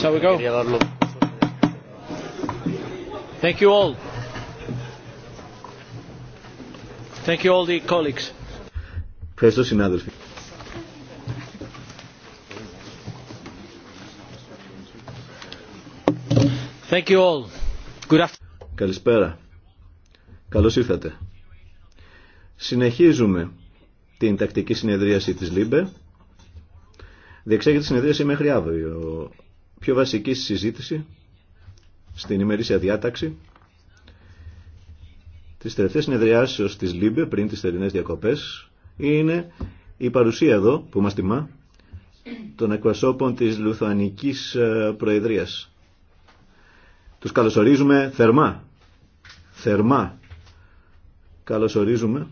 Shall we go? Thank you all. Thank you all the colleagues. Ευχαριστώ συνάδελφοι. Thank you all. Good afternoon. Καλησπέρα. Καλώς ήρθατε. Συνεχίζουμε την τακτική συνεδρίαση της ΛΥΜΠΕ. Διεξάγεται συνεδρίαση μέχρι αύριο. Πιο βασική συζήτηση στην ημερήσια διάταξη τη τελευταία συνεδριάσεω τη ΛΥΜΠΕ πριν τι θερινέ διακοπέ είναι η παρουσία εδώ που μα τιμά των εκπροσώπων τη Λουθουανική ε, Προεδρία. Του καλωσορίζουμε θερμά. Θερμά. Καλωσορίζουμε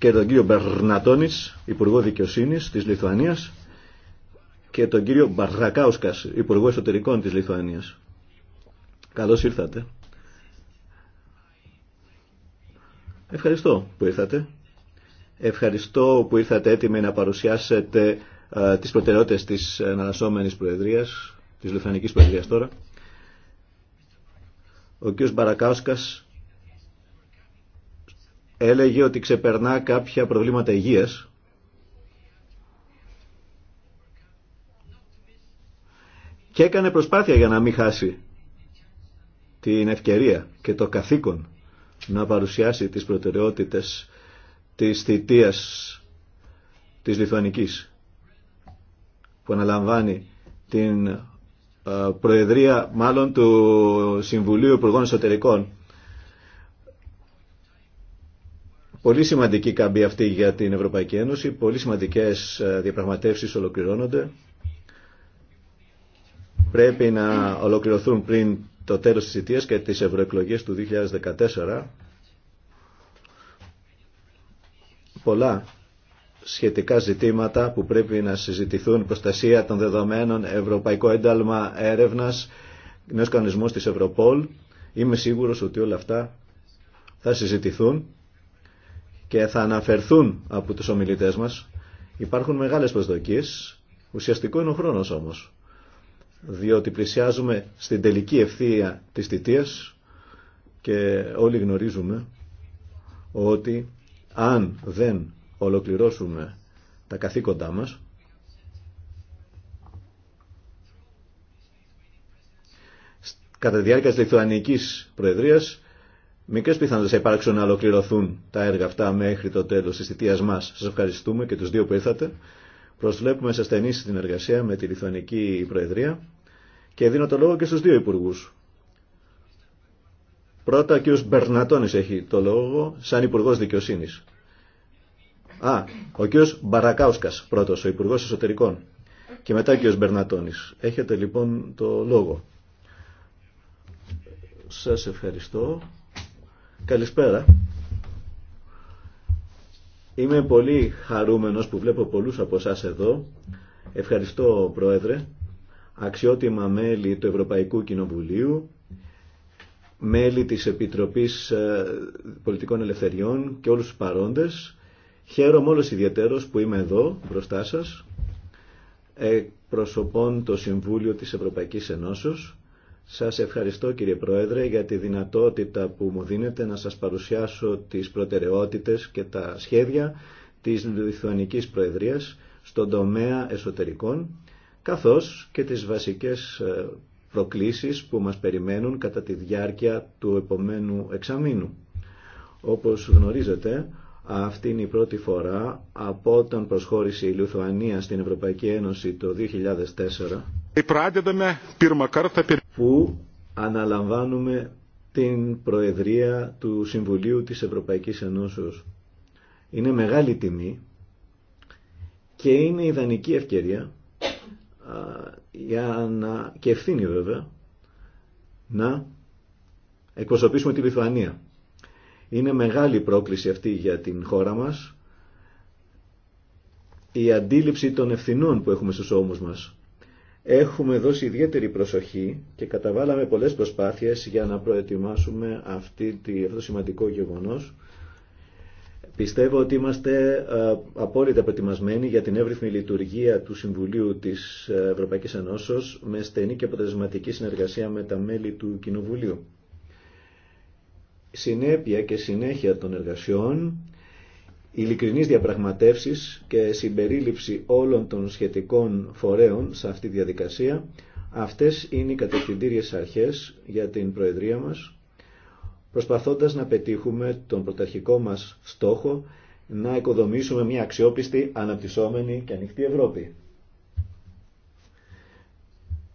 και τον κύριο Μπαρνατόνης, Υπουργό Δικαιοσύνης της Λιθουανίας και τον κύριο Μπαρακάουσκας, Υπουργό Εσωτερικών της Λιθουανίας. Καλώς ήρθατε. Ευχαριστώ που ήρθατε. Ευχαριστώ που ήρθατε έτοιμοι να παρουσιάσετε ε, τις προτεραιότητες της αναλασσόμενης Προεδρίας, της Λιθουανικής Προεδρίας τώρα. Ο κύριος Μπαρακάουσκας έλεγε ότι ξεπερνά κάποια προβλήματα υγείας και έκανε προσπάθεια για να μην χάσει την ευκαιρία και το καθήκον να παρουσιάσει τις προτεραιότητες της θητείας της Λιθουανικής που αναλαμβάνει την ε, προεδρία μάλλον του Συμβουλίου Υπουργών Εσωτερικών Πολύ σημαντική καμπή αυτή για την Ευρωπαϊκή Ένωση, πολύ σημαντικές ε, διαπραγματεύσεις ολοκληρώνονται. Πρέπει να ολοκληρωθούν πριν το τέλος της ηττία και τι ευρωεκλογέ του 2014. Πολλά σχετικά ζητήματα που πρέπει να συζητηθούν, προστασία των δεδομένων, ευρωπαϊκό ένταλμα έρευνας, νέος κανονισμός της Ευρωπόλ. Είμαι σίγουρος ότι όλα αυτά θα συζητηθούν και θα αναφερθούν από τους ομιλητές μας. Υπάρχουν μεγάλες προσδοκίες, ουσιαστικό είναι ο χρόνος όμως, διότι πλησιάζουμε στην τελική ευθεία της θητείας και όλοι γνωρίζουμε ότι αν δεν ολοκληρώσουμε τα καθήκοντά μας, κατά τη διάρκεια της Λιθουανικής Προεδρίας μικρές πιθανότητες θα υπάρξουν να ολοκληρωθούν τα έργα αυτά μέχρι το τέλος της θητείας μας. Σας ευχαριστούμε και τους δύο που ήρθατε. Προσβλέπουμε σε στενή συνεργασία με τη Λιθουανική Προεδρία και δίνω το λόγο και στους δύο υπουργούς. Πρώτα ο κ. Μπερνατώνης έχει το λόγο σαν Υπουργός Δικαιοσύνης. Α, ο κ. Μπαρακάουσκας πρώτος, ο Υπουργός Εσωτερικών. Και μετά ο κ. Μπερνατώνης. Έχετε λοιπόν το λόγο. Σας ευχαριστώ. Καλησπέρα. Είμαι πολύ χαρούμενος που βλέπω πολλούς από εσά εδώ. Ευχαριστώ Πρόεδρε, αξιότιμα μέλη του Ευρωπαϊκού Κοινοβουλίου, μέλη της Επιτροπής ε, Πολιτικών Ελευθεριών και όλους τους παρόντες. Χαίρομαι όλος ιδιαίτερος που είμαι εδώ μπροστά σας, προσωπών το Συμβούλιο της Ευρωπαϊκής Ενώσεως σας ευχαριστώ κύριε Πρόεδρε για τη δυνατότητα που μου δίνετε να σας παρουσιάσω τις προτεραιότητες και τα σχέδια της Λιθουανικής Προεδρίας στον τομέα εσωτερικών, καθώς και τις βασικές ε, προκλήσεις που μας περιμένουν κατά τη διάρκεια του επομένου εξαμήνου. Όπως γνωρίζετε, αυτή είναι η πρώτη φορά από όταν προσχώρησε η Λιθουανία στην Ευρωπαϊκή Ένωση το 2004 που αναλαμβάνουμε την Προεδρία του Συμβουλίου της Ευρωπαϊκής Ενώσεως. Είναι μεγάλη τιμή και είναι ιδανική ευκαιρία για να, και ευθύνη βέβαια να εκπροσωπήσουμε τη Λιθουανία. Είναι μεγάλη πρόκληση αυτή για την χώρα μας η αντίληψη των ευθυνών που έχουμε στους ώμους μας Έχουμε δώσει ιδιαίτερη προσοχή και καταβάλαμε πολλές προσπάθειες για να προετοιμάσουμε αυτή, αυτό το σημαντικό γεγονός. Πιστεύω ότι είμαστε ε, απόλυτα προετοιμασμένοι για την εύρυθμη λειτουργία του Συμβουλίου της Ευρωπαϊκής Ενώσεως με στενή και αποτελεσματική συνεργασία με τα μέλη του Κοινοβουλίου. Συνέπεια και συνέχεια των εργασιών ειλικρινής διαπραγματεύσεις και συμπερίληψη όλων των σχετικών φορέων σε αυτή τη διαδικασία. Αυτές είναι οι κατευθυντήριες αρχές για την Προεδρία μας, προσπαθώντας να πετύχουμε τον πρωταρχικό μας στόχο να οικοδομήσουμε μια αξιόπιστη, αναπτυσσόμενη και ανοιχτή Ευρώπη.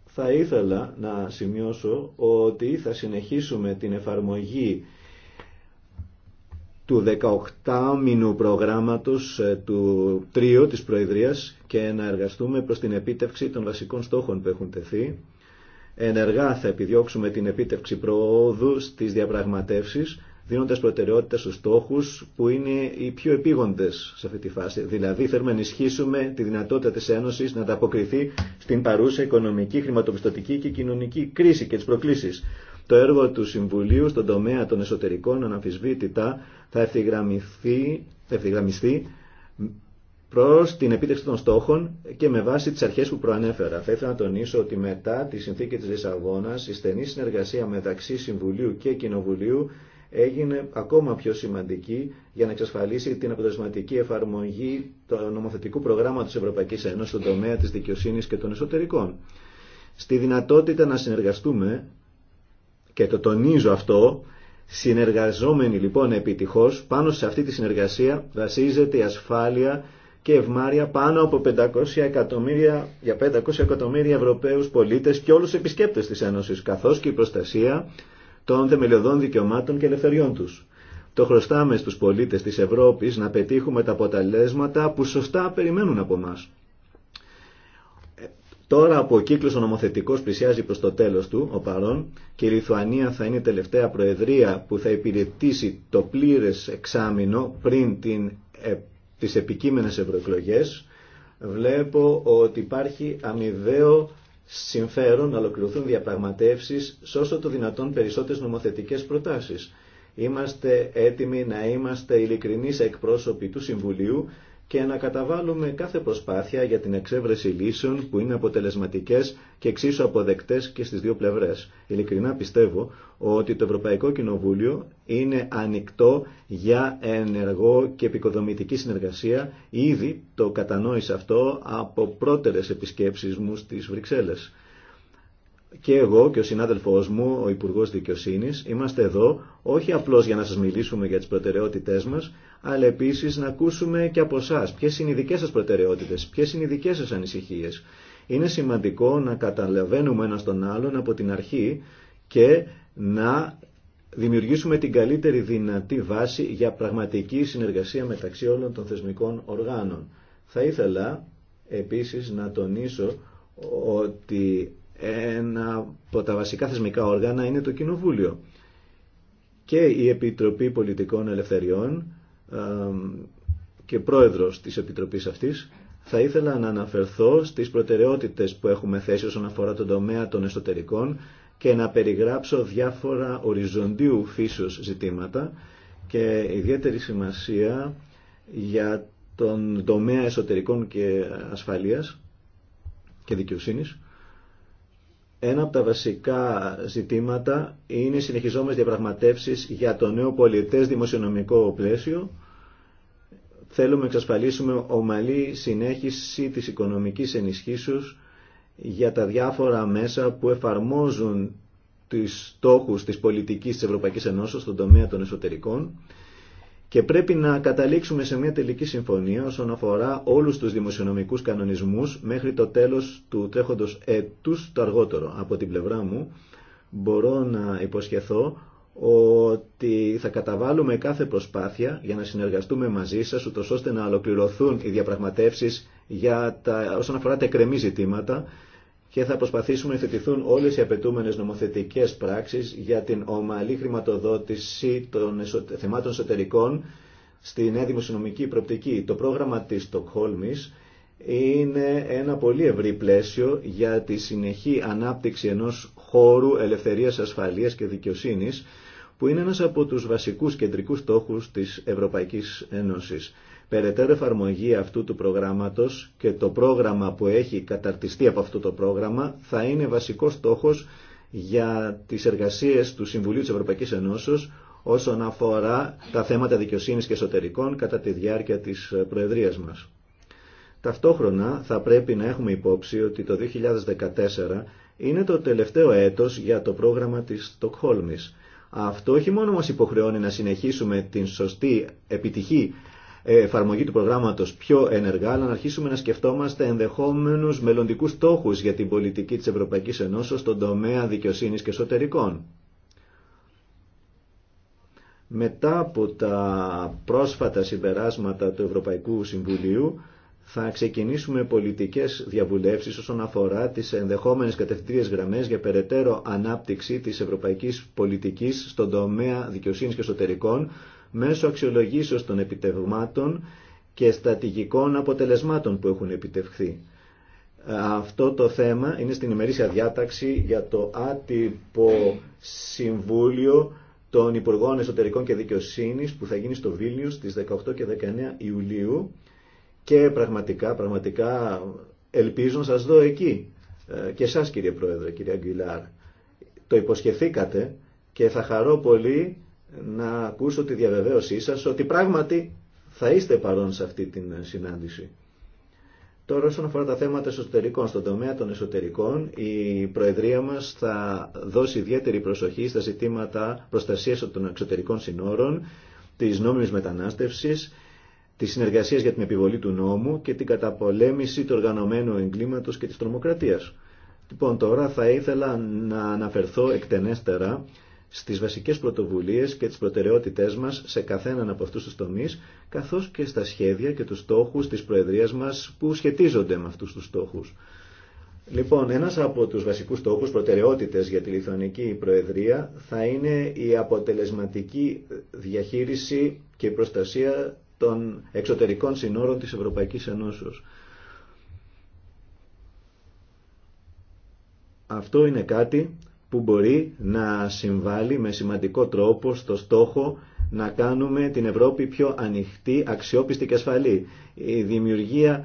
Θα ήθελα να σημειώσω ότι θα συνεχίσουμε την εφαρμογή του 18 μηνου προγράμματος ε, του τρίο της Προεδρίας και να εργαστούμε προς την επίτευξη των βασικών στόχων που έχουν τεθεί. Ενεργά θα επιδιώξουμε την επίτευξη προόδου στις διαπραγματεύσεις, δίνοντας προτεραιότητα στους στόχους που είναι οι πιο επίγοντες σε αυτή τη φάση. Δηλαδή θέλουμε να ενισχύσουμε τη δυνατότητα της Ένωσης να ανταποκριθεί στην παρούσα οικονομική, χρηματοπιστωτική και κοινωνική κρίση και τις προκλήσεις. Το έργο του Συμβουλίου στον τομέα των εσωτερικών αναμφισβήτητα θα ευθυγραμμιστεί προς την επίτευξη των στόχων και με βάση τις αρχές που προανέφερα. Θα ήθελα να τονίσω ότι μετά τη συνθήκη της Λισαβόνας η στενή συνεργασία μεταξύ Συμβουλίου και Κοινοβουλίου έγινε ακόμα πιο σημαντική για να εξασφαλίσει την αποτελεσματική εφαρμογή του νομοθετικού προγράμματος Ευρωπαϊκής Ένωσης στον τομέα της δικαιοσύνη και των εσωτερικών. Στη δυνατότητα να συνεργαστούμε και το τονίζω αυτό, συνεργαζόμενοι λοιπόν επιτυχώς, πάνω σε αυτή τη συνεργασία βασίζεται η ασφάλεια και ευμάρεια πάνω από 500 εκατομμύρια, για 500 εκατομμύρια Ευρωπαίους πολίτες και όλους τους επισκέπτες της Ένωσης, καθώς και η προστασία των θεμελιωδών δικαιωμάτων και ελευθεριών τους. Το χρωστάμε στους πολίτες της Ευρώπης να πετύχουμε τα αποτελέσματα που σωστά περιμένουν από μας. Τώρα που ο κύκλο ο νομοθετικό πλησιάζει προ το τέλο του, ο παρόν, και η Λιθουανία θα είναι η τελευταία προεδρία που θα υπηρετήσει το πλήρε εξάμεινο πριν ε, τις επικείμενες ευρωεκλογέ, βλέπω ότι υπάρχει αμοιβαίο συμφέρον να ολοκληρωθούν διαπραγματεύσει σε όσο το δυνατόν περισσότερε νομοθετικέ προτάσει. Είμαστε έτοιμοι να είμαστε ειλικρινεί εκπρόσωποι του Συμβουλίου και να καταβάλουμε κάθε προσπάθεια για την εξέβρεση λύσεων που είναι αποτελεσματικές και εξίσου αποδεκτές και στις δύο πλευρές. Ειλικρινά πιστεύω ότι το Ευρωπαϊκό Κοινοβούλιο είναι ανοιχτό για ενεργό και επικοδομητική συνεργασία. Ήδη το κατανόησα αυτό από πρώτερες επισκέψεις μου στις Βρυξέλλες και εγώ και ο συνάδελφός μου, ο Υπουργός Δικαιοσύνης, είμαστε εδώ όχι απλώς για να σας μιλήσουμε για τις προτεραιότητές μας, αλλά επίσης να ακούσουμε και από εσά ποιε είναι οι δικές σας προτεραιότητες, ποιε είναι οι δικές σας ανησυχίες. Είναι σημαντικό να καταλαβαίνουμε ένα τον άλλον από την αρχή και να δημιουργήσουμε την καλύτερη δυνατή βάση για πραγματική συνεργασία μεταξύ όλων των θεσμικών οργάνων. Θα ήθελα επίσης να τονίσω ότι ένα από τα βασικά θεσμικά όργανα είναι το Κοινοβούλιο. Και η Επιτροπή Πολιτικών Ελευθεριών και πρόεδρος της Επιτροπής αυτής θα ήθελα να αναφερθώ στις προτεραιότητες που έχουμε θέσει όσον αφορά τον τομέα των εσωτερικών και να περιγράψω διάφορα οριζοντίου φύσεως ζητήματα και ιδιαίτερη σημασία για τον τομέα εσωτερικών και ασφαλείας και δικαιοσύνης ένα από τα βασικά ζητήματα είναι οι συνεχιζόμενες διαπραγματεύσεις για το νέο πολιτές δημοσιονομικό πλαίσιο. Θέλουμε να εξασφαλίσουμε ομαλή συνέχιση της οικονομικής ενισχύσεως για τα διάφορα μέσα που εφαρμόζουν τις στόχους της πολιτικής της Ευρωπαϊκής Ενώσεως στον τομέα των εσωτερικών και πρέπει να καταλήξουμε σε μια τελική συμφωνία όσον αφορά όλους τους δημοσιονομικούς κανονισμούς μέχρι το τέλος του τρέχοντος έτους το αργότερο. Από την πλευρά μου μπορώ να υποσχεθώ ότι θα καταβάλουμε κάθε προσπάθεια για να συνεργαστούμε μαζί σας ούτως ώστε να ολοκληρωθούν οι διαπραγματεύσεις για τα, όσον αφορά τα εκρεμή ζητήματα και θα προσπαθήσουμε να θετηθούν όλες οι απαιτούμενε νομοθετικές πράξεις για την ομαλή χρηματοδότηση των θεμάτων εσωτερικών στην νέα συνομική προπτική. Το πρόγραμμα της Στοκχόλμης είναι ένα πολύ ευρύ πλαίσιο για τη συνεχή ανάπτυξη ενός χώρου ελευθερίας, ασφαλείας και δικαιοσύνης που είναι ένας από τους βασικούς κεντρικούς στόχους της Ευρωπαϊκής Ένωσης. Περαιτέρω εφαρμογή αυτού του προγράμματος και το πρόγραμμα που έχει καταρτιστεί από αυτό το πρόγραμμα θα είναι βασικός στόχος για τις εργασίες του Συμβουλίου της Ευρωπαϊκής Ενώσεως όσον αφορά τα θέματα δικαιοσύνης και εσωτερικών κατά τη διάρκεια της Προεδρίας μας. Ταυτόχρονα θα πρέπει να έχουμε υπόψη ότι το 2014 είναι το τελευταίο έτος για το πρόγραμμα της Στοκχόλμης. Αυτό όχι μόνο μας υποχρεώνει να συνεχίσουμε την σωστή επιτυχή εφαρμογή του προγράμματος πιο ενεργά, αλλά να αρχίσουμε να σκεφτόμαστε ενδεχόμενους μελλοντικούς στόχους για την πολιτική της Ευρωπαϊκής Ενώσεως στον τομέα δικαιοσύνης και εσωτερικών. Μετά από τα πρόσφατα συμπεράσματα του Ευρωπαϊκού Συμβουλίου, θα ξεκινήσουμε πολιτικές διαβουλεύσεις όσον αφορά τις ενδεχόμενες κατευθυντήριες γραμμές για περαιτέρω ανάπτυξη της ευρωπαϊκής πολιτικής στον τομέα δικαιοσύνη και εσωτερικών μέσω αξιολογήσεως των επιτευγμάτων και στατηγικών αποτελεσμάτων που έχουν επιτευχθεί. Αυτό το θέμα είναι στην ημερήσια διάταξη για το άτυπο Συμβούλιο των Υπουργών Εσωτερικών και Δικαιοσύνης που θα γίνει στο Βίλνιους στις 18 και 19 Ιουλίου και πραγματικά, πραγματικά ελπίζω να σας δω εκεί ε, και εσάς κύριε Πρόεδρε, κύριε Αγγιλάρ. Το υποσχεθήκατε και θα χαρώ πολύ να ακούσω τη διαβεβαίωσή σας ότι πράγματι θα είστε παρόν σε αυτή την συνάντηση. Τώρα όσον αφορά τα θέματα εσωτερικών, στον τομέα των εσωτερικών, η Προεδρία μας θα δώσει ιδιαίτερη προσοχή στα ζητήματα προστασίας των εξωτερικών συνόρων, της νόμιμης μετανάστευσης, της συνεργασίας για την επιβολή του νόμου και την καταπολέμηση του οργανωμένου εγκλήματος και της τρομοκρατίας. Λοιπόν, τώρα θα ήθελα να αναφερθώ εκτενέστερα στις βασικές πρωτοβουλίες και τις προτεραιότητές μας σε καθέναν από αυτούς τους τομείς, καθώς και στα σχέδια και τους στόχους της Προεδρίας μας που σχετίζονται με αυτούς τους στόχους. Λοιπόν, ένας από τους βασικούς στόχους, προτεραιότητες για τη Λιθουανική Προεδρία θα είναι η αποτελεσματική διαχείριση και προστασία των εξωτερικών συνόρων της Ευρωπαϊκής Ενώσεως. Αυτό είναι κάτι που μπορεί να συμβάλλει με σημαντικό τρόπο στο στόχο να κάνουμε την Ευρώπη πιο ανοιχτή, αξιόπιστη και ασφαλή. Η δημιουργία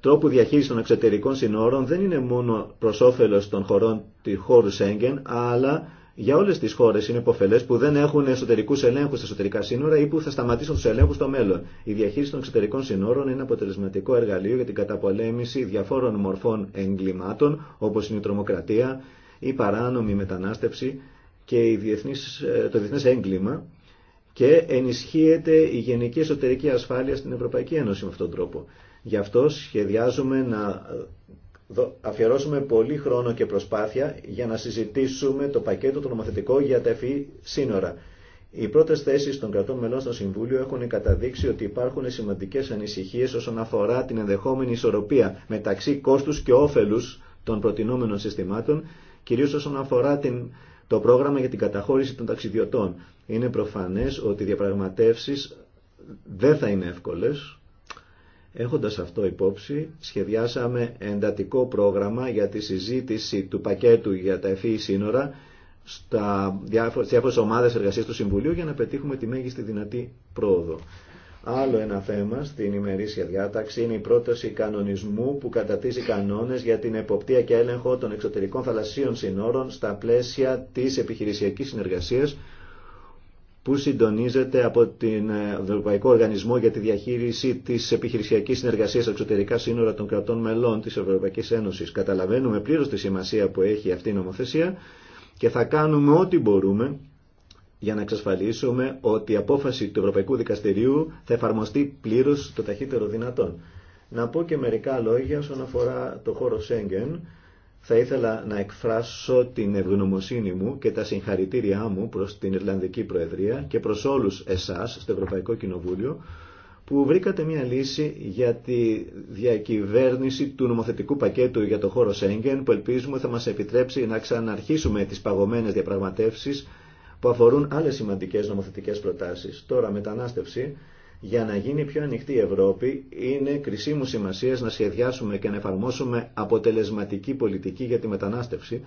τρόπου διαχείρισης των εξωτερικών συνόρων δεν είναι μόνο προς όφελος των χωρών του χώρου Σέγγεν, αλλά για όλες τις χώρες είναι υποφελές που δεν έχουν εσωτερικούς ελέγχους στα εσωτερικά σύνορα ή που θα σταματήσουν τους ελέγχους στο μέλλον. Η διαχείριση των εξωτερικών συνόρων είναι αποτελεσματικό εργαλείο για την καταπολέμηση διαφόρων μορφών εγκλημάτων, όπως είναι η τρομοκρατία, η παράνομη μετανάστευση και η διεθνής, ε, το διεθνές έγκλημα και ενισχύεται η γενική εσωτερική ασφάλεια στην Ευρωπαϊκή Ένωση με αυτόν τον τρόπο. Γι' αυτό σχεδιάζουμε να ε, αφιερώσουμε πολύ χρόνο και προσπάθεια για να συζητήσουμε το πακέτο το νομοθετικό για τα ΕΦΗ e σύνορα. Οι πρώτε θέσει των κρατών μελών στο Συμβούλιο έχουν καταδείξει ότι υπάρχουν σημαντικέ ανησυχίε όσον αφορά την ενδεχόμενη ισορροπία μεταξύ κόστου και όφελου των προτινόμενων συστημάτων κυρίως όσον αφορά την, το πρόγραμμα για την καταχώρηση των ταξιδιωτών. Είναι προφανές ότι οι διαπραγματεύσεις δεν θα είναι εύκολες. Έχοντας αυτό υπόψη, σχεδιάσαμε εντατικό πρόγραμμα για τη συζήτηση του πακέτου για τα ευφύη σύνορα στα διάφορες ομάδες εργασίας του Συμβουλίου για να πετύχουμε τη μέγιστη δυνατή πρόοδο. Άλλο ένα θέμα στην ημερήσια διάταξη είναι η πρόταση κανονισμού που κατατίζει κανόνες για την εποπτεία και έλεγχο των εξωτερικών θαλασσίων συνόρων στα πλαίσια της επιχειρησιακής συνεργασίας που συντονίζεται από ε, τον Ευρωπαϊκό Οργανισμό για τη Διαχείριση της Επιχειρησιακής Συνεργασίας Εξωτερικά Σύνορα των Κρατών Μελών τη Ευρωπαϊκή Ένωση. Καταλαβαίνουμε πλήρω τη σημασία που έχει αυτή η νομοθεσία και θα κάνουμε ό,τι μπορούμε για να εξασφαλίσουμε ότι η απόφαση του Ευρωπαϊκού Δικαστηρίου θα εφαρμοστεί πλήρω το ταχύτερο δυνατόν. Να πω και μερικά λόγια όσον αφορά το χώρο Σέγγεν. Θα ήθελα να εκφράσω την ευγνωμοσύνη μου και τα συγχαρητήριά μου προς την Ιρλανδική Προεδρία και προς όλους εσάς στο Ευρωπαϊκό Κοινοβούλιο που βρήκατε μια λύση για τη διακυβέρνηση του νομοθετικού πακέτου για το χώρο Σέγγεν που ελπίζουμε θα μα επιτρέψει να ξαναρχίσουμε τι παγωμένε διαπραγματεύσει που αφορούν άλλες σημαντικές νομοθετικές προτάσεις. Τώρα, μετανάστευση, για να γίνει πιο ανοιχτή η Ευρώπη, είναι κρισίμου σημασία να σχεδιάσουμε και να εφαρμόσουμε αποτελεσματική πολιτική για τη μετανάστευση.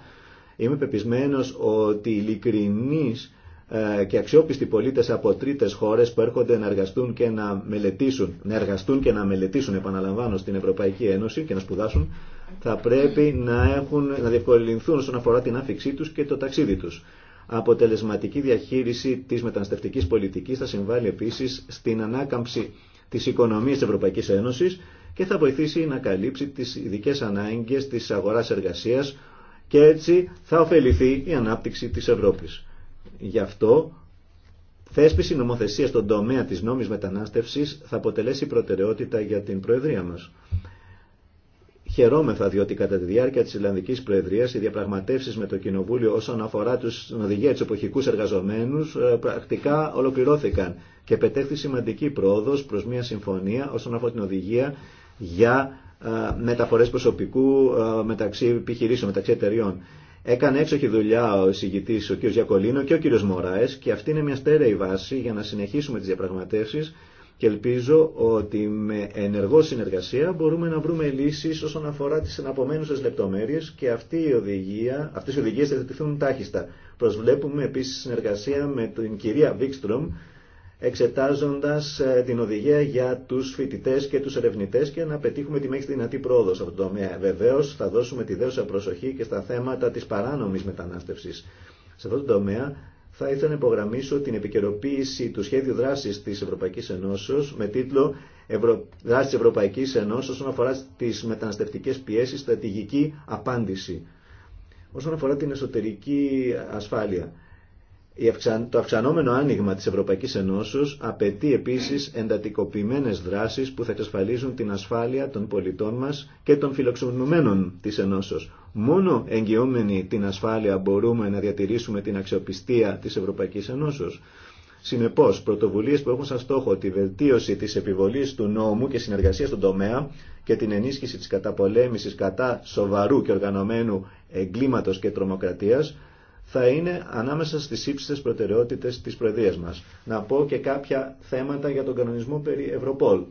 Είμαι πεπισμένο ότι ειλικρινεί ε, και αξιόπιστοι πολίτε από τρίτες χώρε που έρχονται να εργαστούν και να μελετήσουν, να εργαστούν και να μελετήσουν, επαναλαμβάνω, στην Ευρωπαϊκή Ένωση και να σπουδάσουν, θα πρέπει να, έχουν, να διευκολυνθούν όσον αφορά την άφηξή του και το ταξίδι του αποτελεσματική διαχείριση της μεταναστευτικής πολιτικής θα συμβάλλει επίσης στην ανάκαμψη της οικονομίας της Ευρωπαϊκής Ένωσης και θα βοηθήσει να καλύψει τις ειδικέ ανάγκες της αγοράς εργασίας και έτσι θα ωφεληθεί η ανάπτυξη της Ευρώπης. Γι' αυτό θέσπιση νομοθεσία στον τομέα της νόμης μετανάστευσης θα αποτελέσει προτεραιότητα για την Προεδρία μας. Χαιρόμεθα διότι κατά τη διάρκεια τη Ιρλανδική Προεδρία οι διαπραγματεύσει με το Κοινοβούλιο όσον αφορά του οδηγία του εποχικού εργαζομένου ε, πρακτικά ολοκληρώθηκαν και πετέχθη σημαντική πρόοδο προ μια συμφωνία όσον αφορά την οδηγία για ε, μεταφορέ προσωπικού ε, μεταξύ επιχειρήσεων, μεταξύ εταιριών. Έκανε έξοχη δουλειά ο εισηγητή ο κ. Γιακολίνο και ο κ. Μωράε και αυτή είναι μια στέρεη βάση για να συνεχίσουμε τι διαπραγματεύσει και ελπίζω ότι με ενεργό συνεργασία μπορούμε να βρούμε λύσεις όσον αφορά τις εναπομένουσες λεπτομέρειες και αυτή η οδηγία, αυτές οι οδηγίες θα εκτεθούν τάχιστα. Προσβλέπουμε επίσης συνεργασία με την κυρία Βίξτρομ εξετάζοντας ε, την οδηγία για τους φοιτητές και τους ερευνητές και να πετύχουμε τη μέγιστη δυνατή πρόοδο σε αυτό το τομέα. Βεβαίως θα δώσουμε τη δέουσα προσοχή και στα θέματα της παράνομης μετανάστευσης. Σε αυτό το τομέα θα ήθελα να υπογραμμίσω την επικαιροποίηση του σχέδιου δράσης της Ευρωπαϊκής Ενώσεως με τίτλο «Δράση της Ευρωπαϊκής Ενώσεως όσον αφορά τις μεταναστευτικές πιέσεις, στρατηγική απάντηση». Όσον αφορά την εσωτερική ασφάλεια, το αυξανόμενο άνοιγμα της Ευρωπαϊκής Ενώσεως απαιτεί επίσης εντατικοποιημένες δράσεις που θα εξασφαλίζουν την ασφάλεια των πολιτών μας και των φιλοξενουμένων της Ενώσεως. Μόνο εγγυόμενοι την ασφάλεια μπορούμε να διατηρήσουμε την αξιοπιστία της Ευρωπαϊκής Ενώσεως. Συνεπώς, πρωτοβουλίες που έχουν σαν στόχο τη βελτίωση της επιβολής του νόμου και συνεργασία στον τομέα και την ενίσχυση της καταπολέμησης κατά σοβαρού και οργανωμένου εγκλήματος και τρομοκρατίας θα είναι ανάμεσα στις ύψιστες προτεραιότητες τη Προεδρίας μα. Να πω και κάποια θέματα για τον κανονισμό περί Ευρωπόλ.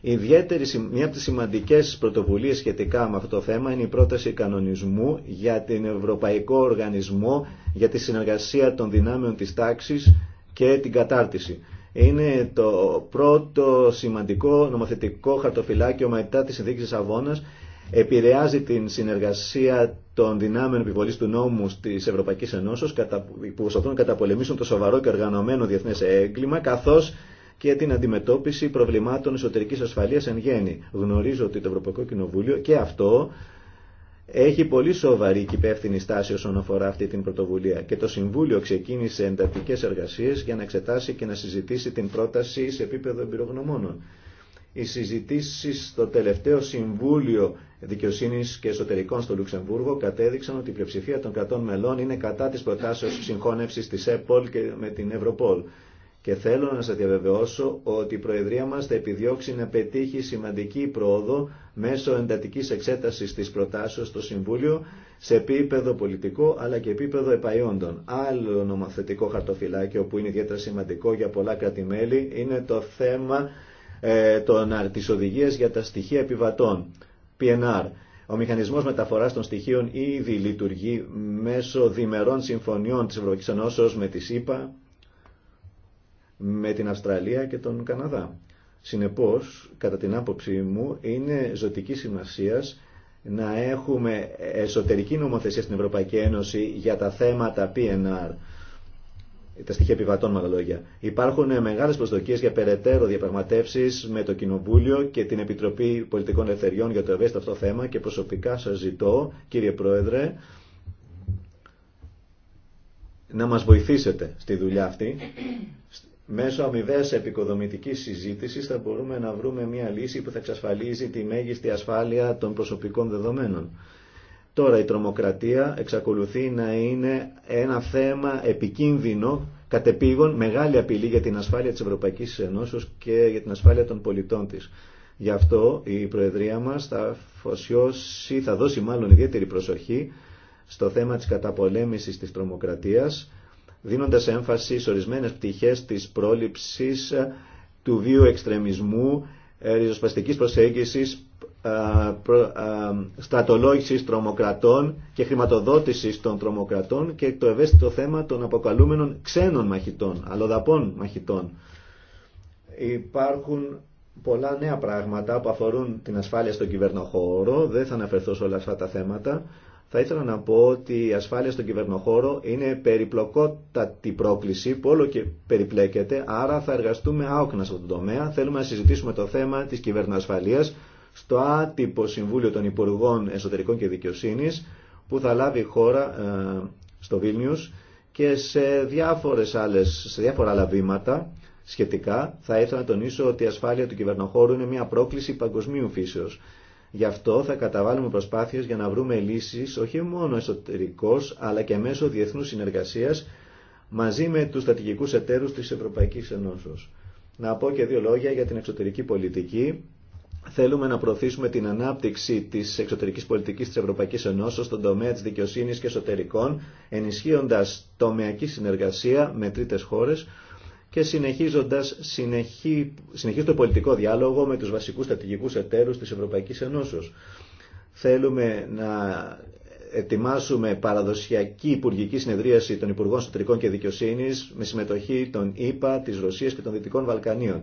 Ιδιαίτερη, μια από τις σημαντικές πρωτοβουλίες σχετικά με αυτό το θέμα είναι η πρόταση κανονισμού για την Ευρωπαϊκό Οργανισμό για τη συνεργασία των δυνάμεων της τάξης και την κατάρτιση. Είναι το πρώτο σημαντικό νομοθετικό χαρτοφυλάκιο μετά τη συνθήκη τη Αβώνας επηρεάζει την συνεργασία των δυνάμεων επιβολή του νόμου τη Ευρωπαϊκή Ενώσεω που προσπαθούν να καταπολεμήσουν το σοβαρό και οργανωμένο διεθνέ έγκλημα καθώ και την αντιμετώπιση προβλημάτων εσωτερική ασφαλείας εν γέννη. Γνωρίζω ότι το Ευρωπαϊκό Κοινοβούλιο και αυτό έχει πολύ σοβαρή και υπεύθυνη στάση όσον αφορά αυτή την πρωτοβουλία και το Συμβούλιο ξεκίνησε εντατικέ εργασίε για να εξετάσει και να συζητήσει την πρόταση σε επίπεδο εμπειρογνωμόνων. Οι συζητήσει στο τελευταίο Συμβούλιο Δικαιοσύνη και Εσωτερικών στο Λουξεμβούργο κατέδειξαν ότι η πλειοψηφία των κρατών μελών είναι κατά τη προτάσεω συγχώνευση τη ΕΠΟΛ και με την Ευρωπόλ. Και θέλω να σα διαβεβαιώσω ότι η Προεδρία μα θα επιδιώξει να πετύχει σημαντική πρόοδο μέσω εντατική εξέταση τη προτάσεω στο Συμβούλιο σε επίπεδο πολιτικό αλλά και επίπεδο επαϊόντων. Άλλο νομοθετικό χαρτοφυλάκιο που είναι ιδιαίτερα σημαντικό για πολλά κράτη-μέλη είναι το θέμα ε, των, για τα στοιχεία επιβατών PNR. Ο μηχανισμός μεταφοράς των στοιχείων ήδη λειτουργεί μέσω διμερών συμφωνιών της Ευρωπαϊκής Ενώσεως με τη ΣΥΠΑ, με την Αυστραλία και τον Καναδά. Συνεπώς, κατά την άποψή μου, είναι ζωτική σημασίας να έχουμε εσωτερική νομοθεσία στην Ευρωπαϊκή Ένωση για τα θέματα PNR τα στοιχεία επιβατών με λόγια. Υπάρχουν ε, μεγάλε προσδοκίε για περαιτέρω διαπραγματεύσει με το Κοινοβούλιο και την Επιτροπή Πολιτικών Ελευθεριών για το ευαίσθητο αυτό θέμα και προσωπικά σα ζητώ, κύριε Πρόεδρε, να μας βοηθήσετε στη δουλειά αυτή. Μέσω αμοιβαία επικοδομητική συζήτηση θα μπορούμε να βρούμε μια λύση που θα εξασφαλίζει τη μέγιστη ασφάλεια των προσωπικών δεδομένων. Τώρα η τρομοκρατία εξακολουθεί να είναι ένα θέμα επικίνδυνο, κατεπήγον, μεγάλη απειλή για την ασφάλεια της Ευρωπαϊκής Ενώσεως και για την ασφάλεια των πολιτών της. Γι' αυτό η Προεδρία μας θα φωσιώσει, θα δώσει μάλλον ιδιαίτερη προσοχή στο θέμα της καταπολέμησης της τρομοκρατίας, δίνοντας έμφαση σε ορισμένες πτυχές της πρόληψης ε, του βίου εξτρεμισμού, ε, ριζοσπαστικής προσέγγισης, ε, ε, Στρατολόγηση τρομοκρατών και χρηματοδότησης των τρομοκρατών και το ευαίσθητο θέμα των αποκαλούμενων ξένων μαχητών, αλλοδαπών μαχητών. Υπάρχουν πολλά νέα πράγματα που αφορούν την ασφάλεια στον κυβερνοχώρο, δεν θα αναφερθώ σε όλα αυτά τα θέματα. Θα ήθελα να πω ότι η ασφάλεια στον κυβερνοχώρο είναι περιπλοκότατη πρόκληση που όλο και περιπλέκεται, άρα θα εργαστούμε άοκνα σε αυτό το τομέα. Θέλουμε να συζητήσουμε το θέμα της κυβερνοασφαλείας στο άτυπο Συμβούλιο των Υπουργών Εσωτερικών και Δικαιοσύνης που θα λάβει η χώρα ε, στο Βίλνιους και σε, διάφορες άλλες, σε διάφορα άλλα βήματα σχετικά θα ήθελα να τονίσω ότι η ασφάλεια του κυβερνοχώρου είναι μια πρόκληση παγκοσμίου φύσεως. Γι' αυτό θα καταβάλουμε προσπάθειες για να βρούμε λύσεις όχι μόνο εσωτερικώς αλλά και μέσω διεθνούς συνεργασίας μαζί με τους στρατηγικούς εταίρους της Ευρωπαϊκής Ενώσεως. Να πω και δύο λόγια για την εξωτερική πολιτική Θέλουμε να προωθήσουμε την ανάπτυξη τη εξωτερική πολιτική τη Ευρωπαϊκή Ενώσεω στον τομέα τη δικαιοσύνη και εσωτερικών, ενισχύοντα τομεακή συνεργασία με τρίτε χώρε και συνεχίζοντας συνεχί, το πολιτικό διάλογο με τους βασικούς στρατηγικούς εταίρους της Ευρωπαϊκής Ενώσεως. Θέλουμε να ετοιμάσουμε παραδοσιακή υπουργική συνεδρίαση των Υπουργών εσωτερικών και Δικαιοσύνης με συμμετοχή των ΗΠΑ, της Ρωσίας και των Δυτικών Βαλκανίων.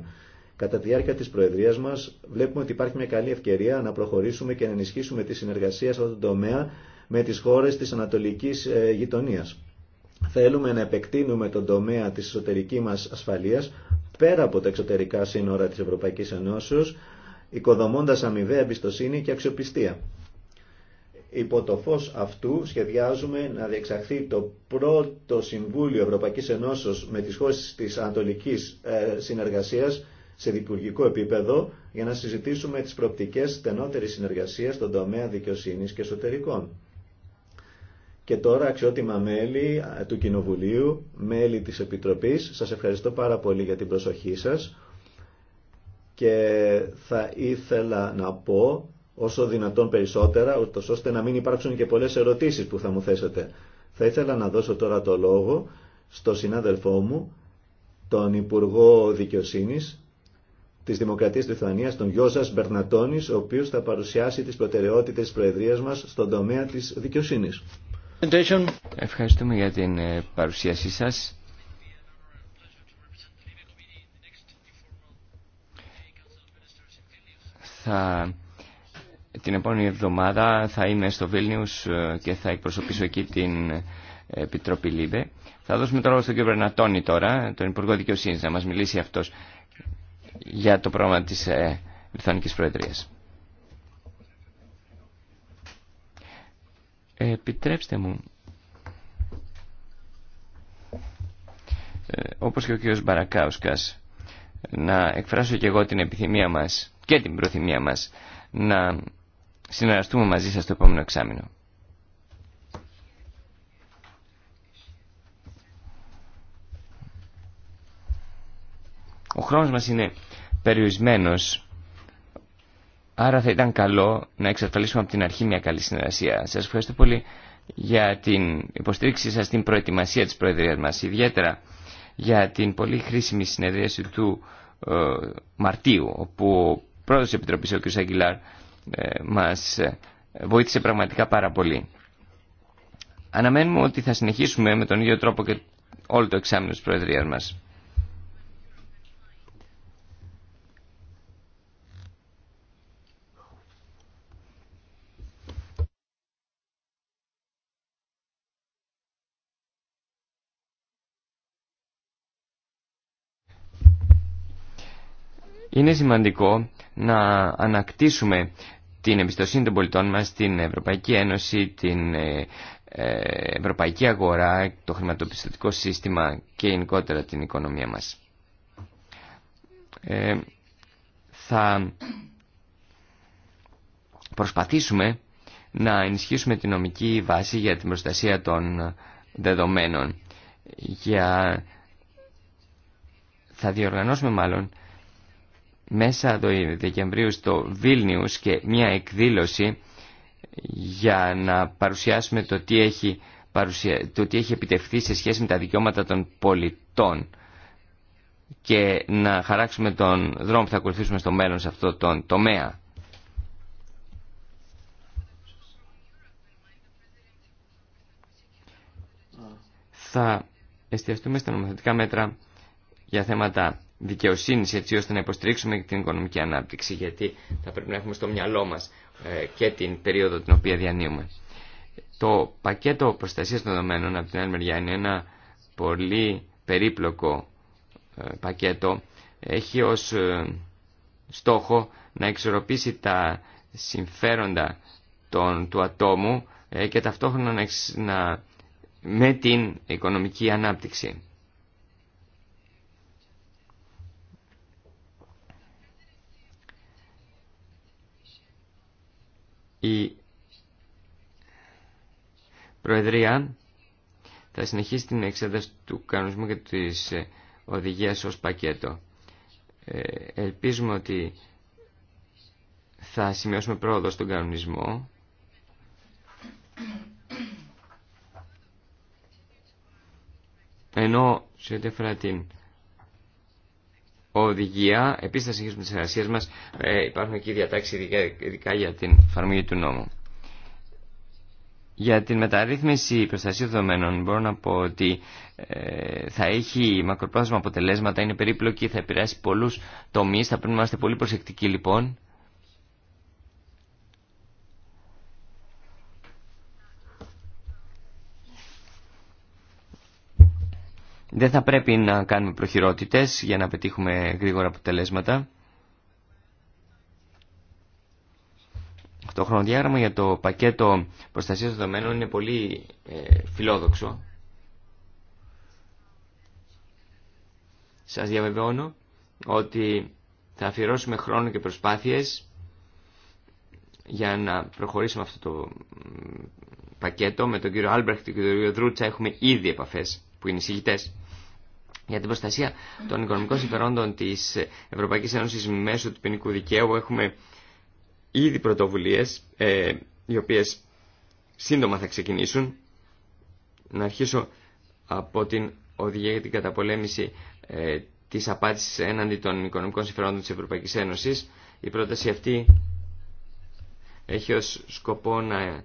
Κατά τη διάρκεια τη Προεδρία μα, βλέπουμε ότι υπάρχει μια καλή ευκαιρία να προχωρήσουμε και να ενισχύσουμε τη συνεργασία σε αυτόν τον τομέα με τι χώρε τη ανατολική ε, γειτονία. Θέλουμε να επεκτείνουμε τον τομέα τη εσωτερική μα ασφαλεία πέρα από τα εξωτερικά σύνορα τη Ευρωπαϊκή Ενώσεω, οικοδομώντα αμοιβαία εμπιστοσύνη και αξιοπιστία. Υπό το φως αυτού σχεδιάζουμε να διεξαχθεί το πρώτο Συμβούλιο Ευρωπαϊκή Ενώσεω με τις χώρες της Ανατολικής ε, Συνεργασίας σε διπουργικό επίπεδο για να συζητήσουμε τις προοπτικές στενότερης συνεργασίας στον τομέα δικαιοσύνης και εσωτερικών. Και τώρα αξιότιμα μέλη του Κοινοβουλίου, μέλη της Επιτροπής, σας ευχαριστώ πάρα πολύ για την προσοχή σας και θα ήθελα να πω όσο δυνατόν περισσότερα, ώστε να μην υπάρξουν και πολλές ερωτήσεις που θα μου θέσετε. Θα ήθελα να δώσω τώρα το λόγο στο συνάδελφό μου, τον Υπουργό Δικαιοσύνης, τη Δημοκρατία τη Λιθουανία, τον Γιώζα Μπερνατόνη, ο οποίο θα παρουσιάσει τι προτεραιότητε τη Προεδρία μα στον τομέα τη δικαιοσύνη. Ευχαριστούμε για την ε, παρουσίασή σα. Την επόμενη εβδομάδα θα είμαι στο Βίλνιους ε, και θα εκπροσωπήσω εκεί την ε, Επιτροπή Λίμπε. Θα δώσουμε τώρα στον κύριο Μπερνατόνη τώρα, τον Υπουργό Δικαιοσύνης, να μας μιλήσει αυτός για το πρόγραμμα της ε, Λιθωνικής Προεδρίας. Επιτρέψτε μου, ε, όπως και ο κ. Μπαρακάουσκας, να εκφράσω και εγώ την επιθυμία μας και την προθυμία μας να συνεργαστούμε μαζί σας το επόμενο εξάμεινο. Ο χρόνος μας είναι περιορισμένος. Άρα θα ήταν καλό να εξασφαλίσουμε από την αρχή μια καλή συνεργασία. Σας ευχαριστώ πολύ για την υποστήριξή σας στην προετοιμασία της Προεδρίας μας, ιδιαίτερα για την πολύ χρήσιμη συνεδρίαση του ε, Μαρτίου, όπου ο πρόεδρος της Επιτροπής, ο κ. Αγγιλάρ, ε, μας ε, βοήθησε πραγματικά πάρα πολύ. Αναμένουμε ότι θα συνεχίσουμε με τον ίδιο τρόπο και όλο το εξάμεινο της Προεδρίας μας. Είναι σημαντικό να ανακτήσουμε την εμπιστοσύνη των πολιτών μας στην Ευρωπαϊκή Ένωση, την ε, ε, ευρωπαϊκή αγορά, το χρηματοπιστωτικό σύστημα και γενικότερα την οικονομία μας. Ε, θα προσπαθήσουμε να ενισχύσουμε την νομική βάση για την προστασία των δεδομένων. Για... Θα διοργανώσουμε μάλλον μέσα το Δεκεμβρίου στο Βίλνιους και μια εκδήλωση για να παρουσιάσουμε το τι έχει, το τι έχει επιτευχθεί σε σχέση με τα δικαιώματα των πολιτών και να χαράξουμε τον δρόμο που θα ακολουθήσουμε στο μέλλον σε αυτό τον τομέα. Θα εστιαστούμε στα νομοθετικά μέτρα για θέματα δικαιοσύνης έτσι ώστε να υποστηρίξουμε την οικονομική ανάπτυξη γιατί θα πρέπει να έχουμε στο μυαλό μας ε, και την περίοδο την οποία διανύουμε. Το πακέτο προστασίας των δεδομένων από την άλλη μεριά είναι ένα πολύ περίπλοκο ε, πακέτο. Έχει ως ε, στόχο να εξορροπήσει τα συμφέροντα των, του ατόμου και ταυτόχρονα να, με την οικονομική ανάπτυξη. Η Προεδρία θα συνεχίσει την εξέταση του κανονισμού και της οδηγίας ως πακέτο. Ε, ελπίζουμε ότι θα σημειώσουμε πρόοδο στον κανονισμό. Ενώ σε ό,τι την οδηγία. Επίσης θα συνεχίσουμε τις εργασίες μας. Ε, υπάρχουν εκεί διατάξεις ειδικά, ειδικά για την εφαρμογή του νόμου. Για την μεταρρύθμιση προστασία δεδομένων μπορώ να πω ότι ε, θα έχει μακροπρόθεσμα αποτελέσματα, είναι περίπλοκη, θα επηρεάσει πολλούς τομείς, θα πρέπει να είμαστε πολύ προσεκτικοί λοιπόν Δεν θα πρέπει να κάνουμε προχειρότητες για να πετύχουμε γρήγορα αποτελέσματα. Το χρονοδιάγραμμα για το πακέτο προστασίας δεδομένων είναι πολύ ε, φιλόδοξο. Σας διαβεβαιώνω ότι θα αφιερώσουμε χρόνο και προσπάθειες για να προχωρήσουμε αυτό το πακέτο. Με τον κύριο Άλμπρεχτ και τον κύριο Δρούτσα έχουμε ήδη επαφές που είναι εισηγητές. Για την προστασία των οικονομικών συμφερόντων της Ευρωπαϊκής Ένωση μέσω του ποινικού δικαίου έχουμε ήδη πρωτοβουλίες ε, οι οποίες σύντομα θα ξεκινήσουν. Να αρχίσω από την οδηγία για την καταπολέμηση ε, της απάτης έναντι των οικονομικών συμφερόντων της Ευρωπαϊκής Ένωση. Η πρόταση αυτή έχει ως σκοπό να ε,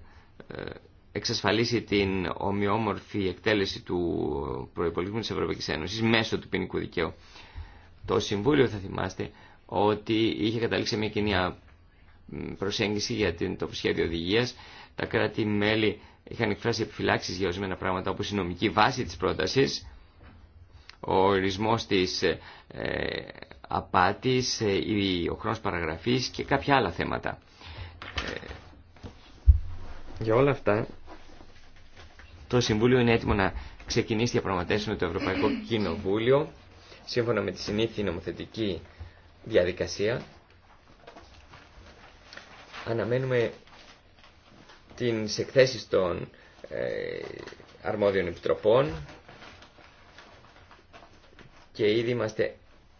εξασφαλίσει την ομοιόμορφη εκτέλεση του προϋπολογισμού της Ευρωπαϊκής Ένωσης μέσω του ποινικού δικαίου. Το Συμβούλιο θα θυμάστε ότι είχε καταλήξει μια κοινή προσέγγιση για το σχέδιο οδηγία. Τα κράτη-μέλη είχαν εκφράσει επιφυλάξει για ορισμένα πράγματα όπως η νομική βάση της πρότασης, ο ορισμός της ε, απάτης, ε, ο χρόνος παραγραφής και κάποια άλλα θέματα. Ε, για όλα αυτά το Συμβούλιο είναι έτοιμο να ξεκινήσει διαπραγματεύσει με το Ευρωπαϊκό Κοινοβούλιο σύμφωνα με τη συνήθη νομοθετική διαδικασία. Αναμένουμε την εκθέσει των ε, αρμόδιων επιτροπών και ήδη είμαστε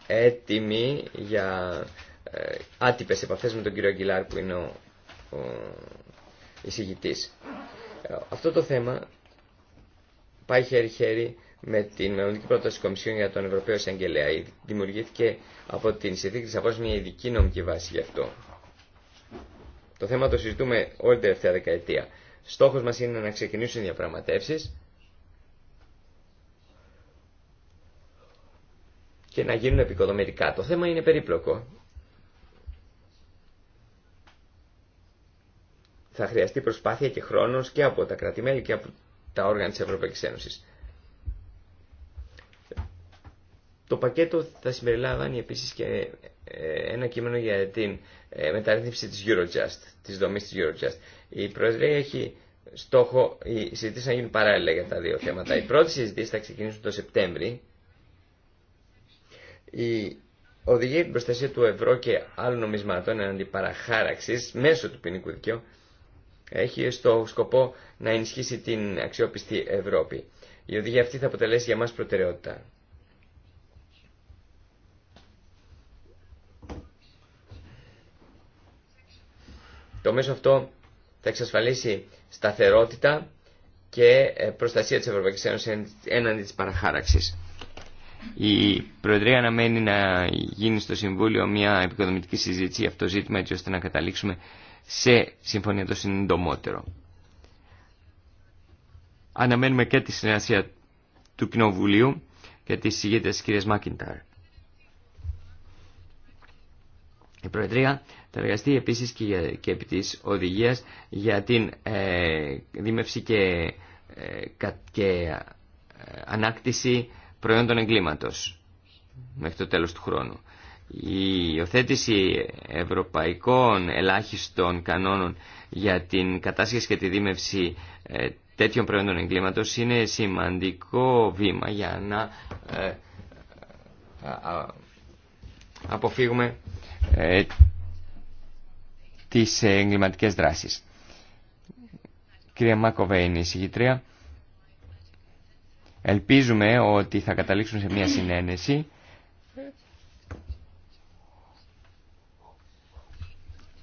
έτοιμοι για ε, άτυπες επαφές με τον κύριο Αγγιλάρ που είναι ο, ο εισηγητής. Ε, αυτό το θέμα πάει χέρι-χέρι με την μελλοντική πρόταση Κομισιόν για τον Ευρωπαίο Εισαγγελέα. Δημιουργήθηκε από την συνθήκη της μια ειδική νομική βάση γι' αυτό. Το θέμα το συζητούμε όλη την τελευταία δεκαετία. Στόχος μας είναι να ξεκινήσουν οι διαπραγματεύσεις και να γίνουν επικοδομητικά. Το θέμα είναι περίπλοκο. Θα χρειαστεί προσπάθεια και χρόνος και από τα κρατημέλη και από τα όργανα της Ευρωπαϊκής Ένωσης. Το πακέτο θα συμπεριλάβανε επίσης και ε, ένα κείμενο για την ε, μεταρρύθμιση της Eurojust, της δομής της Eurojust. Η Προεδρία έχει στόχο οι συζητήσεις να γίνουν παράλληλα για τα δύο θέματα. Οι πρώτες συζητήσεις θα ξεκινήσουν το Σεπτέμβρη. Η οδηγία για την προστασία του ευρώ και άλλων νομισμάτων εναντί παραχάραξης μέσω του ποινικού δικαίου έχει στο σκοπό να ενισχύσει την αξιόπιστη Ευρώπη. Η οδηγία αυτή θα αποτελέσει για μας προτεραιότητα. Το μέσο αυτό θα εξασφαλίσει σταθερότητα και ε, προστασία της Ευρωπαϊκής Ένωσης έναντι της παραχάραξης. Η Προεδρία αναμένει να γίνει στο Συμβούλιο μια επικοδομητική συζήτηση αυτό το ζήτημα έτσι ώστε να καταλήξουμε σε συμφωνία το συντομότερο. Αναμένουμε και τη συνεργασία του Κοινοβουλίου και τη ηγέτης τη Κυρία Μάκινταρ. Η Προεδρία θα εργαστεί επίσης και, και επί οδηγίας για την ε, δίμευση και, ε, κα, και ε, ανάκτηση προϊόντων εγκλήματο μέχρι το τέλος του χρόνου. Η υιοθέτηση ευρωπαϊκών ελάχιστων κανόνων για την κατάσχεση και τη δίμευση ε, τέτοιων προϊόντων εγκλήματος είναι σημαντικό βήμα για να ε, αποφύγουμε ε, τις εγκληματικές δράσεις. Κυρία Μάκοβε είναι η συγκητρία. Ελπίζουμε ότι θα καταλήξουν σε μια συνένεση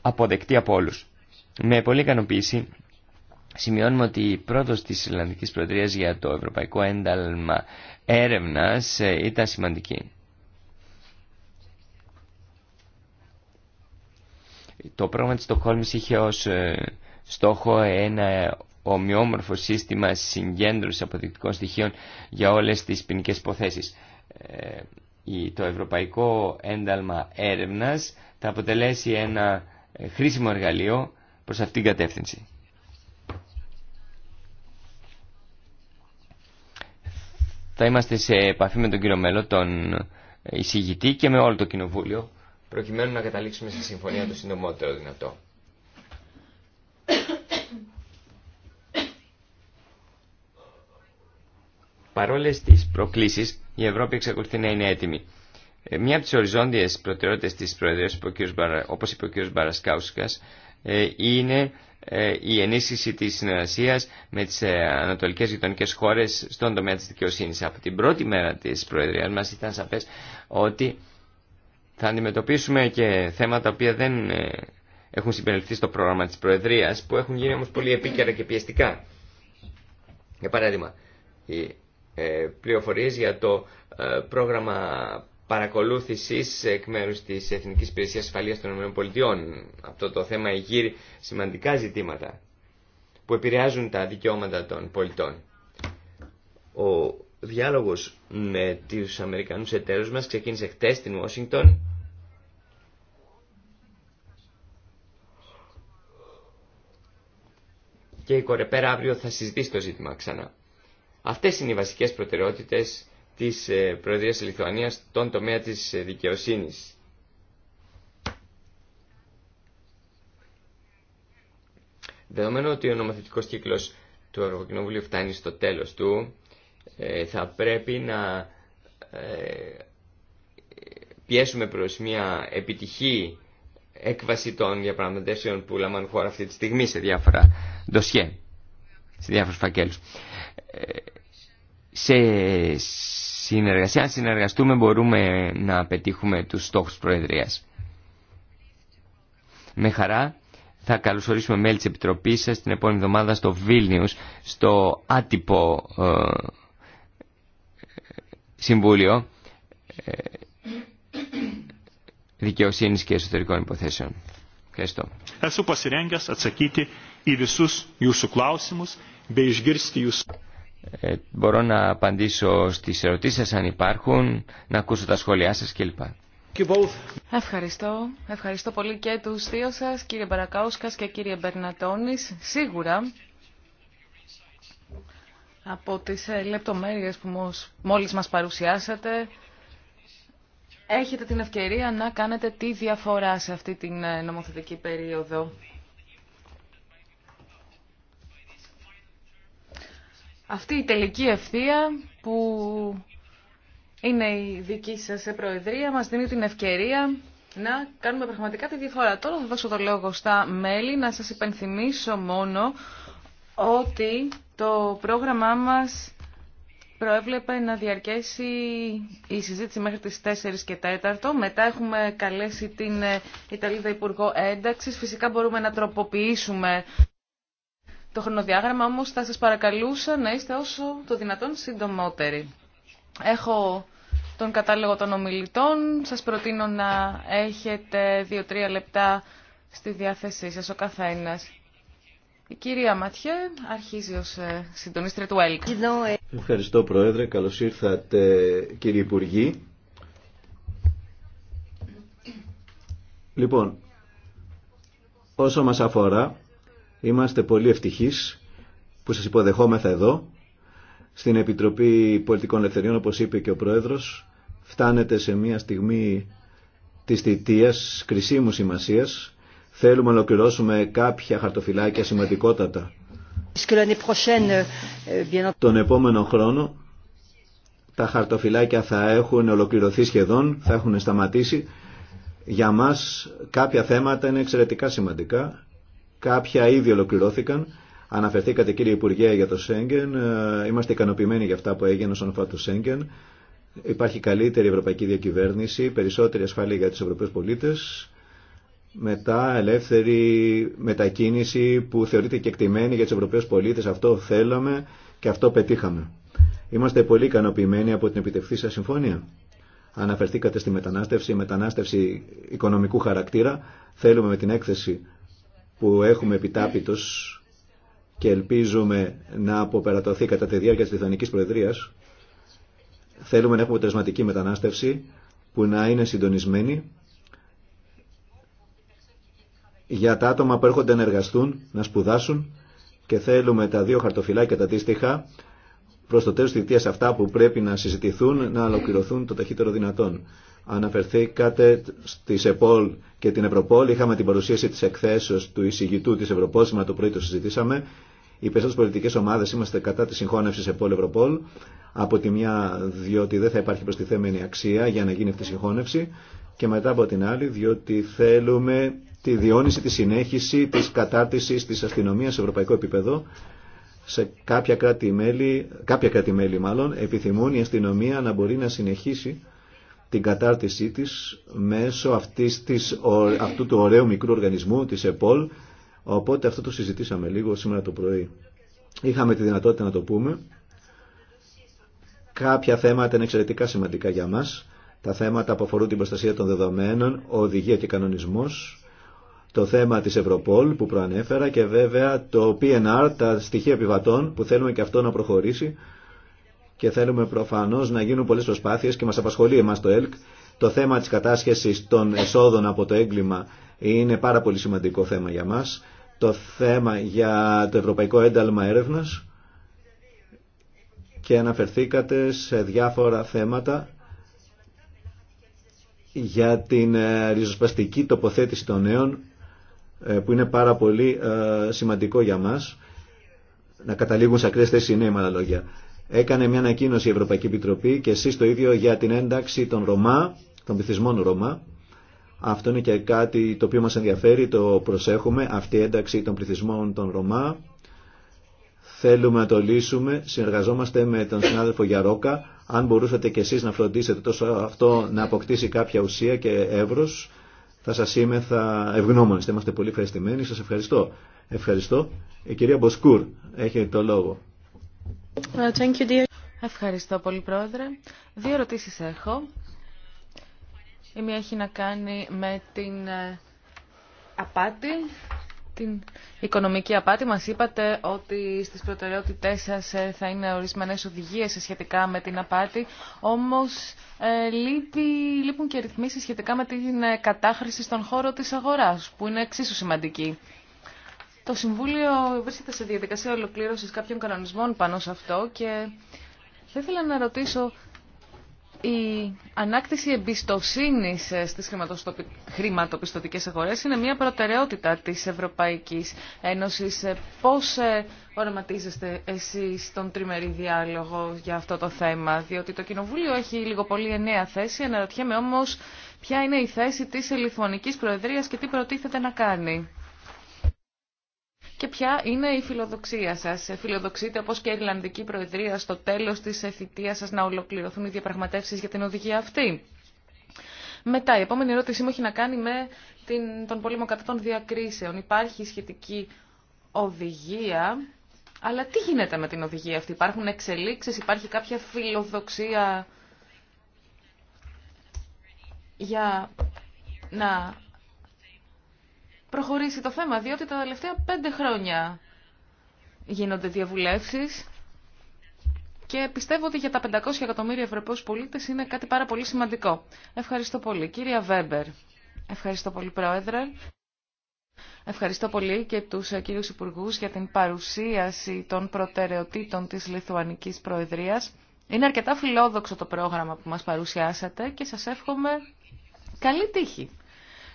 αποδεκτή από όλου. Με πολύ ικανοποίηση σημειώνουμε ότι η πρώτο της Ιρλανδική Προεδρία για το Ευρωπαϊκό Ένταλμα Έρευνας ε, ήταν σημαντική. Το πρόγραμμα της Στοκχόλμης είχε ως ε, στόχο ένα ομοιόμορφο σύστημα συγκέντρωσης αποδεικτικών στοιχείων για όλες τις ποινικέ υποθέσεις. Ε, το Ευρωπαϊκό Ένταλμα Έρευνας θα αποτελέσει ένα ε, χρήσιμο εργαλείο προς αυτήν την κατεύθυνση. Θα είμαστε σε επαφή με τον κύριο Μέλο, τον εισηγητή και με όλο το κοινοβούλιο, προκειμένου να καταλήξουμε στη συμφωνία το συντομότερο δυνατό. Παρόλες τις προκλήσεις, η Ευρώπη εξακολουθεί να είναι έτοιμη. Ε, μία από τι οριζόντιε προτεραιότητε τη Προεδρία, όπω είπε ο κ. Μπαρασκάουσκα, ε, είναι ε, η ενίσχυση τη συνεργασία με τις ανατολικέ γειτονικέ χώρε στον τομέα τη δικαιοσύνη. Από την πρώτη μέρα τη Προεδρία μα ήταν σαφέ ότι θα αντιμετωπίσουμε και θέματα τα οποία δεν έχουν συμπεριληφθεί στο πρόγραμμα τη Προεδρία, που έχουν γίνει όμω πολύ επίκαιρα και πιεστικά. Για παράδειγμα, οι πληροφορίε για το πρόγραμμα παρακολούθησης εκ μέρου τη Εθνικής Υπηρεσίας Ασφαλεία των ΗΠΑ. Αυτό το θέμα γύρει σημαντικά ζητήματα που επηρεάζουν τα δικαιώματα των πολιτών. Ο διάλογος με τους Αμερικανού εταίρου μας ξεκίνησε χτε στην Ουάσιγκτον και η Κορεπέρα αύριο θα συζητήσει το ζήτημα ξανά. Αυτές είναι οι βασικές προτεραιότητες της ε, Προεδρίας της τόν τομέα της ε, δικαιοσύνης. Δεδομένου ότι ο νομοθετικός κύκλος του Ευρωκοινοβουλίου φτάνει στο τέλος του, ε, θα πρέπει να πιέσουμε προς μια επιτυχή έκβαση των διαπραγματεύσεων που λαμβάνουν χώρα αυτή τη στιγμή σε διάφορα ντοσιέ, σε διάφορους φακέλους σε συνεργασία, αν συνεργαστούμε μπορούμε να πετύχουμε τους στόχους της Προεδρίας. Με χαρά θα καλωσορίσουμε μέλη της Επιτροπής σας την επόμενη εβδομάδα στο Βίλνιους, στο άτυπο ε, Συμβούλιο ε, Δικαιοσύνης και Εσωτερικών Υποθέσεων. Ευχαριστώ. Ε, μπορώ να απαντήσω στις ερωτήσεις σας αν υπάρχουν, να ακούσω τα σχόλιά σας κλπ. Ευχαριστώ. Ευχαριστώ πολύ και τους δύο σας, κύριε Μπαρακάουσκας και κύριε Μπερνατώνης. Σίγουρα από τις ε, λεπτομέρειες που μόλις μας παρουσιάσατε έχετε την ευκαιρία να κάνετε τη διαφορά σε αυτή την ε, νομοθετική περίοδο. αυτή η τελική ευθεία που είναι η δική σας προεδρία μας δίνει την ευκαιρία να κάνουμε πραγματικά τη διαφορά. Τώρα θα δώσω το λόγο στα μέλη να σας υπενθυμίσω μόνο ότι το πρόγραμμά μας προέβλεπε να διαρκέσει η συζήτηση μέχρι τις 4 και 4. Μετά έχουμε καλέσει την ε, Ιταλίδα Υπουργό Ένταξης. Φυσικά μπορούμε να τροποποιήσουμε το χρονοδιάγραμμα, όμως θα σας παρακαλούσα να είστε όσο το δυνατόν συντομότεροι. Έχω τον κατάλογο των ομιλητών. Σας προτείνω να εχετε δυο δύο-τρία λεπτά στη διάθεσή σας ο καθένας. Η κυρία Ματιέ αρχίζει ως ε, συντονίστρια του ΕΛΚ. Ευχαριστώ Πρόεδρε, καλώς ήρθατε κύριε Υπουργή. Λοιπόν, όσο μας αφορά, Είμαστε πολύ ευτυχείς που σας υποδεχόμεθα εδώ, στην Επιτροπή Πολιτικών Ελευθεριών, όπως είπε και ο Πρόεδρος, φτάνετε σε μια στιγμή της θητείας κρισίμου σημασίας. Θέλουμε να ολοκληρώσουμε κάποια χαρτοφυλάκια σημαντικότατα. Euh, Τον επόμενο χρόνο τα χαρτοφυλάκια θα έχουν ολοκληρωθεί σχεδόν, θα έχουν σταματήσει. Για μας κάποια θέματα είναι εξαιρετικά σημαντικά Κάποια ήδη ολοκληρώθηκαν. Αναφερθήκατε κύριε Υπουργέ για το Σέγγεν. Ε, είμαστε ικανοποιημένοι για αυτά που έγιναν στον αφορά του Σέγγεν. Υπάρχει καλύτερη ευρωπαϊκή διακυβέρνηση, περισσότερη ασφάλεια για τους Ευρωπαίους πολίτες. Μετά ελεύθερη μετακίνηση που θεωρείται και εκτιμένη για τους Ευρωπαίους πολίτες. Αυτό θέλαμε και αυτό πετύχαμε. Είμαστε πολύ ικανοποιημένοι από την επιτευχθή σας συμφωνία. Αναφερθήκατε στη μετανάστευση, μετανάστευση οικονομικού χαρακτήρα. Θέλουμε με την έκθεση που έχουμε επιτάπητος και ελπίζουμε να αποπερατωθεί κατά τη διάρκεια της Λιθανικής Προεδρίας. Θέλουμε να έχουμε αποτελεσματική μετανάστευση που να είναι συντονισμένη για τα άτομα που έρχονται να εργαστούν, να σπουδάσουν και θέλουμε τα δύο χαρτοφυλάκια τα αντίστοιχα προς το τέλος της αυτά που πρέπει να συζητηθούν να ολοκληρωθούν το ταχύτερο δυνατόν. Αναφερθήκατε στι ΕΠΟΛ και την Ευρωπόλ. Είχαμε την παρουσίαση της εκθέσεως του εισηγητού της Ευρωπόλ, σήμερα το πρωί το συζητήσαμε. Οι περισσότερε πολιτικέ ομάδε είμαστε κατά τη συγχώνευση ΕΠΟΛ-Ευρωπόλ. Από τη μια, διότι δεν θα υπάρχει προστιθέμενη αξία για να γίνει αυτή η συγχώνευση. Και μετά από την άλλη, διότι θέλουμε τη διόνυση, τη συνέχιση τη κατάρτιση τη αστυνομία σε ευρωπαϊκό επίπεδο. Σε κάποια κράτη-μέλη, κάποια κράτη-μέλη μάλλον, επιθυμούν η αστυνομία να μπορεί να συνεχίσει την κατάρτισή της μέσω αυτής της, αυτού του ωραίου μικρού οργανισμού της ΕΠΟΛ οπότε αυτό το συζητήσαμε λίγο σήμερα το πρωί είχαμε τη δυνατότητα να το πούμε κάποια θέματα είναι εξαιρετικά σημαντικά για μας τα θέματα που αφορούν την προστασία των δεδομένων οδηγία και κανονισμός το θέμα της Ευρωπόλ που προανέφερα και βέβαια το PNR, τα στοιχεία επιβατών που θέλουμε και αυτό να προχωρήσει και θέλουμε προφανώς να γίνουν πολλές προσπάθειε και μας απασχολεί εμά το ΕΛΚ. Το θέμα της κατάσχεσης των εσόδων από το έγκλημα είναι πάρα πολύ σημαντικό θέμα για μας. Το θέμα για το Ευρωπαϊκό Ένταλμα Έρευνας και αναφερθήκατε σε διάφορα θέματα για την ε, ριζοσπαστική τοποθέτηση των νέων ε, που είναι πάρα πολύ ε, σημαντικό για μας να καταλήγουν σε ακραίες θέσεις οι νέοι με άλλα λόγια έκανε μια ανακοίνωση η Ευρωπαϊκή Επιτροπή και εσείς το ίδιο για την ένταξη των Ρωμά, των πληθυσμών Ρωμά. Αυτό είναι και κάτι το οποίο μας ενδιαφέρει, το προσέχουμε, αυτή η ένταξη των πληθυσμών των Ρωμά. Θέλουμε να το λύσουμε, συνεργαζόμαστε με τον συνάδελφο Γιαρόκα. Αν μπορούσατε κι εσείς να φροντίσετε τόσο αυτό να αποκτήσει κάποια ουσία και εύρος, θα σας είμαι θα ευγνώμονες. Είμαστε πολύ ευχαριστημένοι, σας ευχαριστώ. Ευχαριστώ. Η κυρία Μποσκούρ έχει το λόγο. Ευχαριστώ πολύ, Πρόεδρε. Δύο ερωτήσει έχω. Η μία έχει να κάνει με την ε, απάτη, την οικονομική απάτη. Μας είπατε ότι στις προτεραιότητές σας ε, θα είναι ορισμένες οδηγίες σχετικά με την απάτη, όμως ε, λείπει, λείπουν και ρυθμίσεις σχετικά με την κατάχρηση στον χώρο της αγοράς, που είναι εξίσου σημαντική. Το Συμβούλιο βρίσκεται σε διαδικασία ολοκλήρωσης κάποιων κανονισμών πάνω σε αυτό και θα ήθελα να ρωτήσω η ανάκτηση εμπιστοσύνη στις χρηματοπιστωτικές αγορές είναι μια προτεραιότητα της Ευρωπαϊκής Ένωσης. Πώς ε, οραματίζεστε εσείς τον τριμερή διάλογο για αυτό το θέμα, διότι το Κοινοβούλιο έχει λίγο πολύ εννέα θέση, αναρωτιέμαι όμως ποια είναι η θέση της Ελληνικής Προεδρίας και τι προτίθεται να κάνει και ποια είναι η φιλοδοξία σας. Φιλοδοξείτε όπω και η Ιρλανδική Προεδρία στο τέλος της θητεία σας να ολοκληρωθούν οι διαπραγματεύσει για την οδηγία αυτή. Μετά, η επόμενη ερώτησή μου έχει να κάνει με την, τον πόλεμο κατά των διακρίσεων. Υπάρχει σχετική οδηγία, αλλά τι γίνεται με την οδηγία αυτή. Υπάρχουν εξελίξεις, υπάρχει κάποια φιλοδοξία για να προχωρήσει το θέμα, διότι τα τελευταία πέντε χρόνια γίνονται διαβουλεύσεις και πιστεύω ότι για τα 500 εκατομμύρια Ευρωπαίους πολίτες είναι κάτι πάρα πολύ σημαντικό. Ευχαριστώ πολύ. Κύρια Βέμπερ, ευχαριστώ πολύ Πρόεδρε. Ευχαριστώ πολύ και τους ε, κύριους Υπουργούς για την παρουσίαση των προτεραιοτήτων της Λιθουανικής Προεδρίας. Είναι αρκετά φιλόδοξο το πρόγραμμα που μας παρουσιάσατε και σας εύχομαι καλή τύχη.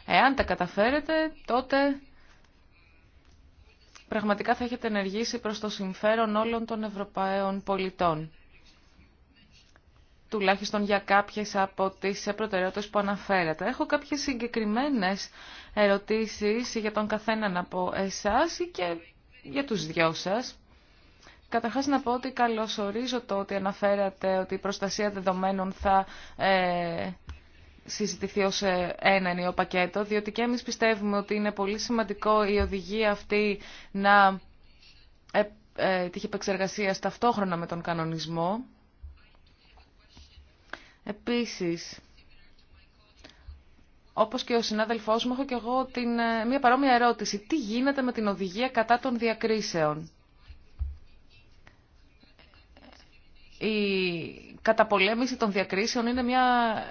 Εάν τα καταφέρετε, τότε πραγματικά θα έχετε ενεργήσει προς το συμφέρον όλων των Ευρωπαίων πολιτών. Τουλάχιστον για κάποιες από τις προτεραιότητες που αναφέρατε. Έχω κάποιες συγκεκριμένες ερωτήσεις για τον καθέναν από εσάς και για τους δυο σας. Καταρχάς να πω ότι καλωσορίζω το ότι αναφέρατε ότι η προστασία δεδομένων θα ε, συζητηθεί ως ε, ένα ενιαίο πακέτο, διότι και εμείς πιστεύουμε ότι είναι πολύ σημαντικό η οδηγία αυτή να ε, ε, τύχει επεξεργασία ταυτόχρονα με τον κανονισμό. Επίσης, όπως και ο συνάδελφός μου, έχω και εγώ την, μια παρόμοια ερώτηση. Τι γίνεται με την οδηγία κατά των διακρίσεων καταπολέμηση των διακρίσεων είναι μια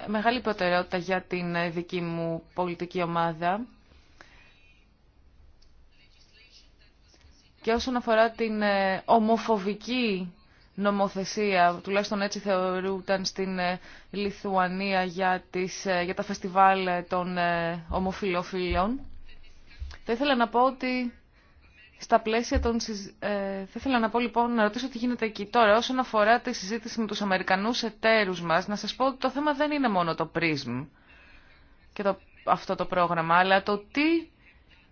μεγάλη προτεραιότητα για την ε, δική μου πολιτική ομάδα. Και όσον αφορά την ε, ομοφοβική νομοθεσία, τουλάχιστον έτσι θεωρούταν στην ε, Λιθουανία για, τις, για τα φεστιβάλ των ομοφιλοφίλων, θα ήθελα να πω ότι στα πλαίσια των ε, Θα ήθελα να πω λοιπόν να ρωτήσω τι γίνεται εκεί τώρα. Όσον αφορά τη συζήτηση με τους Αμερικανούς εταίρους μας, να σας πω ότι το θέμα δεν είναι μόνο το PRISM και το, αυτό το πρόγραμμα, αλλά το τι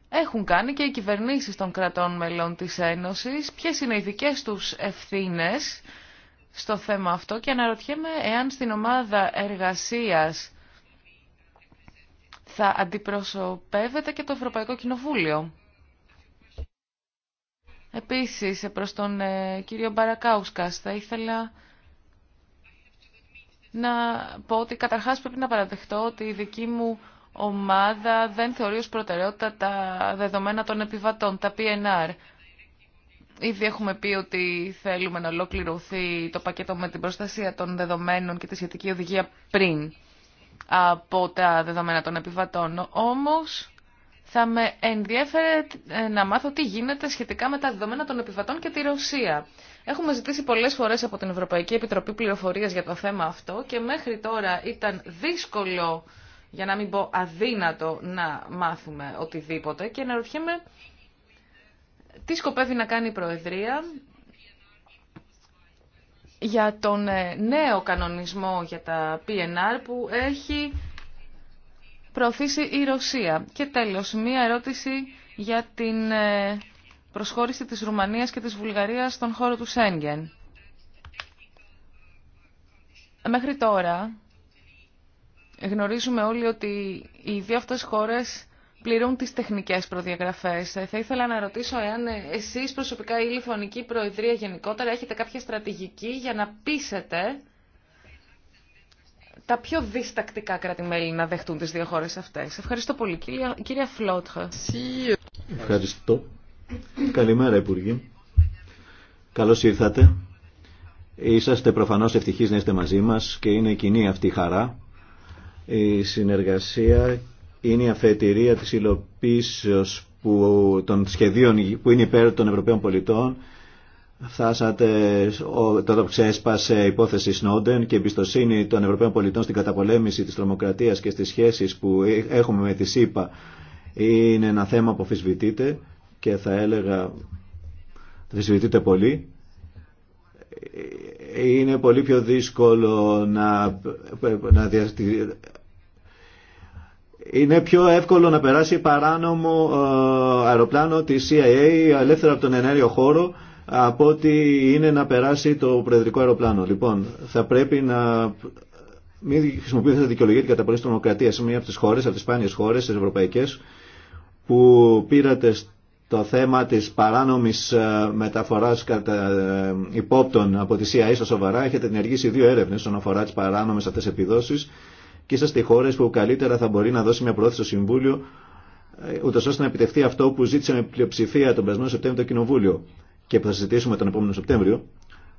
έχουν κάνει και οι κυβερνήσεις των κρατών μελών της Ένωσης, ποιες είναι οι δικές τους ευθύνες στο θέμα αυτό και αναρωτιέμαι εάν στην ομάδα εργασίας θα αντιπροσωπεύεται και το Ευρωπαϊκό Κοινοβούλιο. Επίσης, προς τον ε, κύριο Μπαρακάουσκας, θα ήθελα να πω ότι καταρχάς πρέπει να παραδεχτώ ότι η δική μου ομάδα δεν θεωρεί ως προτεραιότητα τα δεδομένα των επιβατών, τα PNR. Ήδη έχουμε πει ότι θέλουμε να ολοκληρωθεί το πακέτο με την προστασία των δεδομένων και τη σχετική οδηγία πριν από τα δεδομένα των επιβατών. Όμως, θα με ενδιέφερε ε, να μάθω τι γίνεται σχετικά με τα δεδομένα των επιβατών και τη Ρωσία. Έχουμε ζητήσει πολλές φορές από την Ευρωπαϊκή Επιτροπή Πληροφορία για το θέμα αυτό και μέχρι τώρα ήταν δύσκολο, για να μην πω αδύνατο, να μάθουμε οτιδήποτε και να τι σκοπεύει να κάνει η Προεδρία για τον ε, νέο κανονισμό για τα PNR που έχει προωθήσει η Ρωσία. Και τέλος, μία ερώτηση για την ε, προσχώρηση της Ρουμανίας και της Βουλγαρίας στον χώρο του Σέγγεν. Μέχρι τώρα γνωρίζουμε όλοι ότι οι δύο αυτές χώρες πληρούν τις τεχνικές προδιαγραφές. Ε, θα ήθελα να ρωτήσω εάν ε, εσείς προσωπικά ή η Λιθουανική Προεδρία γενικότερα έχετε κάποια στρατηγική για να πείσετε τα πιο διστακτικά κράτη-μέλη να δεχτούν τις δύο χώρες αυτές. Ευχαριστώ πολύ, κυρία, κυρία Φλότχα. Ευχαριστώ. Καλημέρα, Υπουργή. Καλώς ήρθατε. Είσαστε προφανώς ευτυχείς να είστε μαζί μας και είναι κοινή αυτή η χαρά. Η συνεργασία είναι η αφετηρία της υλοποίηση που, των σχεδίων που είναι υπέρ των Ευρωπαίων πολιτών φτάσατε το ξέσπασε η υπόθεση Σνόντεν και η εμπιστοσύνη των Ευρωπαίων πολιτών στην καταπολέμηση της τρομοκρατίας και στις σχέσεις που ε, έχουμε με τη ΣΥΠΑ είναι ένα θέμα που αφισβητείται και θα έλεγα αφισβητείται πολύ είναι πολύ πιο δύσκολο να, να Είναι πιο εύκολο να περάσει παράνομο ε, αεροπλάνο της CIA ελεύθερα από τον ενέργειο χώρο από ότι είναι να περάσει το προεδρικό αεροπλάνο. Λοιπόν, θα πρέπει να μην χρησιμοποιήσετε δικαιολογία την καταπολή τη τρομοκρατία. Μία από τι χώρε, από τι σπάνιε χώρε, τι ευρωπαϊκέ, που πήρατε το θέμα τη παράνομη ε, μεταφορά κατά ε, υπόπτων από τη CIA στα σοβαρά. Έχετε ενεργήσει δύο έρευνε όσον αφορά τι παράνομες αυτέ επιδόσει και είστε οι χώρες που καλύτερα θα μπορεί να δώσει μια πρόθεση στο Συμβούλιο ε, ούτω ώστε να επιτευχθεί αυτό που ζήτησε με πλειοψηφία τον περασμένο Σεπτέμβριο το Κοινοβούλιο και που θα συζητήσουμε τον επόμενο Σεπτέμβριο,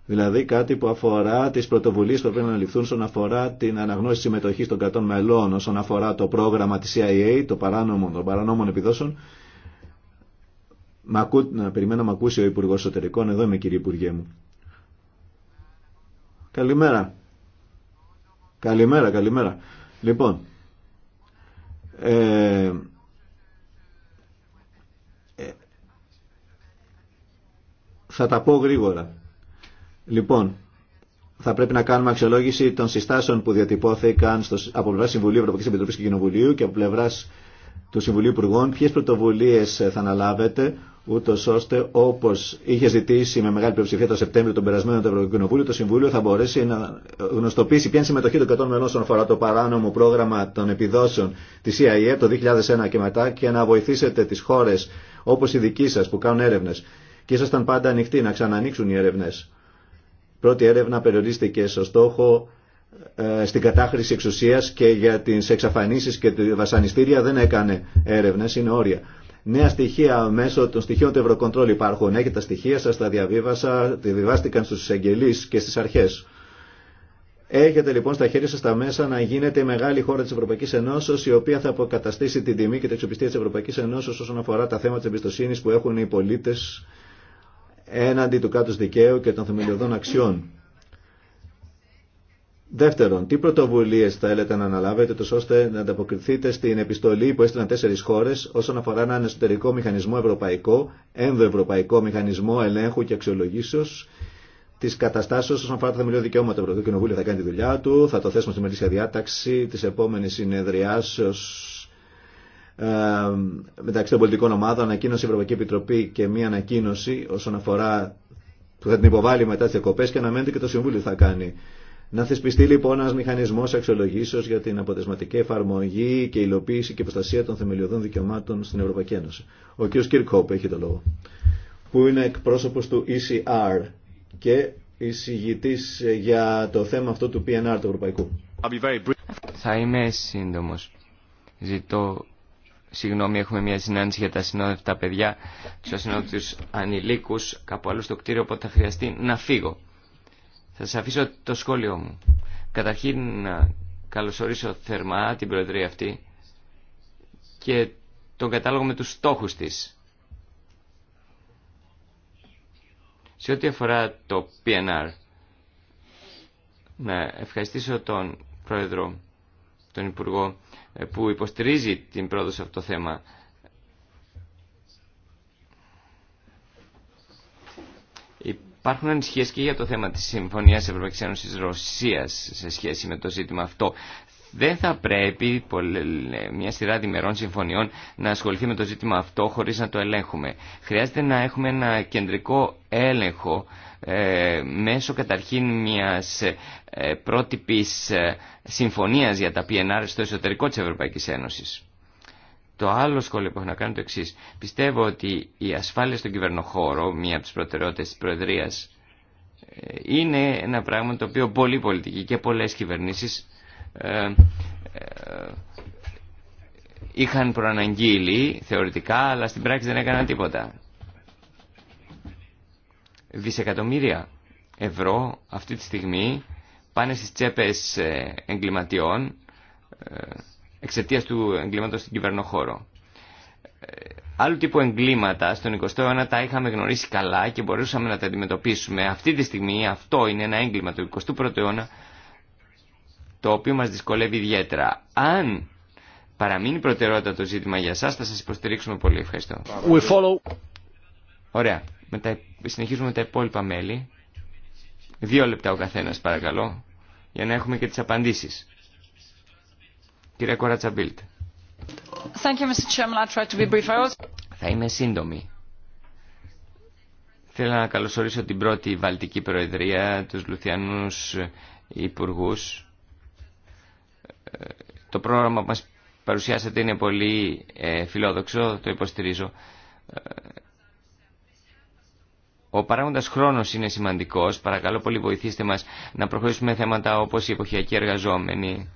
δηλαδή κάτι που αφορά τις πρωτοβουλίες που πρέπει να ληφθούν όσον αφορά την αναγνώριση συμμετοχή των κρατών μελών, όσον αφορά το πρόγραμμα της CIA, το παράνομο, των παρανόμων επιδόσεων. Να περιμένω να ακούσει ο Υπουργό Εσωτερικών, εδώ είμαι κύριε Υπουργέ μου. Καλημέρα. Καλημέρα, καλημέρα. Λοιπόν, ε, Θα τα πω γρήγορα. Λοιπόν, θα πρέπει να κάνουμε αξιολόγηση των συστάσεων που διατυπώθηκαν στο, από πλευρά Συμβουλίου Ευρωπαϊκή Επιτροπή και Κοινοβουλίου και από πλευρά του Συμβουλίου Υπουργών. Ποιε πρωτοβουλίε θα αναλάβετε, ούτω ώστε όπω είχε ζητήσει με μεγάλη πλειοψηφία το Σεπτέμβριο τον περασμένο του Ευρωπαϊκού Κοινοβούλιο, το Συμβούλιο θα μπορέσει να γνωστοποιήσει ποια είναι η συμμετοχή των κρατών μελών όσον αφορά το παράνομο πρόγραμμα των επιδόσεων τη CIA το 2001 και μετά και να βοηθήσετε τι χώρε όπω η δική σα που κάνουν έρευνε και ήσασταν πάντα ανοιχτοί να ξανανοίξουν οι έρευνε. Πρώτη έρευνα περιορίστηκε στο στόχο ε, στην κατάχρηση εξουσία και για τι εξαφανίσει και τη βασανιστήρια δεν έκανε έρευνε, είναι όρια. Νέα στοιχεία μέσω των στοιχείων του Ευρωκοντρόλ υπάρχουν. Έχετε τα στοιχεία σα, τα διαβίβασα, διαβιβάστηκαν στου εισαγγελεί και στι αρχέ. Έχετε λοιπόν στα χέρια σα τα μέσα να γίνετε η μεγάλη χώρα τη Ευρωπαϊκή Ενώσεω, η οποία θα αποκαταστήσει την τιμή και την εξοπιστία τη Ευρωπαϊκή Ενώσεω όσον αφορά τα θέματα τη εμπιστοσύνη που έχουν οι πολίτε έναντι του κράτους δικαίου και των θεμελιωδών αξιών. Δεύτερον, τι πρωτοβουλίε θέλετε να αναλάβετε, τόσο ώστε να ανταποκριθείτε στην επιστολή που έστειλαν τέσσερι χώρε όσον αφορά έναν εσωτερικό μηχανισμό ευρωπαϊκό, ενδοευρωπαϊκό μηχανισμό ελέγχου και αξιολογήσεω τη καταστάσεω όσον αφορά τα θεμελιώδη δικαιώματα. Το Ευρωπαϊκό Κοινοβούλιο θα κάνει τη δουλειά του, θα το θέσουμε στη μερίσια διάταξη τη επόμενη συνεδριάσεω ε, μεταξύ των πολιτικών ομάδων, ανακοίνωση Ευρωπαϊκή Επιτροπή και μία ανακοίνωση όσον αφορά που θα την υποβάλει μετά τι διακοπέ και αναμένεται και το Συμβούλιο θα κάνει. Να θεσπιστεί λοιπόν ένα μηχανισμό αξιολογήσεω για την αποτελεσματική εφαρμογή και υλοποίηση και προστασία των θεμελιωδών δικαιωμάτων στην Ευρωπαϊκή Ένωση. Ο κ. Κίρκοπ έχει το λόγο, που είναι εκπρόσωπο του ECR και εισηγητή για το θέμα αυτό του PNR του Ευρωπαϊκού. Θα είμαι σύντομο. Ζητώ Συγγνώμη, έχουμε μια συνάντηση για τα συνόδευτα παιδιά, του ασυνόδευτου ανηλίκου, κάπου αλλού στο κτίριο, οπότε θα χρειαστεί να φύγω. Θα σα αφήσω το σχόλιο μου. Καταρχήν, να καλωσορίσω θερμά την Προεδρία αυτή και τον κατάλογο με τους στόχους της. Σε ό,τι αφορά το PNR, να ευχαριστήσω τον Πρόεδρο, τον Υπουργό, ε, που υποστηρίζει την πρόοδο σε αυτό το θέμα. Υπάρχουν ανησυχίες και για το θέμα της Συμφωνίας Ευρωπαϊκής Ένωσης Ρωσίας σε σχέση με το ζήτημα αυτό. Δεν θα πρέπει μια σειρά διμερών συμφωνιών να ασχοληθεί με το ζήτημα αυτό χωρίς να το ελέγχουμε. Χρειάζεται να έχουμε ένα κεντρικό έλεγχο ε, μέσω καταρχήν μιας ε, πρότυπης ε, συμφωνίας για τα PNR στο εσωτερικό της Ευρωπαϊκής Ένωσης. Το άλλο σχόλιο που έχω να κάνω το εξή. Πιστεύω ότι η ασφάλεια στον κυβερνοχώρο, μία από τι προτεραιότητε τη Προεδρία, είναι ένα πράγμα το οποίο πολλοί πολιτικοί και πολλές κυβερνήσεις ε, ε, είχαν προαναγγείλει θεωρητικά, αλλά στην πράξη δεν έκαναν τίποτα δισεκατομμύρια ευρώ αυτή τη στιγμή πάνε στις τσέπες ε, εγκληματιών ε, εξαιτία του εγκλήματος στην κυβερνοχώρο. Ε, άλλου τύπου εγκλήματα στον 20ο αιώνα τα είχαμε γνωρίσει καλά και μπορούσαμε να τα αντιμετωπίσουμε. Αυτή τη στιγμή αυτό είναι ένα έγκλημα του 21ου αιώνα το οποίο μας δυσκολεύει ιδιαίτερα. Αν παραμείνει προτεραιότητα το ζήτημα για εσάς, θα σας υποστηρίξουμε πολύ. Ευχαριστώ. Ωραία με τα, συνεχίζουμε με τα υπόλοιπα μέλη. Δύο λεπτά ο καθένας παρακαλώ, για να έχουμε και τις απαντήσεις. Κυρία Κοράτσα Μπίλτ. Θα είμαι σύντομη. Θέλω να καλωσορίσω την πρώτη Βαλτική Προεδρία, τους Λουθιανούς Υπουργούς. Το πρόγραμμα που μας παρουσιάσατε είναι πολύ ε, φιλόδοξο, το υποστηρίζω. Ε, ο παράγοντα χρόνος είναι σημαντικός. Παρακαλώ πολύ βοηθήστε μας να προχωρήσουμε θέματα όπως οι εποχιακοί εργαζόμενοι,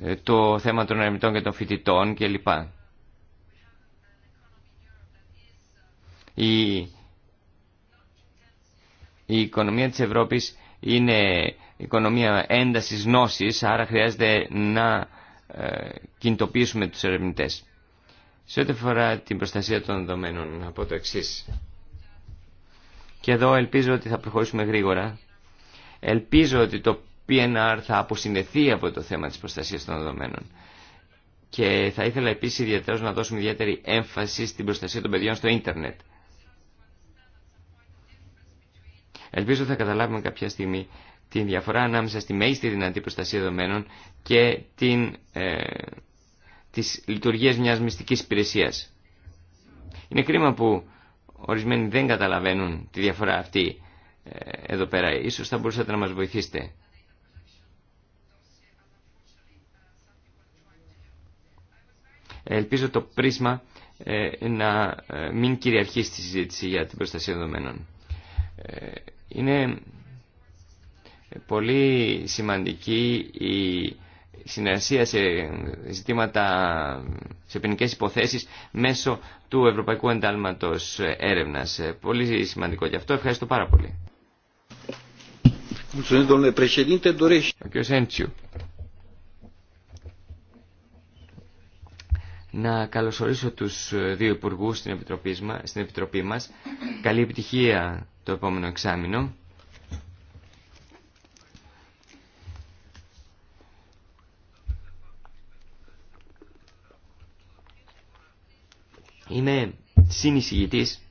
ε, το θέμα των ερευνητών και των φοιτητών κλπ. Η, η οικονομία της Ευρώπης είναι οικονομία έντασης γνώσης, άρα χρειάζεται να ε, κινητοποιήσουμε τους ερευνητές. Σε ό,τι αφορά την προστασία των δεδομένων, να το εξής. Και εδώ ελπίζω ότι θα προχωρήσουμε γρήγορα. Ελπίζω ότι το PNR θα αποσυνδεθεί από το θέμα της προστασίας των δεδομένων. Και θα ήθελα επίσης ιδιαίτερα να δώσουμε ιδιαίτερη έμφαση στην προστασία των παιδιών στο ίντερνετ. Ελπίζω θα καταλάβουμε κάποια στιγμή την διαφορά ανάμεσα στη μέγιστη δυνατή προστασία δεδομένων και την, ε, τις λειτουργίες μιας μυστικής υπηρεσίας. Είναι κρίμα που Ορισμένοι δεν καταλαβαίνουν τη διαφορά αυτή ε, εδώ πέρα. Ίσως θα μπορούσατε να μας βοηθήσετε. Ελπίζω το πρίσμα ε, να ε, μην κυριαρχεί στη συζήτηση για την προστασία δεδομένων. Είναι πολύ σημαντική η συνεργασία σε ζητήματα, σε ποινικέ υποθέσεις μέσω του Ευρωπαϊκού Εντάλματος Έρευνα. Πολύ σημαντικό και αυτό. Ευχαριστώ πάρα πολύ. Ο κ. Έντσιου. Να καλωσορίσω τους δύο υπουργούς στην Επιτροπή μας. Καλή επιτυχία το επόμενο εξάμεινο. Είναι συνεισηγητής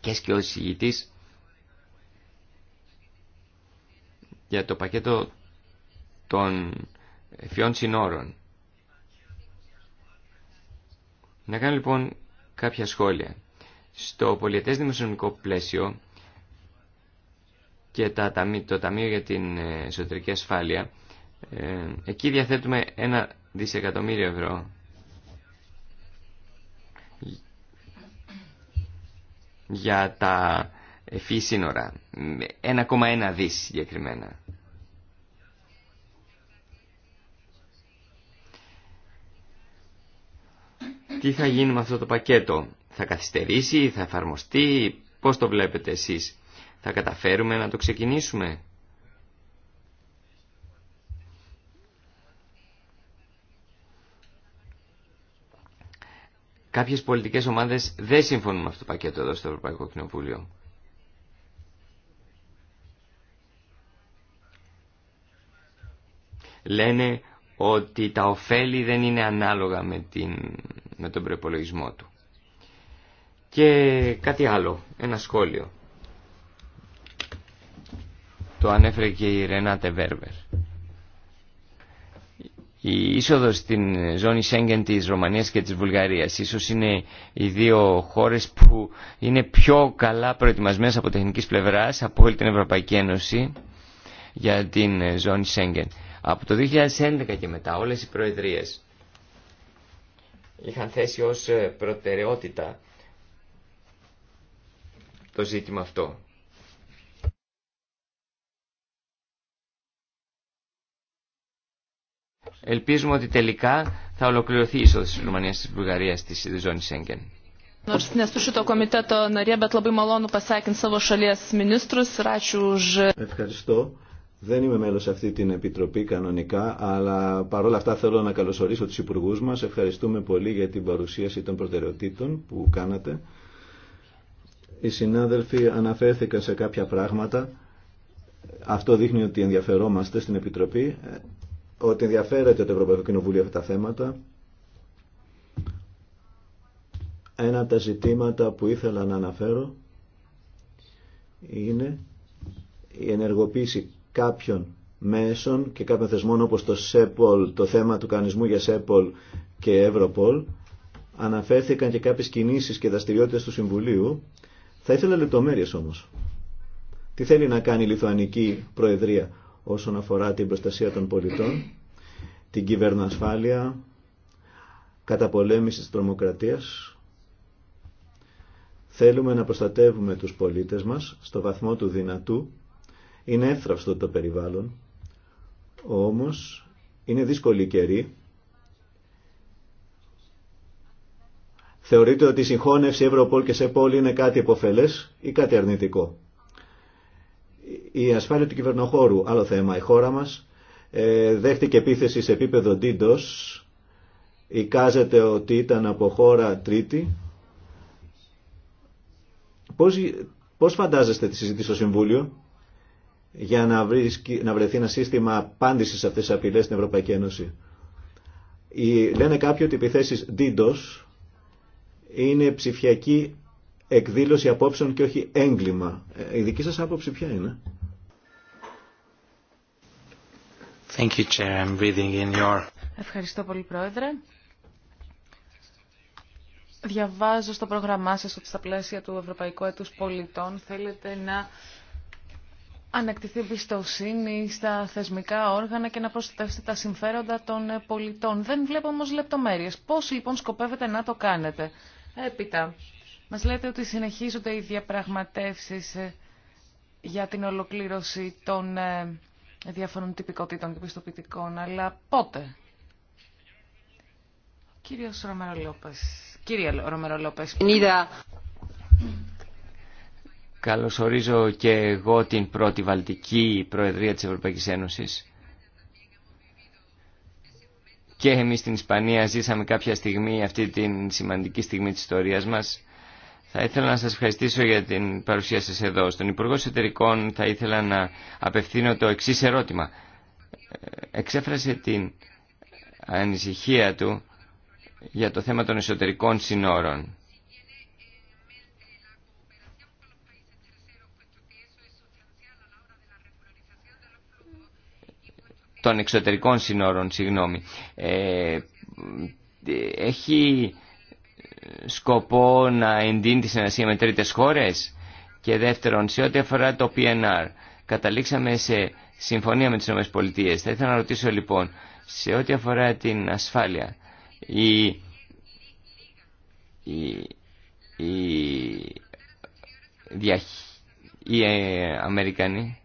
και σκιοσηγητής για το πακέτο των φιών συνόρων. Να κάνω λοιπόν κάποια σχόλια. Στο πολιετές δημοσιονομικό πλαίσιο και το Ταμείο για την ε, Εσωτερική Ασφάλεια ε, εκεί διαθέτουμε ένα δισεκατομμύριο ευρώ για τα ευφύ σύνορα. 1,1 δις συγκεκριμένα. Τι θα γίνει με αυτό το πακέτο. Θα καθυστερήσει, θα εφαρμοστεί, πώς το βλέπετε εσείς. Θα καταφέρουμε να το ξεκινήσουμε. Κάποιες πολιτικές ομάδες δεν συμφωνούν με αυτό το πακέτο εδώ στο Ευρωπαϊκό Κοινοβούλιο. Λένε ότι τα ωφέλη δεν είναι ανάλογα με, την, με τον προπολογισμό του. Και κάτι άλλο, ένα σχόλιο. Το ανέφερε και η Ρενάτε Βέρβερ. Η είσοδος στην ζώνη Σέγγεν της Ρωμανίας και της Βουλγαρίας ίσως είναι οι δύο χώρες που είναι πιο καλά προετοιμασμένες από τεχνικής πλευράς από όλη την Ευρωπαϊκή Ένωση για την ζώνη Σέγγεν. Από το 2011 και μετά όλες οι προεδρίες είχαν θέσει ως προτεραιότητα το ζήτημα αυτό. Ελπίζουμε ότι τελικά θα ολοκληρωθεί η είσοδος της και της Βουλγαρία στη ζώνη Σέγγεν. Ευχαριστώ. Δεν είμαι μέλος αυτή την επιτροπή κανονικά, αλλά παρόλα αυτά θέλω να καλωσορίσω τους υπουργούς μας. Ευχαριστούμε πολύ για την παρουσίαση των προτεραιοτήτων που κάνατε. Οι συνάδελφοι αναφέρθηκαν σε κάποια πράγματα. Αυτό δείχνει ότι ενδιαφερόμαστε στην Επιτροπή ότι ενδιαφέρεται το Ευρωπαϊκό Κοινοβούλιο αυτά τα θέματα. Ένα από τα ζητήματα που ήθελα να αναφέρω είναι η ενεργοποίηση κάποιων μέσων και κάποιων θεσμών όπως το ΣΕΠΟΛ, το θέμα του κανισμού για ΣΕΠΟΛ και Ευρωπολ αναφέρθηκαν και κάποιες κινήσεις και δραστηριότητες του Συμβουλίου. Θα ήθελα λεπτομέρειες όμως. Τι θέλει να κάνει η Λιθουανική Προεδρία όσον αφορά την προστασία των πολιτών, την κυβερνοασφάλεια, καταπολέμηση της τρομοκρατίας. Θέλουμε να προστατεύουμε τους πολίτες μας στο βαθμό του δυνατού. Είναι έφτραυστο το περιβάλλον, όμως είναι δύσκολη καιρή. Θεωρείτε ότι η συγχώνευση Ευρωπόλ και ΣΕΠΟΛ είναι κάτι υποφελές ή κάτι αρνητικό. Η ασφάλεια του κυβερνοχώρου, άλλο θέμα. Η χώρα μας ε, δέχτηκε επίθεση σε επίπεδο DDoS. Εικάζεται ότι ήταν από χώρα τρίτη. Πώς, πώς φαντάζεστε τη συζήτηση στο Συμβούλιο για να, να βρεθεί ένα σύστημα απάντησης σε αυτές τις απειλές στην Ευρωπαϊκή Ένωση. λένε κάποιοι ότι οι επιθέσεις DDoS είναι ψηφιακή εκδήλωση απόψεων και όχι έγκλημα. Ε, η δική σας άποψη ποια είναι. Ευχαριστώ πολύ, Πρόεδρε. Διαβάζω στο πρόγραμμά σας ότι στα πλαίσια του Ευρωπαϊκού Έτους Πολιτών θέλετε να ανακτηθεί εμπιστοσύνη στα θεσμικά όργανα και να προστατεύσετε τα συμφέροντα των πολιτών. Δεν βλέπω όμως λεπτομέρειες. Πώς λοιπόν σκοπεύετε να το κάνετε. Έπειτα, μας λέτε ότι συνεχίζονται οι διαπραγματεύσεις ε, για την ολοκλήρωση των ε, διαφορών τυπικότητων και πιστοποιητικών, αλλά πότε. Κύριος Λόπες. Κύριε καλώς Καλωσορίζω και εγώ την πρώτη Βαλτική Προεδρία της Ευρωπαϊκής Ένωσης. Και εμείς στην Ισπανία ζήσαμε κάποια στιγμή αυτή την σημαντική στιγμή της ιστορίας μας θα ήθελα να σας ευχαριστήσω για την παρουσία σας εδώ. Στον Υπουργό Εσωτερικών θα ήθελα να απευθύνω το εξής ερώτημα. Εξέφρασε την ανησυχία του για το θέμα των εσωτερικών συνόρων. των εξωτερικών συνόρων, συγγνώμη. Ε, έχει σκοπό να εντείνει τη συνεργασία με τρίτε χώρες και δεύτερον σε ό,τι αφορά το PNR καταλήξαμε σε συμφωνία με τις ΗΠΑ. Θα ήθελα να ρωτήσω λοιπόν σε ό,τι αφορά την ασφάλεια η, η, η, οι ε, Αμερικανοί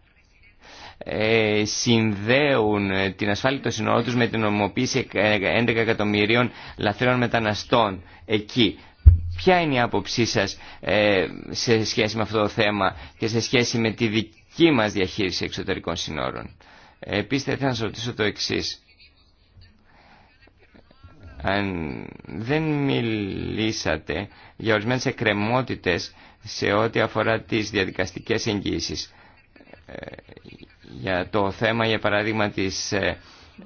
ε, συνδέουν ε, την ασφάλεια των σύνορων τους με την ομοποίηση 11 ε, εκατομμυρίων λαθρέων μεταναστών εκεί. Ποια είναι η άποψή σας ε, σε σχέση με αυτό το θέμα και σε σχέση με τη δική μας διαχείριση εξωτερικών σύνορων. Επίσης θα ήθελα να σας ρωτήσω το εξή. Αν δεν μιλήσατε για ορισμένες εκκρεμότητε σε ό,τι αφορά τις διαδικαστικές εγγύησεις για το θέμα για παράδειγμα της ε,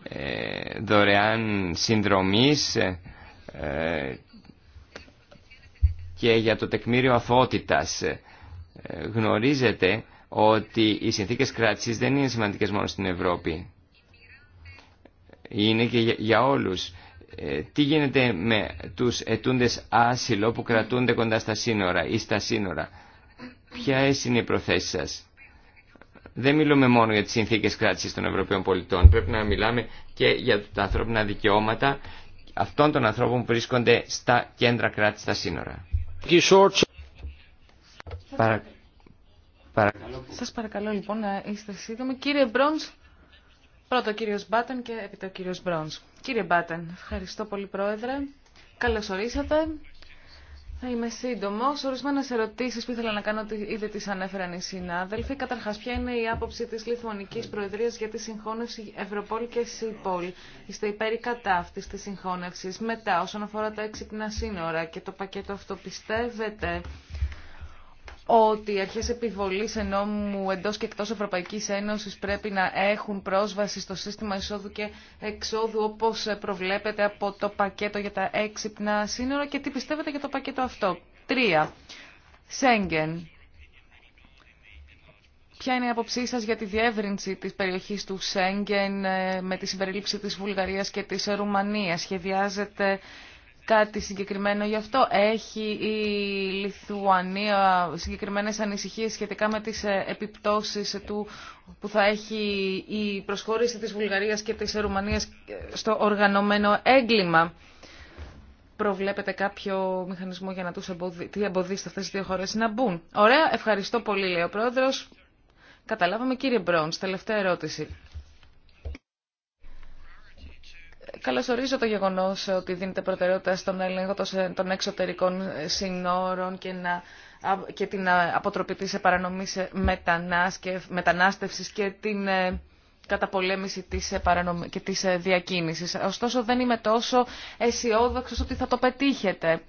ε, δωρεάν συνδρομής ε, και για το τεκμήριο Ε, Γνωρίζετε ότι οι συνθήκες κράτησης δεν είναι σημαντικές μόνο στην Ευρώπη. Είναι και για όλους. Τι γίνεται με τους ετούντες άσυλο που κρατούνται κοντά στα σύνορα ή στα σύνορα. Ποια είναι οι προθέσεις σας δεν μιλούμε μόνο για τις συνθήκες κράτησης των Ευρωπαίων πολιτών. Πρέπει να μιλάμε και για τα ανθρώπινα δικαιώματα αυτών των ανθρώπων που βρίσκονται στα κέντρα κράτηση στα σύνορα. Παρα... Παρακαλώ. Σας παρακαλώ λοιπόν να είστε σύντομοι. Κύριε Μπρόνς, πρώτο κύριος Μπάτεν και έπειτα ο κύριος Μπρόνς. Κύριε Μπάτεν, ευχαριστώ πολύ πρόεδρε. Καλώς ορίσατε. Θα είμαι σύντομο. Ορισμένε ερωτήσει που ήθελα να κάνω ήδη τι ανέφεραν οι συνάδελφοι. Καταρχά, ποια είναι η άποψη τη Λιθουανική Προεδρία για τη συγχώνευση Ευρωπόλ και ΣΥΠΟΛ. Είστε υπέρ κατά αυτή τη συγχώνευση. Μετά, όσον αφορά τα έξυπνα σύνορα και το πακέτο αυτό, πιστεύετε ότι οι αρχές επιβολής ενόμου εντός και εκτός Ευρωπαϊκής Ένωσης πρέπει να έχουν πρόσβαση στο σύστημα εισόδου και εξόδου όπως προβλέπεται από το πακέτο για τα έξυπνα σύνορα και τι πιστεύετε για το πακέτο αυτό. Τρία. Σέγγεν. Ποια είναι η άποψή σας για τη διεύρυνση της περιοχής του Σέγγεν ε, με τη συμπερίληψη της Βουλγαρίας και της Ρουμανίας. Σχεδιάζεται κάτι συγκεκριμένο γι' αυτό. Έχει η Λιθουανία συγκεκριμένες ανησυχίες σχετικά με τις ε, επιπτώσεις του που θα έχει η προσχώρηση της Βουλγαρίας και της Ρουμανίας ε, στο οργανωμένο έγκλημα. Προβλέπετε κάποιο μηχανισμό για να τους εμποδίσετε αυτές τις δύο χώρες να μπουν. Ωραία, ευχαριστώ πολύ λέει ο Πρόεδρος. Καταλάβαμε κύριε Μπρόντς, τελευταία ερώτηση καλωσορίζω το γεγονός ότι δίνεται προτεραιότητα στον έλεγχο των εξωτερικών ε, συνόρων και, να, και την ε, αποτροπή της παρανομή ε, μετανάστευσης και την καταπολέμηση της παρανομ... και της διακίνησης. Ωστόσο δεν είμαι τόσο αισιόδοξο ότι θα το πετύχετε.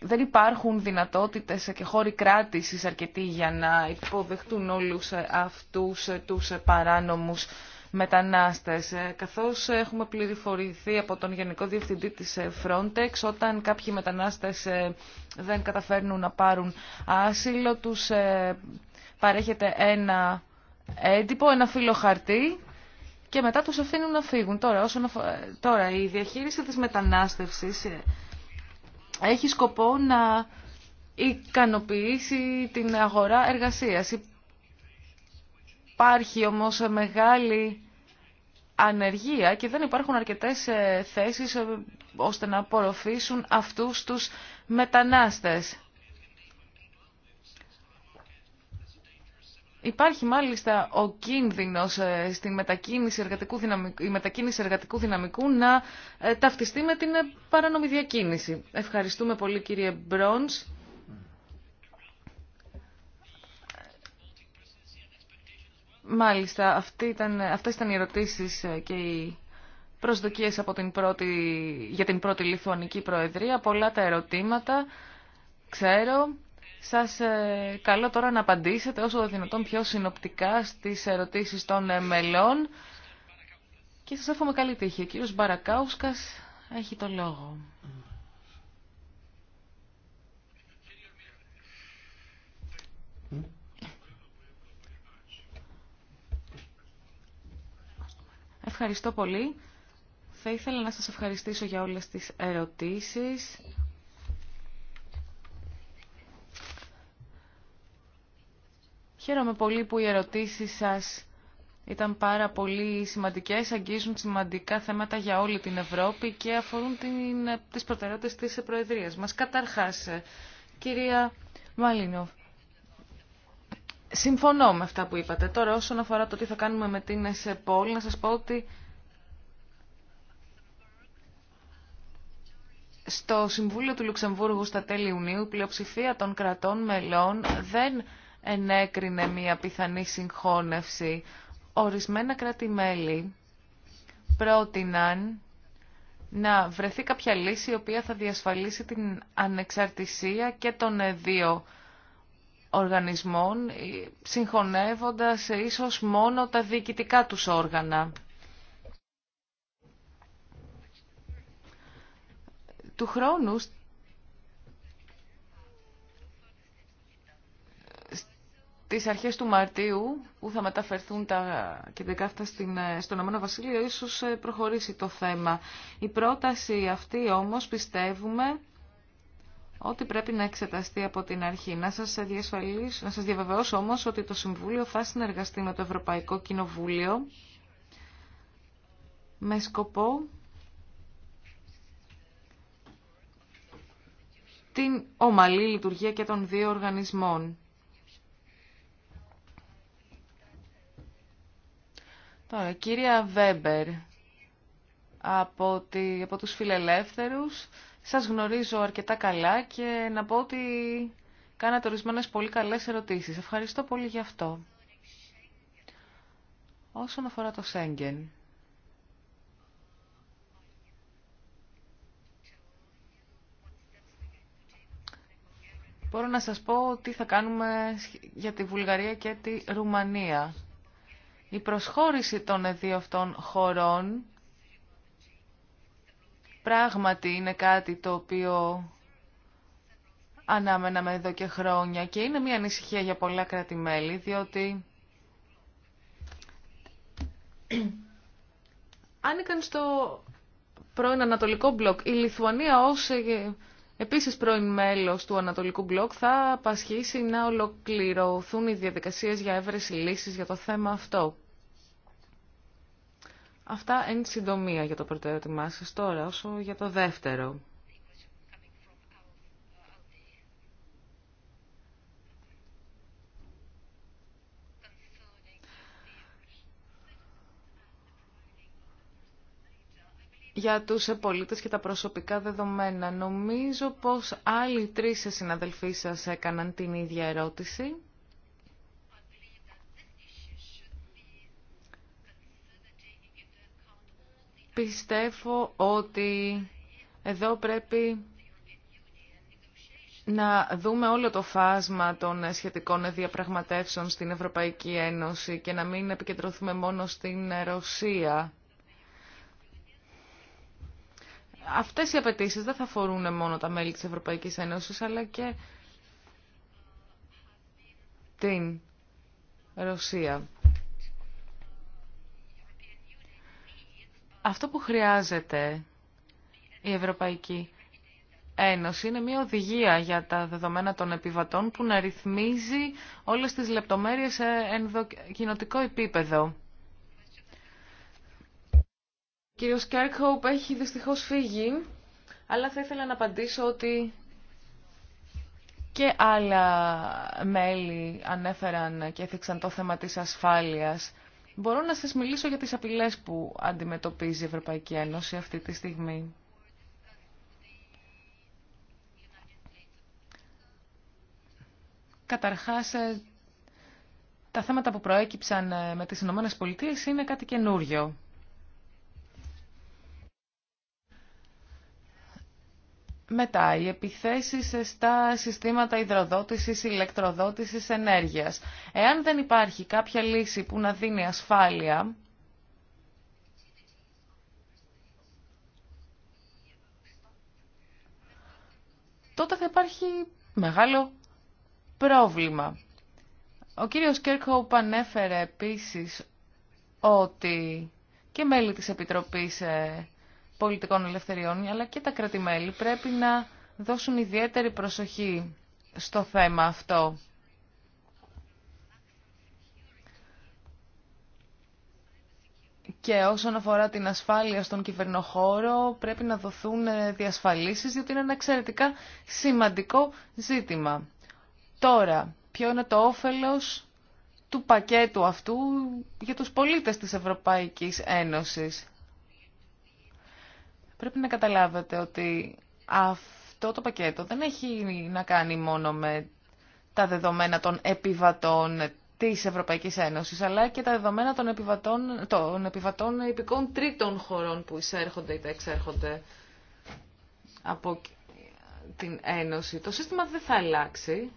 Δεν υπάρχουν δυνατότητες και χώροι κράτησης αρκετοί για να υποδεχτούν όλους αυτούς τους παράνομους μετανάστες, ε, καθώς έχουμε πληροφορηθεί από τον Γενικό Διευθυντή της ε, Frontex, όταν κάποιοι μετανάστες ε, δεν καταφέρνουν να πάρουν άσυλο, τους παρέχεται ένα έντυπο, ένα φύλλο χαρτί και μετά τους αφήνουν να φύγουν. Τώρα, όσον Τώρα η διαχείριση της μετανάστευσης έχει σκοπό να ικανοποιήσει την αγορά εργασίας. Υπάρχει όμως μεγάλη ανεργία και δεν υπάρχουν αρκετές ε, θέσεις ε, ώστε να απορροφήσουν αυτούς τους μετανάστες. Υπάρχει μάλιστα ο κίνδυνος ε, στην μετακίνηση εργατικού δυναμικού, η μετακίνηση εργατικού δυναμικού να ταυτιστεί με την παράνομη διακίνηση. Ευχαριστούμε πολύ κύριε Μπρόνς. Μάλιστα, αυτή ήταν, αυτές ήταν οι ερωτήσεις ε, και οι προσδοκίες από την πρώτη, για την πρώτη Λιθουανική Προεδρία. Πολλά τα ερωτήματα, ξέρω. Σας ε, καλώ τώρα να απαντήσετε όσο δυνατόν πιο συνοπτικά στις ερωτήσεις των ε, μελών. Και σας εύχομαι καλή τύχη. Ο κύριος Μπαρακάουσκας έχει το λόγο. Ευχαριστώ πολύ. Θα ήθελα να σας ευχαριστήσω για όλες τις ερωτήσεις. Χαίρομαι πολύ που οι ερωτήσεις σας ήταν πάρα πολύ σημαντικές, αγγίζουν σημαντικά θέματα για όλη την Ευρώπη και αφορούν την, τις προτεραιότητες της Προεδρίας μας. Καταρχάς, ε, κυρία Μαλίνοφ, Συμφωνώ με αυτά που είπατε. Τώρα όσον αφορά το τι θα κάνουμε με την ΕΣΕΠΟΛ, να σας πω ότι στο Συμβούλιο του Λουξεμβούργου στα τέλη Ιουνίου η πλειοψηφία των κρατών μελών δεν ενέκρινε μια πιθανή συγχώνευση. Ορισμένα κράτη-μέλη πρότειναν να βρεθεί κάποια λύση η οποία θα διασφαλίσει την ανεξαρτησία και τον δύο οργανισμών, ε, συγχωνεύοντας ίσως μόνο τα διοικητικά τους όργανα. Του χρόνου τις αρχές του Μαρτίου που θα μεταφερθούν τα κεντρικά αυτά στην, ε, στο Βασίλειο ίσως ε, προχωρήσει το θέμα. Η πρόταση αυτή όμως πιστεύουμε ότι πρέπει να εξεταστεί από την αρχή. Να σας, διασφαλίσω, να σας διαβεβαιώσω όμως ότι το Συμβούλιο θα συνεργαστεί με το Ευρωπαϊκό Κοινοβούλιο με σκοπό την ομαλή λειτουργία και των δύο οργανισμών. Τώρα, κύρια Βέμπερ, από, τη, από τους φιλελεύθερους σας γνωρίζω αρκετά καλά και να πω ότι κάνατε ορισμένες πολύ καλές ερωτήσεις. Ευχαριστώ πολύ γι' αυτό. Όσον αφορά το Σέγγεν, μπορώ να σας πω τι θα κάνουμε για τη Βουλγαρία και τη Ρουμανία. Η προσχώρηση των δύο αυτών χωρών πράγματι είναι κάτι το οποίο ανάμεναμε εδώ και χρόνια και είναι μια ανησυχία για πολλά κράτη-μέλη, διότι άνοιγαν στο πρώην Ανατολικό Μπλοκ. Η Λιθουανία ως ε, επίσης πρώην μέλος του Ανατολικού Μπλοκ θα απασχίσει να ολοκληρωθούν οι διαδικασίες για έβρεση λύσεις για το θέμα αυτό. Αυτά εν συντομία για το πρώτο ερώτημά σα. τώρα, όσο για το δεύτερο. για τους πολίτες και τα προσωπικά δεδομένα. Νομίζω πως άλλοι τρεις συναδελφοί σας έκαναν την ίδια ερώτηση. πιστεύω ότι εδώ πρέπει να δούμε όλο το φάσμα των σχετικών διαπραγματεύσεων στην Ευρωπαϊκή Ένωση και να μην επικεντρωθούμε μόνο στην Ρωσία. Αυτές οι απαιτήσεις δεν θα αφορούν μόνο τα μέλη της Ευρωπαϊκής Ένωσης, αλλά και την Ρωσία. Αυτό που χρειάζεται η Ευρωπαϊκή Ένωση είναι μια οδηγία για τα δεδομένα των επιβατών που να ρυθμίζει όλες τις λεπτομέρειες σε ενδοκοινοτικό επίπεδο. Ο κύριος Κέρκχοπ έχει δυστυχώς φύγει, αλλά θα ήθελα να απαντήσω ότι και άλλα μέλη ανέφεραν και έθιξαν το θέμα της ασφάλειας. Μπορώ να σας μιλήσω για τις απειλές που αντιμετωπίζει η Ευρωπαϊκή Ένωση αυτή τη στιγμή. Καταρχάς, ε, τα θέματα που προέκυψαν ε, με τις Ηνωμένες Πολιτείες είναι κάτι καινούριο. Μετά, οι επιθέσεις στα συστήματα υδροδότησης, ηλεκτροδότησης, ενέργειας. Εάν δεν υπάρχει κάποια λύση που να δίνει ασφάλεια, τότε θα υπάρχει μεγάλο πρόβλημα. Ο κύριος Κέρκοπ ανέφερε επίσης ότι και μέλη της Επιτροπής ε, πολιτικών ελευθεριών, αλλά και τα κρατημέλη πρέπει να δώσουν ιδιαίτερη προσοχή στο θέμα αυτό. Και όσον αφορά την ασφάλεια στον κυβερνοχώρο, πρέπει να δοθούν διασφαλίσεις, διότι είναι ένα εξαιρετικά σημαντικό ζήτημα. Τώρα, ποιο είναι το όφελος του πακέτου αυτού για τους πολίτες της Ευρωπαϊκής Ένωσης. Πρέπει να καταλάβετε ότι αυτό το πακέτο δεν έχει να κάνει μόνο με τα δεδομένα των επιβατών της Ευρωπαϊκής Ένωσης, αλλά και τα δεδομένα των επιβατών, των επιβατών υπηκών τρίτων χωρών που εισέρχονται ή τα εξέρχονται από την Ένωση. Το σύστημα δεν θα αλλάξει,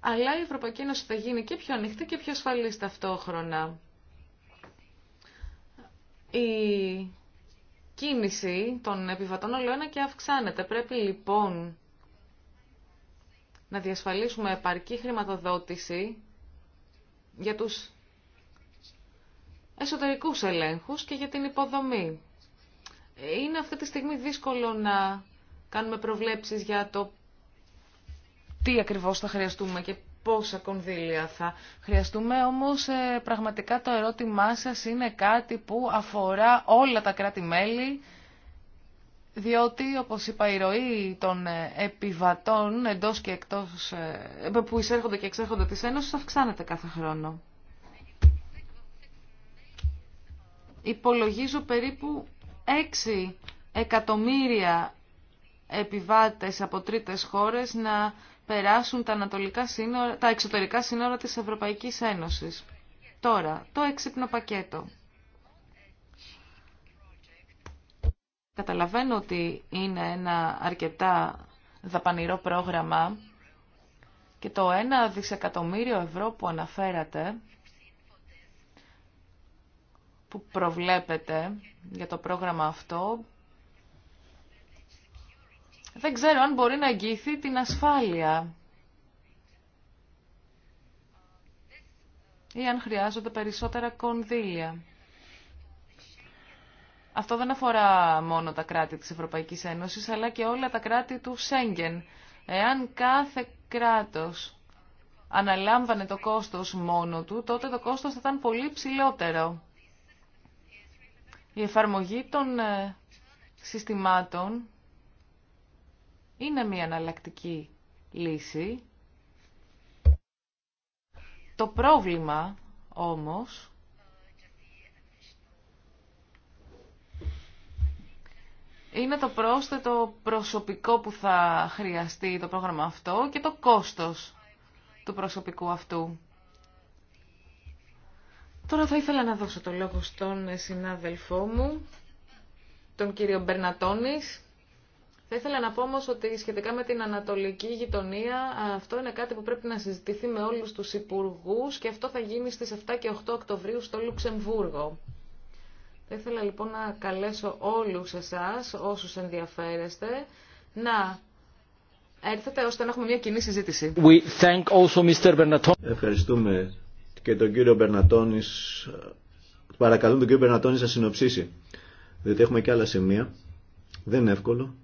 αλλά η Ευρωπαϊκή Ένωση θα γίνει και πιο ανοιχτή και πιο ασφαλής ταυτόχρονα κίνηση των επιβατών ένα και αυξάνεται. Πρέπει λοιπόν να διασφαλίσουμε επαρκή χρηματοδότηση για τους εσωτερικούς ελέγχους και για την υποδομή. Είναι αυτή τη στιγμή δύσκολο να κάνουμε προβλέψεις για το τι ακριβώς θα χρειαστούμε και πόσα κονδύλια θα χρειαστούμε, όμως ε, πραγματικά το ερώτημά σας είναι κάτι που αφορά όλα τα κράτη-μέλη, διότι, όπως είπα, η ροή των ε, επιβατών εντός και εκτός, ε, που εισέρχονται και εξέρχονται της Ένωσης αυξάνεται κάθε χρόνο. Υπολογίζω περίπου 6 εκατομμύρια επιβάτες από τρίτες χώρες να περάσουν τα, ανατολικά σύνορα, τα εξωτερικά σύνορα της Ευρωπαϊκής Ένωσης. Τώρα, το έξυπνο πακέτο. Καταλαβαίνω ότι είναι ένα αρκετά δαπανηρό πρόγραμμα και το ένα δισεκατομμύριο ευρώ που αναφέρατε, που προβλέπετε για το πρόγραμμα αυτό, δεν ξέρω αν μπορεί να αγγίθει την ασφάλεια ή αν χρειάζονται περισσότερα κονδύλια. Αυτό δεν αφορά μόνο τα κράτη της Ευρωπαϊκής Ένωσης, αλλά και όλα τα κράτη του Σέγγεν. Εάν κάθε κράτος αναλάμβανε το κόστος μόνο του, τότε το κόστος θα ήταν πολύ ψηλότερο. Η εφαρμογή των ε, συστημάτων είναι μια αναλλακτική λύση. Το πρόβλημα όμως είναι το πρόσθετο προσωπικό που θα χρειαστεί το πρόγραμμα αυτό και το κόστος του προσωπικού αυτού. Τώρα θα ήθελα να δώσω το λόγο στον συνάδελφό μου, τον κύριο Μπερνατόνης, θα ήθελα να πω όμω ότι σχετικά με την ανατολική γειτονία αυτό είναι κάτι που πρέπει να συζητηθεί με όλου του υπουργού και αυτό θα γίνει στι 7 και 8 Οκτωβρίου στο Λουξεμβούργο. Θα ήθελα λοιπόν να καλέσω όλου εσά, όσου ενδιαφέρεστε, να έρθετε ώστε να έχουμε μια κοινή συζήτηση. We thank also Mr. Ευχαριστούμε και τον κύριο Μπερνατόνη. Παρακαλούμε τον κύριο Μπερνατόνη να συνοψίσει. Διότι έχουμε και άλλα σημεία. Δεν είναι εύκολο.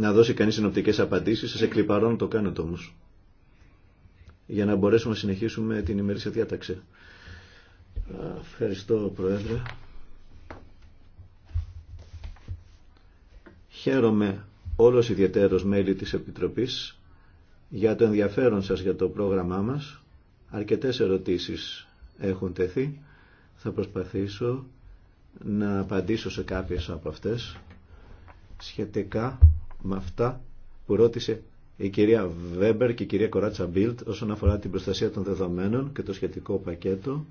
να δώσει κανείς συνοπτικές απαντήσεις. Σας εκλυπαρώ το κάνετε όμως. Για να μπορέσουμε να συνεχίσουμε την ημερήσια διάταξη. Ευχαριστώ Πρόεδρε. Χαίρομαι όλος ιδιαίτερος μέλη της Επιτροπής για το ενδιαφέρον σας για το πρόγραμμά μας. Αρκετές ερωτήσεις έχουν τεθεί. Θα προσπαθήσω να απαντήσω σε κάποιες από αυτές σχετικά με αυτά που ρώτησε η κυρία Βέμπερ και η κυρία Κοράτσα Μπίλτ όσον αφορά την προστασία των δεδομένων και το σχετικό πακέτο.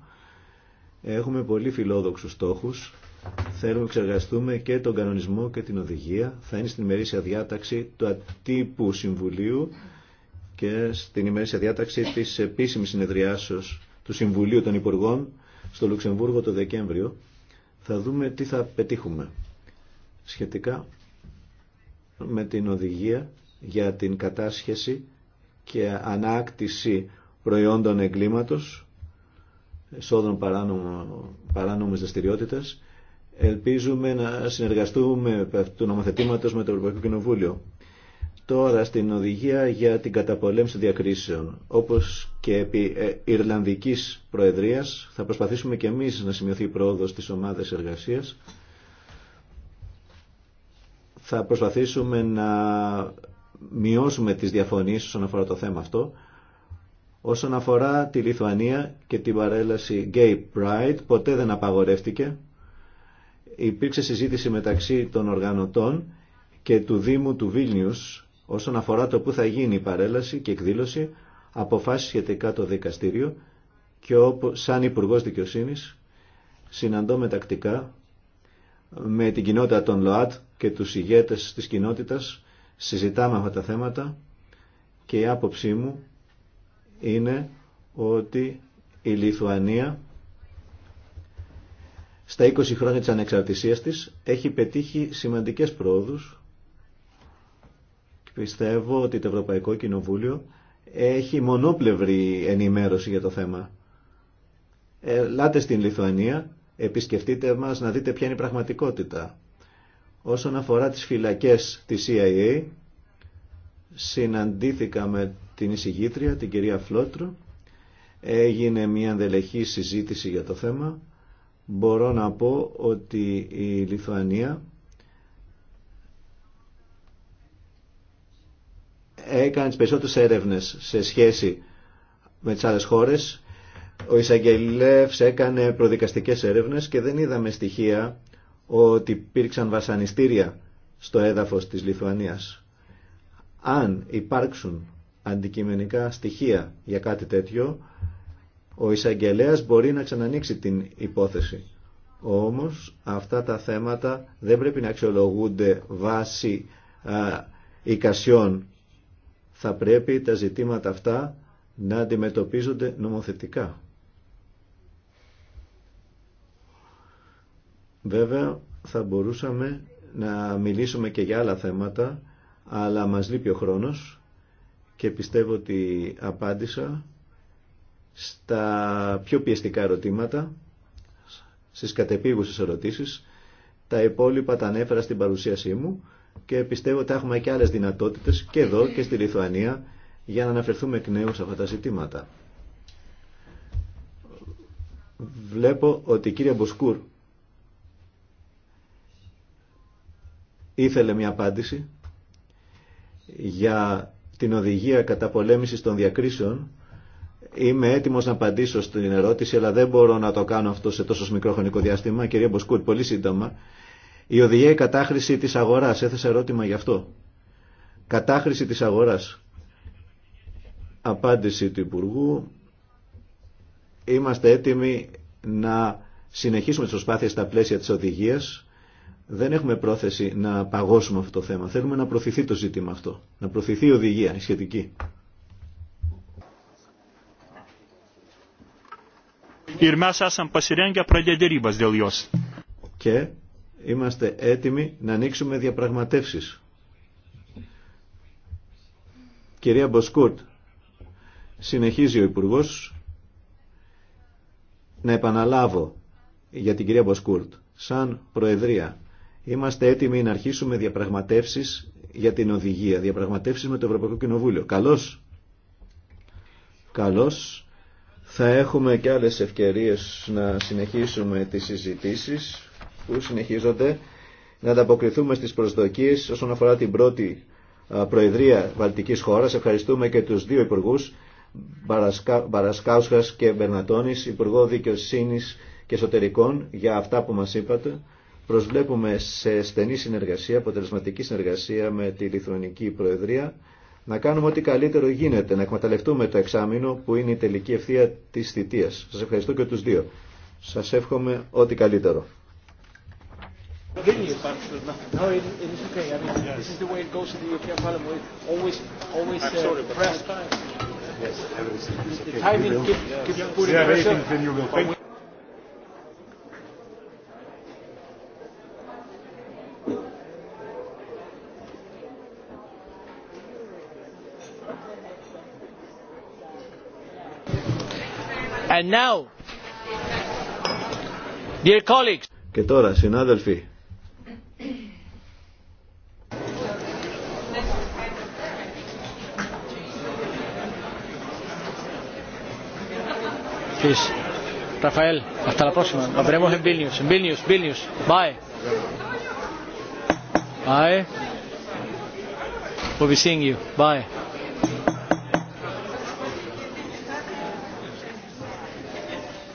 Έχουμε πολύ φιλόδοξους στόχους. Θέλουμε να εξεργαστούμε και τον κανονισμό και την οδηγία. Θα είναι στην ημερήσια διάταξη του ατύπου Συμβουλίου και στην ημερήσια διάταξη της επίσημης συνεδριάσεως του Συμβουλίου των Υπουργών στο Λουξεμβούργο το Δεκέμβριο. Θα δούμε τι θα πετύχουμε σχετικά με την οδηγία για την κατάσχεση και ανάκτηση προϊόντων εγκλήματος, εσόδων Παράνομου δραστηριότητα. Ελπίζουμε να συνεργαστούμε του νομοθετήματος με το Ευρωπαϊκό Κοινοβούλιο. Τώρα στην οδηγία για την καταπολέμηση διακρίσεων. Όπως και επί ε, Ιρλανδικής Προεδρίας θα προσπαθήσουμε και εμείς να σημειωθεί η πρόοδος της ομάδας εργασίας θα προσπαθήσουμε να μειώσουμε τις διαφωνίες όσον αφορά το θέμα αυτό. Όσον αφορά τη Λιθουανία και την παρέλαση Gay Pride, ποτέ δεν απαγορεύτηκε. Υπήρξε συζήτηση μεταξύ των οργανωτών και του Δήμου του Βίλνιους όσον αφορά το που θα γίνει η παρέλαση και εκδήλωση, αποφάσισε σχετικά το δικαστήριο και όπου, σαν υπουργό Δικαιοσύνης συναντώ μετακτικά με την κοινότητα των ΛΟΑΤ και τους ηγέτες της κοινότητας συζητάμε αυτά τα θέματα και η άποψή μου είναι ότι η Λιθουανία στα 20 χρόνια της ανεξαρτησίας της έχει πετύχει σημαντικές πρόοδους πιστεύω ότι το Ευρωπαϊκό Κοινοβούλιο έχει μονοπλευρή ενημέρωση για το θέμα. Ελάτε στην Λιθουανία επισκεφτείτε μας να δείτε ποια είναι η πραγματικότητα. Όσον αφορά τις φυλακές της CIA, συναντήθηκα με την εισηγήτρια, την κυρία Φλότρο, έγινε μια αντελεχή συζήτηση για το θέμα. Μπορώ να πω ότι η Λιθουανία έκανε τις περισσότερες έρευνες σε σχέση με τις άλλες χώρες ο Ισαγγελέφ έκανε προδικαστικές έρευνες και δεν είδαμε στοιχεία ότι υπήρξαν βασανιστήρια στο έδαφος της Λιθουανίας. Αν υπάρξουν αντικειμενικά στοιχεία για κάτι τέτοιο, ο εισαγγελέα μπορεί να ξανανοίξει την υπόθεση. Όμως αυτά τα θέματα δεν πρέπει να αξιολογούνται βάσει α, Θα πρέπει τα ζητήματα αυτά να αντιμετωπίζονται νομοθετικά. Βέβαια θα μπορούσαμε να μιλήσουμε και για άλλα θέματα, αλλά μας λείπει ο χρόνος και πιστεύω ότι απάντησα στα πιο πιεστικά ερωτήματα, στις κατεπίγουσες ερωτήσεις. Τα υπόλοιπα τα ανέφερα στην παρουσίασή μου και πιστεύω ότι έχουμε και άλλες δυνατότητες και εδώ και στη Λιθουανία για να αναφερθούμε εκ νέου σε αυτά τα ζητήματα. Βλέπω ότι η κυρία Μποσκούρ ήθελε μια απάντηση για την οδηγία καταπολέμησης των διακρίσεων. Είμαι έτοιμος να απαντήσω στην ερώτηση, αλλά δεν μπορώ να το κάνω αυτό σε τόσο μικρό χρονικό διάστημα. Κυρία Μποσκούρ, πολύ σύντομα. Η οδηγία η κατάχρηση της αγοράς. Έθεσα ερώτημα γι' αυτό. Κατάχρηση της αγοράς. Απάντηση του Υπουργού. Είμαστε έτοιμοι να συνεχίσουμε τις προσπάθειες στα πλαίσια της οδηγίας δεν έχουμε πρόθεση να παγώσουμε αυτό το θέμα. Θέλουμε να προωθηθεί το ζήτημα αυτό. Να προωθηθεί η οδηγία, η σχετική. Και είμαστε έτοιμοι να ανοίξουμε διαπραγματεύσεις. Κυρία Μποσκούρτ, συνεχίζει ο Υπουργός να επαναλάβω για την κυρία Μποσκούρτ σαν Προεδρία Είμαστε έτοιμοι να αρχίσουμε διαπραγματεύσεις για την οδηγία, διαπραγματεύσεις με το Ευρωπαϊκό Κοινοβούλιο. Καλώς, καλώς. Θα έχουμε και άλλες ευκαιρίες να συνεχίσουμε τις συζητήσεις που συνεχίζονται, να ανταποκριθούμε στις προσδοκίες όσον αφορά την πρώτη Προεδρία Βαλτικής χώρας. Ευχαριστούμε και τους δύο υπουργούς, Μπαρασκάουσχας και Μπερνατώνης, Υπουργό Δικαιοσύνης και Εσωτερικών, για αυτά που μας είπατε. Προσβλέπουμε σε στενή συνεργασία, αποτελεσματική συνεργασία με τη Λιθουανική Προεδρία να κάνουμε ό,τι καλύτερο γίνεται, να εκμεταλλευτούμε το εξάμεινο που είναι η τελική ευθεία της θητείας. Σας ευχαριστώ και τους δύο. Σας εύχομαι ό,τι καλύτερο. And now, dear colleagues. Και τώρα, συνάδελφοι. Please. Rafael, hasta la próxima. Nos veremos en Vilnius, en Vilnius, Vilnius. Bye. Bye. We'll be seeing you. Bye.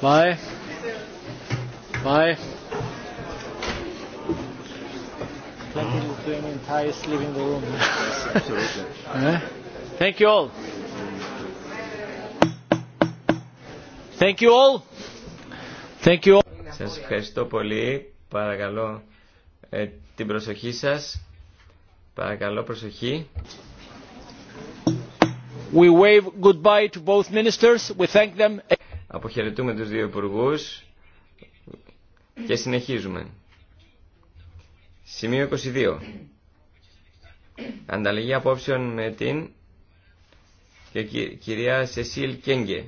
Zwei. Zwei. Ukrainian Thais leaving the room. Thank you all. Thank you all. Thank you all. Σας ευχαριστώ πολύ. Παρακαλώ ε, την προσοχή σας. Παρακαλώ προσοχή. We wave goodbye to both ministers. We thank them. Αποχαιρετούμε τους δύο υπουργού και συνεχίζουμε. Σημείο 22. Ανταλλαγή απόψεων με την και κυρία Σεσίλ Κέγκε,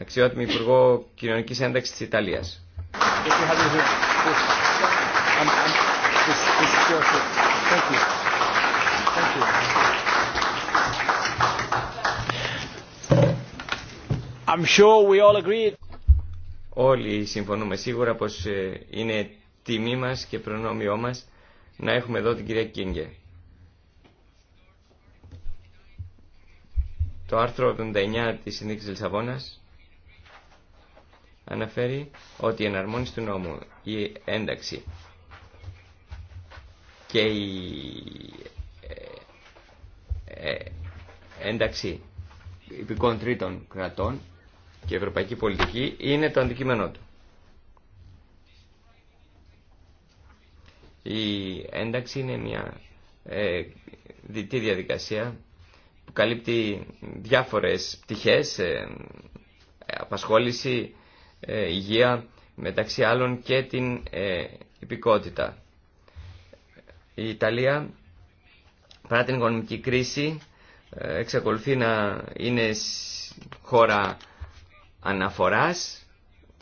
αξιότιμη Υπουργό Κοινωνική Ένταξη τη Ιταλία. I'm sure we all Όλοι συμφωνούμε σίγουρα πως ε, είναι τιμή μας και προνόμιό μας να έχουμε εδώ την κυρία Κίνγκε. Το άρθρο 79 της Συνδίκης Λισαβόνας αναφέρει ότι η εναρμόνιση του νόμου, η ένταξη και η ε, ε, ένταξη υπηκών τρίτων κρατών και η ευρωπαϊκή πολιτική είναι το αντικείμενό του. Η ένταξη είναι μια ε, διτή διαδικασία που καλύπτει διάφορες πτυχές, ε, απασχόληση, ε, υγεία, μεταξύ άλλων και την ε, υπηκότητα. Η Ιταλία, παρά την οικονομική κρίση, ε, εξακολουθεί να είναι χώρα αναφοράς,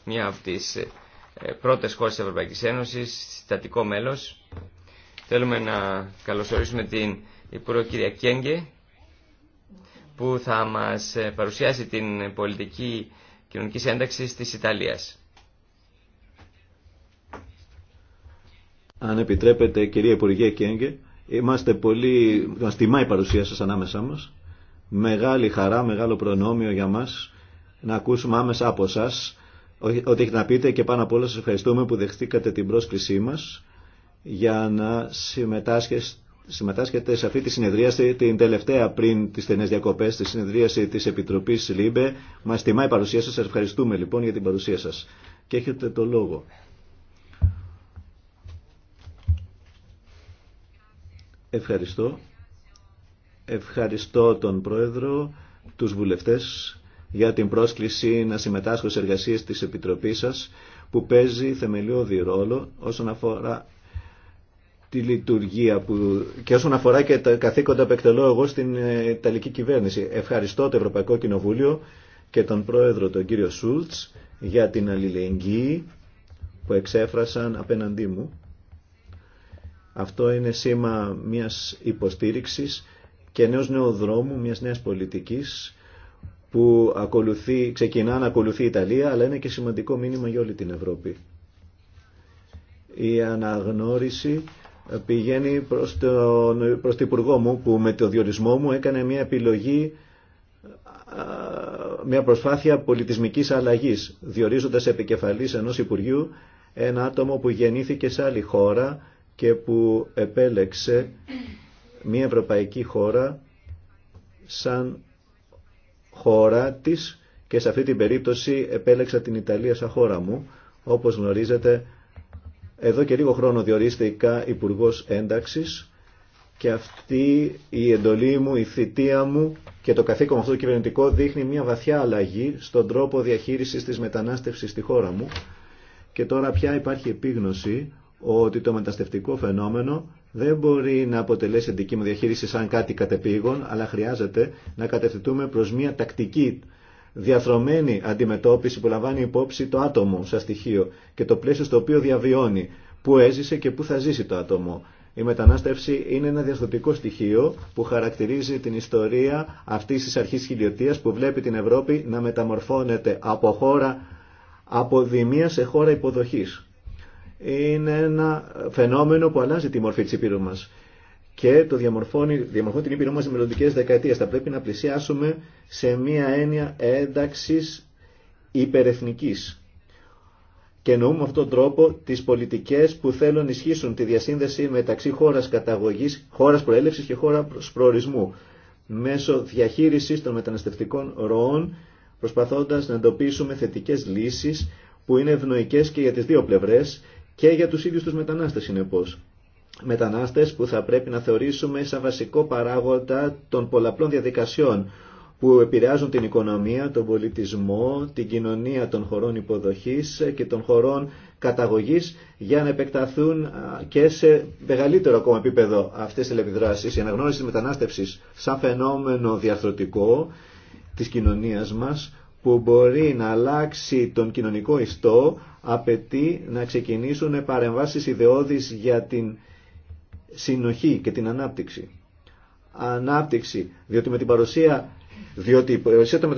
μία από τις ε, πρώτες χώρες της Ευρωπαϊκής Ένωσης, συστατικό μέλος. Θέλουμε να καλωσορίσουμε την Υπουργό κυρία που θα μας ε, παρουσιάσει την πολιτική κοινωνική ένταξη της Ιταλίας. Αν επιτρέπετε κυρία Υπουργέ Κιέγγε, είμαστε πολύ, μας τιμά η παρουσία σας ανάμεσά μας. Μεγάλη χαρά, μεγάλο προνόμιο για μας να ακούσουμε άμεσα από εσά ό,τι έχετε να πείτε και πάνω απ' όλα σας ευχαριστούμε που δεχτήκατε την πρόσκλησή μας για να συμμετάσχετε σε αυτή τη συνεδρίαση την τελευταία πριν τις στενές διακοπές τη συνεδρίαση της Επιτροπής ΛΥΜΠΕ μας τιμά η παρουσία σας, σας ευχαριστούμε λοιπόν για την παρουσία σας και έχετε το λόγο Ευχαριστώ Ευχαριστώ τον Πρόεδρο τους βουλευτές για την πρόσκληση να συμμετάσχω σε εργασίες της Επιτροπής σας που παίζει θεμελιώδη ρόλο όσον αφορά τη λειτουργία που... και όσον αφορά και τα καθήκοντα που εκτελώ εγώ στην ε, Ιταλική κυβέρνηση. Ευχαριστώ το Ευρωπαϊκό Κοινοβούλιο και τον Πρόεδρο τον κύριο Σούλτς για την αλληλεγγύη που εξέφρασαν απέναντί μου. Αυτό είναι σήμα μιας υποστήριξης και νέος νέου δρόμου, μιας νέας πολιτικής που ακολουθεί, ξεκινά να ακολουθεί η Ιταλία, αλλά είναι και σημαντικό μήνυμα για όλη την Ευρώπη. Η αναγνώριση πηγαίνει προς τον, προς την Υπουργό μου που με το διορισμό μου έκανε μια επιλογή μια προσπάθεια πολιτισμικής αλλαγής διορίζοντας επικεφαλής ενός Υπουργείου ένα άτομο που γεννήθηκε σε άλλη χώρα και που επέλεξε μια ευρωπαϊκή χώρα σαν χώρα της και σε αυτή την περίπτωση επέλεξα την Ιταλία σαν χώρα μου. Όπως γνωρίζετε, εδώ και λίγο χρόνο διορίστηκα υπουργό Ένταξης και αυτή η εντολή μου, η θητεία μου και το καθήκον αυτό το κυβερνητικό δείχνει μια βαθιά αλλαγή στον τρόπο διαχείρισης της μετανάστευσης στη χώρα μου και τώρα πια υπάρχει επίγνωση ότι το μεταστευτικό φαινόμενο δεν μπορεί να αποτελέσει αντικείμενο διαχείριση σαν κάτι κατεπήγον, αλλά χρειάζεται να κατευθυντούμε προς μια τακτική διαθρωμένη αντιμετώπιση που λαμβάνει υπόψη το άτομο σαν στοιχείο και το πλαίσιο στο οποίο διαβιώνει, που έζησε και που θα ζήσει το άτομο. Η μετανάστευση είναι ένα διαστοτικό στοιχείο που χαρακτηρίζει την ιστορία αυτής της αρχής χιλιοτίας που βλέπει την Ευρώπη να μεταμορφώνεται από χώρα αποδημία σε χώρα υποδοχής είναι ένα φαινόμενο που αλλάζει τη μορφή της Υπήρου μας και το διαμορφώνει, διαμορφώνει την Ήπειρου μας σε μελλοντικές δεκαετίες. Θα πρέπει να πλησιάσουμε σε μία έννοια ένταξης υπερεθνικής. Και εννοούμε αυτόν τον τρόπο τις πολιτικές που θέλουν να ισχύσουν τη διασύνδεση μεταξύ χώρας καταγωγής, χώρας προέλευσης και χώρα προορισμού μέσω διαχείρισης των μεταναστευτικών ροών προσπαθώντας να εντοπίσουμε θετικές λύσεις που είναι ευνοϊκές και για τις δύο πλευρές και για τους ίδιους τους μετανάστες συνεπώς. Μετανάστες που θα πρέπει να θεωρήσουμε σαν βασικό παράγοντα των πολλαπλών διαδικασιών που επηρεάζουν την οικονομία, τον πολιτισμό, την κοινωνία των χωρών υποδοχής και των χωρών καταγωγής για να επεκταθούν και σε μεγαλύτερο ακόμα επίπεδο αυτές τις επιδράσεις. Η αναγνώριση της μετανάστευσης σαν φαινόμενο διαρθρωτικό της κοινωνίας μας που μπορεί να αλλάξει τον κοινωνικό ιστό απαιτεί να ξεκινήσουν παρεμβάσεις ιδεώδεις για την συνοχή και την ανάπτυξη. Ανάπτυξη, διότι με την παρουσία, διότι η παρουσία των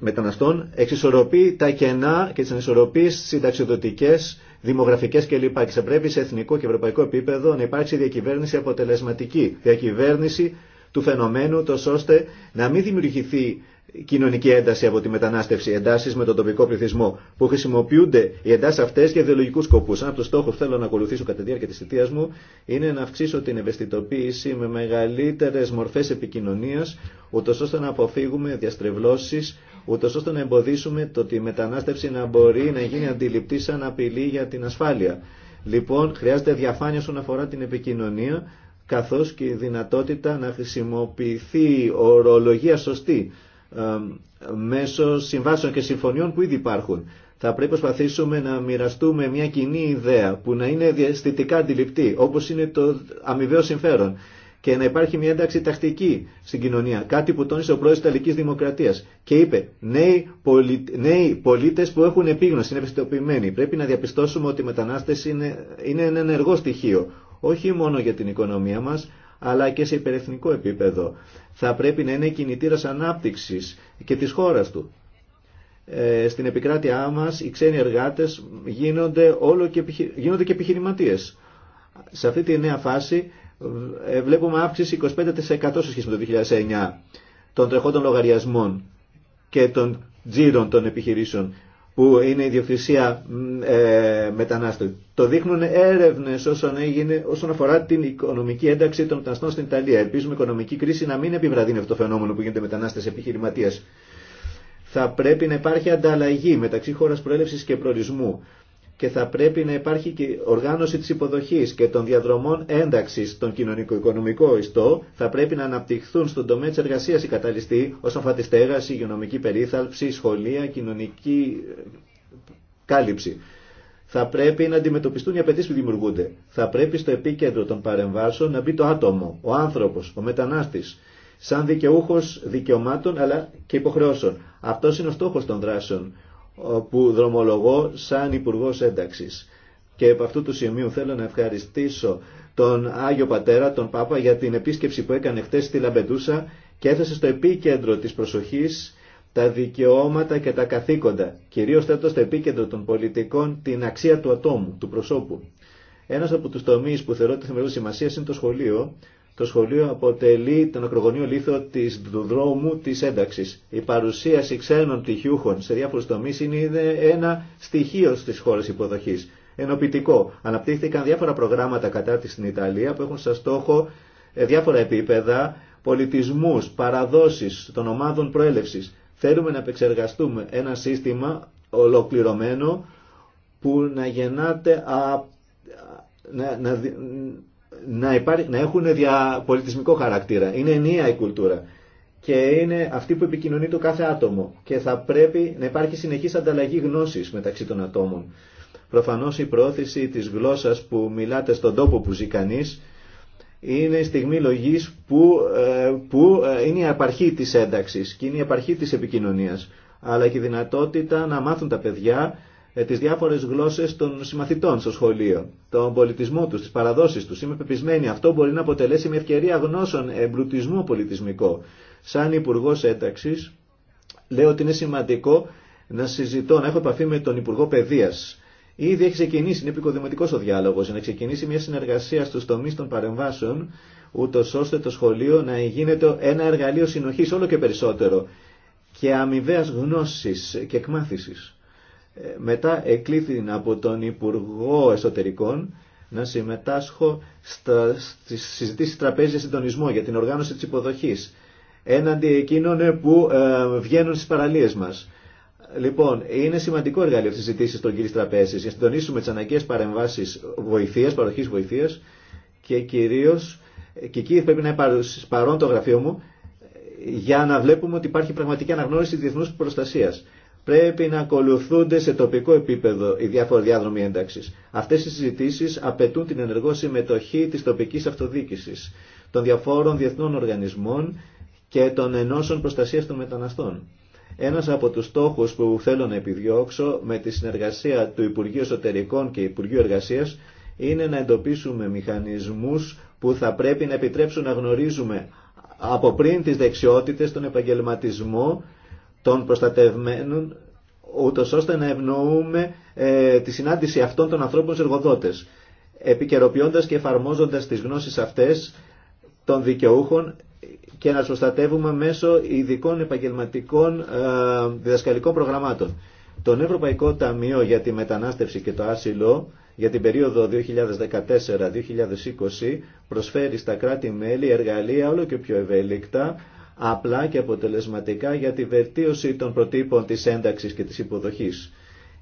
μεταναστών εξισορροπεί τα κενά και τις ανισορροπίε συνταξιδοτικέ, δημογραφικές κλπ. Και πρέπει σε εθνικό και ευρωπαϊκό επίπεδο να υπάρξει διακυβέρνηση αποτελεσματική, διακυβέρνηση του φαινομένου, τόσο ώστε να μην δημιουργηθεί κοινωνική ένταση από τη μετανάστευση, εντάσει με τον τοπικό πληθυσμό, που χρησιμοποιούνται οι εντάσει αυτέ για ιδεολογικού σκοπού. Ένα από του στόχου που θέλω να ακολουθήσω κατά τη διάρκεια τη θητεία μου είναι να αυξήσω την ευαισθητοποίηση με μεγαλύτερε μορφέ επικοινωνία, ούτω ώστε να αποφύγουμε διαστρεβλώσει, ούτω ώστε να εμποδίσουμε το ότι η μετανάστευση να μπορεί να γίνει αντιληπτή σαν απειλή για την ασφάλεια. Λοιπόν, χρειάζεται διαφάνεια όσον αφορά την επικοινωνία, καθώς και η δυνατότητα να χρησιμοποιηθεί ορολογία σωστή μέσω συμβάσεων και συμφωνιών που ήδη υπάρχουν. Θα πρέπει να προσπαθήσουμε να μοιραστούμε μια κοινή ιδέα που να είναι διαστητικά αντιληπτή, όπως είναι το αμοιβαίο συμφέρον και να υπάρχει μια ένταξη τακτική στην κοινωνία. Κάτι που τόνισε ο πρόεδρο τη Ιταλική Δημοκρατία. Και είπε, νέοι, πολι... νέοι πολίτε που έχουν επίγνωση, είναι ευαισθητοποιημένοι. Πρέπει να διαπιστώσουμε ότι η μετανάστευση είναι, είναι ένα ενεργό στοιχείο. Όχι μόνο για την οικονομία μα, αλλά και σε υπερεθνικό επίπεδο. Θα πρέπει να είναι κινητήρα ανάπτυξη και της χώρας του. Ε, στην επικράτειά μα, οι ξένοι εργάτες γίνονται, όλο και, γίνονται και επιχειρηματίες. Σε αυτή τη νέα φάση ε, βλέπουμε αύξηση 25% σε σχέση με το 2009 των τρεχόντων λογαριασμών και των τζίρων των επιχειρήσεων που είναι η διοφυσία ε, Το δείχνουν έρευνε όσον, έγινε, όσον αφορά την οικονομική ένταξη των μεταναστών στην Ιταλία. Ελπίζουμε η οικονομική κρίση να μην επιβραδύνει αυτό το φαινόμενο που γίνεται μετανάστε επιχειρηματίε. Θα πρέπει να υπάρχει ανταλλαγή μεταξύ χώρα προέλευση και προορισμού και θα πρέπει να υπάρχει και οργάνωση της υποδοχής και των διαδρομών ένταξης στον κοινωνικο-οικονομικό ιστό θα πρέπει να αναπτυχθούν στον τομέα της εργασίας οι καταλυστοί, όσον αφορά υγειονομική περίθαλψη, σχολεία, κοινωνική ε, κάλυψη. Θα πρέπει να αντιμετωπιστούν οι απαιτήσει που δημιουργούνται. Θα πρέπει στο επίκεντρο των παρεμβάσεων να μπει το άτομο, ο άνθρωπο, ο μετανάστη, σαν δικαιούχο δικαιωμάτων αλλά και υποχρεώσεων. Αυτό είναι ο στόχο των δράσεων ε, που δρομολογώ σαν Υπουργό Ένταξη. Και από αυτού του σημείου θέλω να ευχαριστήσω τον Άγιο Πατέρα, τον Πάπα, για την επίσκεψη που έκανε χτε στη Λαμπεντούσα και έθεσε στο επίκεντρο τη προσοχή τα δικαιώματα και τα καθήκοντα, Κυρίω θέτω στο επίκεντρο των πολιτικών την αξία του ατόμου, του προσώπου. Ένα από του τομεί που θεωρώ τη θεμελιώδη σημασία είναι το σχολείο, το σχολείο αποτελεί τον ακρογωνίο λίθο της δρόμου της ένταξης. Η παρουσίαση ξένων πτυχιούχων σε διάφορους τομείς είναι ένα στοιχείο στις χώρες υποδοχής. Ενοποιητικό. Αναπτύχθηκαν διάφορα προγράμματα κατά της στην Ιταλία που έχουν σαν στόχο ε, διάφορα επίπεδα, πολιτισμούς, παραδόσεις των ομάδων προέλευσης. Θέλουμε να επεξεργαστούμε ένα σύστημα ολοκληρωμένο που να γεννάται α, να, να, να, να έχουν διαπολιτισμικό χαρακτήρα. Είναι ενιαία η κουλτούρα και είναι αυτή που επικοινωνεί το κάθε άτομο και θα πρέπει να υπάρχει συνεχής ανταλλαγή γνώσης μεταξύ των ατόμων. Προφανώς η πρόθεση της γλώσσας που μιλάτε στον τόπο που ζει κανείς είναι η στιγμή λογής που, ε, που ε, είναι η απαρχή της ένταξης και είναι η απαρχή της επικοινωνίας αλλά και η δυνατότητα να μάθουν τα παιδιά ε, τις διάφορες γλώσσες των συμμαθητών στο σχολείο, τον πολιτισμό τους, τις παραδόσεις τους. Είμαι πεπισμένη, αυτό μπορεί να αποτελέσει μια ευκαιρία γνώσεων εμπλουτισμού πολιτισμικό. Σαν υπουργό ένταξη, λέω ότι είναι σημαντικό να συζητώ, να έχω επαφή με τον Υπουργό Παιδείας. Ήδη έχει ξεκινήσει, είναι επικοδημητικό ο διάλογο, να ξεκινήσει μια συνεργασία στου τομεί των παρεμβάσεων, ούτω ώστε το σχολείο να γίνεται ένα εργαλείο συνοχή όλο και περισσότερο και αμοιβαία γνώση και εκμάθηση. Ε, μετά εκλήθη από τον Υπουργό Εσωτερικών να συμμετάσχω στα, στις συζητήσεις τραπέζια συντονισμό για την οργάνωση της υποδοχής έναντι εκείνων ε, που ε, βγαίνουν στις παραλίες μας. Λοιπόν, είναι σημαντικό εργαλείο αυτή τη των κύριων Τραπέζη για να συντονίσουμε τι αναγκαίε παρεμβάσει βοηθεία, παροχή βοηθεία και κυρίω, και εκεί πρέπει να είναι παρόν το γραφείο μου, για να βλέπουμε ότι υπάρχει πραγματική αναγνώριση τη διεθνού προστασία πρέπει να ακολουθούνται σε τοπικό επίπεδο οι διάφοροι διάδρομοι ένταξη. Αυτέ οι συζητήσει απαιτούν την ενεργό συμμετοχή τη τοπική αυτοδιοίκηση, των διαφόρων διεθνών οργανισμών και των ενώσεων προστασία των μεταναστών. Ένα από του στόχου που θέλω να επιδιώξω με τη συνεργασία του Υπουργείου Εσωτερικών και Υπουργείου Εργασία είναι να εντοπίσουμε μηχανισμού που θα πρέπει να επιτρέψουν να γνωρίζουμε από πριν τις δεξιότητες, τον επαγγελματισμό των προστατευμένων ούτως ώστε να ευνοούμε ε, τη συνάντηση αυτών των ανθρώπων στους εργοδότες επικαιροποιώντα και εφαρμόζοντας τις γνώσεις αυτές των δικαιούχων και να προστατεύουμε μέσω ειδικών επαγγελματικών ε, διδασκαλικών προγραμμάτων. Το Ευρωπαϊκό Ταμείο για τη Μετανάστευση και το Άσυλο για την περίοδο 2014-2020 προσφέρει στα κράτη-μέλη εργαλεία όλο και πιο ευέλικτα απλά και αποτελεσματικά για τη βελτίωση των προτύπων της ένταξης και της υποδοχής.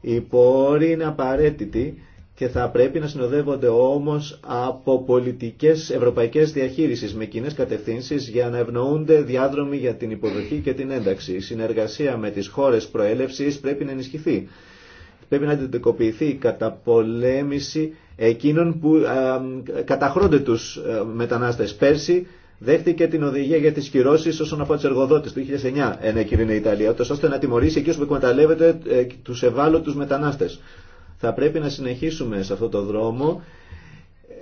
Οι πόροι είναι απαραίτητοι και θα πρέπει να συνοδεύονται όμως από πολιτικές ευρωπαϊκές διαχείρισεις με κοινέ κατευθύνσεις για να ευνοούνται διάδρομοι για την υποδοχή και την ένταξη. Η συνεργασία με τις χώρες προέλευσης πρέπει να ενισχυθεί. Πρέπει να αντιδικοποιηθεί η καταπολέμηση εκείνων που καταχρώνται τους ε, μετανάστες. Πέρσι δέχτηκε την οδηγία για τι κυρώσει όσον αφορά του εργοδότε του 2009, ενέκρινε η Ιταλία, ώστε να τιμωρήσει εκείνου που εκμεταλλεύεται ε, του ευάλωτου μετανάστε. Θα πρέπει να συνεχίσουμε σε αυτό το δρόμο ε,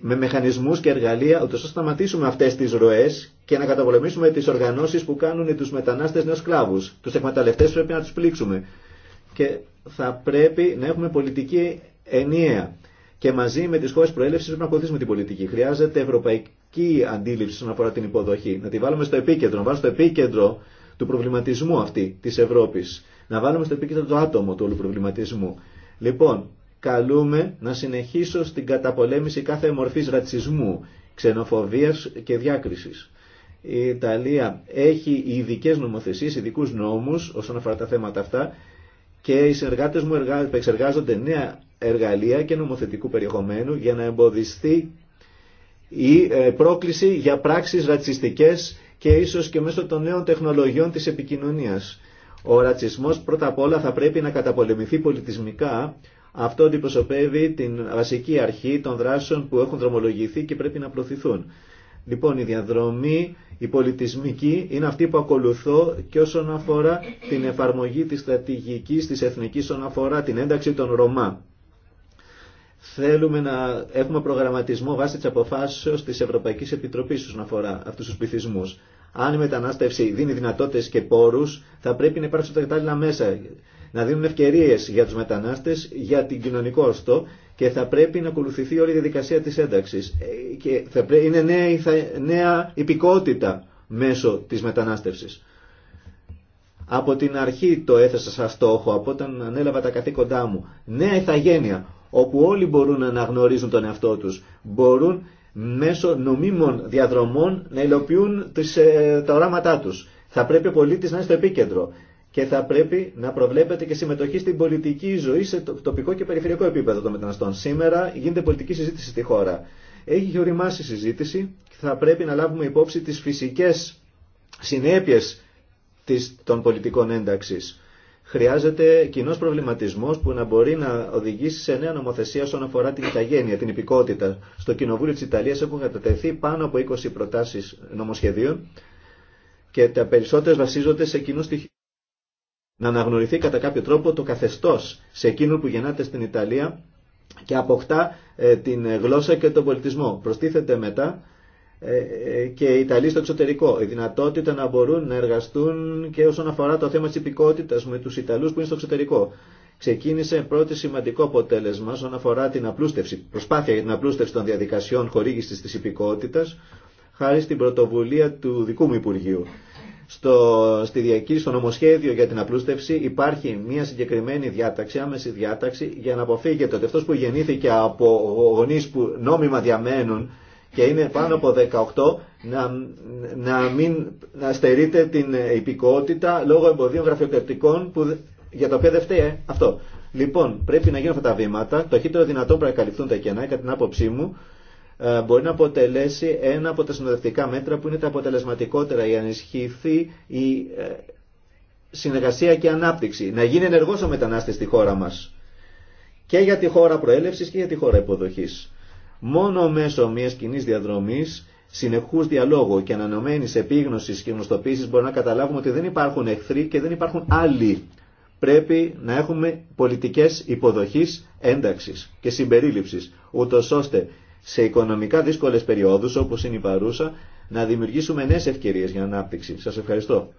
με μηχανισμού και εργαλεία, ώστε να σταματήσουμε αυτέ τι ροέ και να καταπολεμήσουμε τι οργανώσει που κάνουν του μετανάστε νέου σκλάβους. Του εκμεταλλευτέ πρέπει να του πλήξουμε. Και θα πρέπει να έχουμε πολιτική ενιαία. Και μαζί με τι χώρε προέλευση πρέπει να ακολουθήσουμε την πολιτική. Χρειάζεται ευρωπαϊκή η αντίληψη όσον αφορά την υποδοχή. Να τη βάλουμε στο επίκεντρο, να βάλουμε στο επίκεντρο του προβληματισμού αυτή της Ευρώπης. Να βάλουμε στο επίκεντρο το άτομο του όλου προβληματισμού. Λοιπόν, καλούμε να συνεχίσω στην καταπολέμηση κάθε μορφής ρατσισμού, ξενοφοβίας και διάκρισης. Η Ιταλία έχει ειδικέ νομοθεσίες, ειδικού νόμους όσον αφορά τα θέματα αυτά και οι συνεργάτες μου εξεργάζονται νέα εργαλεία και νομοθετικού περιεχομένου για να εμποδιστεί ή ε, πρόκληση για πράξεις ρατσιστικές και ίσως και μέσω των νέων τεχνολογιών της επικοινωνίας. Ο ρατσισμός πρώτα απ' όλα θα πρέπει να καταπολεμηθεί πολιτισμικά. Αυτό αντιπροσωπεύει την βασική αρχή των δράσεων που έχουν δρομολογηθεί και πρέπει να προωθηθούν. Λοιπόν, η διαδρομή, η πολιτισμική, είναι αυτή που ακολουθώ και όσον αφορά την εφαρμογή της στρατηγικής της εθνικής, όσον αφορά την ένταξη των Ρωμά. Θέλουμε να έχουμε προγραμματισμό βάσει τη αποφάσεω τη Ευρωπαϊκή Επιτροπή όσον αφορά αυτού του πληθυσμού. Αν η μετανάστευση δίνει δυνατότητε και πόρου, θα πρέπει να υπάρξουν τα κατάλληλα μέσα. Να δίνουν ευκαιρίε για του μετανάστε, για την κοινωνικό όστο και θα πρέπει να ακολουθηθεί όλη η διαδικασία τη ένταξη. Ε, είναι νέα, θα, νέα υπηκότητα μέσω τη μετανάστευση. Από την αρχή το έθεσα σαν στόχο, από όταν ανέλαβα τα καθήκοντά μου. Νέα ηθαγένεια όπου όλοι μπορούν να αναγνωρίζουν τον εαυτό τους. Μπορούν μέσω νομίμων διαδρομών να υλοποιούν τις, ε, τα οράματά τους. Θα πρέπει ο πολίτης να είναι στο επίκεντρο και θα πρέπει να προβλέπεται και συμμετοχή στην πολιτική ζωή σε τοπικό και περιφερειακό επίπεδο των μεταναστών. Σήμερα γίνεται πολιτική συζήτηση στη χώρα. Έχει οριμάσει η συζήτηση και θα πρέπει να λάβουμε υπόψη τις φυσικές συνέπειες των πολιτικών ένταξης χρειάζεται κοινό προβληματισμό που να μπορεί να οδηγήσει σε νέα νομοθεσία όσον αφορά την ηθαγένεια, την υπηκότητα. Στο Κοινοβούλιο τη Ιταλία έχουν κατατεθεί πάνω από 20 προτάσει νομοσχεδίων και τα περισσότερε βασίζονται σε κοινού στοιχείου. Να αναγνωριθεί κατά κάποιο τρόπο το καθεστώ σε εκείνο που γεννάται στην Ιταλία και αποκτά ε, την γλώσσα και τον πολιτισμό. Προστίθεται μετά ε, ε, και οι Ιταλοί στο εξωτερικό. Η δυνατότητα να μπορούν να εργαστούν και όσον αφορά το θέμα τη υπηκότητα με του Ιταλού που είναι στο εξωτερικό. Ξεκίνησε πρώτη σημαντικό αποτέλεσμα όσον αφορά την απλούστευση, προσπάθεια για την απλούστευση των διαδικασιών χορήγηση τη υπηκότητα, χάρη στην πρωτοβουλία του δικού μου Υπουργείου. Στο, στη διακή, στο νομοσχέδιο για την απλούστευση υπάρχει μια συγκεκριμένη διάταξη, άμεση διάταξη, για να αποφύγεται ότι αυτό που γεννήθηκε από γονεί που νόμιμα διαμένουν και είναι πάνω από 18 να, να μην να στερείται την υπηκότητα λόγω εμποδίων γραφειοκρατικών που, για τα οποία δεν φταίει ε. αυτό. Λοιπόν, πρέπει να γίνουν αυτά τα βήματα. Το χύτερο δυνατόν πρέπει να καλυφθούν τα κενά, κατά την άποψή μου, ε, μπορεί να αποτελέσει ένα από τα συνοδευτικά μέτρα που είναι τα αποτελεσματικότερα για να ενισχυθεί η ε, συνεργασία και ανάπτυξη. Να γίνει ενεργό ο μετανάστης στη χώρα μας. Και για τη χώρα προέλευσης και για τη χώρα υποδοχής. Μόνο μέσω μία κοινή διαδρομής, συνεχούς διαλόγου και ανανομένης επίγνωσης και γνωστοποίηση μπορούμε να καταλάβουμε ότι δεν υπάρχουν εχθροί και δεν υπάρχουν άλλοι. Πρέπει να έχουμε πολιτικές υποδοχής, ένταξης και συμπερίληψης, ούτω ώστε σε οικονομικά δύσκολε περιόδους όπω είναι η παρούσα να δημιουργήσουμε νέε ευκαιρίε για ανάπτυξη. Σα ευχαριστώ.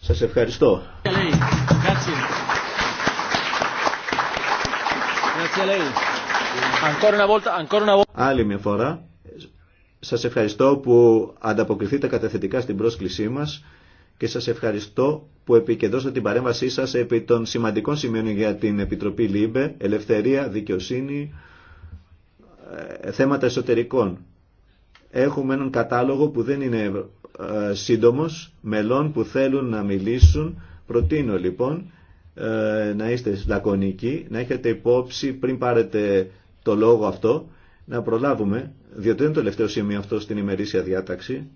Σα ευχαριστώ. Grazie lei. Άλλη μια φορά, σας ευχαριστώ που ανταποκριθείτε καταθετικά στην πρόσκλησή μας και σας ευχαριστώ που επικεντρώσατε την παρέμβασή σας επί των σημαντικών σημείων για την Επιτροπή ΛΥΜΠΕ, ελευθερία, δικαιοσύνη, ε, θέματα εσωτερικών. Έχουμε έναν κατάλογο που δεν είναι ε, σύντομος, μελών που θέλουν να μιλήσουν. Προτείνω λοιπόν ε, να είστε λακωνικοί, να έχετε υπόψη πριν πάρετε το λόγο αυτό να προλάβουμε, διότι δεν είναι το τελευταίο σημείο αυτό στην ημερήσια διάταξη,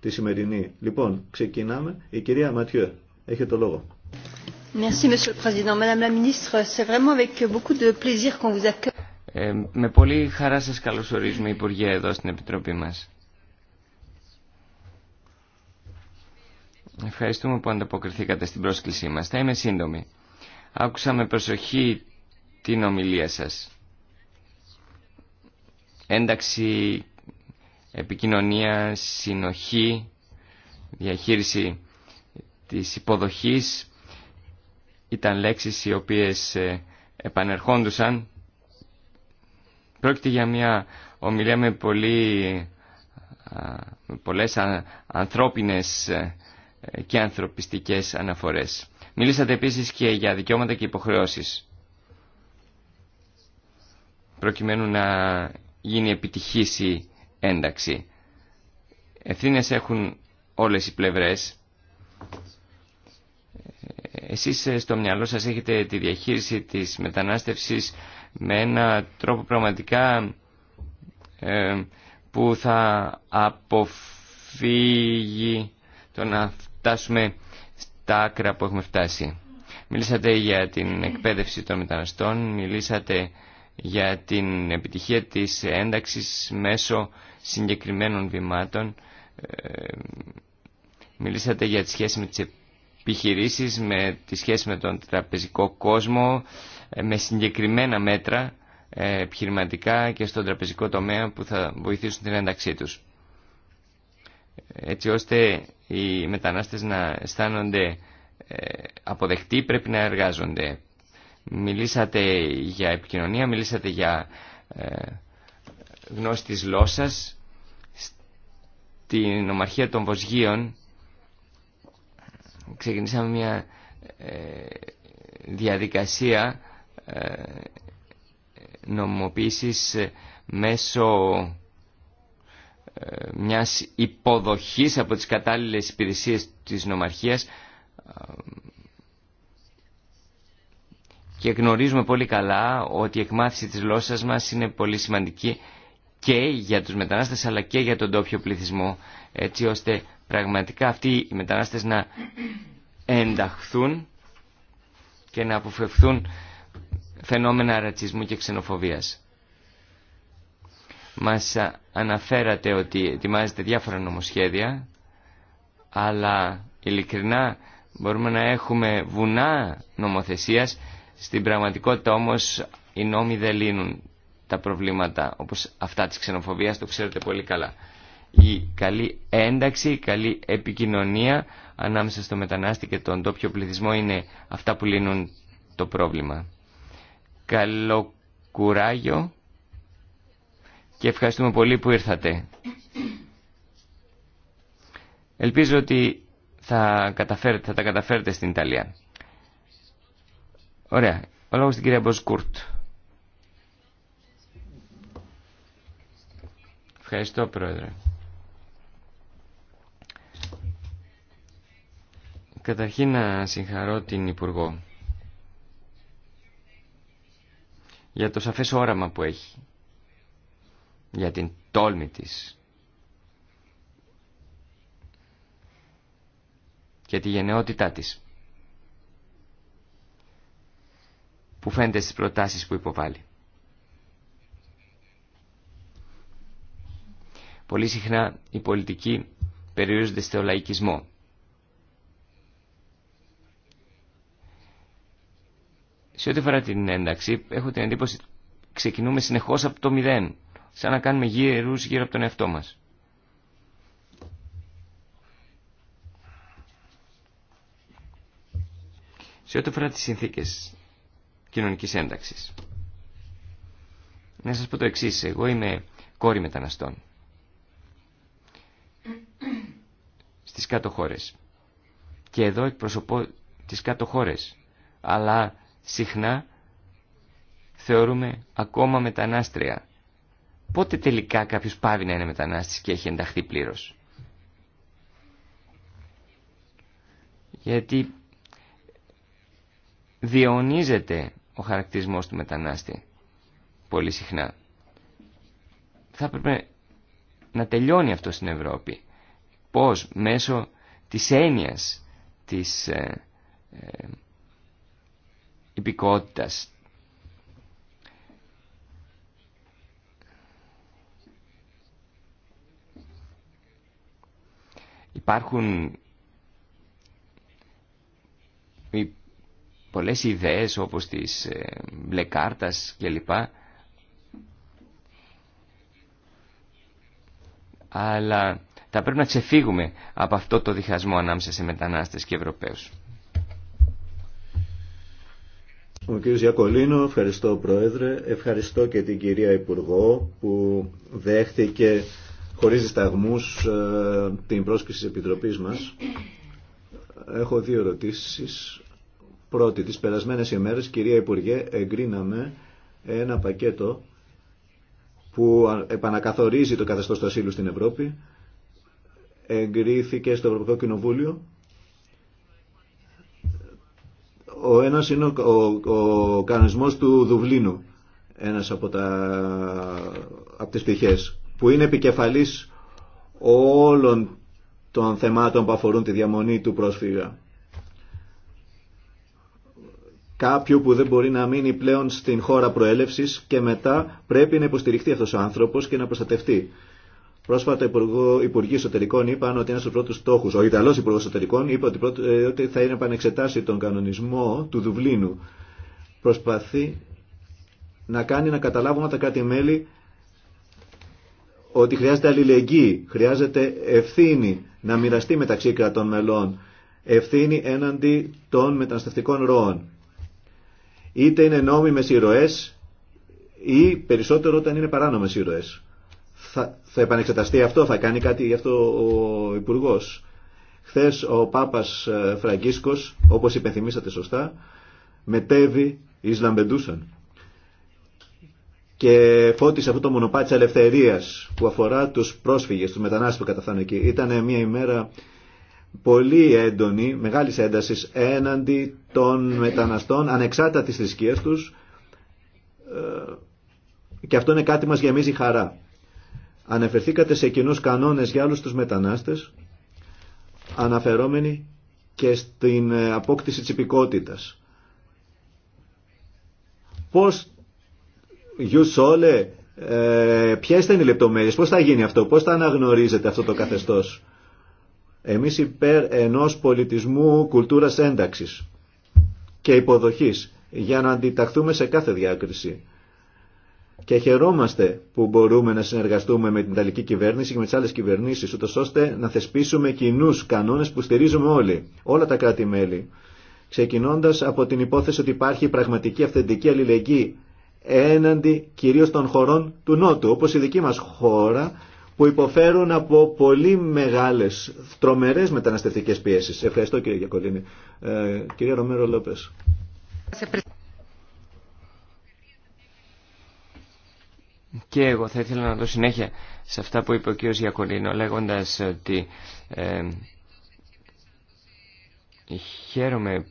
τη σημερινή. Λοιπόν, ξεκινάμε. Η κυρία Ματιέ, έχετε το λόγο. Ε, με πολύ χαρά σας καλωσορίζουμε, Υπουργέ, εδώ στην Επιτροπή μας. Ευχαριστούμε που ανταποκριθήκατε στην πρόσκλησή μας. Θα είμαι σύντομη. Άκουσα με προσοχή την ομιλία σας ένταξη, επικοινωνία, συνοχή, διαχείριση της υποδοχής ήταν λέξεις οι οποίες ε, επανερχόντουσαν. Πρόκειται για μια ομιλία με, πολύ, με πολλές ανθρώπινες ε, και ανθρωπιστικές αναφορές. Μίλησατε επίσης και για δικαιώματα και υποχρεώσεις προκειμένου να γίνει επιτυχής η ένταξη. Ευθύνες έχουν όλες οι πλευρές. Εσείς ε, στο μυαλό σας έχετε τη διαχείριση της μετανάστευσης με ένα τρόπο πραγματικά ε, που θα αποφύγει το να φτάσουμε στα άκρα που έχουμε φτάσει. Μιλήσατε για την εκπαίδευση των μεταναστών, μιλήσατε για την επιτυχία της ένταξης μέσω συγκεκριμένων βημάτων. Ε, μιλήσατε για τη σχέση με τις επιχειρήσεις, με τη σχέση με τον τραπεζικό κόσμο, ε, με συγκεκριμένα μέτρα ε, επιχειρηματικά και στον τραπεζικό τομέα που θα βοηθήσουν την ένταξή τους. Έτσι ώστε οι μετανάστες να αισθάνονται αποδεκτοί πρέπει να εργάζονται Μιλήσατε για επικοινωνία, μιλήσατε για ε, γνώση της γλώσσας. Στην ομαρχία των Βοσγίων ξεκινήσαμε μια ε, διαδικασία ε, νομοποίησης μέσω ε, μιας υποδοχής από τις κατάλληλες υπηρεσίες της νομαρχίας και γνωρίζουμε πολύ καλά ότι η εκμάθηση της γλώσσας μας είναι πολύ σημαντική και για τους μετανάστες αλλά και για τον τόπιο πληθυσμό έτσι ώστε πραγματικά αυτοί οι μετανάστες να ενταχθούν και να αποφευθούν φαινόμενα ρατσισμού και ξενοφοβίας. Μας αναφέρατε ότι ετοιμάζετε διάφορα νομοσχέδια αλλά ειλικρινά μπορούμε να έχουμε βουνά νομοθεσίας στην πραγματικότητα όμως οι νόμοι δεν λύνουν τα προβλήματα όπως αυτά της ξενοφοβίας, το ξέρετε πολύ καλά. Η καλή ένταξη, η καλή επικοινωνία ανάμεσα στο μετανάστη και τον τόπιο πληθυσμό είναι αυτά που λύνουν το πρόβλημα. Καλό κουράγιο και ευχαριστούμε πολύ που ήρθατε. Ελπίζω ότι θα, καταφέρετε, θα τα καταφέρετε στην Ιταλία. Ωραία. Ο λόγος στην κυρία Μποσκούρτ. Ευχαριστώ, Πρόεδρε. Καταρχήν να συγχαρώ την Υπουργό για το σαφές όραμα που έχει, για την τόλμη της και τη γενναιότητά της. που φαίνεται στις προτάσεις που υποβάλλει. Πολύ συχνά οι πολιτικοί περιορίζονται στο λαϊκισμό. Σε ό,τι φορά την ένταξη, έχω την εντύπωση ξεκινούμε συνεχώς από το μηδέν, σαν να κάνουμε γύρους γύρω από τον εαυτό μας. Σε ό,τι αφορά τις συνθήκες Κοινωνική ένταξη. Να σα πω το εξή. εγώ είμαι κόρη μεταναστών. Στις κάτω χώρε. Και εδώ εκπροσωπώ τις κάτω χώρε. Αλλά συχνά θεωρούμε ακόμα μετανάστρια. Πότε τελικά κάποιος πάβει να είναι μετανάστης και έχει ενταχθεί πλήρως. Γιατί διαιωνίζεται ο χαρακτηρισμός του μετανάστη πολύ συχνά. Θα έπρεπε να τελειώνει αυτό στην Ευρώπη. Πώς μέσω της έννοιας της ε, ε Υπάρχουν πολλές ιδέες όπως της ε, μπλε κάρτας κλπ. Αλλά θα πρέπει να ξεφύγουμε από αυτό το διχασμό ανάμεσα σε μετανάστες και Ευρωπαίους. Ο κ. Γιακολίνο, ευχαριστώ Πρόεδρε, ευχαριστώ και την κυρία Υπουργό που δέχτηκε χωρίς δισταγμούς ε, την πρόσκληση της Επιτροπής μας. Έχω δύο ερωτήσεις. Πρώτη, τις περασμένες ημέρες, κυρία Υπουργέ, εγκρίναμε ένα πακέτο που επανακαθορίζει το καθεστώς του ασύλου στην Ευρώπη. Εγκρίθηκε στο Ευρωπαϊκό Κοινοβούλιο. Ο ένας είναι ο, ο, κανονισμός του Δουβλίνου, ένας από, τα, από τις πτυχές, που είναι επικεφαλής όλων των θεμάτων που αφορούν τη διαμονή του πρόσφυγα κάποιου που δεν μπορεί να μείνει πλέον στην χώρα προέλευση και μετά πρέπει να υποστηριχθεί αυτό ο άνθρωπος και να προστατευτεί. Πρόσφατα οι Υπουργοί Εσωτερικών είπαν ότι ένα από του πρώτου στόχου, ο Ιταλό Υπουργό Εσωτερικών, είπε ότι, ε, θα είναι επανεξετάσει τον κανονισμό του Δουβλίνου. Προσπαθεί να κάνει να καταλάβουμε τα κράτη-μέλη ότι χρειάζεται αλληλεγγύη, χρειάζεται ευθύνη να μοιραστεί μεταξύ κρατών μελών, ευθύνη έναντι των μεταναστευτικών ροών είτε είναι νόμιμες ηρωές ή περισσότερο όταν είναι παράνομες ηρωές. Θα, θα επανεξεταστεί αυτό, θα κάνει κάτι γι' αυτό ο υπουργό. Χθε ο Πάπας ε, Φραγκίσκος, όπως υπενθυμίσατε σωστά, μετέβη εις Λαμπεντούσαν και φώτισε αυτό το μονοπάτι της ελευθερίας που αφορά τους πρόσφυγες, τους μετανάστες που καταφθάνουν εκεί. Ήταν μια ημέρα πολύ έντονη, μεγάλη έντασης έναντι των μεταναστών ανεξάρτητα της θρησκείας τους ε, και αυτό είναι κάτι μας γεμίζει χαρά. Αναφερθήκατε σε κοινού κανόνες για όλους τους μετανάστες αναφερόμενοι και στην ε, απόκτηση τσιπικότητας. Πώς, γιου σόλε, ε, ποιες θα είναι οι λεπτομέρειες, πώς θα γίνει αυτό, πώς θα αναγνωρίζετε αυτό το καθεστώς. Εμείς υπέρ ενός πολιτισμού κουλτούρας ένταξης και υποδοχής για να αντιταχθούμε σε κάθε διάκριση. Και χαιρόμαστε που μπορούμε να συνεργαστούμε με την Ιταλική κυβέρνηση και με τι άλλε κυβερνήσει, ούτως ώστε να θεσπίσουμε κοινού κανόνε που στηρίζουμε όλοι, όλα τα κράτη-μέλη. Ξεκινώντα από την υπόθεση ότι υπάρχει πραγματική αυθεντική αλληλεγγύη έναντι κυρίω των χωρών του Νότου, όπω η δική μα χώρα που υποφέρουν από πολύ μεγάλες, τρομερές μεταναστευτικές πιέσεις. Ευχαριστώ κύριε Γιακολίνη. Ε, κυρία Ρομέρο Λόπες. Και εγώ θα ήθελα να δω συνέχεια σε αυτά που είπε ο κύριος Γιακολίνο λέγοντας ότι ε, χαίρομαι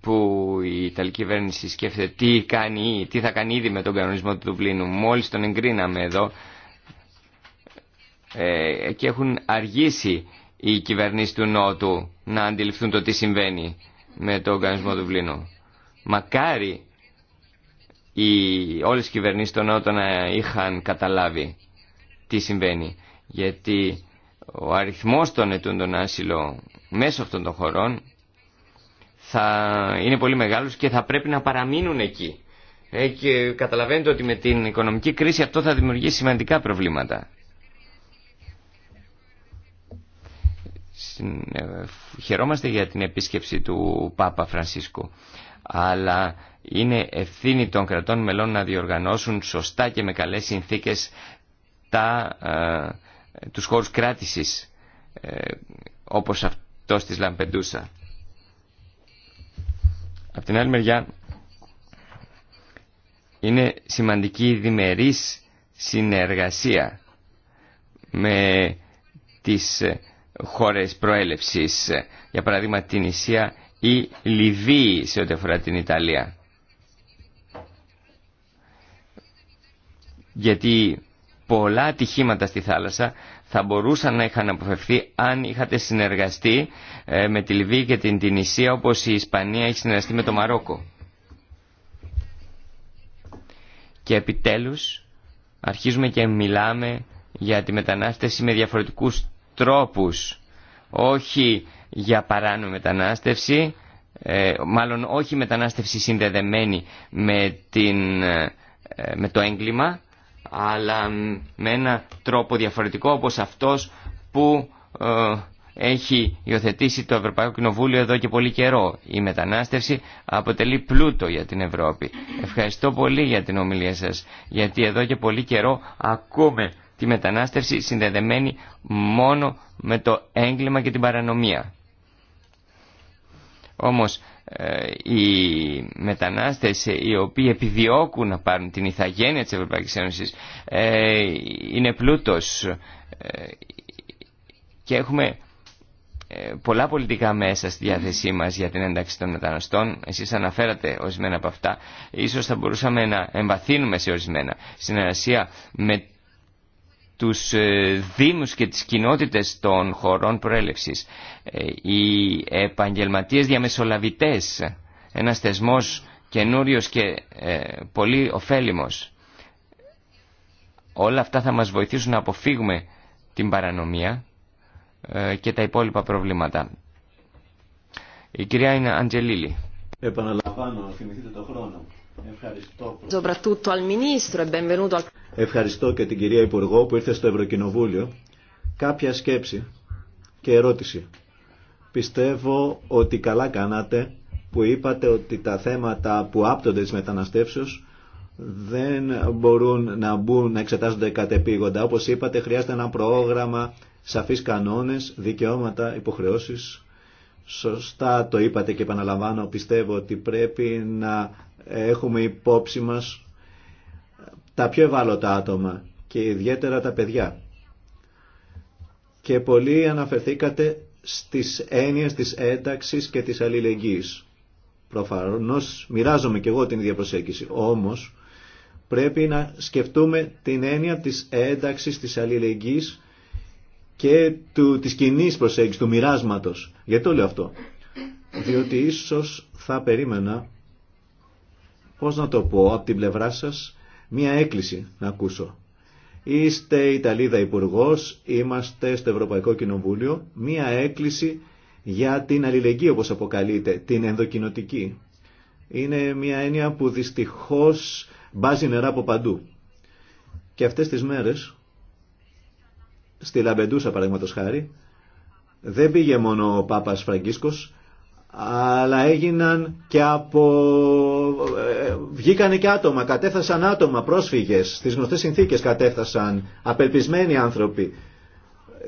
που η Ιταλική κυβέρνηση σκέφτεται τι, κάνει, τι θα κάνει ήδη με τον κανονισμό του Δουβλίνου. Μόλις τον εγκρίναμε εδώ ε, και έχουν αργήσει οι κυβερνήσει του Νότου να αντιληφθούν το τι συμβαίνει με τον οργανισμό του Βλήνου. Μακάρι οι, όλες οι κυβερνήσεις του Νότου να είχαν καταλάβει τι συμβαίνει. Γιατί ο αριθμός των ετούντων άσυλο μέσω αυτών των χωρών θα είναι πολύ μεγάλος και θα πρέπει να παραμείνουν εκεί. Ε, και καταλαβαίνετε ότι με την οικονομική κρίση αυτό θα δημιουργήσει σημαντικά προβλήματα. Ε, χαιρόμαστε για την επίσκεψη του Πάπα Φρανσίσκου αλλά είναι ευθύνη των κρατών μελών να διοργανώσουν σωστά και με καλές συνθήκες τα, ε, τους χώρους κράτησης ε, όπως αυτός της Λαμπεντούσα. Απ' την άλλη μεριά είναι σημαντική η διμερής συνεργασία με τις χώρες προέλευσης, για παράδειγμα την Ισία ή Λιβύη σε ό,τι αφορά την Ιταλία. Γιατί πολλά ατυχήματα στη θάλασσα θα μπορούσαν να είχαν αποφευθεί αν είχατε συνεργαστεί ε, με τη Λιβύη και την Τινησία όπως η Ισπανία έχει συνεργαστεί με το Μαρόκο. Και επιτέλους αρχίζουμε και μιλάμε για τη μετανάστευση με διαφορετικούς τρόπους, όχι για παράνομη μετανάστευση, ε, μάλλον όχι μετανάστευση συνδεδεμένη με, την, ε, με το έγκλημα, αλλά με ένα τρόπο διαφορετικό όπως αυτός που ε, έχει υιοθετήσει το Ευρωπαϊκό Κοινοβούλιο εδώ και πολύ καιρό. Η μετανάστευση αποτελεί πλούτο για την Ευρώπη. Ευχαριστώ πολύ για την ομιλία σας, γιατί εδώ και πολύ καιρό ακούμε τη μετανάστευση συνδεδεμένη μόνο με το έγκλημα και την παρανομία. Όμως ε, οι μετανάστες οι οποίοι επιδιώκουν να πάρουν την ηθαγένεια της Ευρωπαϊκής Ένωσης ε, είναι πλούτος ε, και έχουμε πολλά πολιτικά μέσα στη διάθεσή μας για την ένταξη των μεταναστών. Εσείς αναφέρατε ορισμένα από αυτά. Ίσως θα μπορούσαμε να εμβαθύνουμε σε ορισμένα. Συνεργασία με τους ε, δήμους και τις κοινότητες των χωρών προέλευσης. Ε, οι επαγγελματίες διαμεσολαβητές, ένας θεσμός καινούριος και ε, πολύ ωφέλιμος. Όλα αυτά θα μας βοηθήσουν να αποφύγουμε την παρανομία και τα υπόλοιπα προβλήματα. Η κυρία είναι Αντζελίλη. Επαναλαμβάνω, θυμηθείτε το χρόνο. E Ευχαριστώ. και την κυρία Υπουργό που ήρθε στο Ευρωκοινοβούλιο. Κάποια σκέψη και ερώτηση. Πιστεύω ότι καλά κάνατε που είπατε ότι τα θέματα που άπτονται της μεταναστεύσεως δεν μπορούν να μπουν να εξετάζονται κατεπήγοντα. Όπως είπατε χρειάζεται ένα πρόγραμμα, σαφείς κανόνες, δικαιώματα, υποχρεώσεις Σωστά το είπατε και επαναλαμβάνω, πιστεύω ότι πρέπει να έχουμε υπόψη μας τα πιο ευάλωτα άτομα και ιδιαίτερα τα παιδιά. Και πολλοί αναφερθήκατε στις έννοιες της ένταξης και της αλληλεγγύης. Προφανώς μοιράζομαι και εγώ την ίδια προσέγγιση. Όμως πρέπει να σκεφτούμε την έννοια της ένταξης, της αλληλεγγύης και του, της κοινή προσέγγισης, του μοιράσματο. Γιατί το λέω αυτό. Διότι ίσως θα περίμενα, πώς να το πω, από την πλευρά σας, μία έκκληση να ακούσω. Είστε Ιταλίδα υπουργό, είμαστε στο Ευρωπαϊκό Κοινοβούλιο, μία έκκληση για την αλληλεγγύη όπως αποκαλείται, την ενδοκινοτική. Είναι μία έννοια που δυστυχώς μπάζει νερά από παντού. Και αυτές τις μέρες Στη Λαμπεντούσα, παραδείγματο χάρη, δεν πήγε μόνο ο Πάπας Φραγκίσκο, αλλά έγιναν και από. Ε, βγήκανε και άτομα, κατέφθασαν άτομα, πρόσφυγες, στις γνωστές συνθήκες κατέφθασαν, απελπισμένοι άνθρωποι.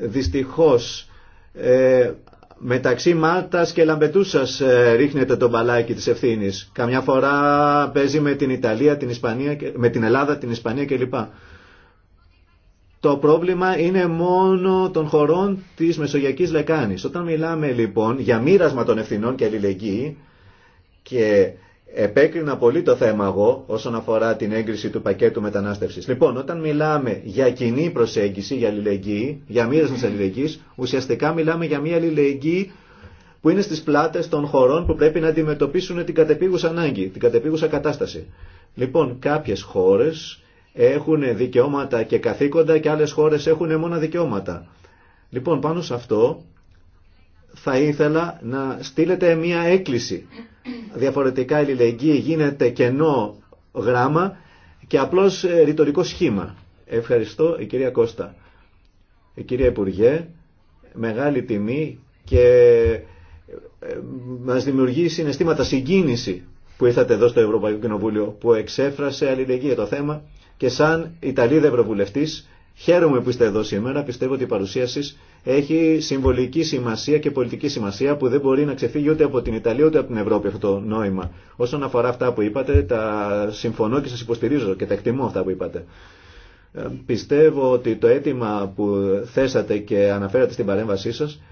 Δυστυχώς, ε, μεταξύ Μάλτας και Λαμπετούσας ε, ρίχνεται το μπαλάκι της ευθύνης. Καμιά φορά παίζει με την Ιταλία, την Ισπανία, με την Ελλάδα, την Ισπανία κλπ. Το πρόβλημα είναι μόνο των χωρών της Μεσογειακής Λεκάνης. Όταν μιλάμε λοιπόν για μοίρασμα των ευθυνών και αλληλεγγύη και επέκρινα πολύ το θέμα εγώ όσον αφορά την έγκριση του πακέτου μετανάστευσης. Λοιπόν, όταν μιλάμε για κοινή προσέγγιση, για αλληλεγγύη, για μοίρασμα της αλληλεγγύης, ουσιαστικά μιλάμε για μια αλληλεγγύη που είναι στις πλάτες των χωρών που πρέπει να αντιμετωπίσουν την κατεπίγουσα ανάγκη, την κατεπίγουσα κατάσταση. Λοιπόν, κάποιες χώρε έχουν δικαιώματα και καθήκοντα και άλλες χώρες έχουν μόνο δικαιώματα. Λοιπόν, πάνω σε αυτό θα ήθελα να στείλετε μία έκκληση. Διαφορετικά η λιλεγγύη γίνεται κενό γράμμα και απλώς ε, ρητορικό σχήμα. Ευχαριστώ η κυρία Κώστα. Η ε, κυρία Υπουργέ, μεγάλη τιμή και ε, μας δημιουργεί συναισθήματα συγκίνηση που ήρθατε εδώ στο Ευρωπαϊκό Κοινοβούλιο που εξέφρασε αλληλεγγύη το θέμα και σαν Ιταλίδα Ευρωβουλευτή, χαίρομαι που είστε εδώ σήμερα. Πιστεύω ότι η παρουσία σας έχει συμβολική σημασία και πολιτική σημασία που δεν μπορεί να ξεφύγει ούτε από την Ιταλία ούτε από την Ευρώπη αυτό το νόημα. Όσον αφορά αυτά που είπατε, τα συμφωνώ και σα υποστηρίζω και τα εκτιμώ αυτά που είπατε. Ε, πιστεύω ότι το αίτημα που θέσατε και αναφέρατε στην παρέμβασή σας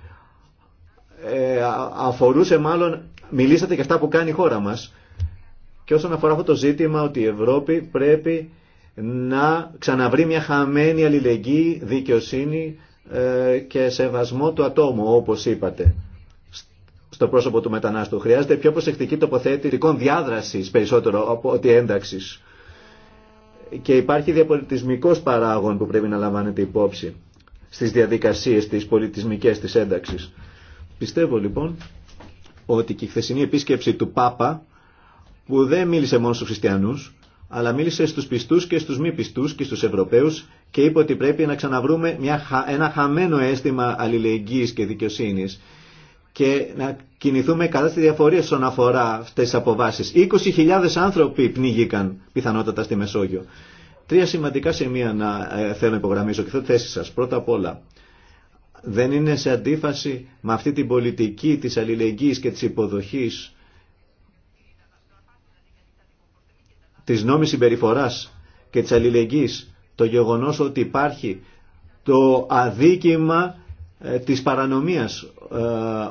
ε, αφορούσε μάλλον, μιλήσατε και αυτά που κάνει η χώρα μας και όσον αφορά αυτό το ζήτημα ότι η Ευρώπη πρέπει να ξαναβρει μια χαμένη αλληλεγγύη, δικαιοσύνη ε, και σεβασμό του ατόμου, όπως είπατε, στο πρόσωπο του μετανάστου. Χρειάζεται πιο προσεκτική τοποθέτηση διάδρασης περισσότερο από ότι ένταξης. Και υπάρχει διαπολιτισμικός παράγον που πρέπει να λαμβάνεται υπόψη στις διαδικασίες της πολιτισμικές της ένταξης. Πιστεύω λοιπόν ότι και η χθεσινή επίσκεψη του Πάπα που δεν μίλησε μόνο στους χριστιανούς αλλά μίλησε στους πιστούς και στους μη πιστούς και στους Ευρωπαίους και είπε ότι πρέπει να ξαναβρούμε μια, ένα χαμένο αίσθημα αλληλεγγύης και δικαιοσύνης και να κινηθούμε κατά τη διαφορία στον αφορά αυτές τις αποβάσεις. 20.000 άνθρωποι πνίγηκαν πιθανότατα στη Μεσόγειο. Τρία σημαντικά σημεία να ε, θέλω να υπογραμμίσω και θέλω θέση σας. Πρώτα απ' όλα, δεν είναι σε αντίφαση με αυτή την πολιτική της αλληλεγγύης και της υποδοχής της νόμης συμπεριφοράς και της αλληλεγγύης, το γεγονός ότι υπάρχει το αδίκημα ε, της παρανομίας ε,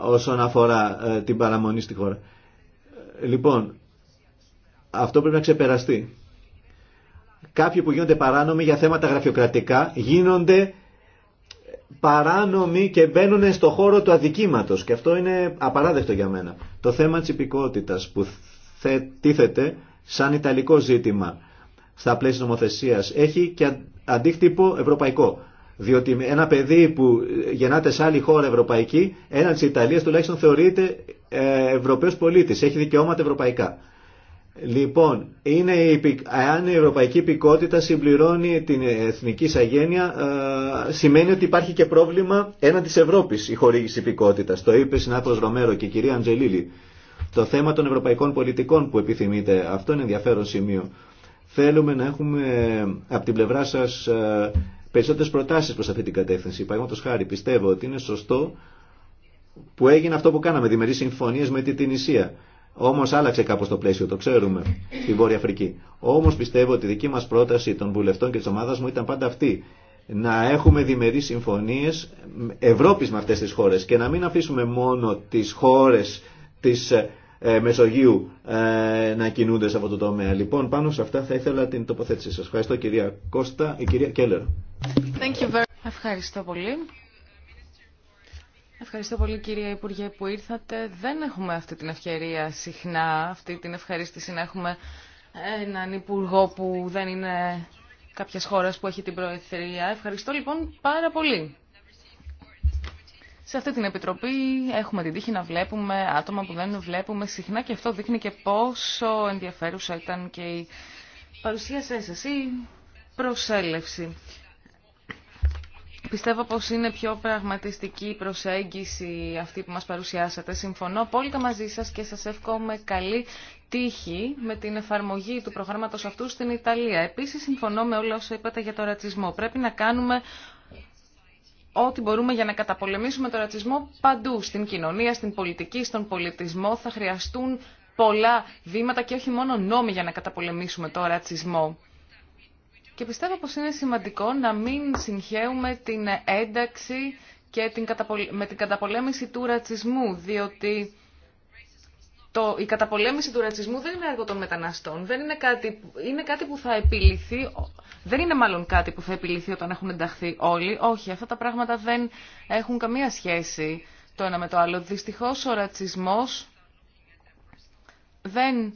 όσον αφορά ε, την παραμονή στη χώρα. Λοιπόν, αυτό πρέπει να ξεπεραστεί. Κάποιοι που γίνονται παράνομοι για θέματα γραφειοκρατικά γίνονται παράνομοι και μπαίνουν στο χώρο του αδικήματος και αυτό είναι απαράδεκτο για μένα. Το θέμα της υπηκότητας που θε, σαν ιταλικό ζήτημα στα πλαίσια νομοθεσία έχει και αντίκτυπο ευρωπαϊκό. Διότι ένα παιδί που γεννάται σε άλλη χώρα ευρωπαϊκή, έναν τη Ιταλία τουλάχιστον θεωρείται ε, Ευρωπαίος πολίτης, έχει δικαιώματα ευρωπαϊκά. Λοιπόν, είναι η, αν η ευρωπαϊκή υπηκότητα συμπληρώνει την εθνική εισαγένεια, ε, σημαίνει ότι υπάρχει και πρόβλημα έναν της Ευρώπης η χορήγηση υπηκότητας. Το είπε συνάδελφος Ρομέρο και η κυρία Αντζελίλη το θέμα των ευρωπαϊκών πολιτικών που επιθυμείτε, αυτό είναι ενδιαφέρον σημείο. Θέλουμε να έχουμε ε, από την πλευρά σα ε, περισσότερε προτάσει προ αυτή την κατεύθυνση. Παραδείγματο χάρη, πιστεύω ότι είναι σωστό που έγινε αυτό που κάναμε, διμερείς συμφωνίε με την Ισία. Όμω άλλαξε κάπω το πλαίσιο, το ξέρουμε, στη Βόρεια Αφρική. Όμω πιστεύω ότι η δική μα πρόταση των βουλευτών και τη ομάδα μου ήταν πάντα αυτή. Να έχουμε διμερεί συμφωνίε Ευρώπη με αυτέ τι χώρε και να μην αφήσουμε μόνο τι χώρε της ε, ε, Μεσογείου ε, να κινούνται σε αυτό το τομέα. Λοιπόν, πάνω σε αυτά θα ήθελα την τοποθέτησή σας. Ευχαριστώ κυρία Κώστα, η κυρία Κέλλερ. Thank you very... Ευχαριστώ πολύ. Ευχαριστώ πολύ κυρία Υπουργέ που ήρθατε. Δεν έχουμε αυτή την ευκαιρία συχνά, αυτή την ευχαρίστηση να έχουμε έναν υπουργό που δεν είναι κάποιας χώρας που έχει την προεθρία. Ευχαριστώ λοιπόν πάρα πολύ. Σε αυτή την επιτροπή έχουμε την τύχη να βλέπουμε άτομα που δεν βλέπουμε συχνά και αυτό δείχνει και πόσο ενδιαφέρουσα ήταν και η παρουσία σας, η προσέλευση. Πιστεύω πως είναι πιο πραγματιστική η προσέγγιση αυτή που μας παρουσιάσατε. Συμφωνώ απόλυτα μαζί σας και σας εύχομαι καλή τύχη με την εφαρμογή του προγράμματος αυτού στην Ιταλία. Επίσης συμφωνώ με όλα όσα είπατε για το ρατσισμό. Πρέπει να κάνουμε ό,τι μπορούμε για να καταπολεμήσουμε τον ρατσισμό παντού, στην κοινωνία, στην πολιτική, στον πολιτισμό. Θα χρειαστούν πολλά βήματα και όχι μόνο νόμοι για να καταπολεμήσουμε τον ρατσισμό. Και πιστεύω πως είναι σημαντικό να μην συγχαίουμε την ένταξη και την με την καταπολέμηση του ρατσισμού, διότι το, η καταπολέμηση του ρατσισμού δεν είναι έργο των μεταναστών, δεν είναι κάτι, είναι κάτι που θα επιληθεί, δεν είναι μάλλον κάτι που θα επιληθεί όταν έχουν ενταχθεί όλοι. Όχι, αυτά τα πράγματα δεν έχουν καμία σχέση το ένα με το άλλο. Δυστυχώ, ο ρατσισμό δεν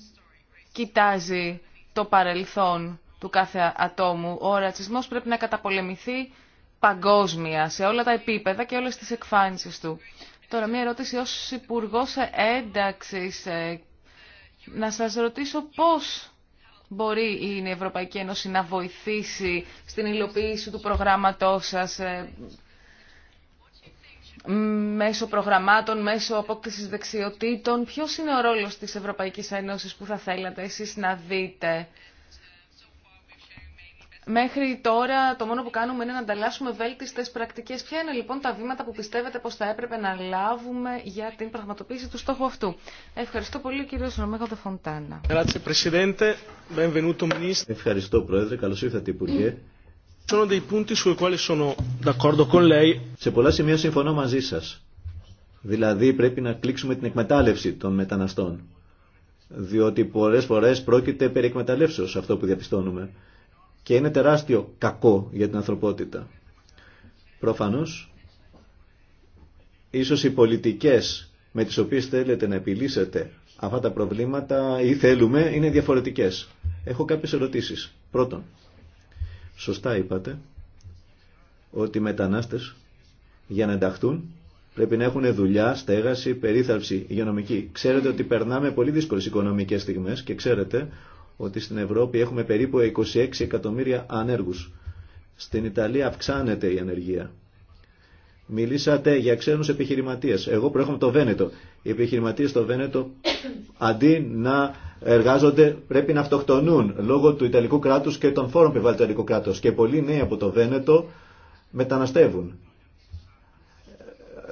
κοιτάζει το παρελθόν του κάθε ατόμου. Ο ρατσισμό πρέπει να καταπολεμηθεί παγκόσμια, σε όλα τα επίπεδα και όλες τις εκφάνσεις του. Τώρα μια ερώτηση ως υπουργό Ένταξης. Ε, να σας ρωτήσω πώς μπορεί η Ευρωπαϊκή Ένωση να βοηθήσει στην υλοποίηση του προγράμματός σας ε, μέσω προγραμμάτων, μέσω απόκτησης δεξιοτήτων. Ποιος είναι ο ρόλος της Ευρωπαϊκής Ένωσης που θα θέλατε εσείς να δείτε Μέχρι τώρα το μόνο που κάνουμε είναι να ανταλλάσσουμε βέλτιστες πρακτικές. Ποια είναι λοιπόν τα βήματα που πιστεύετε πως θα έπρεπε να λάβουμε για την πραγματοποίηση του στόχου αυτού. Ευχαριστώ πολύ κύριο Ρωμέγο Δεφοντάνα. Ευχαριστώ Πρόεδρε, καλώς ήρθατε Υπουργέ. Σε πολλά σημεία συμφωνώ μαζί σας. Δηλαδή πρέπει να κλείξουμε την εκμετάλλευση των μεταναστών. Διότι πολλές φορές πρόκειται περί εκμεταλλεύσεως αυτό που διαπιστώνουμε και είναι τεράστιο κακό για την ανθρωπότητα. Προφανώς, ίσως οι πολιτικές με τις οποίες θέλετε να επιλύσετε αυτά τα προβλήματα ή θέλουμε είναι διαφορετικές. Έχω κάποιες ερωτήσεις. Πρώτον, σωστά είπατε ότι οι μετανάστες για να ενταχθούν πρέπει να έχουν δουλειά, στέγαση, περίθαλψη, υγειονομική. Ξέρετε ότι περνάμε πολύ δύσκολες οικονομικές στιγμές και ξέρετε ότι στην Ευρώπη έχουμε περίπου 26 εκατομμύρια ανέργους. Στην Ιταλία αυξάνεται η ανεργία. Μιλήσατε για ξένους επιχειρηματίες. Εγώ προέρχομαι το Βένετο. Οι επιχειρηματίες στο Βένετο αντί να εργάζονται πρέπει να αυτοκτονούν λόγω του Ιταλικού κράτους και των φόρων που βάλει το Ιταλικό κράτος. Και πολλοί νέοι από το Βένετο μεταναστεύουν.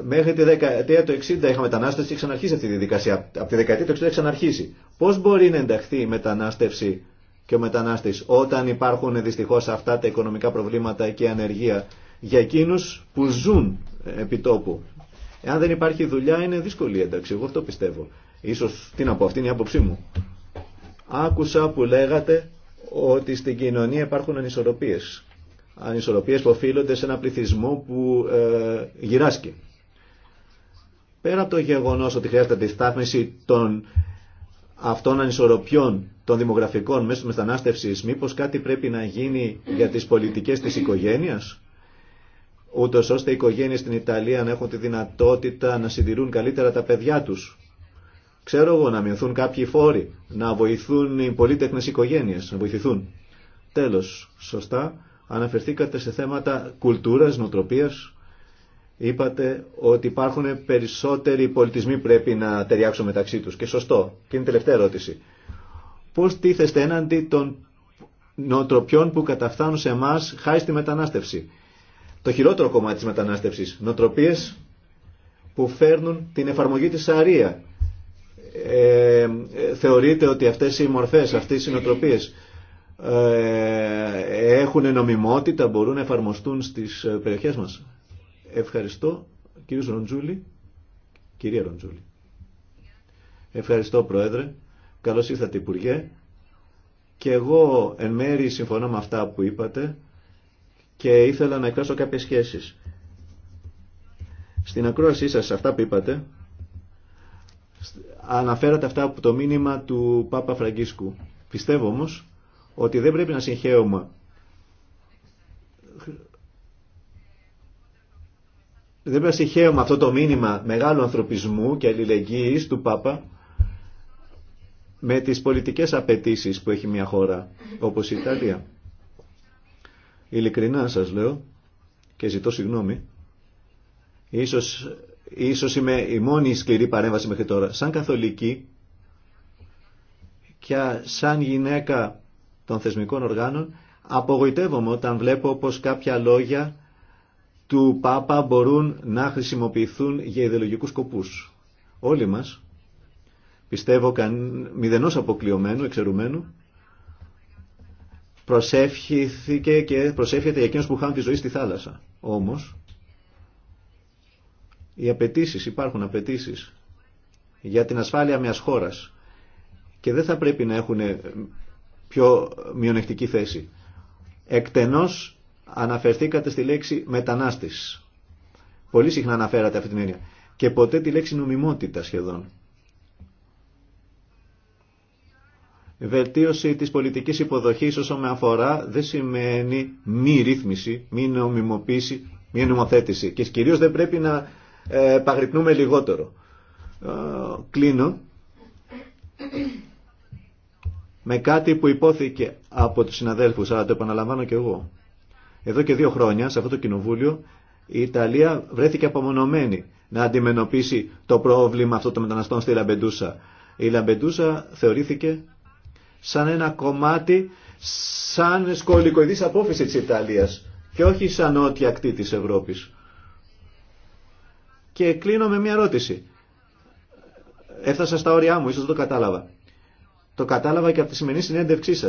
Μέχρι τη δεκαετία του 60 είχαμε μετανάστευση και ξαναρχίσει αυτή τη δικασία Από τη δεκαετία του 60 έχει ξαναρχίσει. Πώ μπορεί να ενταχθεί η μετανάστευση και ο μετανάστη όταν υπάρχουν δυστυχώ αυτά τα οικονομικά προβλήματα και η ανεργία για εκείνου που ζουν επιτόπου τόπου. Εάν δεν υπάρχει δουλειά είναι δύσκολη η ένταξη. Εγώ αυτό πιστεύω. Ίσως, τι να πω, αυτή είναι η άποψή μου. Άκουσα που λέγατε ότι στην κοινωνία υπάρχουν ανισορροπίε, Ανισορροπίε που οφείλονται σε ένα πληθυσμό που ε, γυράσκει. Πέρα από το γεγονό ότι χρειάζεται αντιστάθμιση των αυτών ανισορροπιών των δημογραφικών μέσω μετανάστευση, μήπω κάτι πρέπει να γίνει για τι πολιτικέ τη οικογένεια, ούτω ώστε οι οικογένειε στην Ιταλία να έχουν τη δυνατότητα να συντηρούν καλύτερα τα παιδιά του, Ξέρω εγώ να μειωθούν κάποιοι φόροι, να βοηθούν οι πολίτεχνες οικογένειες, να βοηθηθούν. Τέλος, σωστά, αναφερθήκατε σε θέματα κουλτούρας, νοτροπίας. Είπατε ότι υπάρχουν περισσότεροι πολιτισμοί που πρέπει να ταιριάξουν μεταξύ τους. Και σωστό. Και είναι η τελευταία ερώτηση. Πώς τίθεστε έναντι των νοοτροπιών που καταφθάνουν σε εμά χάρη στη μετανάστευση. Το χειρότερο κομμάτι της μετανάστευσης. Νοοτροπίες που φέρνουν την εφαρμογή της αρία. Ε, θεωρείτε ότι αυτές οι μορφές, αυτές οι νοοτροπίες ε, έχουν νομιμότητα, μπορούν να εφαρμοστούν στις ε, περιοχές μας. Ευχαριστώ, κύριος Ροντζούλη. Κυρία Ροντζούλη. Ευχαριστώ, Πρόεδρε. Καλώς ήρθατε, Υπουργέ. Και εγώ εν μέρη συμφωνώ με αυτά που είπατε και ήθελα να εκφράσω κάποιες σχέσεις. Στην ακρόασή σας, αυτά που είπατε, αναφέρατε αυτά από το μήνυμα του Πάπα Φραγκίσκου. Πιστεύω όμως ότι δεν πρέπει να συγχαίουμε Δεν πέρασε να με αυτό το μήνυμα μεγάλου ανθρωπισμού και αλληλεγγύης του Πάπα με τις πολιτικές απαιτήσει που έχει μια χώρα όπως η Ιταλία. Ειλικρινά σας λέω και ζητώ συγγνώμη. Ίσως, ίσως είμαι η μόνη σκληρή παρέμβαση μέχρι τώρα. Σαν καθολική και σαν γυναίκα των θεσμικών οργάνων απογοητεύομαι όταν βλέπω πως κάποια λόγια του Πάπα μπορούν να χρησιμοποιηθούν για ιδεολογικούς σκοπούς. Όλοι μας, πιστεύω καν, μηδενός αποκλειωμένου, εξαιρουμένου, προσεύχηθηκε και προσεύχεται για εκείνους που χάνουν τη ζωή στη θάλασσα. Όμως, οι απαιτήσει υπάρχουν απαιτήσει για την ασφάλεια μιας χώρας και δεν θα πρέπει να έχουν πιο μειονεκτική θέση. Εκτενώς αναφερθήκατε στη λέξη μετανάστης. Πολύ συχνά αναφέρατε αυτή την έννοια. Και ποτέ τη λέξη νομιμότητα σχεδόν. Βελτίωση της πολιτικής υποδοχής όσο με αφορά δεν σημαίνει μη ρύθμιση, μη νομιμοποίηση, μη νομοθέτηση. Και κυρίως δεν πρέπει να ε, παγρυπνούμε λιγότερο. Ε, κλείνω με κάτι που υπόθηκε από τους συναδέλφους, αλλά το επαναλαμβάνω και εγώ. Εδώ και δύο χρόνια, σε αυτό το κοινοβούλιο, η Ιταλία βρέθηκε απομονωμένη να αντιμετωπίσει το πρόβλημα αυτό των μεταναστών στη Λαμπεντούσα. Η Λαμπεντούσα θεωρήθηκε σαν ένα κομμάτι, σαν σκολικοειδής απόφυση της Ιταλίας και όχι σαν νότια ακτή της Ευρώπης. Και κλείνω με μια ερώτηση. Έφτασα στα όρια μου, ίσως το κατάλαβα. Το κατάλαβα και από τη σημερινή συνέντευξή σα.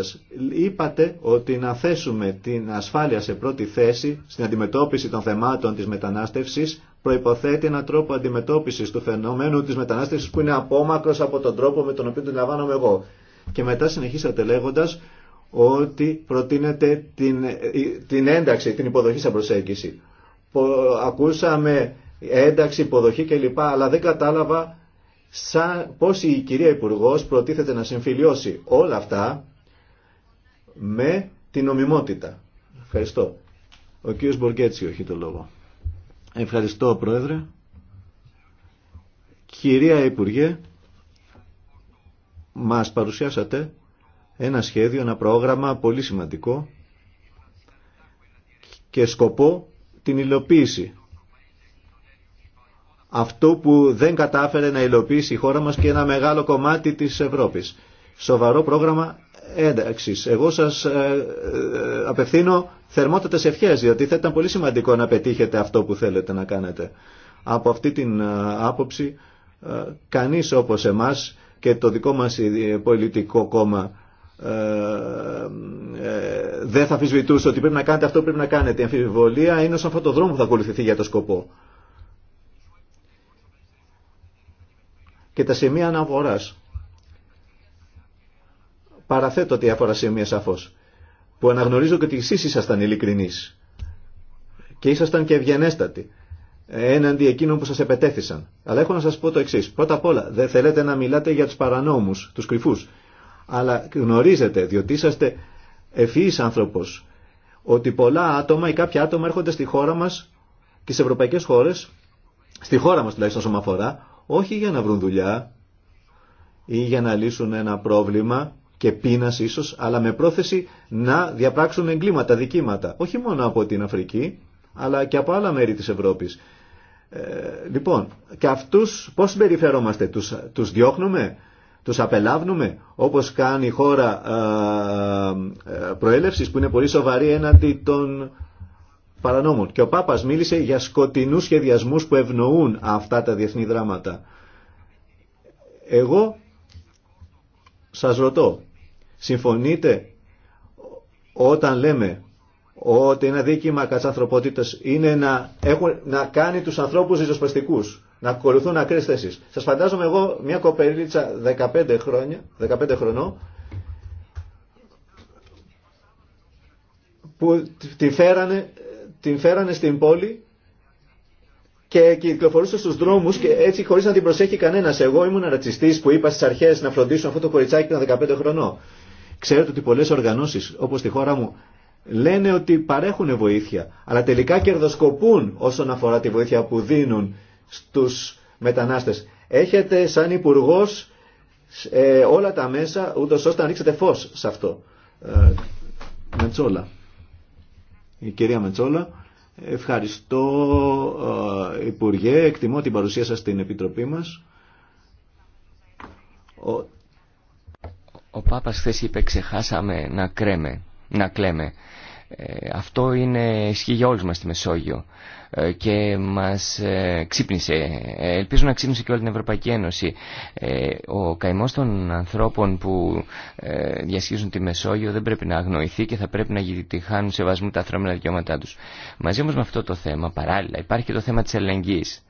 Είπατε ότι να θέσουμε την ασφάλεια σε πρώτη θέση στην αντιμετώπιση των θεμάτων τη μετανάστευση προϋποθέτει έναν τρόπο αντιμετώπισης του φαινομένου της μετανάστευσης που είναι απόμακρο από τον τρόπο με τον οποίο τον λαμβάνομαι εγώ. Και μετά συνεχίσατε λέγοντα ότι προτείνεται την, ε, την ένταξη, την υποδοχή σαν προσέγγιση. Ακούσαμε ένταξη, υποδοχή κλπ. Αλλά δεν κατάλαβα σαν πώς η κυρία Υπουργό προτίθεται να συμφιλιώσει όλα αυτά με την νομιμότητα. Ευχαριστώ. Ο κύριος Μπορκέτσι έχει το λόγο. Ευχαριστώ Πρόεδρε. Κυρία Υπουργέ, μας παρουσιάσατε ένα σχέδιο, ένα πρόγραμμα πολύ σημαντικό και σκοπό την υλοποίηση αυτό που δεν κατάφερε να υλοποιήσει η χώρα μας και ένα μεγάλο κομμάτι της Ευρώπης. Σοβαρό πρόγραμμα ένταξης. Εγώ σας ε, ε, απευθύνω θερμότατες ευχές, διότι θα ήταν πολύ σημαντικό να πετύχετε αυτό που θέλετε να κάνετε. Από αυτή την ε, άποψη, κανείς όπως εμάς και το δικό μας πολιτικό κόμμα δεν θα αφισβητούσε ότι πρέπει να κάνετε αυτό που πρέπει να κάνετε. Η αμφιβολία είναι σαν αυτό το δρόμο που θα ακολουθηθεί για το σκοπό. και τα σημεία αναφοράς. Παραθέτω αφορά σημεία σαφώς, που αναγνωρίζω και ότι εσείς ήσασταν ειλικρινείς και ήσασταν και ευγενέστατοι έναντι εκείνων που σας επετέθησαν. Αλλά έχω να σας πω το εξής. Πρώτα απ' όλα, δεν θέλετε να μιλάτε για τους παρανόμους, τους κρυφούς. Αλλά γνωρίζετε, διότι είσαστε ευφυής άνθρωπος, ότι πολλά άτομα ή κάποια άτομα έρχονται στη χώρα μας και στις ευρωπαϊκές χώρες, στη χώρα μας τουλάχιστον όσον αφορά, όχι για να βρουν δουλειά ή για να λύσουν ένα πρόβλημα και πείνα ίσως, αλλά με πρόθεση να διαπράξουν εγκλήματα, δικήματα, όχι μόνο από την Αφρική, αλλά και από άλλα μέρη της Ευρώπης. Ε, λοιπόν, και αυτούς πώς συμπεριφερόμαστε, τους, τους διώχνουμε, τους απελάβνουμε, όπως κάνει η χώρα ε, ε, προέλευσης που είναι πολύ σοβαρή έναντι των παρανόμων. Και ο Πάπας μίλησε για σκοτεινούς σχεδιασμού που ευνοούν αυτά τα διεθνή δράματα. Εγώ σας ρωτώ, συμφωνείτε όταν λέμε ότι ένα δίκημα κατά ανθρωπότητα είναι να, έχουν, να κάνει τους ανθρώπους ριζοσπαστικού, να ακολουθούν ακραίε θέσει. Σας φαντάζομαι εγώ μια κοπερίτσα 15, χρόνια, 15 χρονών που τη φέρανε την φέρανε στην πόλη και κυκλοφορούσε στους δρόμους και έτσι χωρίς να την προσέχει κανένας. Εγώ ήμουν ρατσιστής που είπα στις αρχές να φροντίσουν αυτό το κοριτσάκι που ήταν 15 χρονών. Ξέρετε ότι πολλές οργανώσεις όπως τη χώρα μου λένε ότι παρέχουν βοήθεια αλλά τελικά κερδοσκοπούν όσον αφορά τη βοήθεια που δίνουν στους μετανάστες. Έχετε σαν υπουργό ε, όλα τα μέσα ούτως ώστε να ρίξετε φως σε αυτό. Ε, Μετσόλα. Η κυρία Μετσόλα, ευχαριστώ ε, Υπουργέ, εκτιμώ την παρουσία σας στην Επιτροπή μας. Ο, Ο Πάπας χθες είπε ξεχάσαμε να, κρέμε, να κλέμε. Ε, αυτό είναι ισχύει για όλους μας στη Μεσόγειο ε, και μας ε, ξύπνησε. Ελπίζω να ξύπνησε και όλη την Ευρωπαϊκή Ένωση. Ο καημός των ανθρώπων που διασχίζουν τη Μεσόγειο δεν πρέπει να αγνοηθεί και θα πρέπει να χάνουν σεβασμού τα ανθρώπινα δικαιώματά τους. Μαζί όμως με αυτό το θέμα, παράλληλα, υπάρχει και το θέμα της ελεγγύης.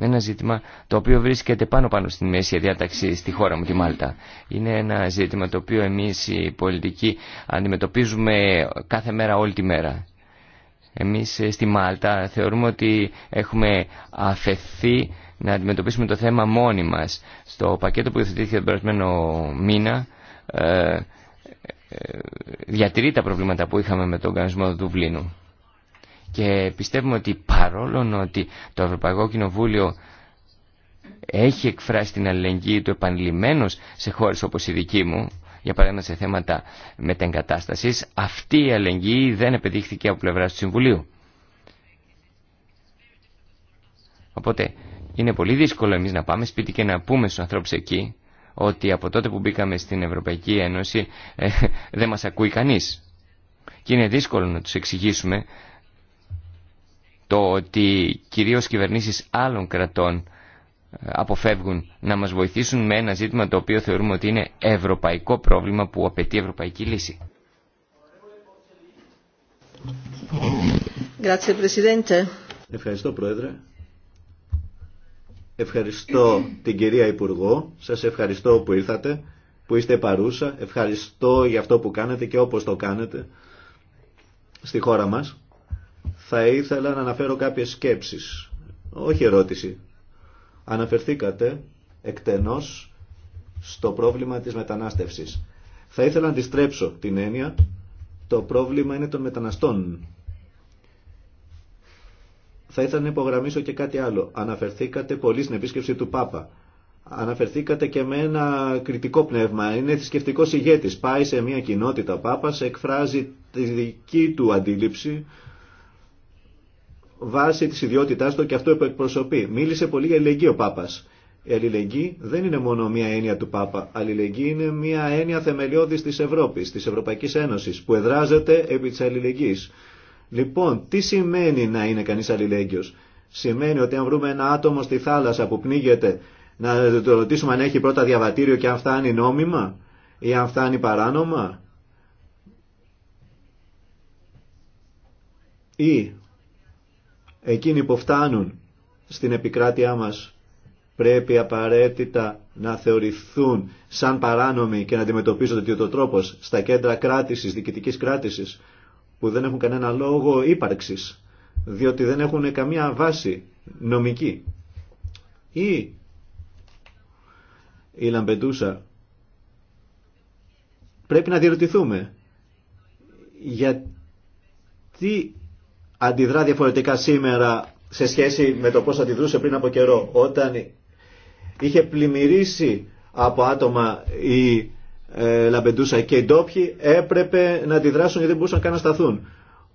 με ένα ζήτημα το οποίο βρίσκεται πάνω-πάνω στην μέση διάταξη στη χώρα μου, τη Μάλτα. Είναι ένα ζήτημα το οποίο εμείς οι πολιτικοί αντιμετωπίζουμε κάθε μέρα, όλη τη μέρα. Εμείς ε, στη Μάλτα θεωρούμε ότι έχουμε αφαιθεί να αντιμετωπίσουμε το θέμα μόνοι μας. Στο πακέτο που υιοθετήθηκε τον περασμένο μήνα ε, ε, διατηρεί τα προβλήματα που είχαμε με τον κανονισμό του Δουβλίνου. Και πιστεύουμε ότι παρόλο ότι το Ευρωπαϊκό Κοινοβούλιο έχει εκφράσει την αλληλεγγύη του επανειλημμένως σε χώρες όπως η δική μου, για παράδειγμα σε θέματα μετεγκατάστασης, αυτή η αλληλεγγύη δεν επιδείχθηκε από πλευρά του Συμβουλίου. Οπότε είναι πολύ δύσκολο εμείς να πάμε σπίτι και να πούμε στους ανθρώπους εκεί ότι από τότε που μπήκαμε στην Ευρωπαϊκή Ένωση ε, δεν μας ακούει κανείς. Και είναι δύσκολο να τους εξηγήσουμε το ότι κυρίως κυβερνήσεις άλλων κρατών ε, αποφεύγουν να μας βοηθήσουν με ένα ζήτημα το οποίο θεωρούμε ότι είναι ευρωπαϊκό πρόβλημα που απαιτεί ευρωπαϊκή λύση. Ευχαριστώ Πρόεδρε. Ευχαριστώ την κυρία Υπουργό. Σας ευχαριστώ που ήρθατε, που είστε παρούσα. Ευχαριστώ για αυτό που κάνετε και όπως το κάνετε στη χώρα μας θα ήθελα να αναφέρω κάποιες σκέψεις. Όχι ερώτηση. Αναφερθήκατε εκτενώς στο πρόβλημα της μετανάστευσης. Θα ήθελα να αντιστρέψω την έννοια το πρόβλημα είναι των μεταναστών. Θα ήθελα να υπογραμμίσω και κάτι άλλο. Αναφερθήκατε πολύ στην επίσκεψη του Πάπα. Αναφερθήκατε και με ένα κριτικό πνεύμα. Είναι θρησκευτικό ηγέτη. Πάει σε μια κοινότητα ο Πάπα, εκφράζει τη δική του αντίληψη βάσει τη ιδιότητά του και αυτό που εκπροσωπεί. Μίλησε πολύ για αλληλεγγύη ο Πάπα. Η αλληλεγγύη δεν είναι μόνο μία έννοια του Πάπα. Αλληλεγγύη είναι μία έννοια θεμελιώδη τη Ευρώπη, τη Ευρωπαϊκή Ένωση που εδράζεται επί τη αλληλεγγύη. Λοιπόν, τι σημαίνει να είναι κανεί αλληλέγγυο. Σημαίνει ότι αν βρούμε ένα άτομο στη θάλασσα που πνίγεται, να το ρωτήσουμε αν έχει πρώτα διαβατήριο και αν φτάνει νόμιμα ή αν φτάνει παράνομα. Ή Εκείνοι που φτάνουν στην επικράτειά μας πρέπει απαραίτητα να θεωρηθούν σαν παράνομοι και να αντιμετωπίζονται τέτοιο τρόπος στα κέντρα κράτησης, διοικητικής κράτησης που δεν έχουν κανένα λόγο ύπαρξης διότι δεν έχουν καμία βάση νομική. Ή η Λαμπεντούσα πρέπει να διερωτηθούμε γιατί αντιδρά διαφορετικά σήμερα σε σχέση με το πώς αντιδρούσε πριν από καιρό. Όταν είχε πλημμυρίσει από άτομα η ε, Λαμπεντούσα και οι ντόπιοι έπρεπε να αντιδράσουν γιατί δεν μπορούσαν καν να σταθούν.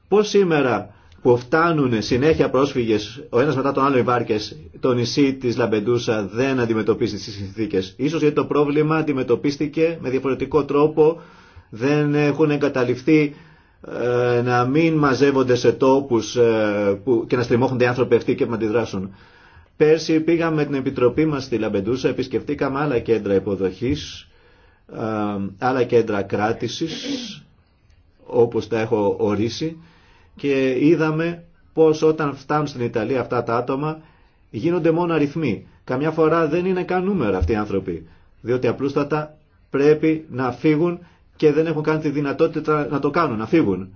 Πώς σήμερα που φτάνουν συνέχεια πρόσφυγες ο ένας μετά τον άλλο οι βάρκες το νησί της Λαμπεντούσα δεν αντιμετωπίζει τις συνθήκες. Ίσως γιατί το πρόβλημα αντιμετωπίστηκε με διαφορετικό τρόπο δεν έχουν εγκαταληφθεί ε, να μην μαζεύονται σε τόπους ε, και να στριμώχονται οι άνθρωποι αυτοί και να αντιδράσουν. Πέρσι πήγαμε με την επιτροπή μας στη Λαμπεντούσα, επισκεφτήκαμε άλλα κέντρα υποδοχής, ε, άλλα κέντρα κράτησης, όπως τα έχω ορίσει, και είδαμε πως όταν φτάνουν στην Ιταλία αυτά τα άτομα γίνονται μόνο αριθμοί. Καμιά φορά δεν είναι καν νούμερα αυτοί οι άνθρωποι, διότι απλούστατα πρέπει να φύγουν και δεν έχουν κάνει τη δυνατότητα να το κάνουν, να φύγουν.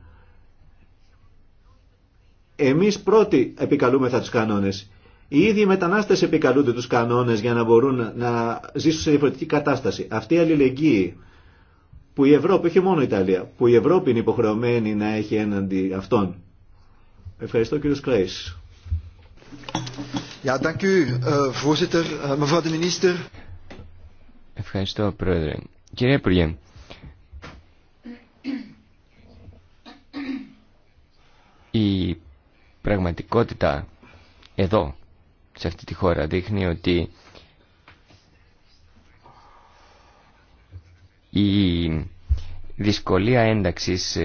Εμείς πρώτοι επικαλούμεθα τους κανόνες. Οι ίδιοι μετανάστες επικαλούνται τους κανόνες για να μπορούν να ζήσουν σε διαφορετική κατάσταση. Αυτή η αλληλεγγύη που η Ευρώπη, όχι μόνο η Ιταλία, που η Ευρώπη είναι υποχρεωμένη να έχει έναντι αυτών. Ευχαριστώ κύριο Κλέης. Eh, eh, Ευχαριστώ πρόεδρε. Κύριε Υπουργέ, Η πραγματικότητα εδώ, σε αυτή τη χώρα, δείχνει ότι η δυσκολία ένταξης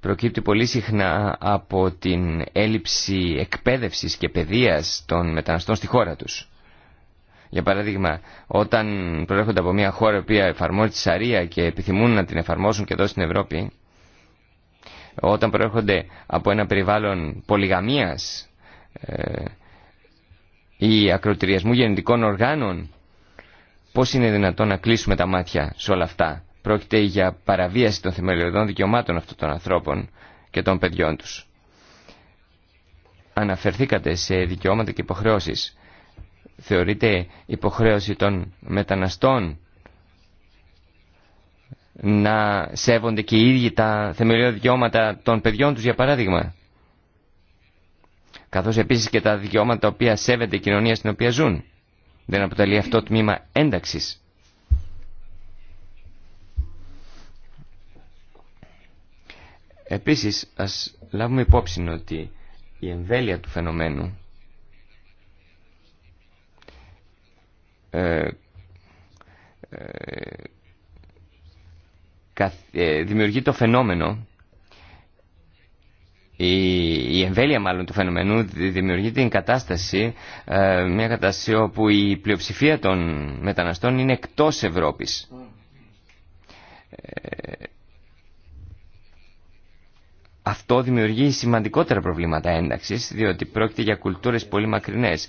προκύπτει πολύ συχνά από την έλλειψη εκπαίδευσης και παιδείας των μεταναστών στη χώρα τους. Για παράδειγμα, όταν προέρχονται από μια χώρα που εφαρμόζει τη Σαρία και επιθυμούν να την εφαρμόσουν και εδώ στην Ευρώπη, όταν προέρχονται από ένα περιβάλλον πολυγαμίας ε, ή ακροτηριασμού γεννητικών οργάνων, πώς είναι δυνατόν να κλείσουμε τα μάτια σε όλα αυτά. Πρόκειται για παραβίαση των θεμελιωδών δικαιωμάτων αυτών των ανθρώπων και των παιδιών τους. Αναφερθήκατε σε δικαιώματα και υποχρεώσεις. Θεωρείται υποχρέωση των μεταναστών να σέβονται και οι ίδιοι τα θεμελιώδη δικαιώματα των παιδιών τους για παράδειγμα. Καθώς επίσης και τα δικαιώματα τα οποία σέβεται η κοινωνία στην οποία ζουν. Δεν αποτελεί αυτό το τμήμα ένταξης. Επίσης ας λάβουμε υπόψη ότι η εμβέλεια του φαινομένου ε, ε ε, δημιουργεί το φαινόμενο, η εμβέλεια μάλλον του φαινομένου δημιουργεί την κατάσταση, ε, μια κατάσταση όπου η πλειοψηφία των μεταναστών είναι εκτός Ευρώπης. Ε, αυτό δημιουργεί σημαντικότερα προβλήματα ένταξης, διότι πρόκειται για κουλτούρες πολύ μακρινές.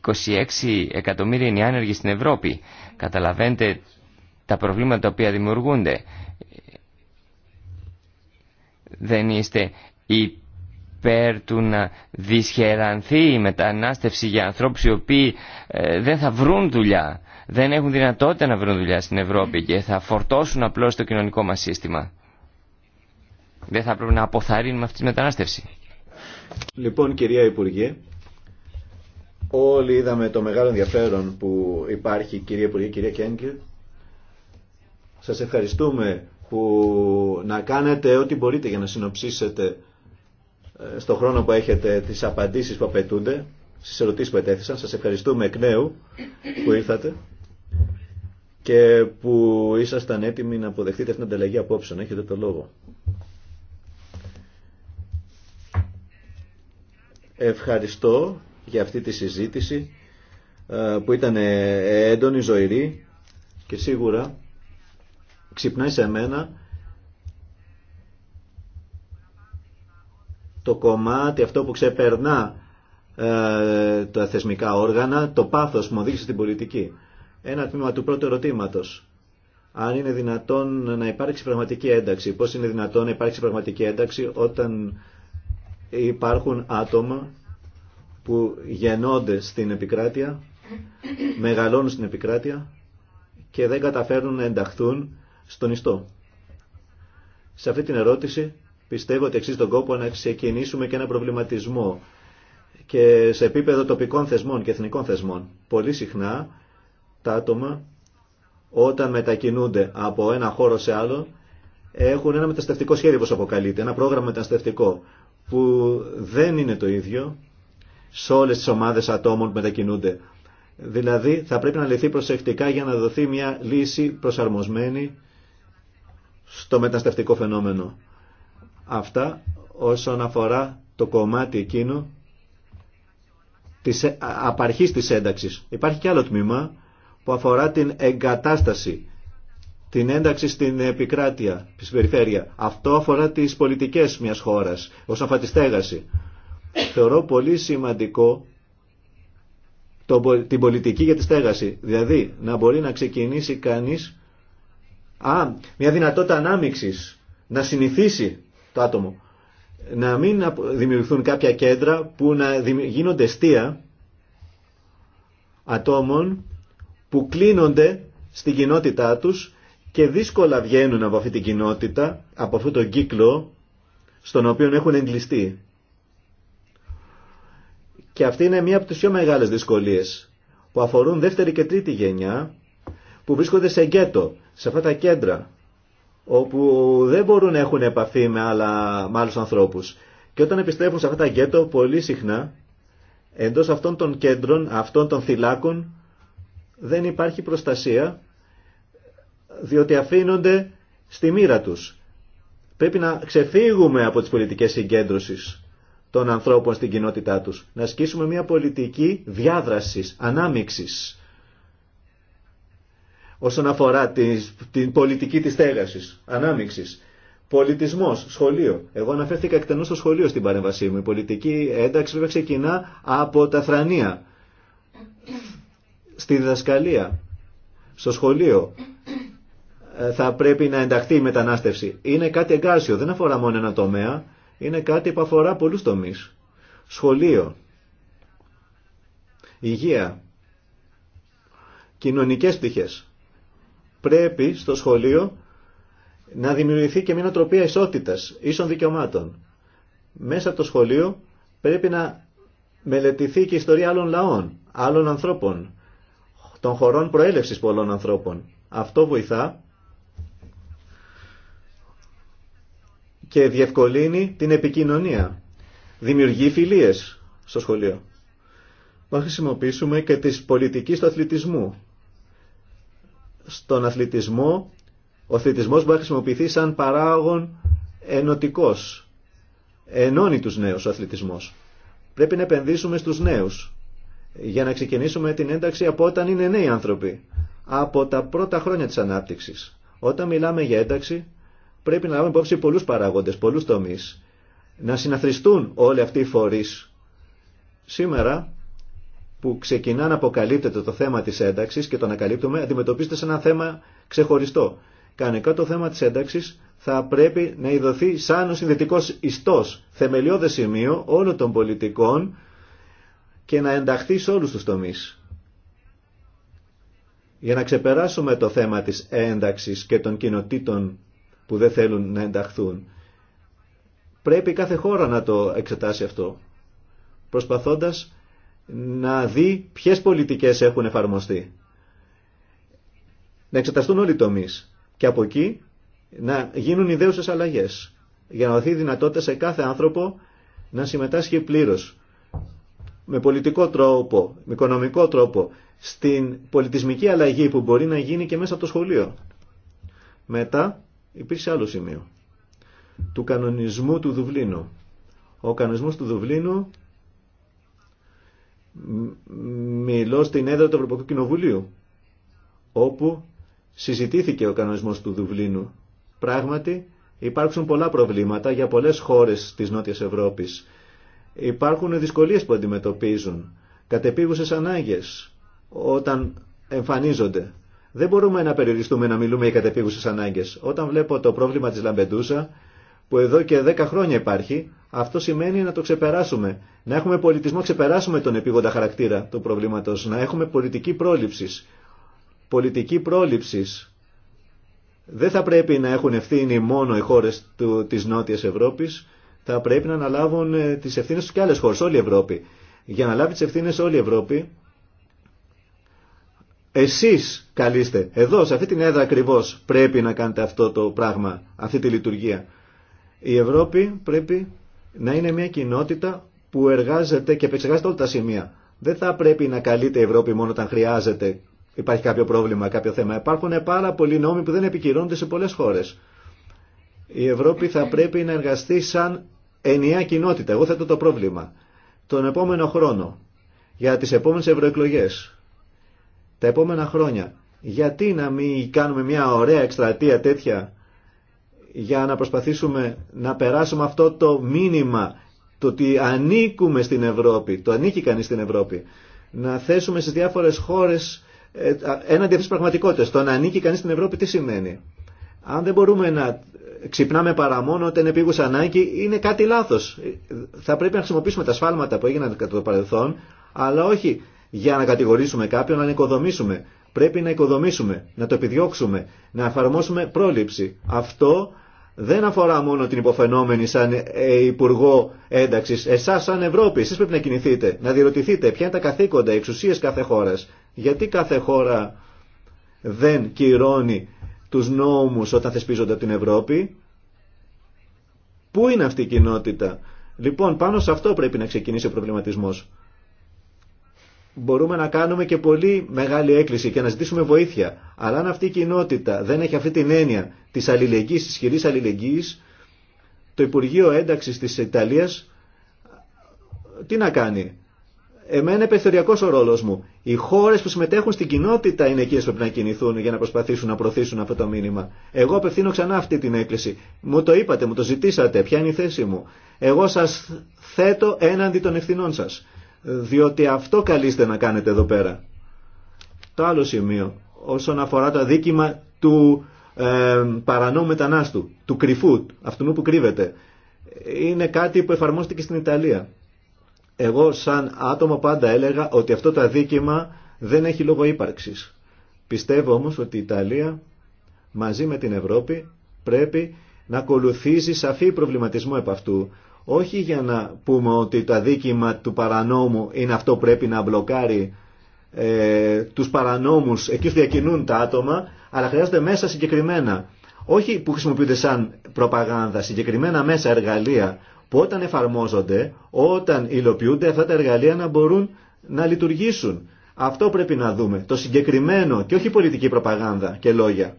26 εκατομμύρια είναι άνεργοι στην Ευρώπη. Καταλαβαίνετε τα προβλήματα τα οποία δημιουργούνται. Δεν είστε υπέρ του να δυσχερανθεί η μετανάστευση για ανθρώπους οι οποίοι ε, δεν θα βρουν δουλειά, δεν έχουν δυνατότητα να βρουν δουλειά στην Ευρώπη και θα φορτώσουν απλώς το κοινωνικό μας σύστημα. Δεν θα πρέπει να αποθαρρύνουμε αυτή τη μετανάστευση. Λοιπόν κυρία Υπουργέ, όλοι είδαμε το μεγάλο ενδιαφέρον που υπάρχει κυρία Υπουργέ, κυρία Κένγκελ σας ευχαριστούμε που να κάνετε ό,τι μπορείτε για να συνοψίσετε ε, στο χρόνο που έχετε τις απαντήσεις που απαιτούνται στις ερωτήσεις που ετέθησαν. Σας ευχαριστούμε εκ νέου που ήρθατε και που ήσασταν έτοιμοι να αποδεχτείτε αυτήν την ανταλλαγή να Έχετε το λόγο. Ευχαριστώ για αυτή τη συζήτηση ε, που ήταν έντονη, ζωηρή και σίγουρα ξυπνάει σε μένα το κομμάτι αυτό που ξεπερνά ε, τα θεσμικά όργανα, το πάθος που μου οδήγησε στην πολιτική. Ένα τμήμα του πρώτου ερωτήματος. Αν είναι δυνατόν να υπάρξει πραγματική ένταξη. Πώς είναι δυνατόν να υπάρξει πραγματική ένταξη όταν υπάρχουν άτομα που γεννώνται στην επικράτεια, μεγαλώνουν στην επικράτεια και δεν καταφέρνουν να ενταχθούν στον ιστό. Σε αυτή την ερώτηση πιστεύω ότι αξίζει τον κόπο να ξεκινήσουμε και ένα προβληματισμό και σε επίπεδο τοπικών θεσμών και εθνικών θεσμών. Πολύ συχνά τα άτομα όταν μετακινούνται από ένα χώρο σε άλλο έχουν ένα μεταστευτικό σχέδιο όπως αποκαλείται, ένα πρόγραμμα μεταστευτικό που δεν είναι το ίδιο σε όλες τις ομάδες ατόμων που μετακινούνται. Δηλαδή θα πρέπει να λυθεί προσεκτικά για να δοθεί μια λύση προσαρμοσμένη στο μεταστευτικό φαινόμενο. Αυτά όσον αφορά το κομμάτι εκείνο της απαρχής της ένταξης. Υπάρχει και άλλο τμήμα που αφορά την εγκατάσταση, την ένταξη στην επικράτεια, στην περιφέρεια. Αυτό αφορά τις πολιτικές μιας χώρας, όσον αφορά τη στέγαση. Θεωρώ πολύ σημαντικό την πολιτική για τη στέγαση. Δηλαδή να μπορεί να ξεκινήσει κανείς Α, μια δυνατότητα ανάμειξη να συνηθίσει το άτομο. Να μην δημιουργηθούν κάποια κέντρα που να γίνονται στεία ατόμων που κλείνονται στην κοινότητά τους και δύσκολα βγαίνουν από αυτή την κοινότητα, από αυτόν τον κύκλο στον οποίο έχουν εγκλειστεί. Και αυτή είναι μία από τις πιο μεγάλες δυσκολίες που αφορούν δεύτερη και τρίτη γενιά που βρίσκονται σε γκέτο, σε αυτά τα κέντρα, όπου δεν μπορούν να έχουν επαφή με, άλλα, με άλλους ανθρώπους. Και όταν επιστρέφουν σε αυτά τα γκέτο, πολύ συχνά, εντός αυτών των κέντρων, αυτών των θυλάκων, δεν υπάρχει προστασία, διότι αφήνονται στη μοίρα τους. Πρέπει να ξεφύγουμε από τις πολιτικές συγκέντρωσης των ανθρώπων στην κοινότητά τους. Να ασκήσουμε μια πολιτική διάδρασης, ανάμειξης όσον αφορά την πολιτική της στέγασης, ανάμειξης. Πολιτισμό, σχολείο. Εγώ αναφέρθηκα εκτενώ στο σχολείο στην παρέμβασή μου. Η πολιτική ένταξη βέβαια ξεκινά από τα θρανία. Στη διδασκαλία, στο σχολείο ε, θα πρέπει να ενταχθεί η μετανάστευση. Είναι κάτι εγκάσιο, δεν αφορά μόνο ένα τομέα, είναι κάτι που αφορά πολλού τομεί. Σχολείο, υγεία, Κοινωνικέ πτυχές πρέπει στο σχολείο να δημιουργηθεί και μια νοοτροπία ισότητας, ίσων δικαιωμάτων. Μέσα από το σχολείο πρέπει να μελετηθεί και η ιστορία άλλων λαών, άλλων ανθρώπων, των χωρών προέλευσης πολλών ανθρώπων. Αυτό βοηθά και διευκολύνει την επικοινωνία. Δημιουργεί φιλίες στο σχολείο. Να χρησιμοποιήσουμε και τις πολιτικές του αθλητισμού στον αθλητισμό, ο αθλητισμός μπορεί να χρησιμοποιηθεί σαν παράγον ενωτικός. Ενώνει τους νέους ο αθλητισμός. Πρέπει να επενδύσουμε στους νέους για να ξεκινήσουμε την ένταξη από όταν είναι νέοι άνθρωποι, από τα πρώτα χρόνια της ανάπτυξης. Όταν μιλάμε για ένταξη πρέπει να λάβουμε υπόψη πολλούς παράγοντες, πολλούς τομείς, να συναθριστούν όλοι αυτοί οι φορείς. Σήμερα που ξεκινά να αποκαλύπτεται το θέμα της ένταξης και το ανακαλύπτουμε, αντιμετωπίζεται σε ένα θέμα ξεχωριστό. Κανονικά το θέμα της ένταξης θα πρέπει να ειδωθεί σαν ο συνδετικός ιστός, θεμελιώδες σημείο όλων των πολιτικών και να ενταχθεί σε όλους τους τομείς. Για να ξεπεράσουμε το θέμα της ένταξης και των κοινοτήτων που δεν θέλουν να ενταχθούν, πρέπει κάθε χώρα να το εξετάσει αυτό, προσπαθώντας να δει ποιες πολιτικές έχουν εφαρμοστεί. Να εξεταστούν όλοι οι τομείς και από εκεί να γίνουν ιδέουσες αλλαγές για να δοθεί δυνατότητα σε κάθε άνθρωπο να συμμετάσχει πλήρως με πολιτικό τρόπο, με οικονομικό τρόπο στην πολιτισμική αλλαγή που μπορεί να γίνει και μέσα από το σχολείο. Μετά υπήρξε άλλο σημείο του κανονισμού του Δουβλίνου. Ο κανονισμός του Δουβλίνου μιλώ στην έδρα του Ευρωπαϊκού Κοινοβουλίου, όπου συζητήθηκε ο κανονισμός του Δουβλίνου. Πράγματι, υπάρχουν πολλά προβλήματα για πολλές χώρες της Νότιας Ευρώπης. Υπάρχουν δυσκολίες που αντιμετωπίζουν, κατεπίγουσες ανάγκες όταν εμφανίζονται. Δεν μπορούμε να περιοριστούμε να μιλούμε για κατεπίγουσες ανάγκες. Όταν βλέπω το πρόβλημα της Λαμπεντούσα, που εδώ και 10 χρόνια υπάρχει, αυτό σημαίνει να το ξεπεράσουμε να έχουμε πολιτισμό, ξεπεράσουμε τον επίγοντα χαρακτήρα του προβλήματο. Να έχουμε πολιτική πρόληψη. Πολιτική πρόληψη Δεν θα πρέπει να έχουν ευθύνη μόνο οι χώρε τη νότια Ευρώπη. Θα πρέπει να αναλάβουν ε, τι ευθύνε του και άλλε χώρε, όλη η Ευρώπη. Για να λάβει τι ευθύνε όλη η Ευρώπη, Εσεί καλείστε, εδώ σε αυτή την έδρα ακριβώ πρέπει να κάνετε αυτό το πράγμα, αυτή τη λειτουργία. Η Ευρώπη πρέπει να είναι μια κοινότητα που εργάζεται και επεξεργάζεται όλα τα σημεία. Δεν θα πρέπει να καλείται η Ευρώπη μόνο όταν χρειάζεται, υπάρχει κάποιο πρόβλημα, κάποιο θέμα. Υπάρχουν πάρα πολλοί νόμοι που δεν επικυρώνονται σε πολλέ χώρε. Η Ευρώπη θα πρέπει να εργαστεί σαν ενιαία κοινότητα. Εγώ θέτω το πρόβλημα. Τον επόμενο χρόνο, για τι επόμενε ευρωεκλογέ. τα επόμενα χρόνια, γιατί να μην κάνουμε μια ωραία εκστρατεία τέτοια για να προσπαθήσουμε να περάσουμε αυτό το μήνυμα το ότι ανήκουμε στην Ευρώπη, το ανήκει κανείς στην Ευρώπη, να θέσουμε στις διάφορες χώρες ε, έναντι αυτής της πραγματικότητας. Το να ανήκει κανείς στην Ευρώπη τι σημαίνει. Αν δεν μπορούμε να ξυπνάμε παρά μόνο όταν είναι επίγουσα ανάγκη, είναι κάτι λάθος. Θα πρέπει να χρησιμοποιήσουμε τα σφάλματα που έγιναν κατά το παρελθόν, αλλά όχι για να κατηγορήσουμε κάποιον, να οικοδομήσουμε. Πρέπει να οικοδομήσουμε, να το επιδιώξουμε, να εφαρμόσουμε πρόληψη. Αυτό δεν αφορά μόνο την υποφαινόμενη σαν ε, Υπουργό Ένταξη. Εσά, σαν Ευρώπη, εσεί πρέπει να κινηθείτε, να διερωτηθείτε ποια είναι τα καθήκοντα, οι εξουσίε κάθε χώρα. Γιατί κάθε χώρα δεν κυρώνει του νόμου όταν θεσπίζονται από την Ευρώπη. Πού είναι αυτή η κοινότητα. Λοιπόν, πάνω σε αυτό πρέπει να ξεκινήσει ο προβληματισμό μπορούμε να κάνουμε και πολύ μεγάλη έκκληση και να ζητήσουμε βοήθεια. Αλλά αν αυτή η κοινότητα δεν έχει αυτή την έννοια της αλληλεγγύης, της ισχυρής αλληλεγγύης, το Υπουργείο Ένταξης της Ιταλίας τι να κάνει. Εμένα είναι περιθωριακό ο ρόλο μου. Οι χώρε που συμμετέχουν στην κοινότητα είναι εκείνε που πρέπει να κινηθούν για να προσπαθήσουν να προωθήσουν αυτό το μήνυμα. Εγώ απευθύνω ξανά αυτή την έκκληση. Μου το είπατε, μου το ζητήσατε, ποια είναι η θέση μου. Εγώ σα θέτω έναντι των ευθυνών σα διότι αυτό καλείστε να κάνετε εδώ πέρα. Το άλλο σημείο, όσον αφορά το αδίκημα του ε, παρανόμου μετανάστου, του κρυφού, αυτού που κρύβεται, είναι κάτι που εφαρμόστηκε στην Ιταλία. Εγώ σαν άτομο πάντα έλεγα ότι αυτό το αδίκημα δεν έχει λόγο ύπαρξης. Πιστεύω όμως ότι η Ιταλία μαζί με την Ευρώπη πρέπει να ακολουθήσει σαφή προβληματισμό επ' αυτού. Όχι για να πούμε ότι το αδίκημα του παρανόμου είναι αυτό που πρέπει να μπλοκάρει ε, τους παρανόμους εκεί που διακινούν τα άτομα, αλλά χρειάζονται μέσα συγκεκριμένα. Όχι που χρησιμοποιούνται σαν προπαγάνδα, συγκεκριμένα μέσα εργαλεία που όταν εφαρμόζονται, όταν υλοποιούνται αυτά τα εργαλεία να μπορούν να λειτουργήσουν. Αυτό πρέπει να δούμε. Το συγκεκριμένο και όχι πολιτική προπαγάνδα και λόγια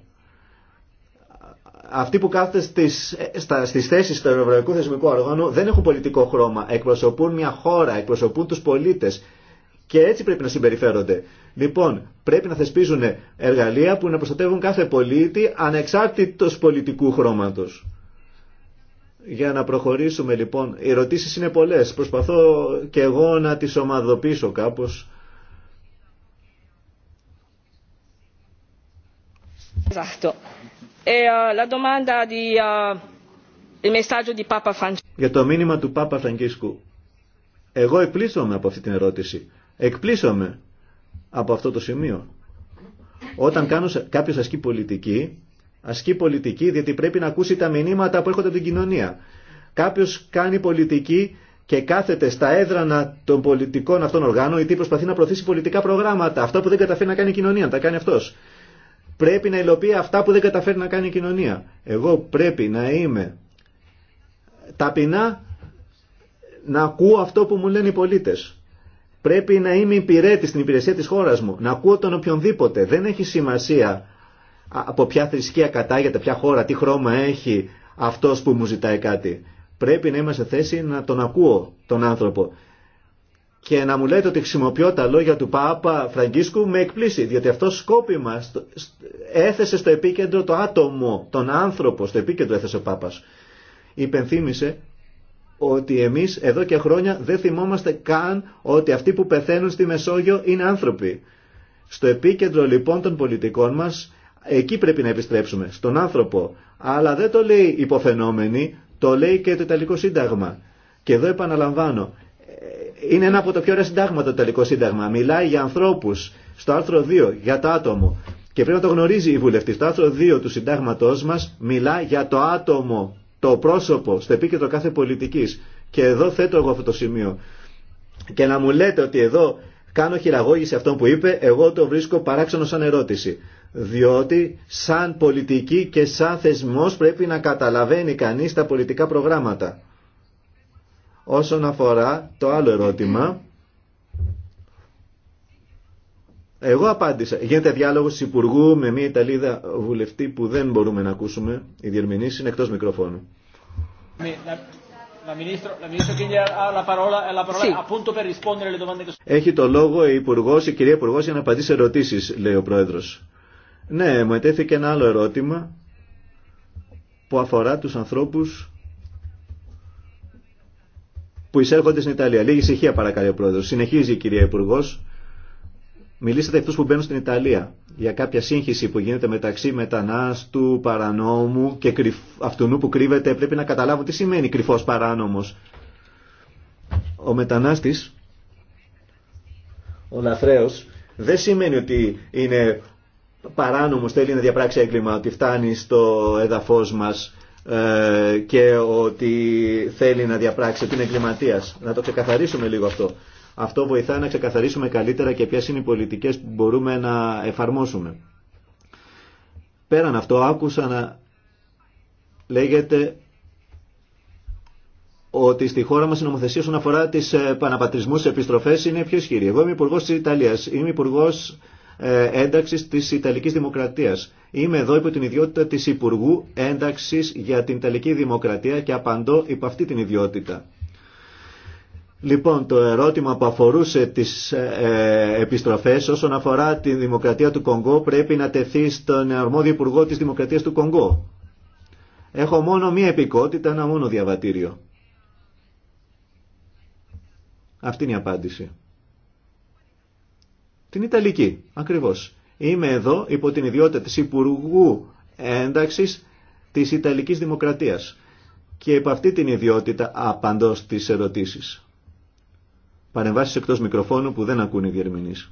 αυτοί που κάθεται στις, στα, στις θέσεις του Ευρωπαϊκού Θεσμικού Οργάνου δεν έχουν πολιτικό χρώμα, εκπροσωπούν μια χώρα, εκπροσωπούν τους πολίτες και έτσι πρέπει να συμπεριφέρονται. Λοιπόν, πρέπει να θεσπίζουν εργαλεία που να προστατεύουν κάθε πολίτη ανεξάρτητος πολιτικού χρώματος. Για να προχωρήσουμε λοιπόν, οι ερωτήσεις είναι πολλές, προσπαθώ και εγώ να τις ομαδοποιήσω κάπως. E, uh, uh, Για το μήνυμα του Πάπα Φραγκίσκου. Εγώ εκπλήσωμαι από αυτή την ερώτηση. Εκπλήσωμαι από αυτό το σημείο. Όταν κάνω κάποιος ασκεί πολιτική, ασκεί πολιτική διότι πρέπει να ακούσει τα μηνύματα που έρχονται από την κοινωνία. Κάποιο κάνει πολιτική και κάθεται στα έδρανα των πολιτικών αυτών οργάνων, γιατί προσπαθεί να προωθήσει πολιτικά προγράμματα. Αυτό που δεν καταφέρει να κάνει η κοινωνία, να τα κάνει αυτό πρέπει να υλοποιεί αυτά που δεν καταφέρει να κάνει η κοινωνία. Εγώ πρέπει να είμαι ταπεινά να ακούω αυτό που μου λένε οι πολίτες. Πρέπει να είμαι υπηρέτη στην υπηρεσία της χώρας μου, να ακούω τον οποιονδήποτε. Δεν έχει σημασία από ποια θρησκεία κατάγεται, ποια χώρα, τι χρώμα έχει αυτός που μου ζητάει κάτι. Πρέπει να είμαι σε θέση να τον ακούω τον άνθρωπο και να μου λέτε ότι χρησιμοποιώ τα λόγια του Πάπα Φραγκίσκου με εκπλήσει, διότι αυτό σκόπιμα έθεσε στο επίκεντρο το άτομο, τον άνθρωπο, στο επίκεντρο έθεσε ο Πάπας. Υπενθύμησε ότι εμείς εδώ και χρόνια δεν θυμόμαστε καν ότι αυτοί που πεθαίνουν στη Μεσόγειο είναι άνθρωποι. Στο επίκεντρο λοιπόν των πολιτικών μας, εκεί πρέπει να επιστρέψουμε, στον άνθρωπο. Αλλά δεν το λέει υποφαινόμενοι, το λέει και το Ιταλικό Σύνταγμα. Και εδώ επαναλαμβάνω, είναι ένα από τα πιο ωραία συντάγματα το τελικό σύνταγμα. Μιλάει για ανθρώπου στο άρθρο 2, για το άτομο. Και πρέπει να το γνωρίζει η βουλευτή. Το άρθρο 2 του συντάγματό μα μιλά για το άτομο, το πρόσωπο, στο επίκεντρο κάθε πολιτική. Και εδώ θέτω εγώ αυτό το σημείο. Και να μου λέτε ότι εδώ κάνω χειραγώγηση αυτό που είπε, εγώ το βρίσκω παράξενο σαν ερώτηση. Διότι σαν πολιτική και σαν θεσμό πρέπει να καταλαβαίνει κανεί τα πολιτικά προγράμματα. Όσον αφορά το άλλο ερώτημα, εγώ απάντησα. Γίνεται διάλογος Υπουργού με μια Ιταλίδα βουλευτή που δεν μπορούμε να ακούσουμε. η διερμηνής είναι εκτός μικροφώνου. Έχει το λόγο η Υπουργός, η κυρία Υπουργός για να απαντήσει ερωτήσεις, λέει ο Πρόεδρος. Ναι, μου ετέθηκε ένα άλλο ερώτημα που αφορά τους ανθρώπους που εισέρχονται στην Ιταλία. Λίγη ησυχία παρακαλεί ο πρόεδρος. Συνεχίζει η κυρία Υπουργό. Μιλήσατε αυτού που μπαίνουν στην Ιταλία για κάποια σύγχυση που γίνεται μεταξύ μετανάστου, παρανόμου και κρυφ... αυτού που κρύβεται. Πρέπει να καταλάβουν τι σημαίνει κρυφό παράνομο. Ο μετανάστης, ο λαθρέο, δεν σημαίνει ότι είναι παράνομο θέλει να διαπράξει έγκλημα, ότι φτάνει στο έδαφο μα. Ε, και ότι θέλει να διαπράξει, την είναι εγκληματία. Να το ξεκαθαρίσουμε λίγο αυτό. Αυτό βοηθά να ξεκαθαρίσουμε καλύτερα και ποιε είναι οι πολιτικέ που μπορούμε να εφαρμόσουμε. Πέραν αυτό, άκουσα να λέγεται ότι στη χώρα μα η νομοθεσία όσον αφορά τι ε, παναπατρισμού επιστροφέ είναι πιο ισχυρή. Εγώ είμαι υπουργό τη Ιταλία. Είμαι υπουργό ε, ένταξη τη Ιταλική Δημοκρατία. Είμαι εδώ υπό την ιδιότητα της Υπουργού Ένταξης για την Ιταλική Δημοκρατία και απαντώ υπό αυτή την ιδιότητα. Λοιπόν, το ερώτημα που αφορούσε τις ε, επιστροφές όσον αφορά τη Δημοκρατία του Κονγκό πρέπει να τεθεί στον αρμόδιο Υπουργό της Δημοκρατίας του Κονγκό. Έχω μόνο μία επικότητα, ένα μόνο διαβατήριο. Αυτή είναι η απάντηση. Την Ιταλική, ακριβώς. Είμαι εδώ υπό την ιδιότητα της Υπουργού Ένταξης της Ιταλικής Δημοκρατίας και υπό αυτή την ιδιότητα απαντώ στις ερωτήσεις. Παρεμβάσεις εκτός μικροφώνου που δεν ακούν οι διερμηνείς.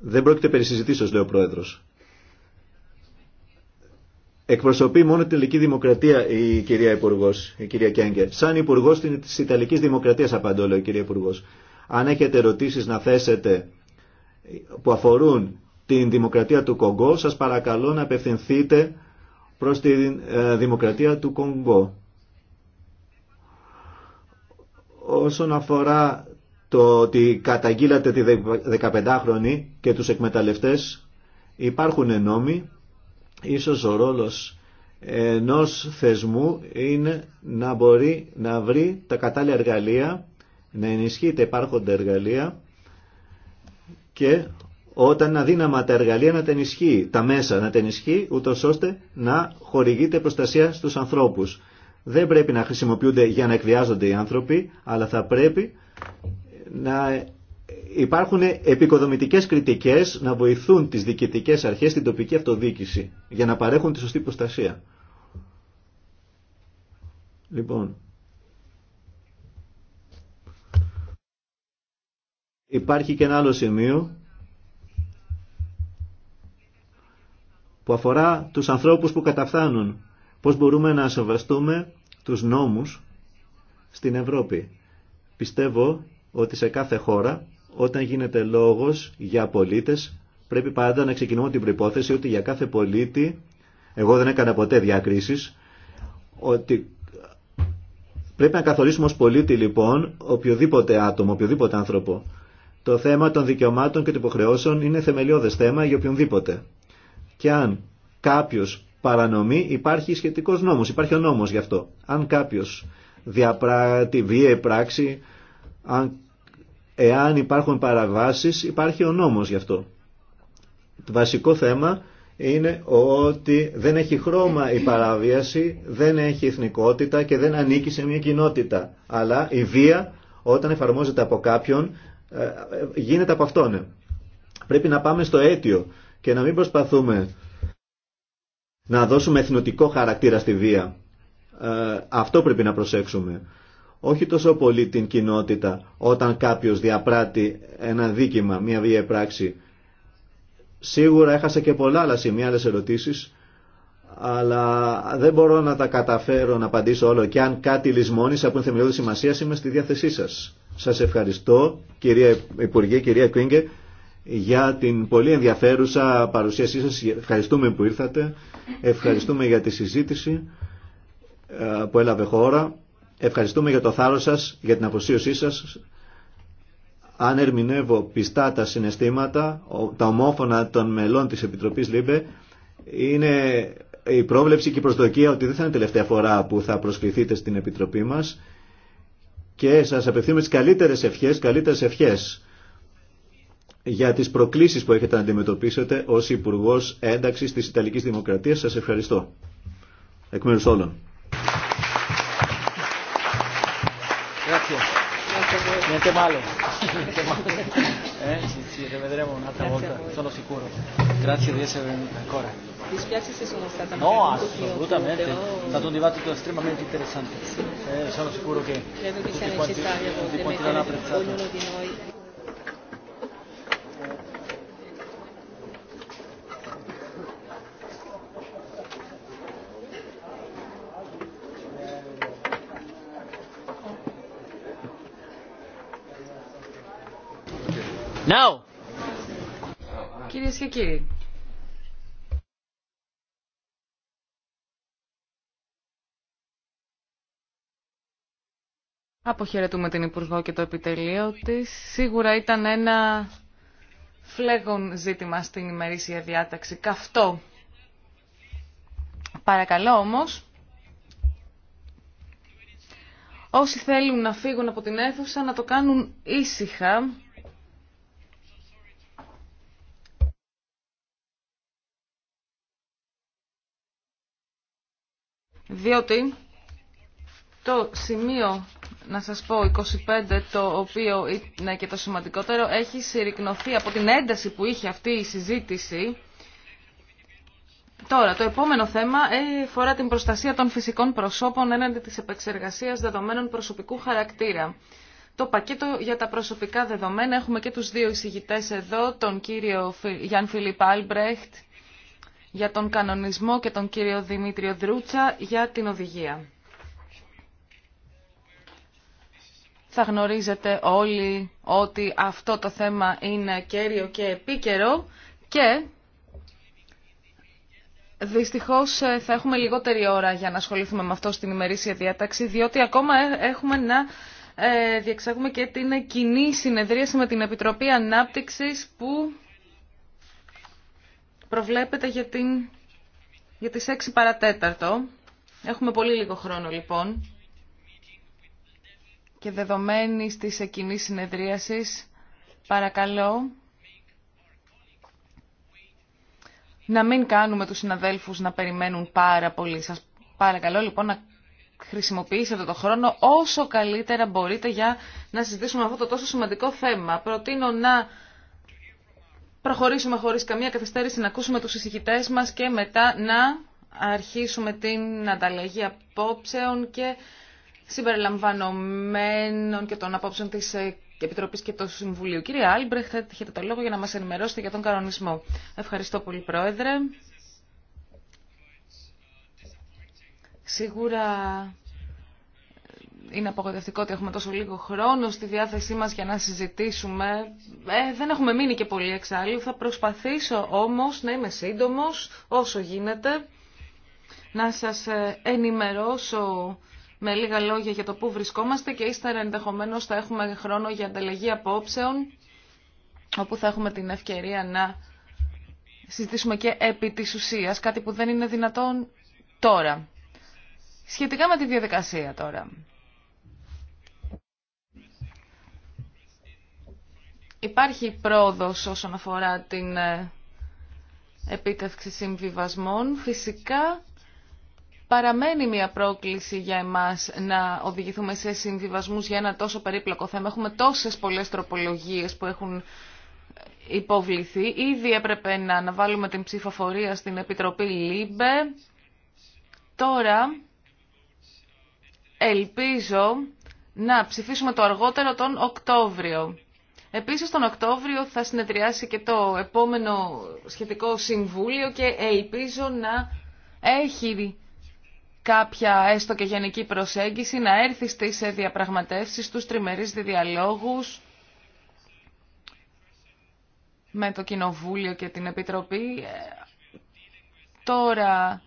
Δεν πρόκειται περί συζητήσεως, λέει ο Πρόεδρος. Εκπροσωπεί μόνο την Ιταλική Δημοκρατία η κυρία Υπουργό, η κυρία Κέγκερ. Σαν Υπουργό τη Ιταλική Δημοκρατία, απαντώ, λέει ο κυρία Υπουργό. Αν έχετε ερωτήσει να θέσετε που αφορούν την δημοκρατία του Κονγκό, σας παρακαλώ να απευθυνθείτε προς τη ε, δημοκρατία του Κονγκό. Όσον αφορά το ότι καταγγείλατε τη 15χρονη και τους εκμεταλλευτές, υπάρχουν νόμοι, ίσως ο ρόλος ενός θεσμού είναι να μπορεί να βρει τα κατάλληλα εργαλεία, να ενισχύει τα υπάρχοντα εργαλεία, και όταν είναι αδύναμα τα εργαλεία να τα ενισχύει, τα μέσα να τα ενισχύει, ούτως ώστε να χορηγείται προστασία στους ανθρώπους. Δεν πρέπει να χρησιμοποιούνται για να εκβιάζονται οι άνθρωποι, αλλά θα πρέπει να υπάρχουν επικοδομητικές κριτικές να βοηθούν τις διοικητικές αρχές στην τοπική αυτοδίκηση για να παρέχουν τη σωστή προστασία. Λοιπόν, Υπάρχει και ένα άλλο σημείο που αφορά τους ανθρώπους που καταφθάνουν. Πώς μπορούμε να σεβαστούμε τους νόμους στην Ευρώπη. Πιστεύω ότι σε κάθε χώρα όταν γίνεται λόγος για πολίτες πρέπει πάντα να ξεκινούμε την προϋπόθεση ότι για κάθε πολίτη, εγώ δεν έκανα ποτέ διακρίσεις, ότι πρέπει να καθορίσουμε ως πολίτη λοιπόν οποιοδήποτε άτομο, οποιοδήποτε άνθρωπο. Το θέμα των δικαιωμάτων και των υποχρεώσεων είναι θεμελιώδες θέμα για οποιονδήποτε. Και αν κάποιο παρανομεί υπάρχει σχετικό νόμο, υπάρχει ο νόμο γι' αυτό. Αν κάποιο διαπράττει βία η πράξη, αν, εάν υπάρχουν παραβάσει, υπάρχει ο νόμο γι' αυτό. Το βασικό θέμα είναι ότι δεν έχει χρώμα η παραβίαση, δεν έχει εθνικότητα και δεν ανήκει σε μια κοινότητα. Αλλά η βία όταν εφαρμόζεται από κάποιον ε, ε, γίνεται από αυτόν. Πρέπει να πάμε στο αίτιο και να μην προσπαθούμε να δώσουμε εθνοτικό χαρακτήρα στη βία. Ε, αυτό πρέπει να προσέξουμε. Όχι τόσο πολύ την κοινότητα όταν κάποιος διαπράττει ένα δίκημα, μια βία πράξη. Σίγουρα έχασα και πολλά άλλα σημεία, άλλες ερωτήσεις, αλλά δεν μπορώ να τα καταφέρω να απαντήσω όλο και αν κάτι λησμόνησα που είναι θεμελιώδη σημασία είμαι στη διάθεσή σας. Σας ευχαριστώ κυρία Υπουργέ, κυρία Κουίνγκε για την πολύ ενδιαφέρουσα παρουσίασή σας. Ευχαριστούμε που ήρθατε. Ευχαριστούμε για τη συζήτηση ε, που έλαβε χώρα. Ευχαριστούμε για το θάρρος σας, για την αποσίωσή σας. Αν ερμηνεύω πιστά τα συναισθήματα, τα ομόφωνα των μελών της Επιτροπής ΛΥΜΠΕ, είναι η πρόβλεψη και η προσδοκία ότι δεν θα είναι τελευταία φορά που θα προσκληθείτε στην Επιτροπή μας και σας απευθύνουμε τις καλύτερες ευχές, καλύτερες ευχές για τις προκλήσεις που έχετε να αντιμετωπίσετε ως υπουργό Ένταξης της Ιταλικής Δημοκρατίας. Σας ευχαριστώ. Εκ μέρους όλων. Eh? Sì, ci rivedremo un'altra volta, sono sicuro. Grazie di essere venuta ancora. Mi dispiace se sono stata No, assolutamente. È stato un dibattito estremamente interessante. Eh, sono sicuro che credo che sia necessario tutti quanti l'hanno apprezzato. Ognuno di noi Now. Κυρίες και κύριοι, αποχαιρετούμε την Υπουργό και το επιτελείο της. Σίγουρα ήταν ένα φλέγον ζήτημα στην ημερήσια διάταξη. Καυτό. Παρακαλώ όμως, όσοι θέλουν να φύγουν από την αίθουσα να το κάνουν ήσυχα διότι το σημείο, να σας πω, 25, το οποίο είναι και το σημαντικότερο, έχει συρρυκνωθεί από την ένταση που είχε αυτή η συζήτηση. Τώρα, το επόμενο θέμα αφορά ε, την προστασία των φυσικών προσώπων έναντι της επεξεργασίας δεδομένων προσωπικού χαρακτήρα. Το πακέτο για τα προσωπικά δεδομένα, έχουμε και τους δύο εισηγητές εδώ, τον κύριο Γιάνν Φιλίπ Άλμπρεχτ, για τον κανονισμό και τον κύριο Δημήτριο Δρούτσα για την οδηγία. Θα γνωρίζετε όλοι ότι αυτό το θέμα είναι κέριο και επίκαιρο και δυστυχώς ε, θα έχουμε λιγότερη ώρα για να ασχοληθούμε με αυτό στην ημερήσια διάταξη διότι ακόμα ε, έχουμε να ε, διεξάγουμε και την κοινή συνεδρίαση με την Επιτροπή Ανάπτυξης που προβλέπεται για, την... για τις 6 παρατέταρτο. Έχουμε πολύ λίγο χρόνο λοιπόν. Και δεδομένη της εκείνης συνεδρίασης, παρακαλώ να μην κάνουμε τους συναδέλφους να περιμένουν πάρα πολύ. Σας παρακαλώ λοιπόν να χρησιμοποιήσετε το χρόνο όσο καλύτερα μπορείτε για να συζητήσουμε αυτό το τόσο σημαντικό θέμα. Προτείνω να προχωρήσουμε χωρίς καμία καθυστέρηση να ακούσουμε τους συζητητές μας και μετά να αρχίσουμε την ανταλλαγή απόψεων και συμπεριλαμβανομένων και των απόψεων της ε, Επιτροπής και του Συμβουλίου. Κύριε Άλμπρεχτ, έχετε το λόγο για να μας ενημερώσετε για τον κανονισμό. Ευχαριστώ πολύ, Πρόεδρε. Σίγουρα είναι απογοητευτικό ότι έχουμε τόσο λίγο χρόνο στη διάθεσή μας για να συζητήσουμε. Ε, δεν έχουμε μείνει και πολύ εξάλλου. Θα προσπαθήσω όμως να είμαι σύντομος όσο γίνεται. Να σας ε, ενημερώσω με λίγα λόγια για το πού βρισκόμαστε και ύστερα ενδεχομένω θα έχουμε χρόνο για ανταλλαγή απόψεων όπου θα έχουμε την ευκαιρία να συζητήσουμε και επί της ουσίας, κάτι που δεν είναι δυνατόν τώρα. Σχετικά με τη διαδικασία τώρα. Υπάρχει πρόοδος όσον αφορά την ε, επίτευξη συμβιβασμών. Φυσικά παραμένει μια πρόκληση για εμάς να οδηγηθούμε σε συμβιβασμούς για ένα τόσο περίπλοκο θέμα. Έχουμε τόσες πολλές τροπολογίες που έχουν υποβληθεί. Ήδη έπρεπε να αναβάλουμε την ψηφοφορία στην Επιτροπή ΛΥΜΠΕ. Τώρα ελπίζω να ψηφίσουμε το αργότερο τον Οκτώβριο. Επίσης τον Οκτώβριο θα συνεδριάσει και το επόμενο σχετικό συμβούλιο και ελπίζω να έχει κάποια έστω και γενική προσέγγιση, να έρθει στις διαπραγματεύσεις, στους τριμερείς διαλόγους με το Κοινοβούλιο και την Επιτροπή. Ε, τώρα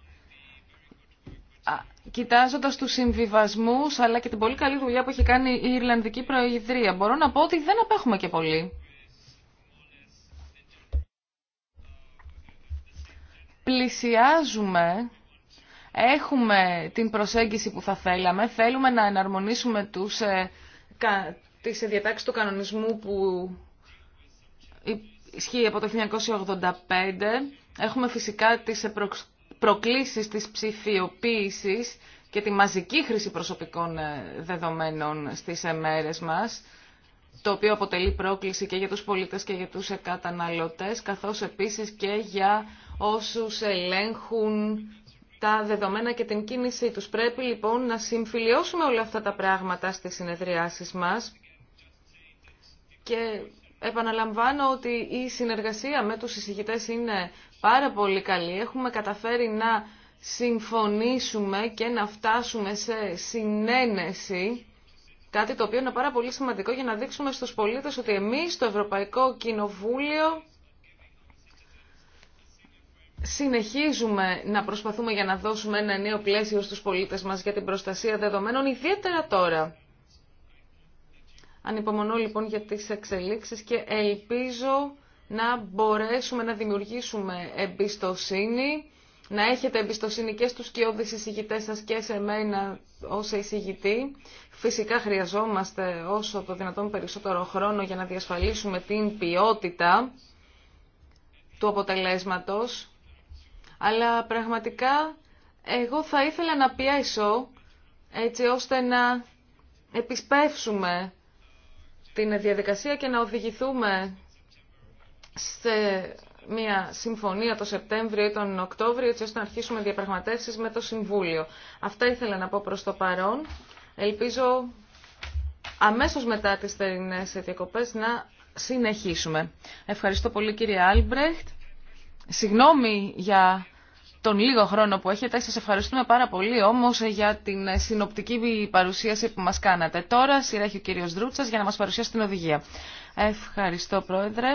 κοιτάζοντας τους συμβιβασμούς αλλά και την πολύ καλή δουλειά που έχει κάνει η Ιρλανδική Προεδρία, μπορώ να πω ότι δεν απέχουμε και πολύ. Πλησιάζουμε, έχουμε την προσέγγιση που θα θέλαμε, θέλουμε να εναρμονίσουμε τους, ε, τις διατάξεις του κανονισμού που ισχύει από το 1985. Έχουμε φυσικά τις προκλήσεις της ψηφιοποίησης και τη μαζική χρήση προσωπικών ε, δεδομένων στις εμέρες μας, το οποίο αποτελεί πρόκληση και για τους πολίτες και για τους καταναλωτές, καθώς επίσης και για όσους ελέγχουν τα δεδομένα και την κίνησή τους. Πρέπει λοιπόν να συμφιλιώσουμε όλα αυτά τα πράγματα στις συνεδριάσεις μας και Επαναλαμβάνω ότι η συνεργασία με τους συζητητές είναι πάρα πολύ καλή. Έχουμε καταφέρει να συμφωνήσουμε και να φτάσουμε σε συνένεση, κάτι το οποίο είναι πάρα πολύ σημαντικό για να δείξουμε στους πολίτες ότι εμείς το Ευρωπαϊκό Κοινοβούλιο συνεχίζουμε να προσπαθούμε για να δώσουμε ένα νέο πλαίσιο στους πολίτες μας για την προστασία δεδομένων, ιδιαίτερα τώρα Ανυπομονώ λοιπόν για τις εξελίξεις και ελπίζω να μπορέσουμε να δημιουργήσουμε εμπιστοσύνη, να έχετε εμπιστοσύνη και στους κοιόδης εισηγητές σας και σε μένα ως εισηγητή. Φυσικά χρειαζόμαστε όσο το δυνατόν περισσότερο χρόνο για να διασφαλίσουμε την ποιότητα του αποτελέσματος, αλλά πραγματικά εγώ θα ήθελα να πιέσω έτσι ώστε να επισπεύσουμε την διαδικασία και να οδηγηθούμε σε μια συμφωνία το Σεπτέμβριο ή τον Οκτώβριο έτσι ώστε να αρχίσουμε διαπραγματεύσεις με το Συμβούλιο. Αυτά ήθελα να πω προς το παρόν. Ελπίζω αμέσως μετά τις θερινές διακοπές να συνεχίσουμε. Ευχαριστώ πολύ κύριε Άλμπρεχτ. Συγγνώμη για τον λίγο χρόνο που έχετε. Σας ευχαριστούμε πάρα πολύ όμως για την συνοπτική παρουσίαση που μας κάνατε. Τώρα σειρά έχει ο κύριος Δρούτσας για να μας παρουσιάσει την οδηγία. Ευχαριστώ Πρόεδρε.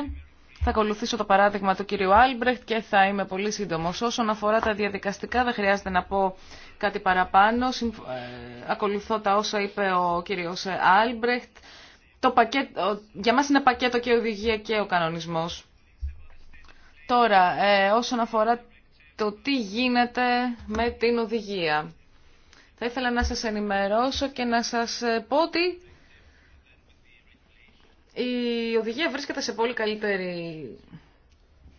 Θα ακολουθήσω το παράδειγμα του κύριου Άλμπρεχτ και θα είμαι πολύ σύντομο. Όσον αφορά τα διαδικαστικά δεν χρειάζεται να πω κάτι παραπάνω. Ε, ακολουθώ τα όσα είπε ο κύριος Άλμπρεχτ. Το πακέτο, για μας είναι πακέτο και οδηγία και ο κανονισμός. Τώρα, ε, όσον αφορά το τι γίνεται με την οδηγία. Θα ήθελα να σας ενημερώσω και να σας πω ότι η οδηγία βρίσκεται σε πολύ καλύτερη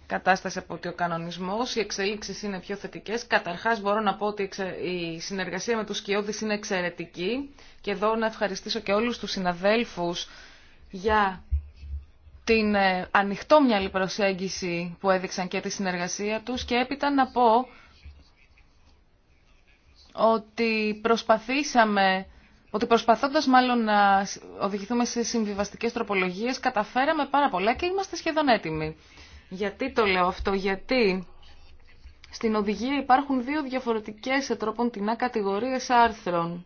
κατάσταση από ότι ο κανονισμός. Οι εξελίξεις είναι πιο θετικές. Καταρχάς μπορώ να πω ότι η συνεργασία με τους σκιώδεις είναι εξαιρετική. Και εδώ να ευχαριστήσω και όλους τους συναδέλφους για την ε, ανοιχτόμυαλη προσέγγιση που έδειξαν και τη συνεργασία τους και έπειτα να πω ότι προσπαθήσαμε, ότι προσπαθώντας μάλλον να οδηγηθούμε σε συμβιβαστικές τροπολογίες καταφέραμε πάρα πολλά και είμαστε σχεδόν έτοιμοι. Γιατί το λέω αυτό, γιατί στην οδηγία υπάρχουν δύο διαφορετικές σε τρόπον την κατηγορίες άρθρων.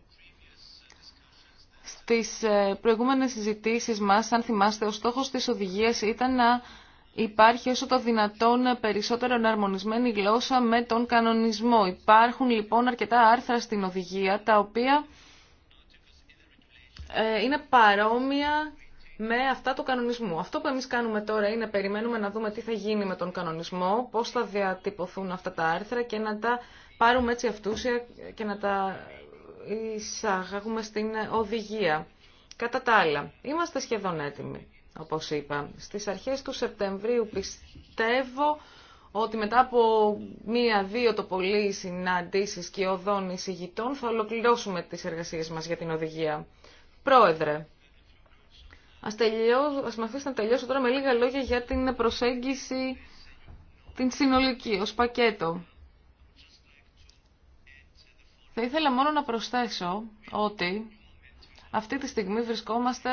Στις ε, προηγούμενες συζητήσεις μας, αν θυμάστε, ο στόχος της οδηγίας ήταν να υπάρχει όσο το δυνατόν περισσότερο εναρμονισμένη γλώσσα με τον κανονισμό. Υπάρχουν λοιπόν αρκετά άρθρα στην οδηγία τα οποία ε, είναι παρόμοια με αυτά του κανονισμού. Αυτό που εμείς κάνουμε τώρα είναι περιμένουμε να δούμε τι θα γίνει με τον κανονισμό, πώς θα διατυπωθούν αυτά τα άρθρα και να τα πάρουμε έτσι αυτούσια και να τα εισάγαγουμε στην οδηγία. Κατά τα άλλα, είμαστε σχεδόν έτοιμοι, όπως είπα. Στις αρχές του Σεπτεμβρίου πιστεύω ότι μετά από μία-δύο το πολύ συναντήσεις και οδών εισηγητών θα ολοκληρώσουμε τις εργασίες μας για την οδηγία. Πρόεδρε, ας, τελειώ, ας με αφήσετε να τελειώσω τώρα με λίγα λόγια για την προσέγγιση την συνολική, ως πακέτο. Θα ήθελα μόνο να προσθέσω ότι αυτή τη στιγμή βρισκόμαστε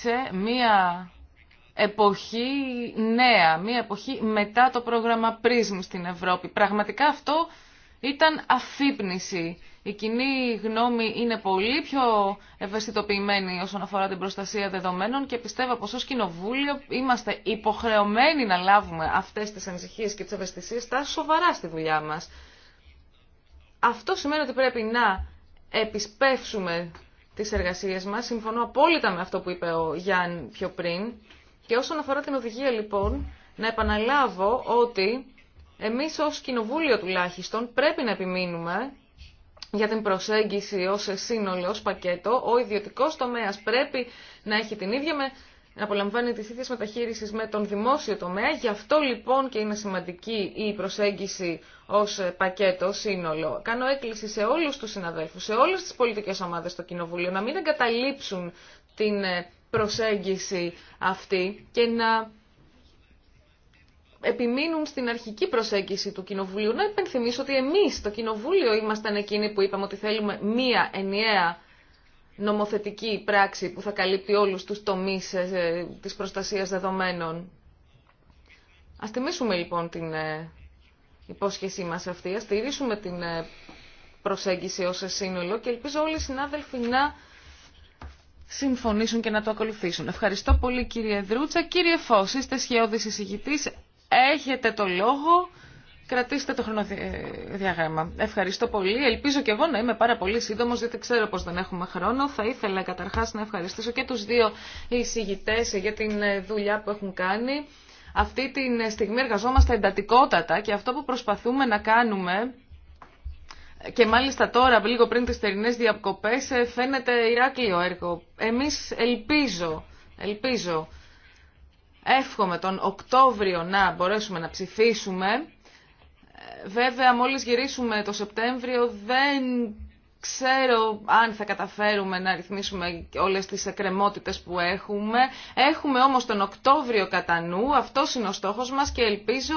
σε μία εποχή νέα, μία εποχή μετά το πρόγραμμα PRISM στην Ευρώπη. Πραγματικά αυτό ήταν αφύπνιση η κοινή γνώμη είναι πολύ πιο ευαισθητοποιημένη όσον αφορά την προστασία δεδομένων και πιστεύω πως ως Κοινοβούλιο είμαστε υποχρεωμένοι να λάβουμε αυτές τις ανησυχίες και τις ευαισθησίες τα σοβαρά στη δουλειά μας. Αυτό σημαίνει ότι πρέπει να επισπεύσουμε τις εργασίες μας. Συμφωνώ απόλυτα με αυτό που είπε ο Γιάννη πιο πριν. Και όσον αφορά την οδηγία λοιπόν, να επαναλάβω ότι εμείς ως Κοινοβούλιο τουλάχιστον πρέπει να επιμείνουμε για την προσέγγιση ως σύνολο, ως πακέτο, ο ιδιωτικός τομέας πρέπει να έχει την ίδια με να απολαμβάνει τις ίδιες μεταχείρισεις με τον δημόσιο τομέα. Γι' αυτό λοιπόν και είναι σημαντική η προσέγγιση ως πακέτο, ως σύνολο. Κάνω έκκληση σε όλους τους συναδέλφους, σε όλες τις πολιτικές ομάδες στο Κοινοβούλιο να μην εγκαταλείψουν την ε, προσέγγιση αυτή και να επιμείνουν στην αρχική προσέγγιση του Κοινοβουλίου. Να υπενθυμίσω ότι εμεί το Κοινοβούλιο ήμασταν εκείνοι που είπαμε ότι θέλουμε μία ενιαία νομοθετική πράξη που θα καλύπτει όλους τους τομείς ε, ε, της προστασίας δεδομένων. Ας τιμήσουμε λοιπόν την ε, υπόσχεσή μας αυτή, ας στηρίσουμε την προσέγγιση ως σύνολο και ελπίζω όλοι οι συνάδελφοι να συμφωνήσουν και να το ακολουθήσουν. Ευχαριστώ πολύ κύριε Δρούτσα. Κύριε Φώση, είστε σχεώδης εισηγητής. Έχετε το λόγο. Κρατήστε το χρονοδιάγραμμα. Ευχαριστώ πολύ. Ελπίζω και εγώ να είμαι πάρα πολύ σύντομο, γιατί ξέρω πω δεν έχουμε χρόνο. Θα ήθελα καταρχά να ευχαριστήσω και του δύο εισηγητέ για την δουλειά που έχουν κάνει. Αυτή τη στιγμή εργαζόμαστε εντατικότατα και αυτό που προσπαθούμε να κάνουμε και μάλιστα τώρα, λίγο πριν τις θερινές διακοπές, φαίνεται Ηράκλειο έργο. Εμείς ελπίζω, ελπίζω Εύχομαι τον Οκτώβριο να μπορέσουμε να ψηφίσουμε. Βέβαια, μόλις γυρίσουμε το Σεπτέμβριο, δεν ξέρω αν θα καταφέρουμε να ρυθμίσουμε όλες τις εκκρεμότητες που έχουμε. Έχουμε όμως τον Οκτώβριο κατά νου, αυτός είναι ο στόχος μας και ελπίζω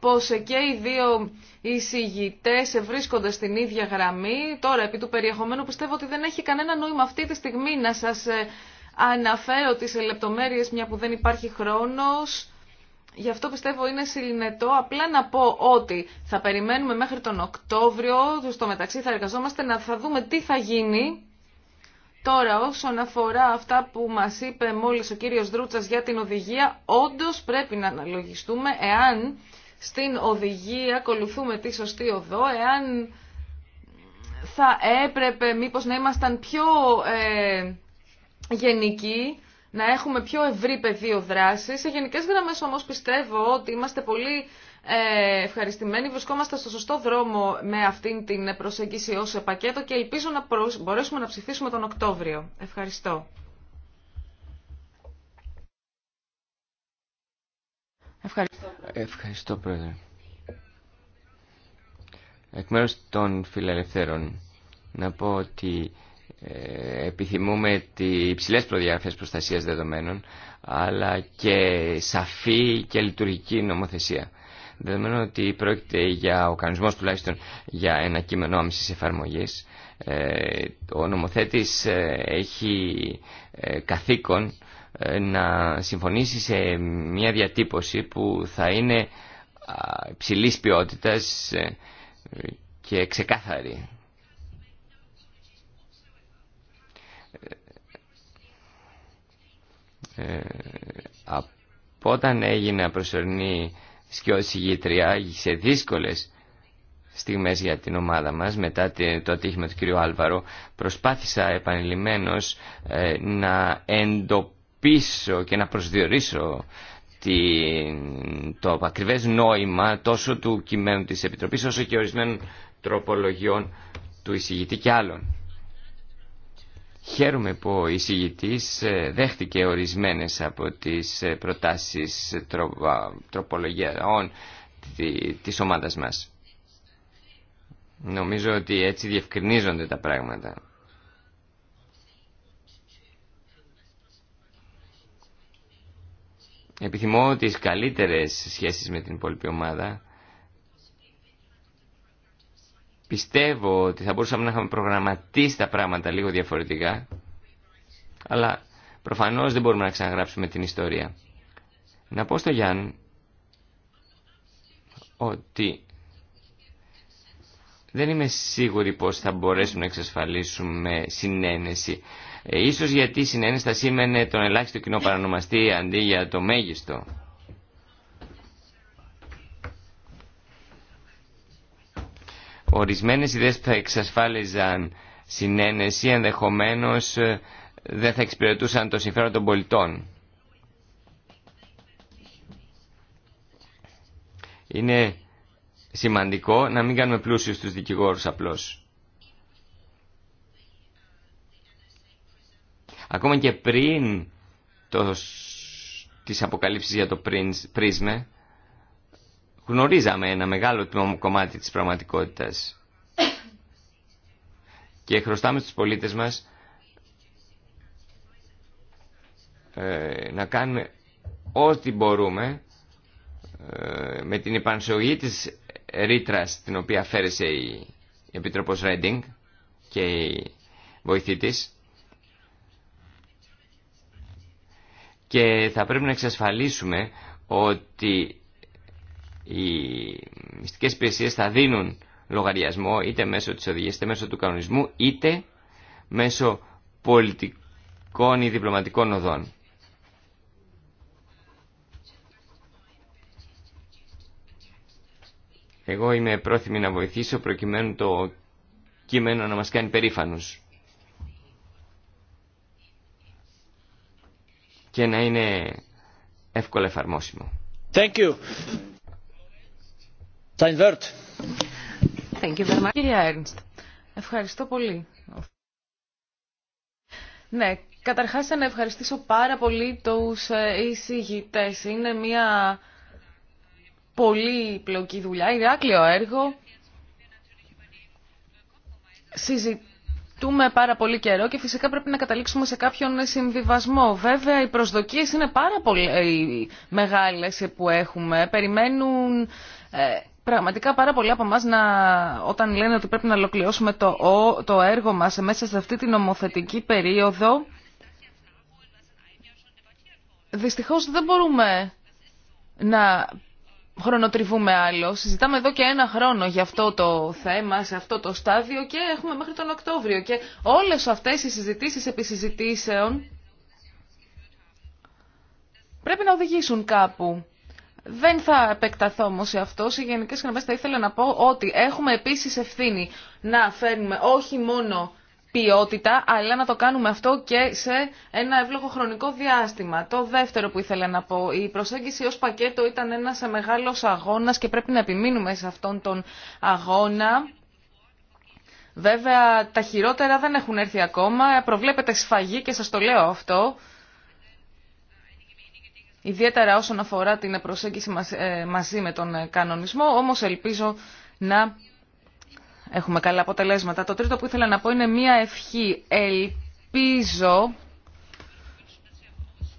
πως και οι δύο εισηγητές βρίσκονται στην ίδια γραμμή. Τώρα, επί του περιεχομένου, πιστεύω ότι δεν έχει κανένα νόημα αυτή τη στιγμή να σας ε, αναφέρω τις λεπτομέρειες μια που δεν υπάρχει χρόνος. Γι' αυτό πιστεύω είναι συλληνετό απλά να πω ότι θα περιμένουμε μέχρι τον Οκτώβριο, στο μεταξύ θα εργαζόμαστε να θα δούμε τι θα γίνει. Τώρα όσον αφορά αυτά που μας είπε μόλις ο κύριος Δρούτσας για την οδηγία, όντως πρέπει να αναλογιστούμε εάν στην οδηγία ακολουθούμε τη σωστή οδό, εάν θα έπρεπε μήπως να ήμασταν πιο ε, γενική, να έχουμε πιο ευρύ πεδίο δράση. Σε γενικέ γραμμέ όμω πιστεύω ότι είμαστε πολύ ε, ευχαριστημένοι. Βρισκόμαστε στο σωστό δρόμο με αυτήν την προσέγγιση ω πακέτο και ελπίζω να μπορέσουμε να ψηφίσουμε τον Οκτώβριο. Ευχαριστώ. Ευχαριστώ, Ευχαριστώ, πρόεδρε. Εκ μέρους των φιλελευθέρων, να πω ότι ε, επιθυμούμε τι υψηλές προδιαγραφές προστασίας δεδομένων αλλά και σαφή και λειτουργική νομοθεσία. Δεδομένου ότι πρόκειται για ο κανονισμός τουλάχιστον για ένα κείμενο άμεσης εφαρμογής ε, ο νομοθέτης ε, έχει καθήκον να συμφωνήσει σε μια διατύπωση που θα είναι ψηλής ποιότητας και ξεκάθαρη. Ε, από όταν έγινε προσωρινή Γη ηγήτρια σε δύσκολες στιγμές για την ομάδα μας μετά το ατύχημα του κ. Άλβαρο προσπάθησα επανειλημμένως ε, να εντοπίσω και να προσδιορίσω το ακριβές νόημα τόσο του κειμένου της Επιτροπής όσο και ορισμένων τροπολογιών του εισηγητή και άλλων. Χαίρομαι που ο εισηγητής ε, δέχτηκε ορισμένες από τις ε, προτάσεις ε, τροπολογιών της ομάδας μας. Νομίζω ότι έτσι διευκρινίζονται τα πράγματα. Επιθυμώ τις καλύτερες σχέσεις με την υπόλοιπη ομάδα Πιστεύω ότι θα μπορούσαμε να είχαμε προγραμματίσει τα πράγματα λίγο διαφορετικά, αλλά προφανώς δεν μπορούμε να ξαναγράψουμε την ιστορία. Να πω στο Γιάννη ότι δεν είμαι σίγουρη πως θα μπορέσουμε να εξασφαλίσουμε συνένεση. Ε, ίσως γιατί η συνένεση θα σήμαινε τον ελάχιστο κοινό παρανομαστή αντί για το μέγιστο. Ορισμένες ιδέες που θα εξασφάλιζαν συνένεση ενδεχομένως ε, δεν θα εξυπηρετούσαν το συμφέρον των πολιτών. Είναι σημαντικό να μην κάνουμε πλούσιους τους δικηγόρους απλώς. Ακόμα και πριν το, τις αποκαλύψεις για το πρίσμε, γνωρίζαμε ένα μεγάλο κομμάτι της πραγματικότητας και χρωστάμε στους πολίτες μας ε, να κάνουμε ό,τι μπορούμε ε, με την επανσογή της ρήτρα την οποία φέρεσε η Επιτροπός Ρέντινγκ και η βοηθή της και θα πρέπει να εξασφαλίσουμε ότι οι μυστικέ υπηρεσίε θα δίνουν λογαριασμό είτε μέσω της οδηγίας είτε μέσω του κανονισμού είτε μέσω πολιτικών ή διπλωματικών οδών. Εγώ είμαι πρόθυμη να βοηθήσω προκειμένου το κείμενο να μας κάνει περήφανους. Και να είναι εύκολα εφαρμόσιμο. Thank you. Κύριε ευχαριστώ πολύ. Ναι, καταρχάς να ευχαριστήσω πάρα πολύ τους ε, εισηγητές. Είναι μια πολύ πλοκή δουλειά, ηράκλειο έργο. Συζητούμε πάρα πολύ καιρό και φυσικά πρέπει να καταλήξουμε σε κάποιον συμβιβασμό. Βέβαια, οι προσδοκίες είναι πάρα πολύ μεγάλες που έχουμε. Περιμένουν ε, πραγματικά πάρα πολλοί από εμά όταν λένε ότι πρέπει να ολοκληρώσουμε το, το έργο μας μέσα σε αυτή την νομοθετική περίοδο, δυστυχώς δεν μπορούμε να χρονοτριβούμε άλλο. Συζητάμε εδώ και ένα χρόνο για αυτό το θέμα, σε αυτό το στάδιο και έχουμε μέχρι τον Οκτώβριο. Και όλες αυτές οι συζητήσεις επί συζητήσεων πρέπει να οδηγήσουν κάπου. Δεν θα επεκταθώ όμω σε αυτό. Σε γενικέ γραμμέ θα ήθελα να πω ότι έχουμε επίση ευθύνη να φέρνουμε όχι μόνο ποιότητα, αλλά να το κάνουμε αυτό και σε ένα εύλογο χρονικό διάστημα. Το δεύτερο που ήθελα να πω, η προσέγγιση ως πακέτο ήταν ένας μεγάλος αγώνας και πρέπει να επιμείνουμε σε αυτόν τον αγώνα. Βέβαια, τα χειρότερα δεν έχουν έρθει ακόμα. Προβλέπετε σφαγή και σας το λέω αυτό ιδιαίτερα όσον αφορά την προσέγγιση ε, μαζί με τον ε, κανονισμό, όμως ελπίζω να έχουμε καλά αποτελέσματα. Το τρίτο που ήθελα να πω είναι μία ευχή. Ελπίζω,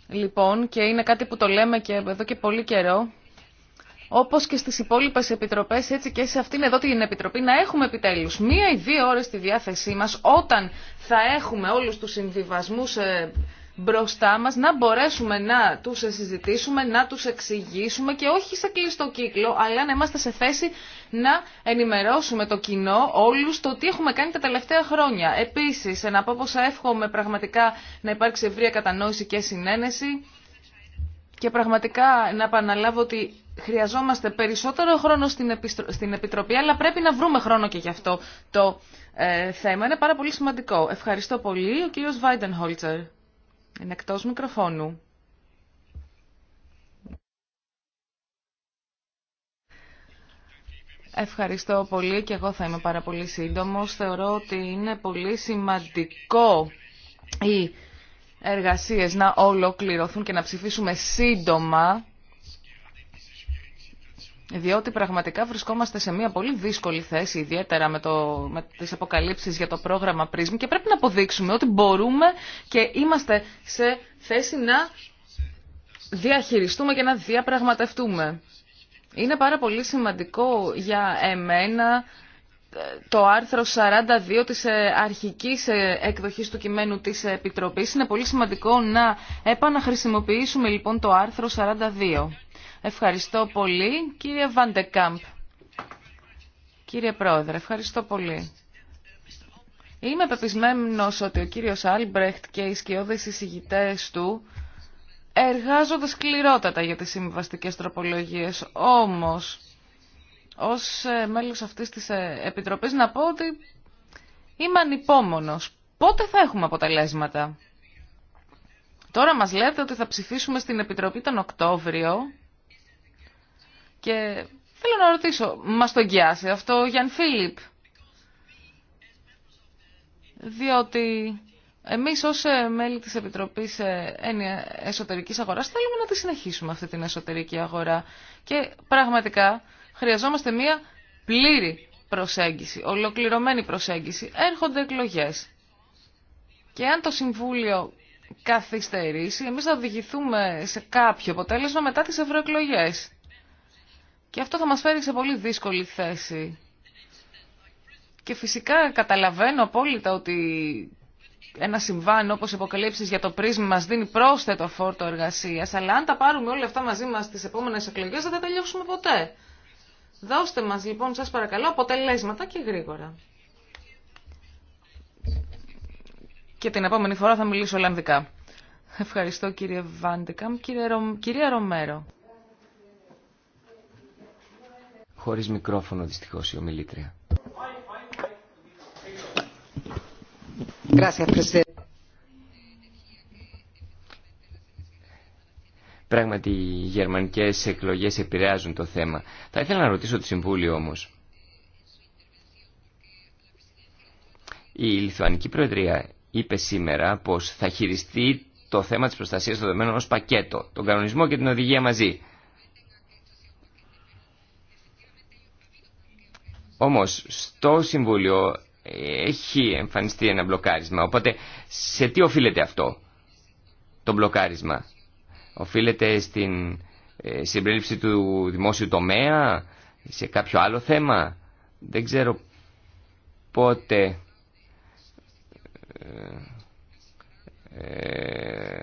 λοιπόν, και είναι κάτι που το λέμε και εδώ και πολύ καιρό, όπως και στις υπόλοιπες επιτροπές, έτσι και σε αυτήν εδώ την επιτροπή, να έχουμε επιτέλους μία ή δύο ώρες στη διάθεσή μας, όταν θα έχουμε όλους τους συμβιβασμούς ε, μπροστά μας, να μπορέσουμε να τους συζητήσουμε, να τους εξηγήσουμε και όχι σε κλειστό κύκλο, αλλά να είμαστε σε θέση να ενημερώσουμε το κοινό όλους το τι έχουμε κάνει τα τελευταία χρόνια. Επίσης, να πω πως εύχομαι πραγματικά να υπάρξει ευρία κατανόηση και συνένεση και πραγματικά να επαναλάβω ότι χρειαζόμαστε περισσότερο χρόνο στην Επιτροπή, αλλά πρέπει να βρούμε χρόνο και γι' αυτό το ε, θέμα. Είναι πάρα πολύ σημαντικό. Ευχαριστώ πολύ. Ο κύριος Βάιντεν είναι μικροφώνου. Ευχαριστώ πολύ και εγώ θα είμαι πάρα πολύ σύντομος. Θεωρώ ότι είναι πολύ σημαντικό οι εργασίες να ολοκληρωθούν και να ψηφίσουμε σύντομα διότι πραγματικά βρισκόμαστε σε μια πολύ δύσκολη θέση, ιδιαίτερα με, το, με τις αποκαλύψεις για το πρόγραμμα PRISM και πρέπει να αποδείξουμε ότι μπορούμε και είμαστε σε θέση να διαχειριστούμε και να διαπραγματευτούμε. Είναι πάρα πολύ σημαντικό για εμένα ε, το άρθρο 42 της ε, αρχικής ε, εκδοχής του κειμένου της Επιτροπής. Είναι πολύ σημαντικό να επαναχρησιμοποιήσουμε λοιπόν το άρθρο 42. Ευχαριστώ πολύ, κύριε Βαντεκάμπ. Κύριε Πρόεδρε, ευχαριστώ πολύ. Είμαι πεπισμένος ότι ο κύριος Άλμπρεχτ και οι σκιώδες εισηγητές του εργάζονται σκληρότατα για τις συμβαστικές τροπολογίες. Όμως, ως ε, μέλος αυτής της ε, Επιτροπής να πω ότι είμαι ανυπόμονος. Πότε θα έχουμε αποτελέσματα. Τώρα μας λέτε ότι θα ψηφίσουμε στην Επιτροπή τον Οκτώβριο και θέλω να ρωτήσω, μας το εγγυάσει αυτό ο Γιάνν Φίλιπ. Διότι εμείς ως ε, μέλη της Επιτροπής ε, Εσωτερικής Αγοράς θέλουμε να τη συνεχίσουμε αυτή την εσωτερική αγορά. Και πραγματικά χρειαζόμαστε μία πλήρη προσέγγιση, ολοκληρωμένη προσέγγιση. Έρχονται εκλογές. Και αν το Συμβούλιο καθυστερήσει, εμείς θα οδηγηθούμε σε κάποιο αποτέλεσμα μετά τις ευρωεκλογές. Και αυτό θα μας φέρει σε πολύ δύσκολη θέση. Και φυσικά καταλαβαίνω απόλυτα ότι ένα συμβάν όπως υποκαλύψεις για το πρίσμα μας δίνει πρόσθετο φόρτο εργασίας, αλλά αν τα πάρουμε όλα αυτά μαζί μας στις επόμενες εκλογές δεν θα τελειώσουμε ποτέ. Δώστε μας λοιπόν σας παρακαλώ αποτελέσματα και γρήγορα. Και την επόμενη φορά θα μιλήσω Ολλανδικά. Ευχαριστώ κύριε Βάντεκαμ. Κύριε Κυρία Ρομέρο χωρίς μικρόφωνο δυστυχώς η ομιλήτρια. Πράγματι, οι γερμανικές εκλογές επηρεάζουν το θέμα. Θα ήθελα να ρωτήσω το Συμβούλιο όμως. Η Λιθουανική Προεδρία είπε σήμερα πως θα χειριστεί το θέμα της προστασίας των δεδομένων ως πακέτο, τον κανονισμό και την οδηγία μαζί. Όμως στο Συμβούλιο ε, έχει εμφανιστεί ένα μπλοκάρισμα. Οπότε σε τι οφείλεται αυτό το μπλοκάρισμα. Οφείλεται στην ε, συμπρίληψη του δημόσιου τομέα, σε κάποιο άλλο θέμα. Δεν ξέρω πότε ε, ε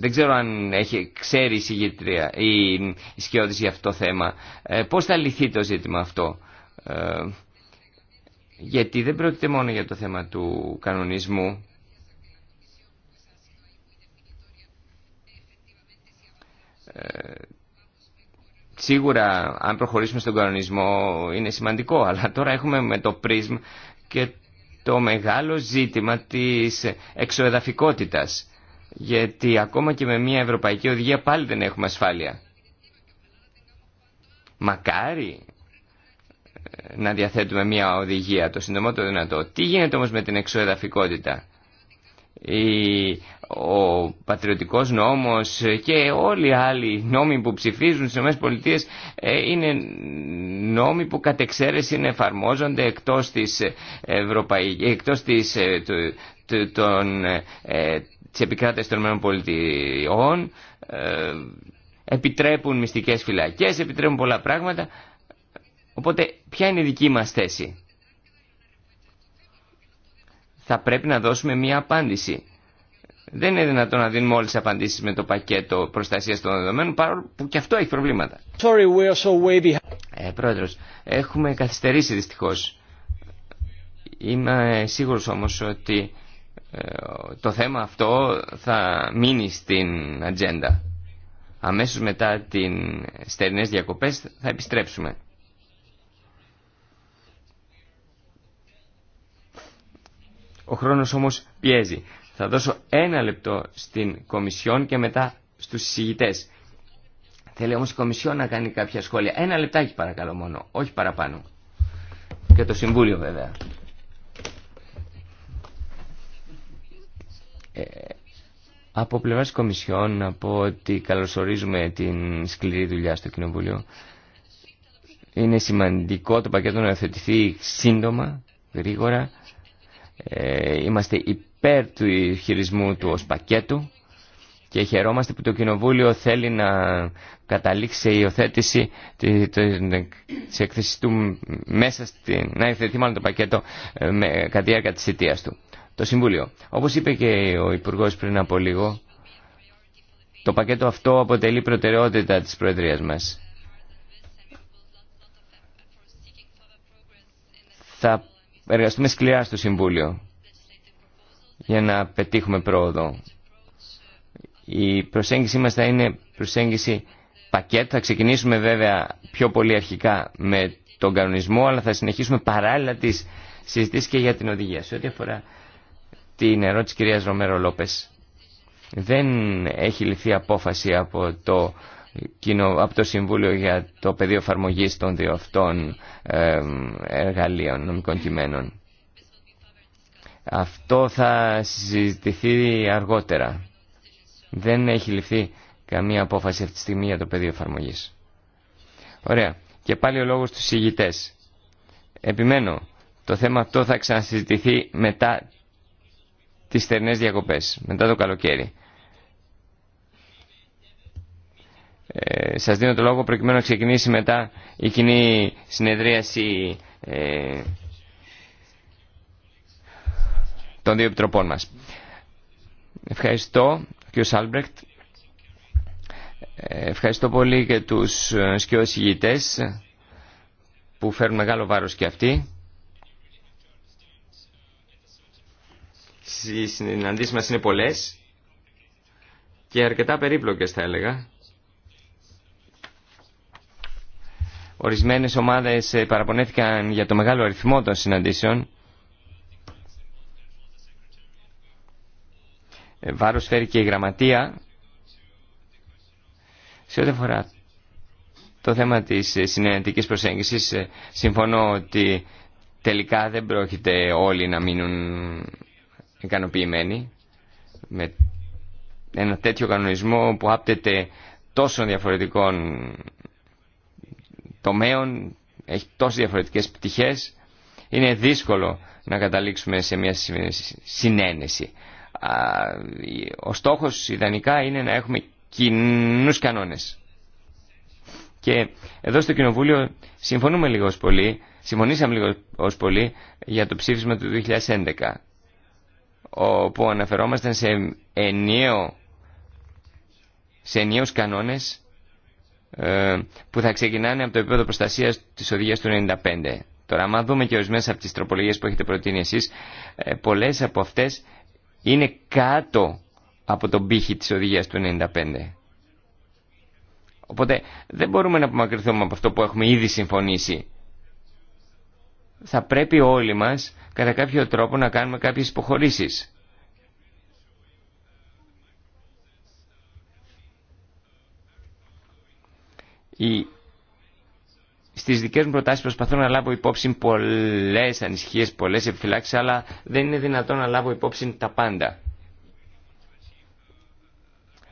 δεν ξέρω αν έχει, ξέρει η, η, η για αυτό το θέμα. Ε, πώς θα λυθεί το ζήτημα αυτό. Ε, γιατί δεν πρόκειται μόνο για το θέμα του κανονισμού. Ε, σίγουρα αν προχωρήσουμε στον κανονισμό είναι σημαντικό, αλλά τώρα έχουμε με το πρίσμ και το μεγάλο ζήτημα της εξοεδαφικότητας. Γιατί ακόμα και με μια ευρωπαϊκή οδηγία πάλι δεν έχουμε ασφάλεια. Μακάρι να διαθέτουμε μια οδηγία το συντομότερο δυνατό. Τι γίνεται όμως με την εξοεδαφικότητα. Η, ο πατριωτικός νόμος και όλοι οι άλλοι νόμοι που ψηφίζουν στις ΗΠΑ ε, είναι νόμοι που κατ' εξαίρεση εφαρμόζονται εκτός της, ε, Ευρωπαϊκής, εκτός της, ε, του, των, ε, της των ΗΠΑ επιτρέπουν μυστικές φυλακές, επιτρέπουν πολλά πράγματα Οπότε, ποια είναι η δική μας θέση. Θα πρέπει να δώσουμε μία απάντηση. Δεν είναι δυνατόν να δίνουμε όλες τις απαντήσεις με το πακέτο προστασίας των δεδομένων, παρόλο που και αυτό έχει προβλήματα. Sorry, we so Ε, πρόεδρος, έχουμε καθυστερήσει δυστυχώς. Είμαι σίγουρος όμως ότι ε, το θέμα αυτό θα μείνει στην ατζέντα. Αμέσως μετά την στερινές διακοπές θα επιστρέψουμε. Ο χρόνος όμως πιέζει. Θα δώσω ένα λεπτό στην Κομισιόν και μετά στους συζητητές. Θέλει όμως η Κομισιόν να κάνει κάποια σχόλια. Ένα λεπτάκι παρακαλώ μόνο, όχι παραπάνω. Και το Συμβούλιο βέβαια. Ε, από πλευράς Κομισιόν να πω ότι καλωσορίζουμε την σκληρή δουλειά στο Κοινοβούλιο. Είναι σημαντικό το πακέτο να υιοθετηθεί σύντομα, γρήγορα. Ε, είμαστε υπέρ του χειρισμού του ως πακέτου και χαιρόμαστε που το Κοινοβούλιο θέλει να καταλήξει σε υιοθέτηση τη εκθεση του μέσα στην, να εκθεθεί μάλλον το πακέτο ε, με, κατά τη διάρκεια του. Το Συμβούλιο. Όπως είπε και ο Υπουργός πριν από λίγο, το πακέτο αυτό αποτελεί προτεραιότητα της Προεδρίας μας. Θα εργαστούμε σκληρά στο Συμβούλιο για να πετύχουμε πρόοδο. Η προσέγγιση μας θα είναι προσέγγιση πακέτ. Θα ξεκινήσουμε βέβαια πιο πολύ αρχικά με τον κανονισμό, αλλά θα συνεχίσουμε παράλληλα τις συζητήσεις και για την οδηγία. Σε ό,τι αφορά την ερώτηση κυρίας Ρομέρο Λόπες, δεν έχει ληφθεί απόφαση από το από το Συμβούλιο για το πεδίο εφαρμογή των δύο αυτών εργαλείων νομικών κειμένων. Αυτό θα συζητηθεί αργότερα. Δεν έχει ληφθεί καμία απόφαση αυτή τη στιγμή για το πεδίο εφαρμογή. Ωραία. Και πάλι ο λόγος στους ηγητές. Επιμένω, το θέμα αυτό θα ξανασυζητηθεί μετά τις θερινές διακοπές, μετά το καλοκαίρι. Ε, σας δίνω το λόγο προκειμένου να ξεκινήσει μετά η κοινή συνεδρίαση ε, των δύο επιτροπών μας. Ευχαριστώ, κ. Σάλμπρεκτ. Ε, ευχαριστώ πολύ και τους ε, σκιώδης που φέρουν μεγάλο βάρος και αυτοί. Οι συναντήσεις μας είναι πολλές και αρκετά περίπλοκες θα έλεγα. Ορισμένες ομάδες ε, παραπονέθηκαν για το μεγάλο αριθμό των συναντήσεων. Ε, βάρος φέρει και η γραμματεία. Σε ό,τι αφορά το θέμα της ε, συνενετικής προσέγγισης, συμφωνώ ότι τελικά δεν πρόκειται όλοι να μείνουν ικανοποιημένοι με ένα τέτοιο κανονισμό που άπτεται τόσων διαφορετικών τομέων, έχει τόσες διαφορετικές πτυχές, είναι δύσκολο να καταλήξουμε σε μια συνένεση. Ο στόχος ιδανικά είναι να έχουμε κοινού κανόνες. Και εδώ στο Κοινοβούλιο συμφωνούμε λίγο πολύ, συμφωνήσαμε λίγο ως πολύ για το ψήφισμα του 2011, όπου αναφερόμασταν σε ενιαίο σε ενιαίους κανόνες ε, που θα ξεκινάνε από το επίπεδο προστασίας της οδηγίας του 95. Τώρα, άμα δούμε και ορισμένε από τις τροπολογίες που έχετε προτείνει εσεί, ε, πολλές από αυτέ είναι κάτω από τον πύχη της οδηγίας του 95. Οπότε δεν μπορούμε να απομακρυνθούμε από αυτό που έχουμε ήδη συμφωνήσει. Θα πρέπει όλοι μας κατά κάποιο τρόπο να κάνουμε κάποιες υποχωρήσεις. Η... Στις δικές μου προτάσεις προσπαθώ να λάβω υπόψη πολλές ανησυχίες, πολλές επιφυλάξεις, αλλά δεν είναι δυνατόν να λάβω υπόψη τα πάντα.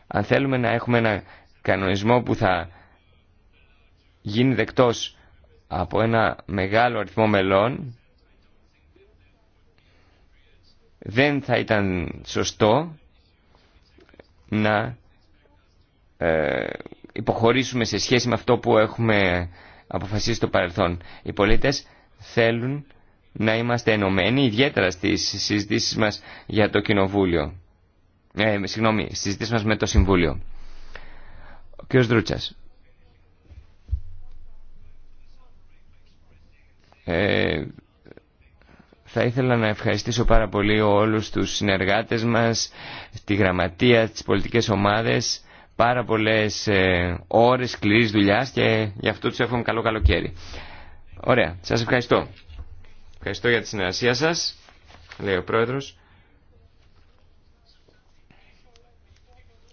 Αν θέλουμε να έχουμε ένα κανονισμό που θα γίνει δεκτός από ένα μεγάλο αριθμό μελών, δεν θα ήταν σωστό να ε, υποχωρήσουμε σε σχέση με αυτό που έχουμε αποφασίσει στο παρελθόν. Οι πολίτες θέλουν να είμαστε ενωμένοι, ιδιαίτερα στις συζητήσεις μας για το Κοινοβούλιο. Ε, συγγνώμη, στις μας με το Συμβούλιο. Ο κ. Δρούτσας. Ε, θα ήθελα να ευχαριστήσω πάρα πολύ όλους τους συνεργάτες μας, τη γραμματεία, τις πολιτικές ομάδες πάρα πολλές ε, ώρες σκληρής δουλειάς και γι' αυτό τους εύχομαι καλό καλοκαίρι. Ωραία, σας ευχαριστώ. Ευχαριστώ για τη συνεργασία σας, λέει ο Πρόεδρος.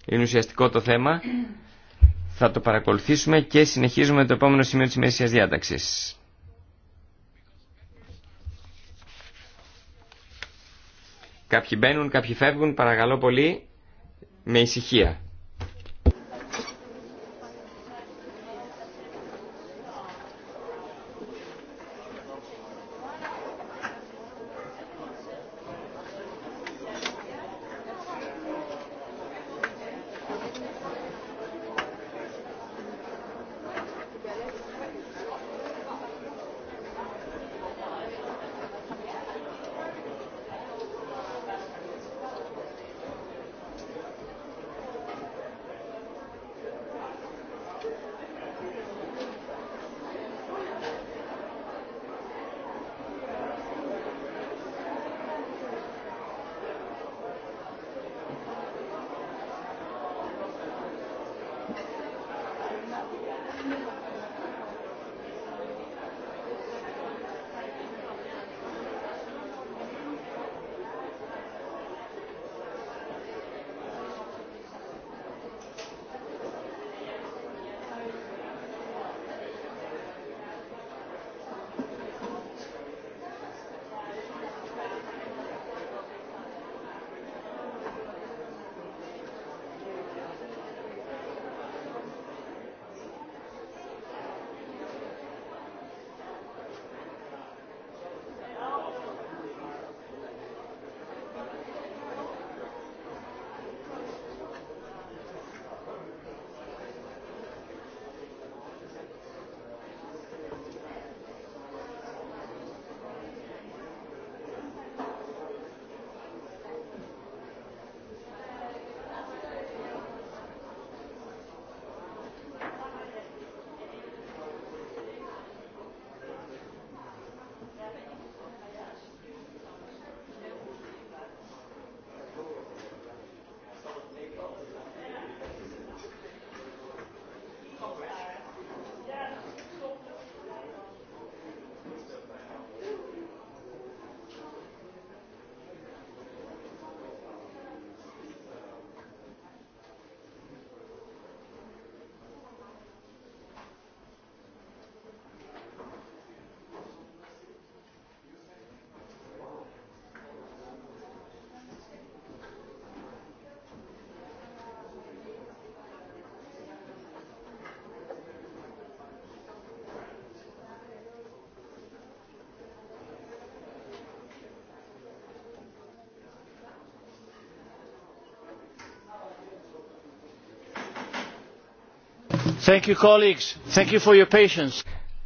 Είναι ουσιαστικό το θέμα. Θα το παρακολουθήσουμε και συνεχίζουμε το επόμενο σημείο της ημερησίας διάταξης. Κάποιοι μπαίνουν, κάποιοι φεύγουν, παρακαλώ πολύ, με ησυχία.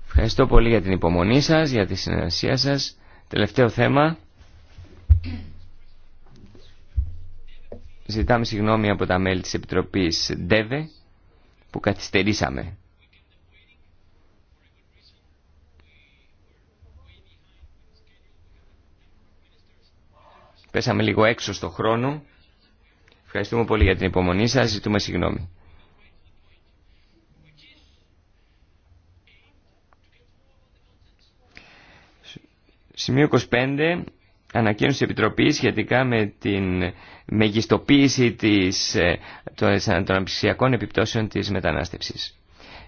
Ευχαριστώ πολύ για την υπομονή σας, για τη συνεργασία σας. Τελευταίο θέμα. Ζητάμε συγγνώμη από τα μέλη της Επιτροπής ΔΕΒΕ που καθυστερήσαμε. Πέσαμε λίγο έξω στο χρόνο. Ευχαριστούμε πολύ για την υπομονή σας. Ζητούμε συγγνώμη. Σημείο 25. Ανακοίνωση Επιτροπή σχετικά με την μεγιστοποίηση της, ε, των αναπτυξιακών επιπτώσεων της μετανάστευσης.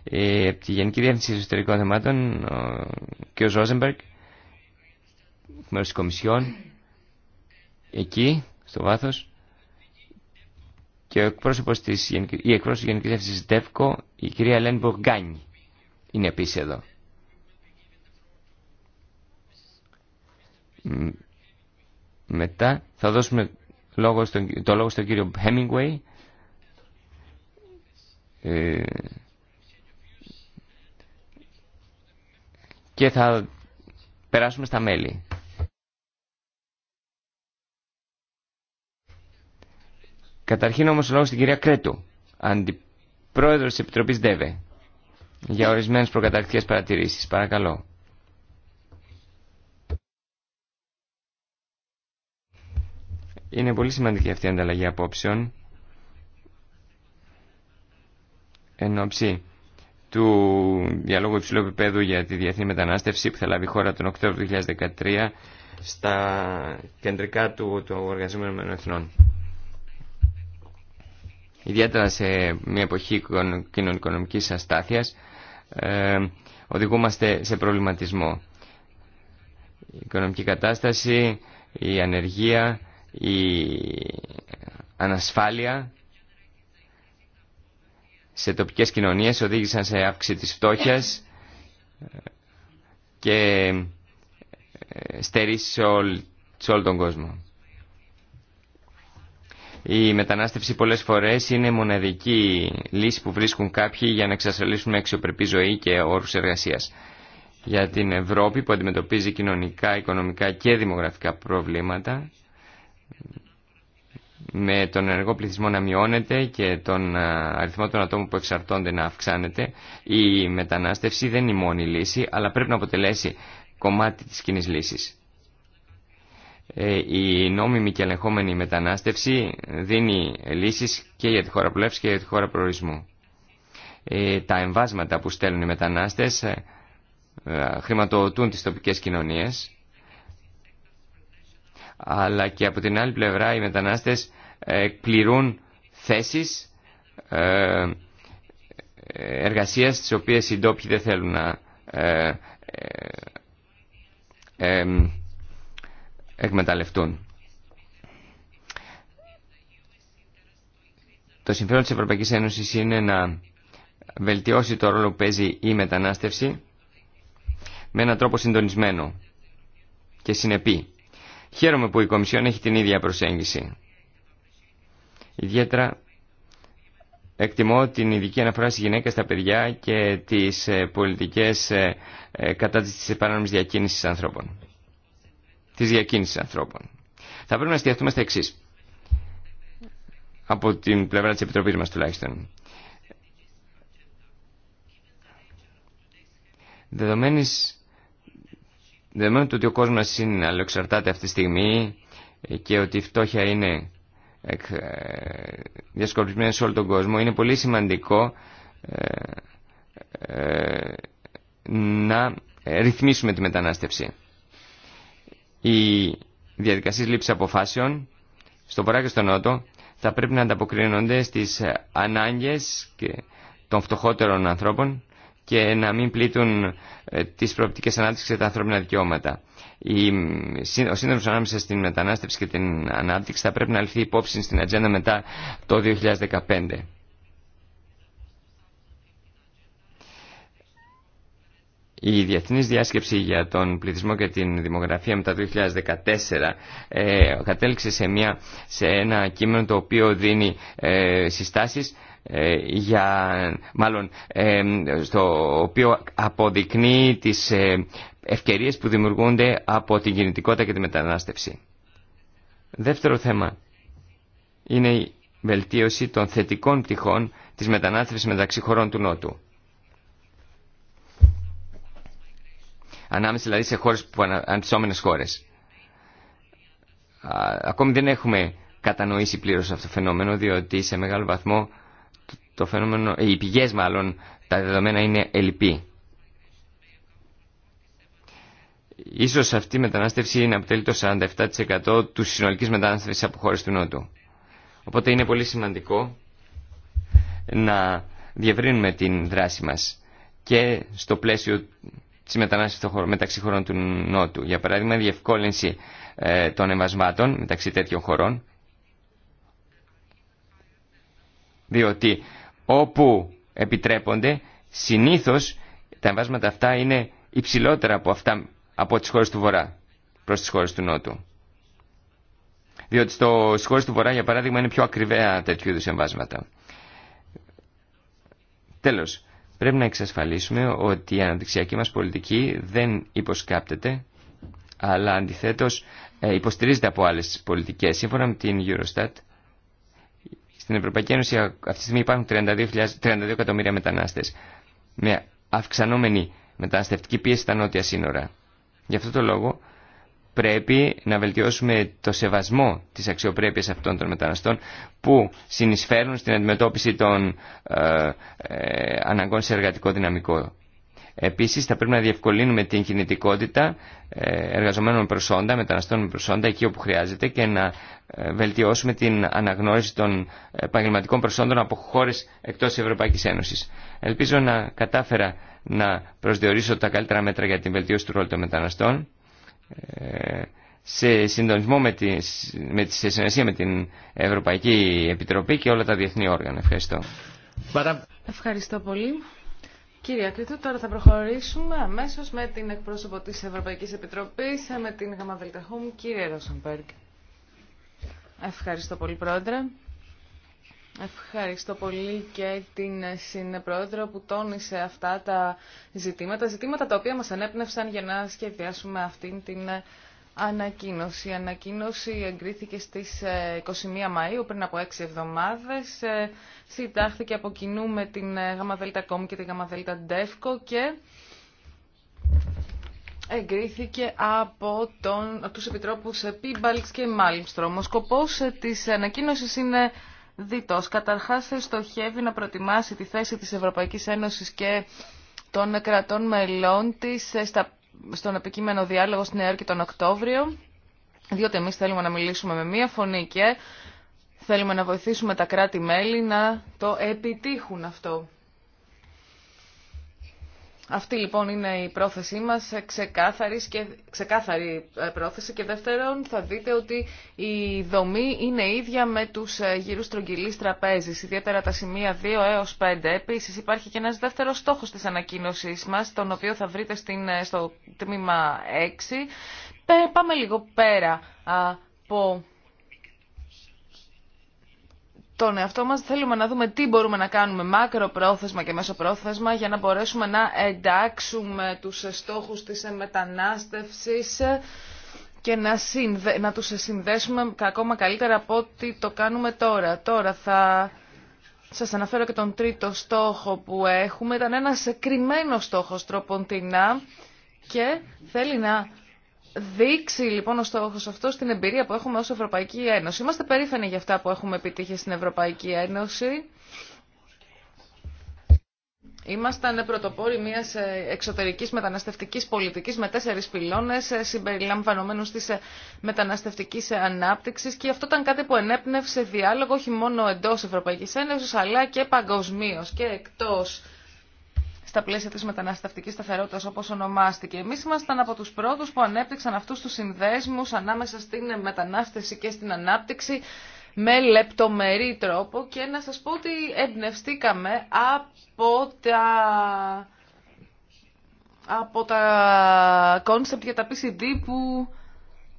Ε, από τη Γενική Διεύθυνση Εσωτερικών Θεμάτων, ο κ. Ζόζεμπεργκ, μέρος της Κομισιόν, εκεί, στο βάθος, και ο εκπρόσωπος της, η εκπρόσωπος της Γενικής Διεύθυνσης ΔΕΦΚΟ, η κυρία Ελένη είναι επίσης εδώ. Μετά θα δώσουμε λόγο στον, το λόγο στον κύριο Hemingway. Ε, και θα περάσουμε στα μέλη. Καταρχήν όμως λόγος στην κυρία Κρέτου, αντιπρόεδρος της Επιτροπής ΔΕΒΕ, για ορισμένες προκαταρκτικές παρατηρήσεις. Παρακαλώ. Είναι πολύ σημαντική αυτή η ανταλλαγή απόψεων εν ώψη του διαλόγου υψηλού επίπεδου για τη διεθνή μετανάστευση που θα λάβει η χώρα τον Οκτώβριο του 2013 στα κεντρικά του, του Εθνών. Ιδιαίτερα σε μια εποχή κοινωνικονομικής αστάθειας ε, οδηγούμαστε σε προβληματισμό. Η οικονομική κατάσταση, η ανεργία, η ανασφάλεια σε τοπικές κοινωνίες οδήγησαν σε αύξηση της φτώχειας και ε, στερήσει σε, όλ, όλο τον κόσμο. Η μετανάστευση πολλές φορές είναι μοναδική λύση που βρίσκουν κάποιοι για να εξασφαλίσουν αξιοπρεπή ζωή και όρους εργασίας. Για την Ευρώπη που αντιμετωπίζει κοινωνικά, οικονομικά και δημογραφικά προβλήματα, με τον ενεργό πληθυσμό να μειώνεται και τον αριθμό των ατόμων που εξαρτώνται να αυξάνεται, η μετανάστευση δεν είναι η μόνη λύση, αλλά πρέπει να αποτελέσει κομμάτι της κοινή λύσης. Ε, η νόμιμη και ελεγχόμενη μετανάστευση δίνει λύσεις και για τη χώρα πλεύση και για τη χώρα προορισμού. Ε, τα εμβάσματα που στέλνουν οι μετανάστες ε, χρηματοδοτούν τις τοπικές κοινωνίες αλλά και από την άλλη πλευρά οι μετανάστες ε, πληρούν θέσεις ε, εργασίας τις οποίες οι ντόπιοι δεν θέλουν να ε, εκμεταλλευτούν. Το συμφέρον της Ευρωπαϊκής Ένωσης είναι να βελτιώσει το ρόλο που παίζει η μετανάστευση με έναν τρόπο συντονισμένο και συνεπή. Χαίρομαι που η Κομισιόν έχει την ίδια προσέγγιση. Ιδιαίτερα εκτιμώ την ειδική αναφορά στη γυναίκα, στα παιδιά και τις ε, πολιτικές ε, ε, κατά της παράνομης διακίνησης ανθρώπων. Της διακίνησης ανθρώπων. Θα πρέπει να εστιαστούμε στα εξή. Από την πλευρά της Επιτροπής μας τουλάχιστον. Δεδομένης Δεδομένου ότι ο κόσμος είναι αλλοεξαρτάται αυτή τη στιγμή και ότι η φτώχεια είναι ε, διασκορπισμένη σε όλο τον κόσμο, είναι πολύ σημαντικό ε, ε, να ρυθμίσουμε τη μετανάστευση. Οι διαδικασίε λήψη αποφάσεων στο Βορρά και στο Νότο θα πρέπει να ανταποκρίνονται στις ανάγκες και των φτωχότερων ανθρώπων και να μην πλήττουν ε, τι προοπτικέ ανάπτυξη και τα ανθρώπινα δικαιώματα. Ο σύνδεσμο ανάμεσα στην μετανάστευση και την ανάπτυξη θα πρέπει να ληφθεί υπόψη στην ατζέντα μετά το 2015. Η Διεθνής Διάσκεψη για τον Πληθυσμό και την Δημογραφία μετά το 2014 ε, κατέληξε σε, μια, σε ένα κείμενο το οποίο δίνει ε, συστάσεις ε, για, μάλλον, ε, στο οποίο αποδεικνύει τις ε, ευκαιρίες που δημιουργούνται από την κινητικότητα και τη μετανάστευση. Δεύτερο θέμα είναι η βελτίωση των θετικών πτυχών της μετανάστευσης μεταξύ χωρών του Νότου. Ανάμεσα δηλαδή σε χώρες που αντισόμενες χώρες. Ακόμη δεν έχουμε κατανοήσει πλήρως αυτό το φαινόμενο, διότι σε μεγάλο βαθμό το φαινόμενο, ε, οι πηγές μάλλον, τα δεδομένα είναι ελλειπή. Ίσως αυτή η μετανάστευση είναι αποτελεί το 47% του συνολικής μετανάστευσης από χώρες του Νότου. Οπότε είναι πολύ σημαντικό να διευρύνουμε την δράση μας και στο πλαίσιο της μετανάστευσης μεταξύ χωρών του Νότου. Για παράδειγμα, διευκόλυνση ε, των εμβασμάτων μεταξύ τέτοιων χωρών διότι όπου επιτρέπονται συνήθως τα εμβάσματα αυτά είναι υψηλότερα από, αυτά, από τις χώρες του Βορρά προς τις χώρες του Νότου. Διότι στο, στις χώρες του Βορρά για παράδειγμα είναι πιο ακριβέα τέτοιου είδους εμβάσματα. Τέλος, πρέπει να εξασφαλίσουμε ότι η αναπτυξιακή μας πολιτική δεν υποσκάπτεται αλλά αντιθέτως ε, υποστηρίζεται από άλλες πολιτικές. Σύμφωνα με την Eurostat, στην Ευρωπαϊκή Ένωση αυτή τη στιγμή υπάρχουν 32, εκατομμύρια μετανάστες με αυξανόμενη μεταναστευτική πίεση στα νότια σύνορα. Γι' αυτό το λόγο πρέπει να βελτιώσουμε το σεβασμό της αξιοπρέπειας αυτών των μεταναστών που συνεισφέρουν στην αντιμετώπιση των ε, ε, αναγκών σε εργατικό δυναμικό. Επίσης θα πρέπει να διευκολύνουμε την κινητικότητα ε, εργαζομένων με προσόντα, μεταναστών με προσόντα εκεί όπου χρειάζεται και να ε, βελτιώσουμε την αναγνώριση των επαγγελματικών προσόντων από χώρες εκτός της Ευρωπαϊκής Ένωσης. Ελπίζω να κατάφερα να προσδιορίσω τα καλύτερα μέτρα για την βελτίωση του ρόλου των μεταναστών ε, σε συντονισμό με τη, με σε συνεργασία με την Ευρωπαϊκή Επιτροπή και όλα τα διεθνή όργανα. Ευχαριστώ. Ευχαριστώ πολύ. Κύριε Κρήτου, τώρα θα προχωρήσουμε αμέσω με την εκπρόσωπο τη Ευρωπαϊκή Επιτροπή, ε, με την Γαμαδελταχούμ, κύριε Ρόσενμπεργκ. Ευχαριστώ πολύ, Πρόεδρε. Ευχαριστώ πολύ και την Συνεπρόεδρο που τόνισε αυτά τα ζητήματα, ζητήματα τα οποία μας ανέπνευσαν για να σχεδιάσουμε αυτήν την Ανακοίνωση. Η ανακοίνωση εγκρίθηκε στις 21 ε, Μαΐου πριν από 6 εβδομάδες. Ε, συντάχθηκε από κοινού με την ε, ΓΔΚΟΜ και την ΝΤΕΦΚΟ και εγκρίθηκε από τον, τους επιτρόπους και Μάλιμστρομ. Ο σκοπός της ανακοίνωσης είναι διτός. Καταρχάς στοχεύει να προετοιμάσει τη θέση της Ευρωπαϊκής Ένωσης και των κρατών μελών στα στον επικείμενο διάλογο στην Νέα ΕΕ τον Οκτώβριο, διότι εμείς θέλουμε να μιλήσουμε με μία φωνή και θέλουμε να βοηθήσουμε τα κράτη-μέλη να το επιτύχουν αυτό. Αυτή λοιπόν είναι η πρόθεσή μας, ξεκάθαρη, και, ξεκάθαρη ε, πρόθεση και δεύτερον θα δείτε ότι η δομή είναι ίδια με τους ε, γύρους τρογγυλής τραπέζης, ιδιαίτερα τα σημεία 2 έως 5. Επίσης υπάρχει και ένας δεύτερος στόχος της ανακοίνωσής μας, τον οποίο θα βρείτε στην, ε, στο τμήμα 6. Πάμε λίγο πέρα από τον εαυτό μας, θέλουμε να δούμε τι μπορούμε να κάνουμε μακροπρόθεσμα και μεσοπρόθεσμα για να μπορέσουμε να εντάξουμε τους στόχους της μετανάστευσης και να, συνδε... να τους συνδέσουμε ακόμα καλύτερα από ό,τι το κάνουμε τώρα. Τώρα θα σας αναφέρω και τον τρίτο στόχο που έχουμε. Ήταν ένας κρυμμένος στόχος τροποντινά και θέλει να δείξει λοιπόν ο στόχος αυτός την εμπειρία που έχουμε ως Ευρωπαϊκή Ένωση. Είμαστε περήφανοι για αυτά που έχουμε επιτύχει στην Ευρωπαϊκή Ένωση. Ήμασταν πρωτοπόροι μια ε, εξωτερική μεταναστευτική πολιτική με τέσσερι πυλώνε συμπεριλαμβανομένου τη ε, μεταναστευτική ανάπτυξη και αυτό ήταν κάτι που ενέπνευσε διάλογο όχι μόνο εντό Ευρωπαϊκή Ένωση αλλά και παγκοσμίω και εκτό στα πλαίσια της μεταναστευτικής σταθερότητας όπως ονομάστηκε. Εμείς ήμασταν από τους πρώτους που ανέπτυξαν αυτούς τους συνδέσμους ανάμεσα στην μετανάστευση και στην ανάπτυξη με λεπτομερή τρόπο και να σας πω ότι εμπνευστήκαμε από τα από τα κόνσεπτ για τα PCD που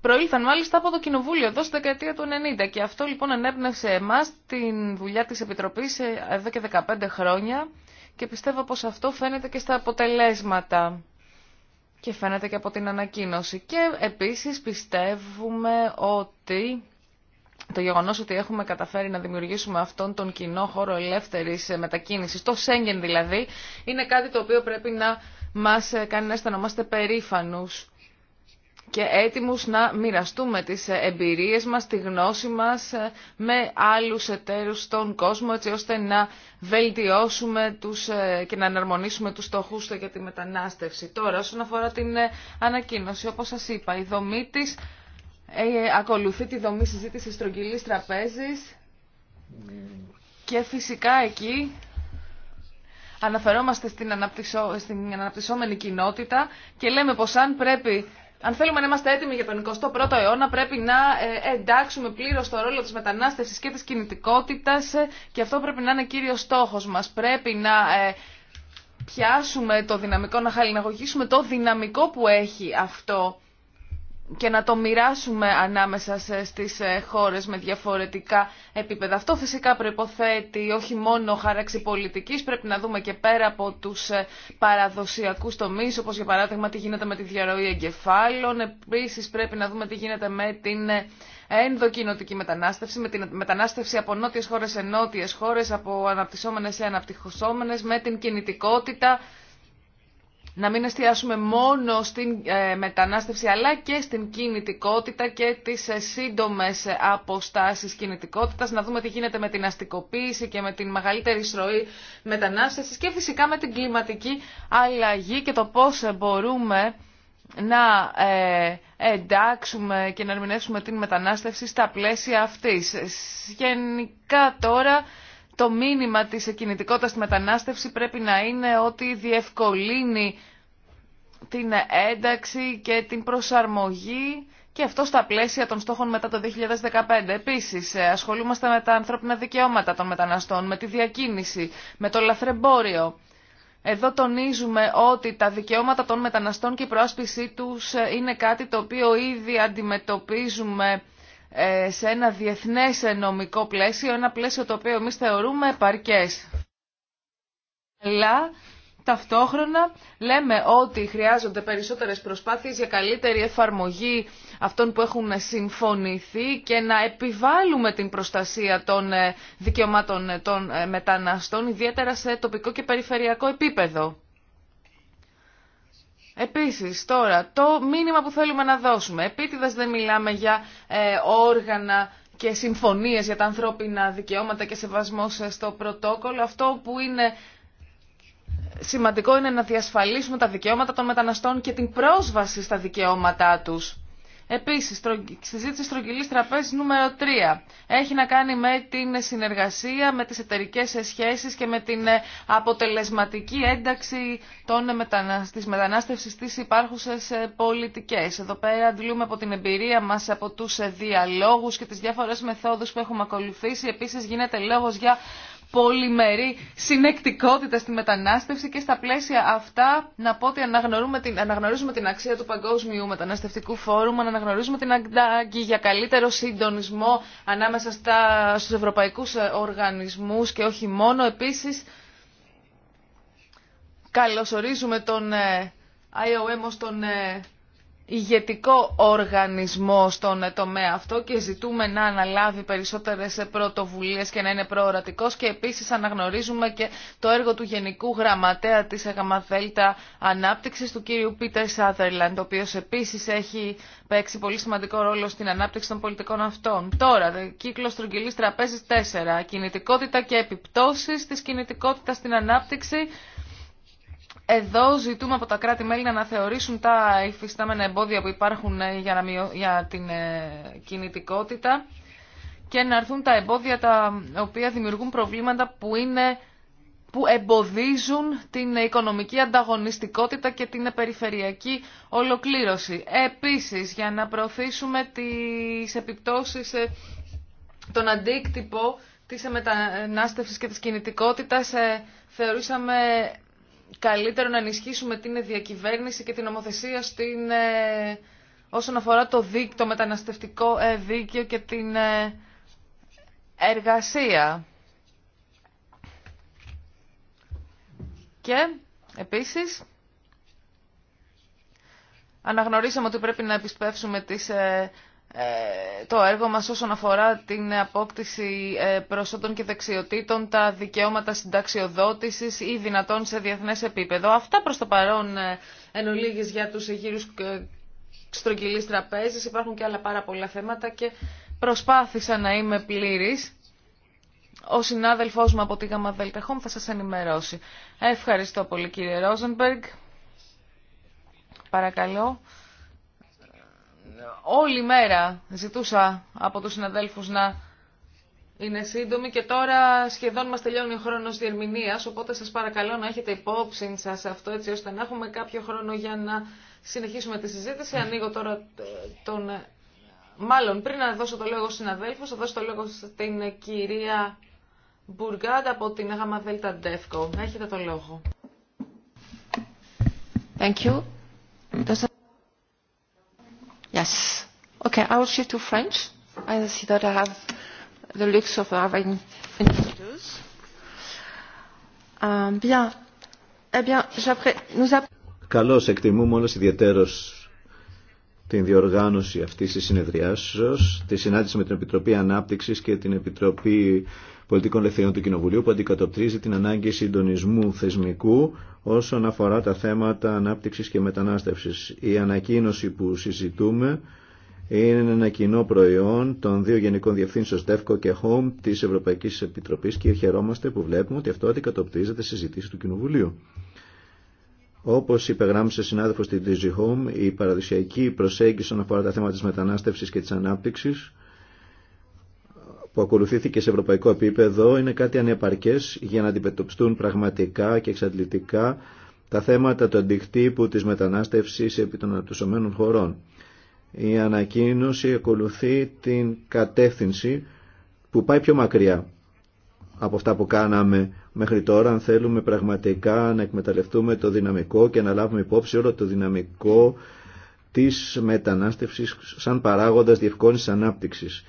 προήλθαν μάλιστα από το Κοινοβούλιο εδώ στη δεκαετία του 90 και αυτό λοιπόν ενέπνευσε εμάς την δουλειά της Επιτροπής εδώ και 15 χρόνια και πιστεύω πως αυτό φαίνεται και στα αποτελέσματα και φαίνεται και από την ανακοίνωση. Και επίσης πιστεύουμε ότι το γεγονός ότι έχουμε καταφέρει να δημιουργήσουμε αυτόν τον κοινό χώρο ελεύθερης μετακίνησης, το Σέγγεν δηλαδή, είναι κάτι το οποίο πρέπει να μας κάνει να αισθανόμαστε περήφανους και έτοιμους να μοιραστούμε τις εμπειρίες μας, τη γνώση μας με άλλους εταίρους στον κόσμο έτσι ώστε να βελτιώσουμε τους, ε, και να αναρμονίσουμε τους στόχους για τη μετανάστευση. Τώρα όσον αφορά την ε, ανακοίνωση, όπως σας είπα, η δομή της ε, ακολουθεί τη δομή συζήτησης στρογγυλής τραπέζης και φυσικά εκεί αναφερόμαστε στην, αναπτυσσόμενη κοινότητα και λέμε πως αν πρέπει αν θέλουμε να είμαστε έτοιμοι για τον 21ο αιώνα, πρέπει να ε, εντάξουμε πλήρως το ρόλο τη μετανάστευση και τη κινητικότητας ε, και αυτό πρέπει να είναι κύριος στόχος μας. Πρέπει να ε, πιάσουμε το δυναμικό, να χαλιναγωγήσουμε το δυναμικό που έχει αυτό και να το μοιράσουμε ανάμεσα στις ε, χώρες με διαφορετικά επίπεδα. Αυτό φυσικά προϋποθέτει όχι μόνο χάραξη πολιτικής, πρέπει να δούμε και πέρα από τους ε, παραδοσιακούς τομείς, όπως για παράδειγμα τι γίνεται με τη διαρροή εγκεφάλων, επίσης πρέπει να δούμε τι γίνεται με την ε, ενδοκινοτική μετανάστευση, με την μετανάστευση από νότιες χώρες σε νότιες χώρες, από αναπτυσσόμενες σε αναπτυχωσόμενες, με την κινητικότητα, να μην εστιάσουμε μόνο στην ε, μετανάστευση αλλά και στην κινητικότητα και τις ε, σύντομες ε, αποστάσεις κινητικότητας, να δούμε τι γίνεται με την αστικοποίηση και με την μεγαλύτερη σροή μετανάστευσης και φυσικά με την κλιματική αλλαγή και το πώς μπορούμε να εντάξουμε και να ερμηνεύσουμε την μετανάστευση στα πλαίσια αυτής. Γενικά τώρα το μήνυμα της εκκινητικότητας στη μετανάστευση πρέπει να είναι ότι διευκολύνει την ένταξη και την προσαρμογή και αυτό στα πλαίσια των στόχων μετά το 2015. Επίσης, ε, ασχολούμαστε με τα ανθρώπινα δικαιώματα των μεταναστών, με τη διακίνηση, με το λαθρεμπόριο. Εδώ τονίζουμε ότι τα δικαιώματα των μεταναστών και η προάσπιση τους ε, είναι κάτι το οποίο ήδη αντιμετωπίζουμε ε, σε ένα διεθνές νομικό πλαίσιο, ένα πλαίσιο το οποίο εμείς θεωρούμε επαρκές. Αλλά ταυτόχρονα λέμε ότι χρειάζονται περισσότερες προσπάθειες για καλύτερη εφαρμογή αυτών που έχουν συμφωνηθεί και να επιβάλλουμε την προστασία των ε, δικαιωμάτων των ε, μεταναστών, ιδιαίτερα σε τοπικό και περιφερειακό επίπεδο. Επίσης, τώρα, το μήνυμα που θέλουμε να δώσουμε. επίτηδες δεν μιλάμε για ε, όργανα και συμφωνίες για τα ανθρώπινα δικαιώματα και σεβασμός ε, στο πρωτόκολλο. Αυτό που είναι σημαντικό είναι να διασφαλίσουμε τα δικαιώματα των μεταναστών και την πρόσβαση στα δικαιώματά τους. Επίσης, συζήτηση στρογγυλής τραπέζης νούμερο 3 έχει να κάνει με την συνεργασία, με τις εταιρικές σχέσεις και με την ε, αποτελεσματική ένταξη των μετανάστευση της μετανάστευσης στις υπάρχουσες ε, πολιτικές. Εδώ πέρα αντιλούμε από την εμπειρία μας από τους ε, διαλόγους και τις διάφορες μεθόδους που έχουμε ακολουθήσει. Επίσης γίνεται λόγος για πολυμερή συνεκτικότητα στη μετανάστευση και στα πλαίσια αυτά να πω ότι την, αναγνωρίζουμε την αξία του Παγκόσμιου Μεταναστευτικού Φόρουμ, αναγνωρίζουμε την ανάγκη για καλύτερο συντονισμό ανάμεσα στα, στους ευρωπαϊκούς ε, οργανισμούς και όχι μόνο. Επίσης, καλωσορίζουμε τον ε, IOM ως τον ε, ηγετικό οργανισμό στον τομέα αυτό και ζητούμε να αναλάβει περισσότερες πρωτοβουλίες και να είναι προορατικός και επίσης αναγνωρίζουμε και το έργο του Γενικού Γραμματέα της ΑΓΑΜΑΔΕΛΤΑ Ανάπτυξης του κύριου Πίτερ Σάτερλαντ, ο οποίο επίσης έχει παίξει πολύ σημαντικό ρόλο στην ανάπτυξη των πολιτικών αυτών. Τώρα, κύκλο στρογγυλής τραπέζης 4, κινητικότητα και επιπτώσεις της κινητικότητας στην ανάπτυξη εδώ ζητούμε από τα κράτη-μέλη να αναθεωρήσουν τα υφιστάμενα εμπόδια που υπάρχουν ε, για, να την ε, κινητικότητα και να έρθουν τα εμπόδια τα οποία δημιουργούν προβλήματα που, είναι... που εμποδίζουν την οικονομική ανταγωνιστικότητα και την περιφερειακή ολοκλήρωση. Επίσης, για να προωθήσουμε τις επιπτώσεις, ε, τον αντίκτυπο της μετανάστευσης και της κινητικότητας, θεωρήσαμε καλύτερο να ενισχύσουμε την διακυβέρνηση και την νομοθεσία στην, ε, όσον αφορά το, μεταναστευτικό ε, δίκαιο και την ε, εργασία. Και επίσης αναγνωρίσαμε ότι πρέπει να επισπεύσουμε τις ε, ε, το έργο μας όσον αφορά την απόκτηση ε, προσόντων και δεξιοτήτων, τα δικαιώματα συνταξιοδότησης ή δυνατόν σε διεθνές επίπεδο. Αυτά προς το παρόν ε, εν για τους γύρους στρογγυλής τραπέζης. Υπάρχουν και άλλα πάρα πολλά θέματα και προσπάθησα να είμαι πλήρης. Ο συνάδελφός μου από τη ΔΕΛΤΑΧΟΜ θα σας ενημερώσει. Ευχαριστώ πολύ κύριε Ρόζενμπεργκ. Παρακαλώ όλη μέρα ζητούσα από τους συναδέλφους να είναι σύντομη. και τώρα σχεδόν μας τελειώνει ο χρόνος διερμηνίας, οπότε σας παρακαλώ να έχετε υπόψη σας αυτό έτσι ώστε να έχουμε κάποιο χρόνο για να συνεχίσουμε τη συζήτηση. Ανοίγω τώρα ε, τον... Ε, μάλλον πριν να δώσω το λόγο στους συναδέλφους, θα δώσω το λόγο στην κυρία Μπουργκάντ από την Δέλτα Ντεύκο. Έχετε το λόγο. Thank you. Yes. Okay, I will shift to French. I see that I have the luxe of having interpreters. Um, bien. Eh bien, nous Καλώς εκτιμούμε όλος ιδιαίτερος την διοργάνωση αυτής της συνεδριάσεως, τη συνάντηση με την Επιτροπή Ανάπτυξης και την Επιτροπή πολιτικών ελευθεριών του Κοινοβουλίου που αντικατοπτρίζει την ανάγκη συντονισμού θεσμικού όσον αφορά τα θέματα ανάπτυξης και μετανάστευσης. Η ανακοίνωση που συζητούμε είναι ένα κοινό προϊόν των δύο Γενικών Διευθύνσεων ΔΕΦΚΟ και Χομ τη Ευρωπαϊκή Επιτροπή και χαιρόμαστε που βλέπουμε ότι αυτό αντικατοπτρίζεται στις συζητήσει του Κοινοβουλίου. Όπω υπεγράμμισε συνάδελφο στην Digi Home, η παραδοσιακή προσέγγιση όσον αφορά τα θέματα τη μετανάστευση και τη ανάπτυξη που ακολουθήθηκε σε ευρωπαϊκό επίπεδο είναι κάτι ανεπαρκές για να αντιμετωπιστούν πραγματικά και εξαντλητικά τα θέματα του αντικτύπου της μετανάστευσης επί των αναπτυσσομένων χωρών. Η ανακοίνωση ακολουθεί την κατεύθυνση που πάει πιο μακριά από αυτά που κάναμε μέχρι τώρα αν θέλουμε πραγματικά να εκμεταλλευτούμε το δυναμικό και να λάβουμε υπόψη όλο το δυναμικό της μετανάστευσης σαν παράγοντας διευκόνησης ανάπτυξης.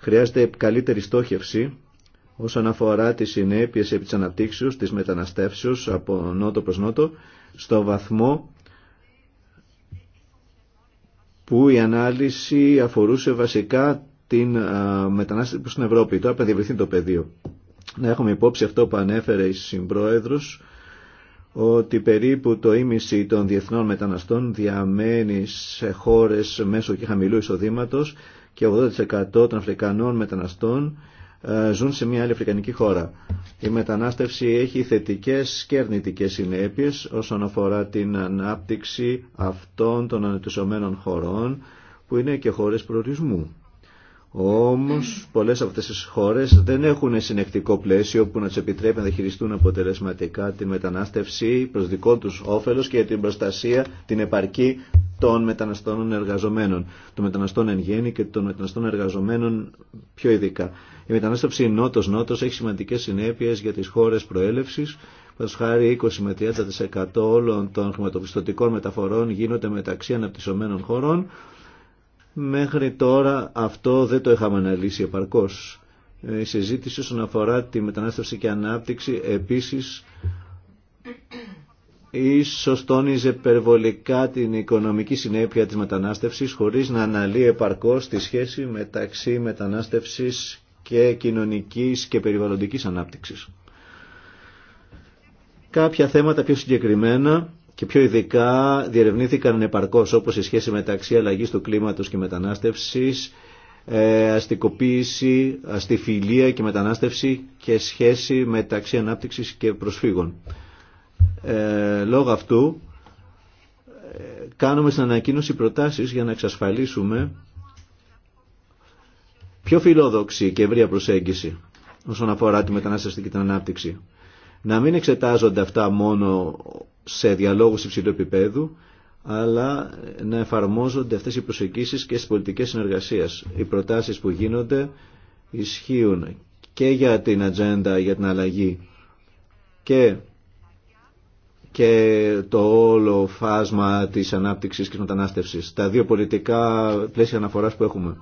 Χρειάζεται καλύτερη στόχευση όσον αφορά τι συνέπειε επί της αναπτύξεως, της μεταναστεύσεως από νότο προς νότο, στο βαθμό που η ανάλυση αφορούσε βασικά την μετανάστευση που την Ευρώπη. Τώρα θα το πεδίο. Να έχουμε υπόψη αυτό που ανέφερε η συμπρόεδρο, ότι περίπου το ίμιση των διεθνών μεταναστών διαμένει σε χώρες μέσω και χαμηλού εισοδήματος και 80% των Αφρικανών μεταναστών ε, ζουν σε μια άλλη Αφρικανική χώρα. Η μετανάστευση έχει θετικές και συνέπειες όσον αφορά την ανάπτυξη αυτών των ανεπτυσσομένων χωρών που είναι και χώρες προορισμού. Όμως πολλές από αυτές τις χώρες δεν έχουν συνεκτικό πλαίσιο που να τους επιτρέπει να διαχειριστούν αποτελεσματικά τη μετανάστευση προς δικό τους όφελος και την προστασία, την επαρκή των μεταναστών εργαζομένων, των μεταναστών εν γέννη και των μεταναστών εργαζομένων πιο ειδικά. Η μετανάστευση νότος-νότος έχει σημαντικές συνέπειες για τις χώρες προέλευσης, Προς χάρη 20 με 30% όλων των χρηματοπιστωτικών μεταφορών γίνονται μεταξύ αναπτυσσομένων χωρών, Μέχρι τώρα αυτό δεν το είχαμε αναλύσει επαρκώς. Ε, η συζήτηση όσον αφορά τη μετανάστευση και ανάπτυξη επίσης ίσως τόνιζε περιβολικά την οικονομική συνέπεια της μετανάστευσης χωρίς να αναλύει επαρκώς τη σχέση μεταξύ μετανάστευσης και κοινωνικής και περιβαλλοντικής ανάπτυξης. Κάποια θέματα πιο συγκεκριμένα και πιο ειδικά διερευνήθηκαν επαρκώς όπως η σχέση μεταξύ αλλαγής του κλίματος και μετανάστευσης, ε, αστικοποίηση, αστιφιλία και μετανάστευση και σχέση μεταξύ ανάπτυξης και προσφύγων. Ε, λόγω αυτού ε, κάνουμε στην ανακοίνωση προτάσεις για να εξασφαλίσουμε πιο φιλόδοξη και ευρία προσέγγιση όσον αφορά τη μετανάστευση και την ανάπτυξη. Να μην εξετάζονται αυτά μόνο σε διαλόγους υψηλού επίπεδου, αλλά να εφαρμόζονται αυτές οι προσεγγίσεις και στις πολιτικές συνεργασίες. Οι προτάσεις που γίνονται ισχύουν και για την ατζέντα, για την αλλαγή και, και το όλο φάσμα της ανάπτυξης και μετανάστευση. Τα δύο πολιτικά πλαίσια αναφοράς που έχουμε.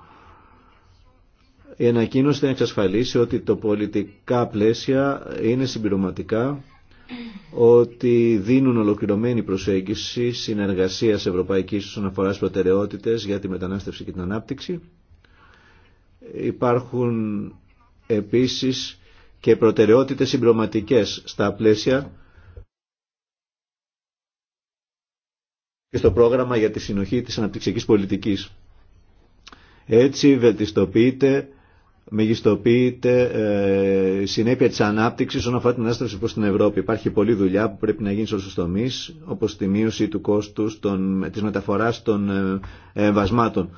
Η ανακοίνωση θα εξασφαλίσει ότι το πολιτικά πλαίσια είναι συμπληρωματικά ότι δίνουν ολοκληρωμένη προσέγγιση συνεργασίας ευρωπαϊκής όσον αφορά προτεραιότητες για τη μετανάστευση και την ανάπτυξη. Υπάρχουν επίσης και προτεραιότητες συμπληρωματικέ στα πλαίσια και στο πρόγραμμα για τη συνοχή της αναπτυξιακής πολιτικής. Έτσι βελτιστοποιείται μεγιστοποιείται ε, η συνέπεια της ανάπτυξης όσον αφορά την ανάσταση προς την Ευρώπη. Υπάρχει πολλή δουλειά που πρέπει να γίνει σε όλους τους τομείς, όπως τη μείωση του κόστου των, της μεταφοράς των ε, εμβασμάτων.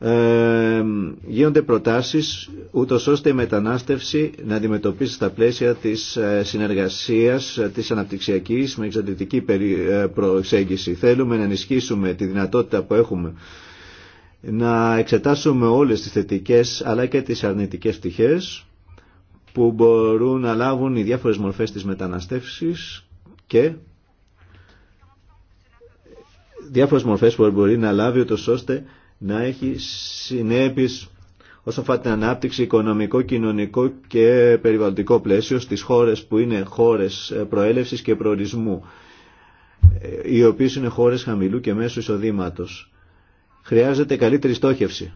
Ε, γίνονται προτάσεις ούτω ώστε η μετανάστευση να αντιμετωπίσει στα πλαίσια της συνεργασίας της αναπτυξιακής με εξαντλητική προσέγγιση. Θέλουμε να ενισχύσουμε τη δυνατότητα που έχουμε να εξετάσουμε όλες τις θετικές αλλά και τις αρνητικές πτυχές που μπορούν να λάβουν οι διάφορες μορφές της μεταναστεύσης και διάφορες μορφές που μπορεί να λάβει ούτως ώστε να έχει συνέπειες όσον αφορά την ανάπτυξη οικονομικό, κοινωνικό και περιβαλλοντικό πλαίσιο στις χώρες που είναι χώρες προέλευσης και προορισμού ε, οι οποίες είναι χώρες χαμηλού και μέσου εισοδήματος. Χρειάζεται καλύτερη στόχευση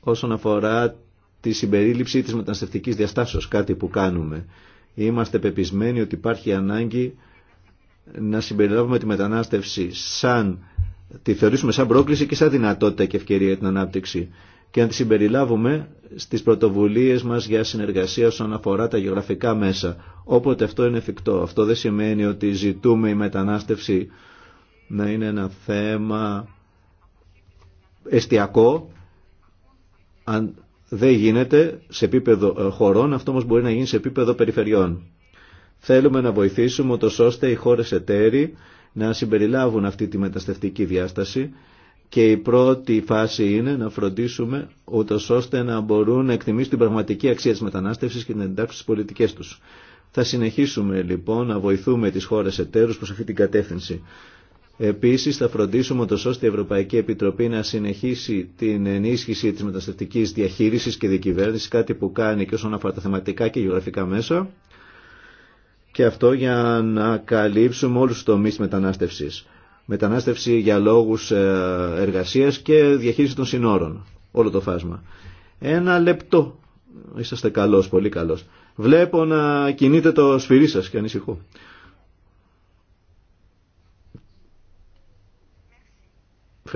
όσον αφορά τη συμπερίληψη της μεταναστευτικής διαστάσεως, κάτι που κάνουμε. Είμαστε πεπισμένοι ότι υπάρχει ανάγκη να συμπεριλάβουμε τη μετανάστευση σαν, τη θεωρήσουμε σαν πρόκληση και σαν δυνατότητα και ευκαιρία για την ανάπτυξη και να τη συμπεριλάβουμε στις πρωτοβουλίες μας για συνεργασία όσον αφορά τα γεωγραφικά μέσα. Όποτε αυτό είναι εφικτό. Αυτό δεν σημαίνει ότι ζητούμε η μετανάστευση να είναι ένα θέμα εστιακό, αν δεν γίνεται σε επίπεδο ε, χωρών, αυτό όμως μπορεί να γίνει σε επίπεδο περιφερειών. Θέλουμε να βοηθήσουμε ώστε οι χώρες εταίροι να συμπεριλάβουν αυτή τη μεταστευτική διάσταση και η πρώτη φάση είναι να φροντίσουμε ούτω ώστε να μπορούν να εκτιμήσουν την πραγματική αξία της μετανάστευσης και την εντάξει στις πολιτικές τους. Θα συνεχίσουμε λοιπόν να βοηθούμε τις χώρες εταίρους προς αυτή την κατεύθυνση. Επίσης θα φροντίσουμε το ώστε η Ευρωπαϊκή Επιτροπή να συνεχίσει την ενίσχυση της μεταστατικής διαχείρισης και δικυβέρνησης κάτι που κάνει και όσον αφορά τα θεματικά και γεωγραφικά μέσα. Και αυτό για να καλύψουμε όλους τους τομείς μετανάστευσης. Μετανάστευση για λόγους ε, εργασίας και διαχείριση των συνόρων. Όλο το φάσμα. Ένα λεπτό. Είσαστε καλός, πολύ καλός. Βλέπω να κινείτε το σφυρί σας και ανησυχώ.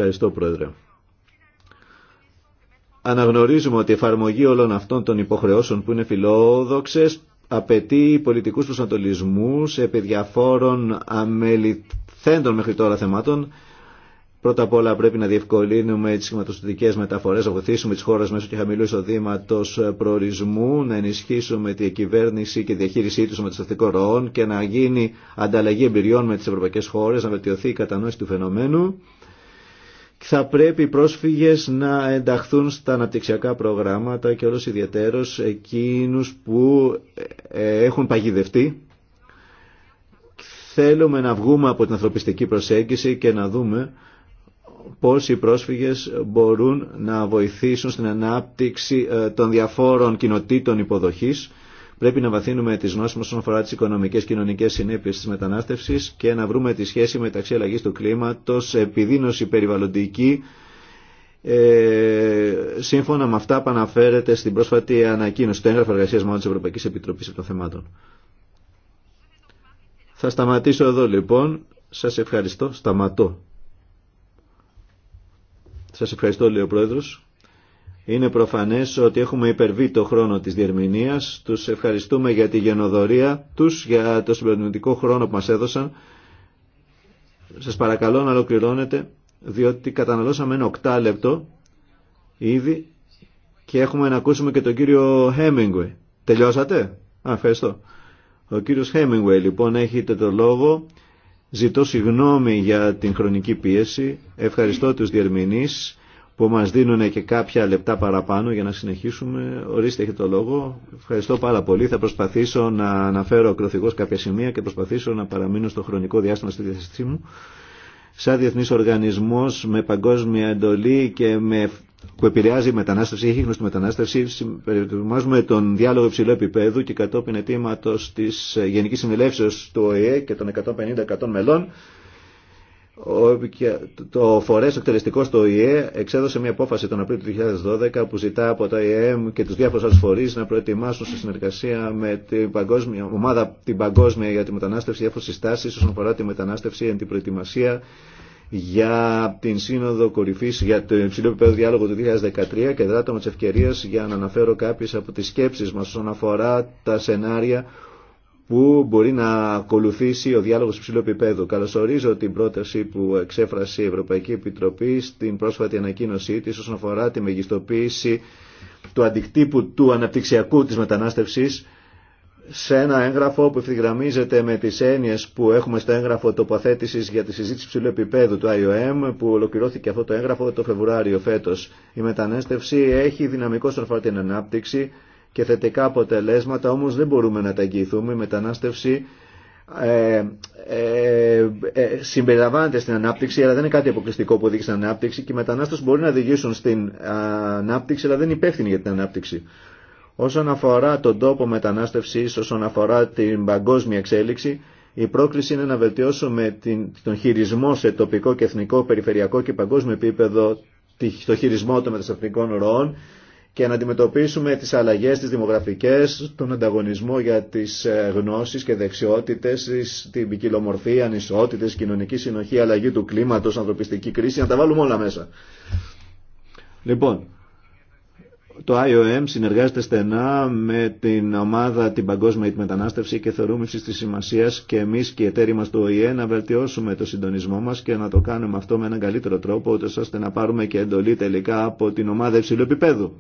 Ευχαριστώ, Πρόεδρε. Αναγνωρίζουμε ότι η εφαρμογή όλων αυτών των υποχρεώσεων που είναι φιλόδοξε, απαιτεί πολιτικού προσανατολισμού επί διαφόρων αμεληθέντων μέχρι τώρα θεμάτων. Πρώτα απ' όλα πρέπει να διευκολύνουμε τι σχηματοστατικές μεταφορέ, να βοηθήσουμε τι χώρε μέσω και χαμηλού εισοδήματο προορισμού, να ενισχύσουμε τη κυβέρνηση και τη διαχείρισή του με το ροών και να γίνει ανταλλαγή εμπειριών με τι ευρωπαϊκέ χώρε, να βελτιωθεί η κατανόηση του φαινομένου θα πρέπει οι πρόσφυγες να ενταχθούν στα αναπτυξιακά προγράμματα και όλος ιδιαιτέρως εκείνους που ε, έχουν παγιδευτεί. Θέλουμε να βγούμε από την ανθρωπιστική προσέγγιση και να δούμε πώς οι πρόσφυγες μπορούν να βοηθήσουν στην ανάπτυξη ε, των διαφόρων κοινοτήτων υποδοχής Πρέπει να βαθύνουμε τι γνώσει μα όσον αφορά τι οικονομικέ και κοινωνικέ συνέπειε τη μετανάστευση και να βρούμε τη σχέση μεταξύ αλλαγή του κλίματο, επιδείνωση περιβαλλοντική, ε, σύμφωνα με αυτά που αναφέρεται στην πρόσφατη ανακοίνωση του έγγραφου εργασία μόνο τη Ευρωπαϊκή Επιτροπή των Θεμάτων. Θα σταματήσω εδώ λοιπόν. Σας ευχαριστώ. Σταματώ. Σας ευχαριστώ λέει ο Πρόεδρος. Είναι προφανές ότι έχουμε υπερβεί το χρόνο της διερμηνίας. Τους ευχαριστούμε για τη γενοδορία τους, για το συμπεριλημματικό χρόνο που μας έδωσαν. Σας παρακαλώ να ολοκληρώνετε, διότι καταναλώσαμε ένα λεπτό, ήδη και έχουμε να ακούσουμε και τον κύριο Χέμιγκουε. Τελειώσατε? Α, ευχαριστώ. Ο κύριος Χέμιγκουε, λοιπόν έχετε το λόγο. Ζητώ συγγνώμη για την χρονική πίεση. Ευχαριστώ τους διερμηνείς που μας δίνουν και κάποια λεπτά παραπάνω για να συνεχίσουμε. Ορίστε έχετε το λόγο. Ευχαριστώ πάρα πολύ. Θα προσπαθήσω να αναφέρω ακροθυγώς κάποια σημεία και προσπαθήσω να παραμείνω στο χρονικό διάστημα στη διαθέσή μου. Σαν διεθνή οργανισμό με παγκόσμια εντολή και με που επηρεάζει η μετανάστευση, έχει γνωστή μετανάστευση, προετοιμάζουμε τον διάλογο υψηλού επίπεδου και κατόπιν αιτήματο τη Γενική Συνελεύσεω του ΟΗΕ και των 150 100 μελών το φορέ εκτελεστικό στο ΙΕ εξέδωσε μια απόφαση τον Απρίλιο του 2012 που ζητά από τα ΙΕΜ και του διάφορου άλλου φορείς να προετοιμάσουν σε συνεργασία με την παγκόσμια, ομάδα την παγκόσμια για τη μετανάστευση διάφορε συστάσει όσον αφορά τη μετανάστευση και την προετοιμασία για την Σύνοδο Κορυφή για το υψηλό επίπεδο διάλογο του 2013 και δράτω με τι ευκαιρίε για να αναφέρω κάποιε από τι σκέψει μα όσον αφορά τα σενάρια που μπορεί να ακολουθήσει ο διάλογος ψηλού επίπεδου. Καλωσορίζω την πρόταση που εξέφρασε η Ευρωπαϊκή Επιτροπή στην πρόσφατη ανακοίνωσή τη όσον αφορά τη μεγιστοποίηση του αντικτύπου του αναπτυξιακού τη μετανάστευση σε ένα έγγραφο που ευθυγραμμίζεται με τις έννοιες που έχουμε στο έγγραφο τοποθέτηση για τη συζήτηση ψηλού επίπεδου του IOM που ολοκληρώθηκε αυτό το έγγραφο το Φεβρουάριο φέτος. Η μετανάστευση έχει δυναμικό στον την ανάπτυξη και θετικά αποτελέσματα, όμως δεν μπορούμε να τα εγγυηθούμε. Η μετανάστευση ε, ε, ε, συμπεριλαμβάνεται στην ανάπτυξη, αλλά δεν είναι κάτι αποκλειστικό που οδηγεί στην ανάπτυξη και οι μετανάστες μπορεί να οδηγήσουν στην ανάπτυξη, αλλά δεν είναι υπεύθυνοι για την ανάπτυξη. Όσον αφορά τον τόπο μετανάστευση, όσον αφορά την παγκόσμια εξέλιξη, η πρόκληση είναι να βελτιώσουμε την, τον χειρισμό σε τοπικό και εθνικό, περιφερειακό και παγκόσμιο επίπεδο, το χειρισμό των μετασταθμικών ροών και να αντιμετωπίσουμε τις αλλαγές, τις δημογραφικές, τον ανταγωνισμό για τις ε, γνώσεις και δεξιότητες, την ποικιλομορφία, ανισότητες, κοινωνική συνοχή, αλλαγή του κλίματος, ανθρωπιστική κρίση, να τα βάλουμε όλα μέσα. Λοιπόν, το IOM συνεργάζεται στενά με την ομάδα την Παγκόσμια Μετανάστευση και θεωρούμε ύψη τη σημασία και εμείς και οι εταίροι μας του ΟΗΕ να βελτιώσουμε το συντονισμό μας και να το κάνουμε αυτό με έναν καλύτερο τρόπο, ώστε να πάρουμε και εντολή τελικά από την ομάδα υψηλού επίπεδου.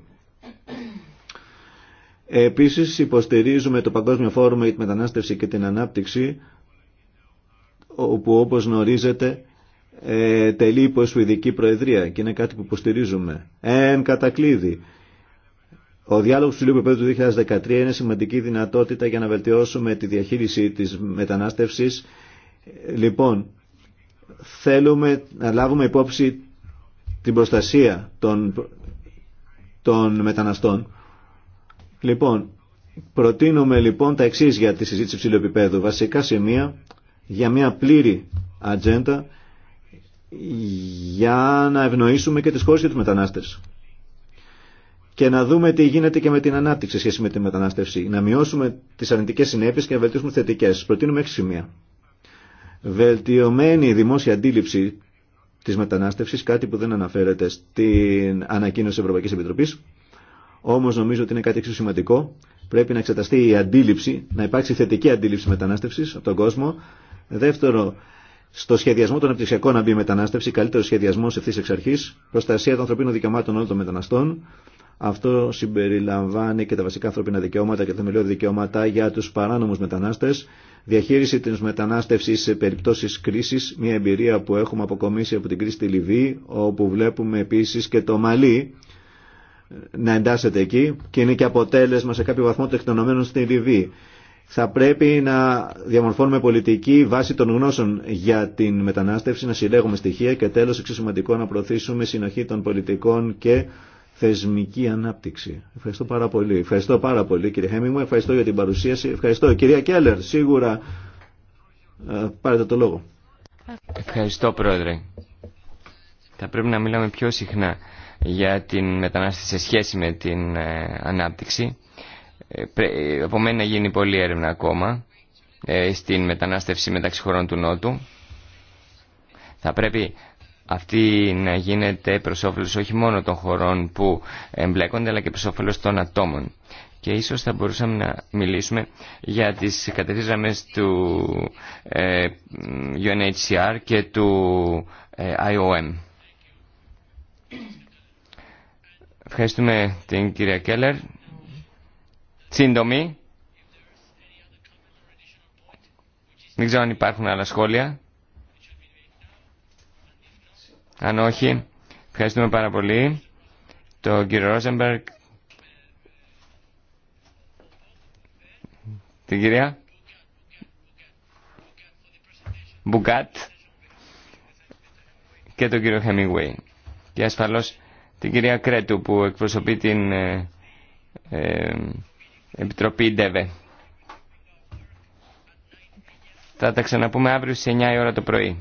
Επίσης υποστηρίζουμε το Παγκόσμιο Φόρουμ για τη Μετανάστευση και την Ανάπτυξη όπου όπως γνωρίζετε ε, τελεί υπό Σουηδική Προεδρία και είναι κάτι που υποστηρίζουμε. Εν κατακλείδη. Ο διάλογος του Λίου του 2013 είναι σημαντική δυνατότητα για να βελτιώσουμε τη διαχείριση της μετανάστευσης. Λοιπόν, θέλουμε να λάβουμε υπόψη την προστασία των μεταναστών Λοιπόν, προτείνουμε λοιπόν τα εξή για τη συζήτηση ψηλού επίπεδου. Βασικά σημεία για μια πλήρη ατζέντα για να ευνοήσουμε και τις χώρες και τους μετανάστες. Και να δούμε τι γίνεται και με την ανάπτυξη σχέση με τη μετανάστευση. Να μειώσουμε τις αρνητικές συνέπειες και να βελτιώσουμε τις θετικές. Προτείνουμε έξι σημεία. Βελτιωμένη δημόσια αντίληψη της μετανάστευσης, κάτι που δεν αναφέρεται στην ανακοίνωση Ευρωπαϊκής Επιτροπής. Όμως νομίζω ότι είναι κάτι εξίσου σημαντικό. Πρέπει να εξεταστεί η αντίληψη, να υπάρξει θετική αντίληψη μετανάστευση, από τον κόσμο. Δεύτερο, στο σχεδιασμό των αναπτυξιακών να μπει η μετανάστευση, καλύτερο σχεδιασμό ευθύ εξ αρχή, προστασία των ανθρωπίνων δικαιωμάτων όλων των μεταναστών. Αυτό συμπεριλαμβάνει και τα βασικά ανθρώπινα δικαιώματα και τα θεμελιώδη δικαιώματα για του παράνομου μετανάστε, διαχείριση τη μετανάστευση σε περιπτώσει κρίση, μια εμπειρία που έχουμε αποκομίσει από την κρίση στη όπου βλέπουμε επίση και το Μαλί να εντάσσεται εκεί και είναι και αποτέλεσμα σε κάποιο βαθμό των στην Λιβύη. Θα πρέπει να διαμορφώνουμε πολιτική βάση των γνώσεων για την μετανάστευση, να συλλέγουμε στοιχεία και τέλος εξισωματικό να προωθήσουμε συνοχή των πολιτικών και θεσμική ανάπτυξη. Ευχαριστώ πάρα πολύ. Ευχαριστώ πάρα πολύ κύριε Χέμι μου, ευχαριστώ για την παρουσίαση. Ευχαριστώ. Κυρία Κέλλερ, σίγουρα ε, πάρετε το λόγο. Ευχαριστώ πρόεδρε. Θα πρέπει να μιλάμε πιο συχνά για την μετανάστευση σε σχέση με την ε, ανάπτυξη. Επομένως ε, να γίνει πολλή έρευνα ακόμα ε, στην μετανάστευση μεταξύ χωρών του Νότου. Θα πρέπει αυτή να γίνεται προς όφελος όχι μόνο των χωρών που εμπλέκονται αλλά και προς όφελος των ατόμων. Και ίσως θα μπορούσαμε να μιλήσουμε για τις κατευθύνσεις του UNHCR και του IOM. Ευχαριστούμε την κυρία Κέλλερ. Σύντομη. Δεν ξέρω αν υπάρχουν άλλα σχόλια. Αν όχι, ευχαριστούμε πάρα πολύ τον κύριο Ρόζενμπεργκ, την κυρία Μπουκάτ και τον κύριο Χεμιγουέι. Και ασφαλώς την κυρία Κρέτου που εκπροσωπεί την ε, ε, Επιτροπή ΔΕΒΕ. Θα τα ξαναπούμε αύριο στις 9 η ώρα το πρωί.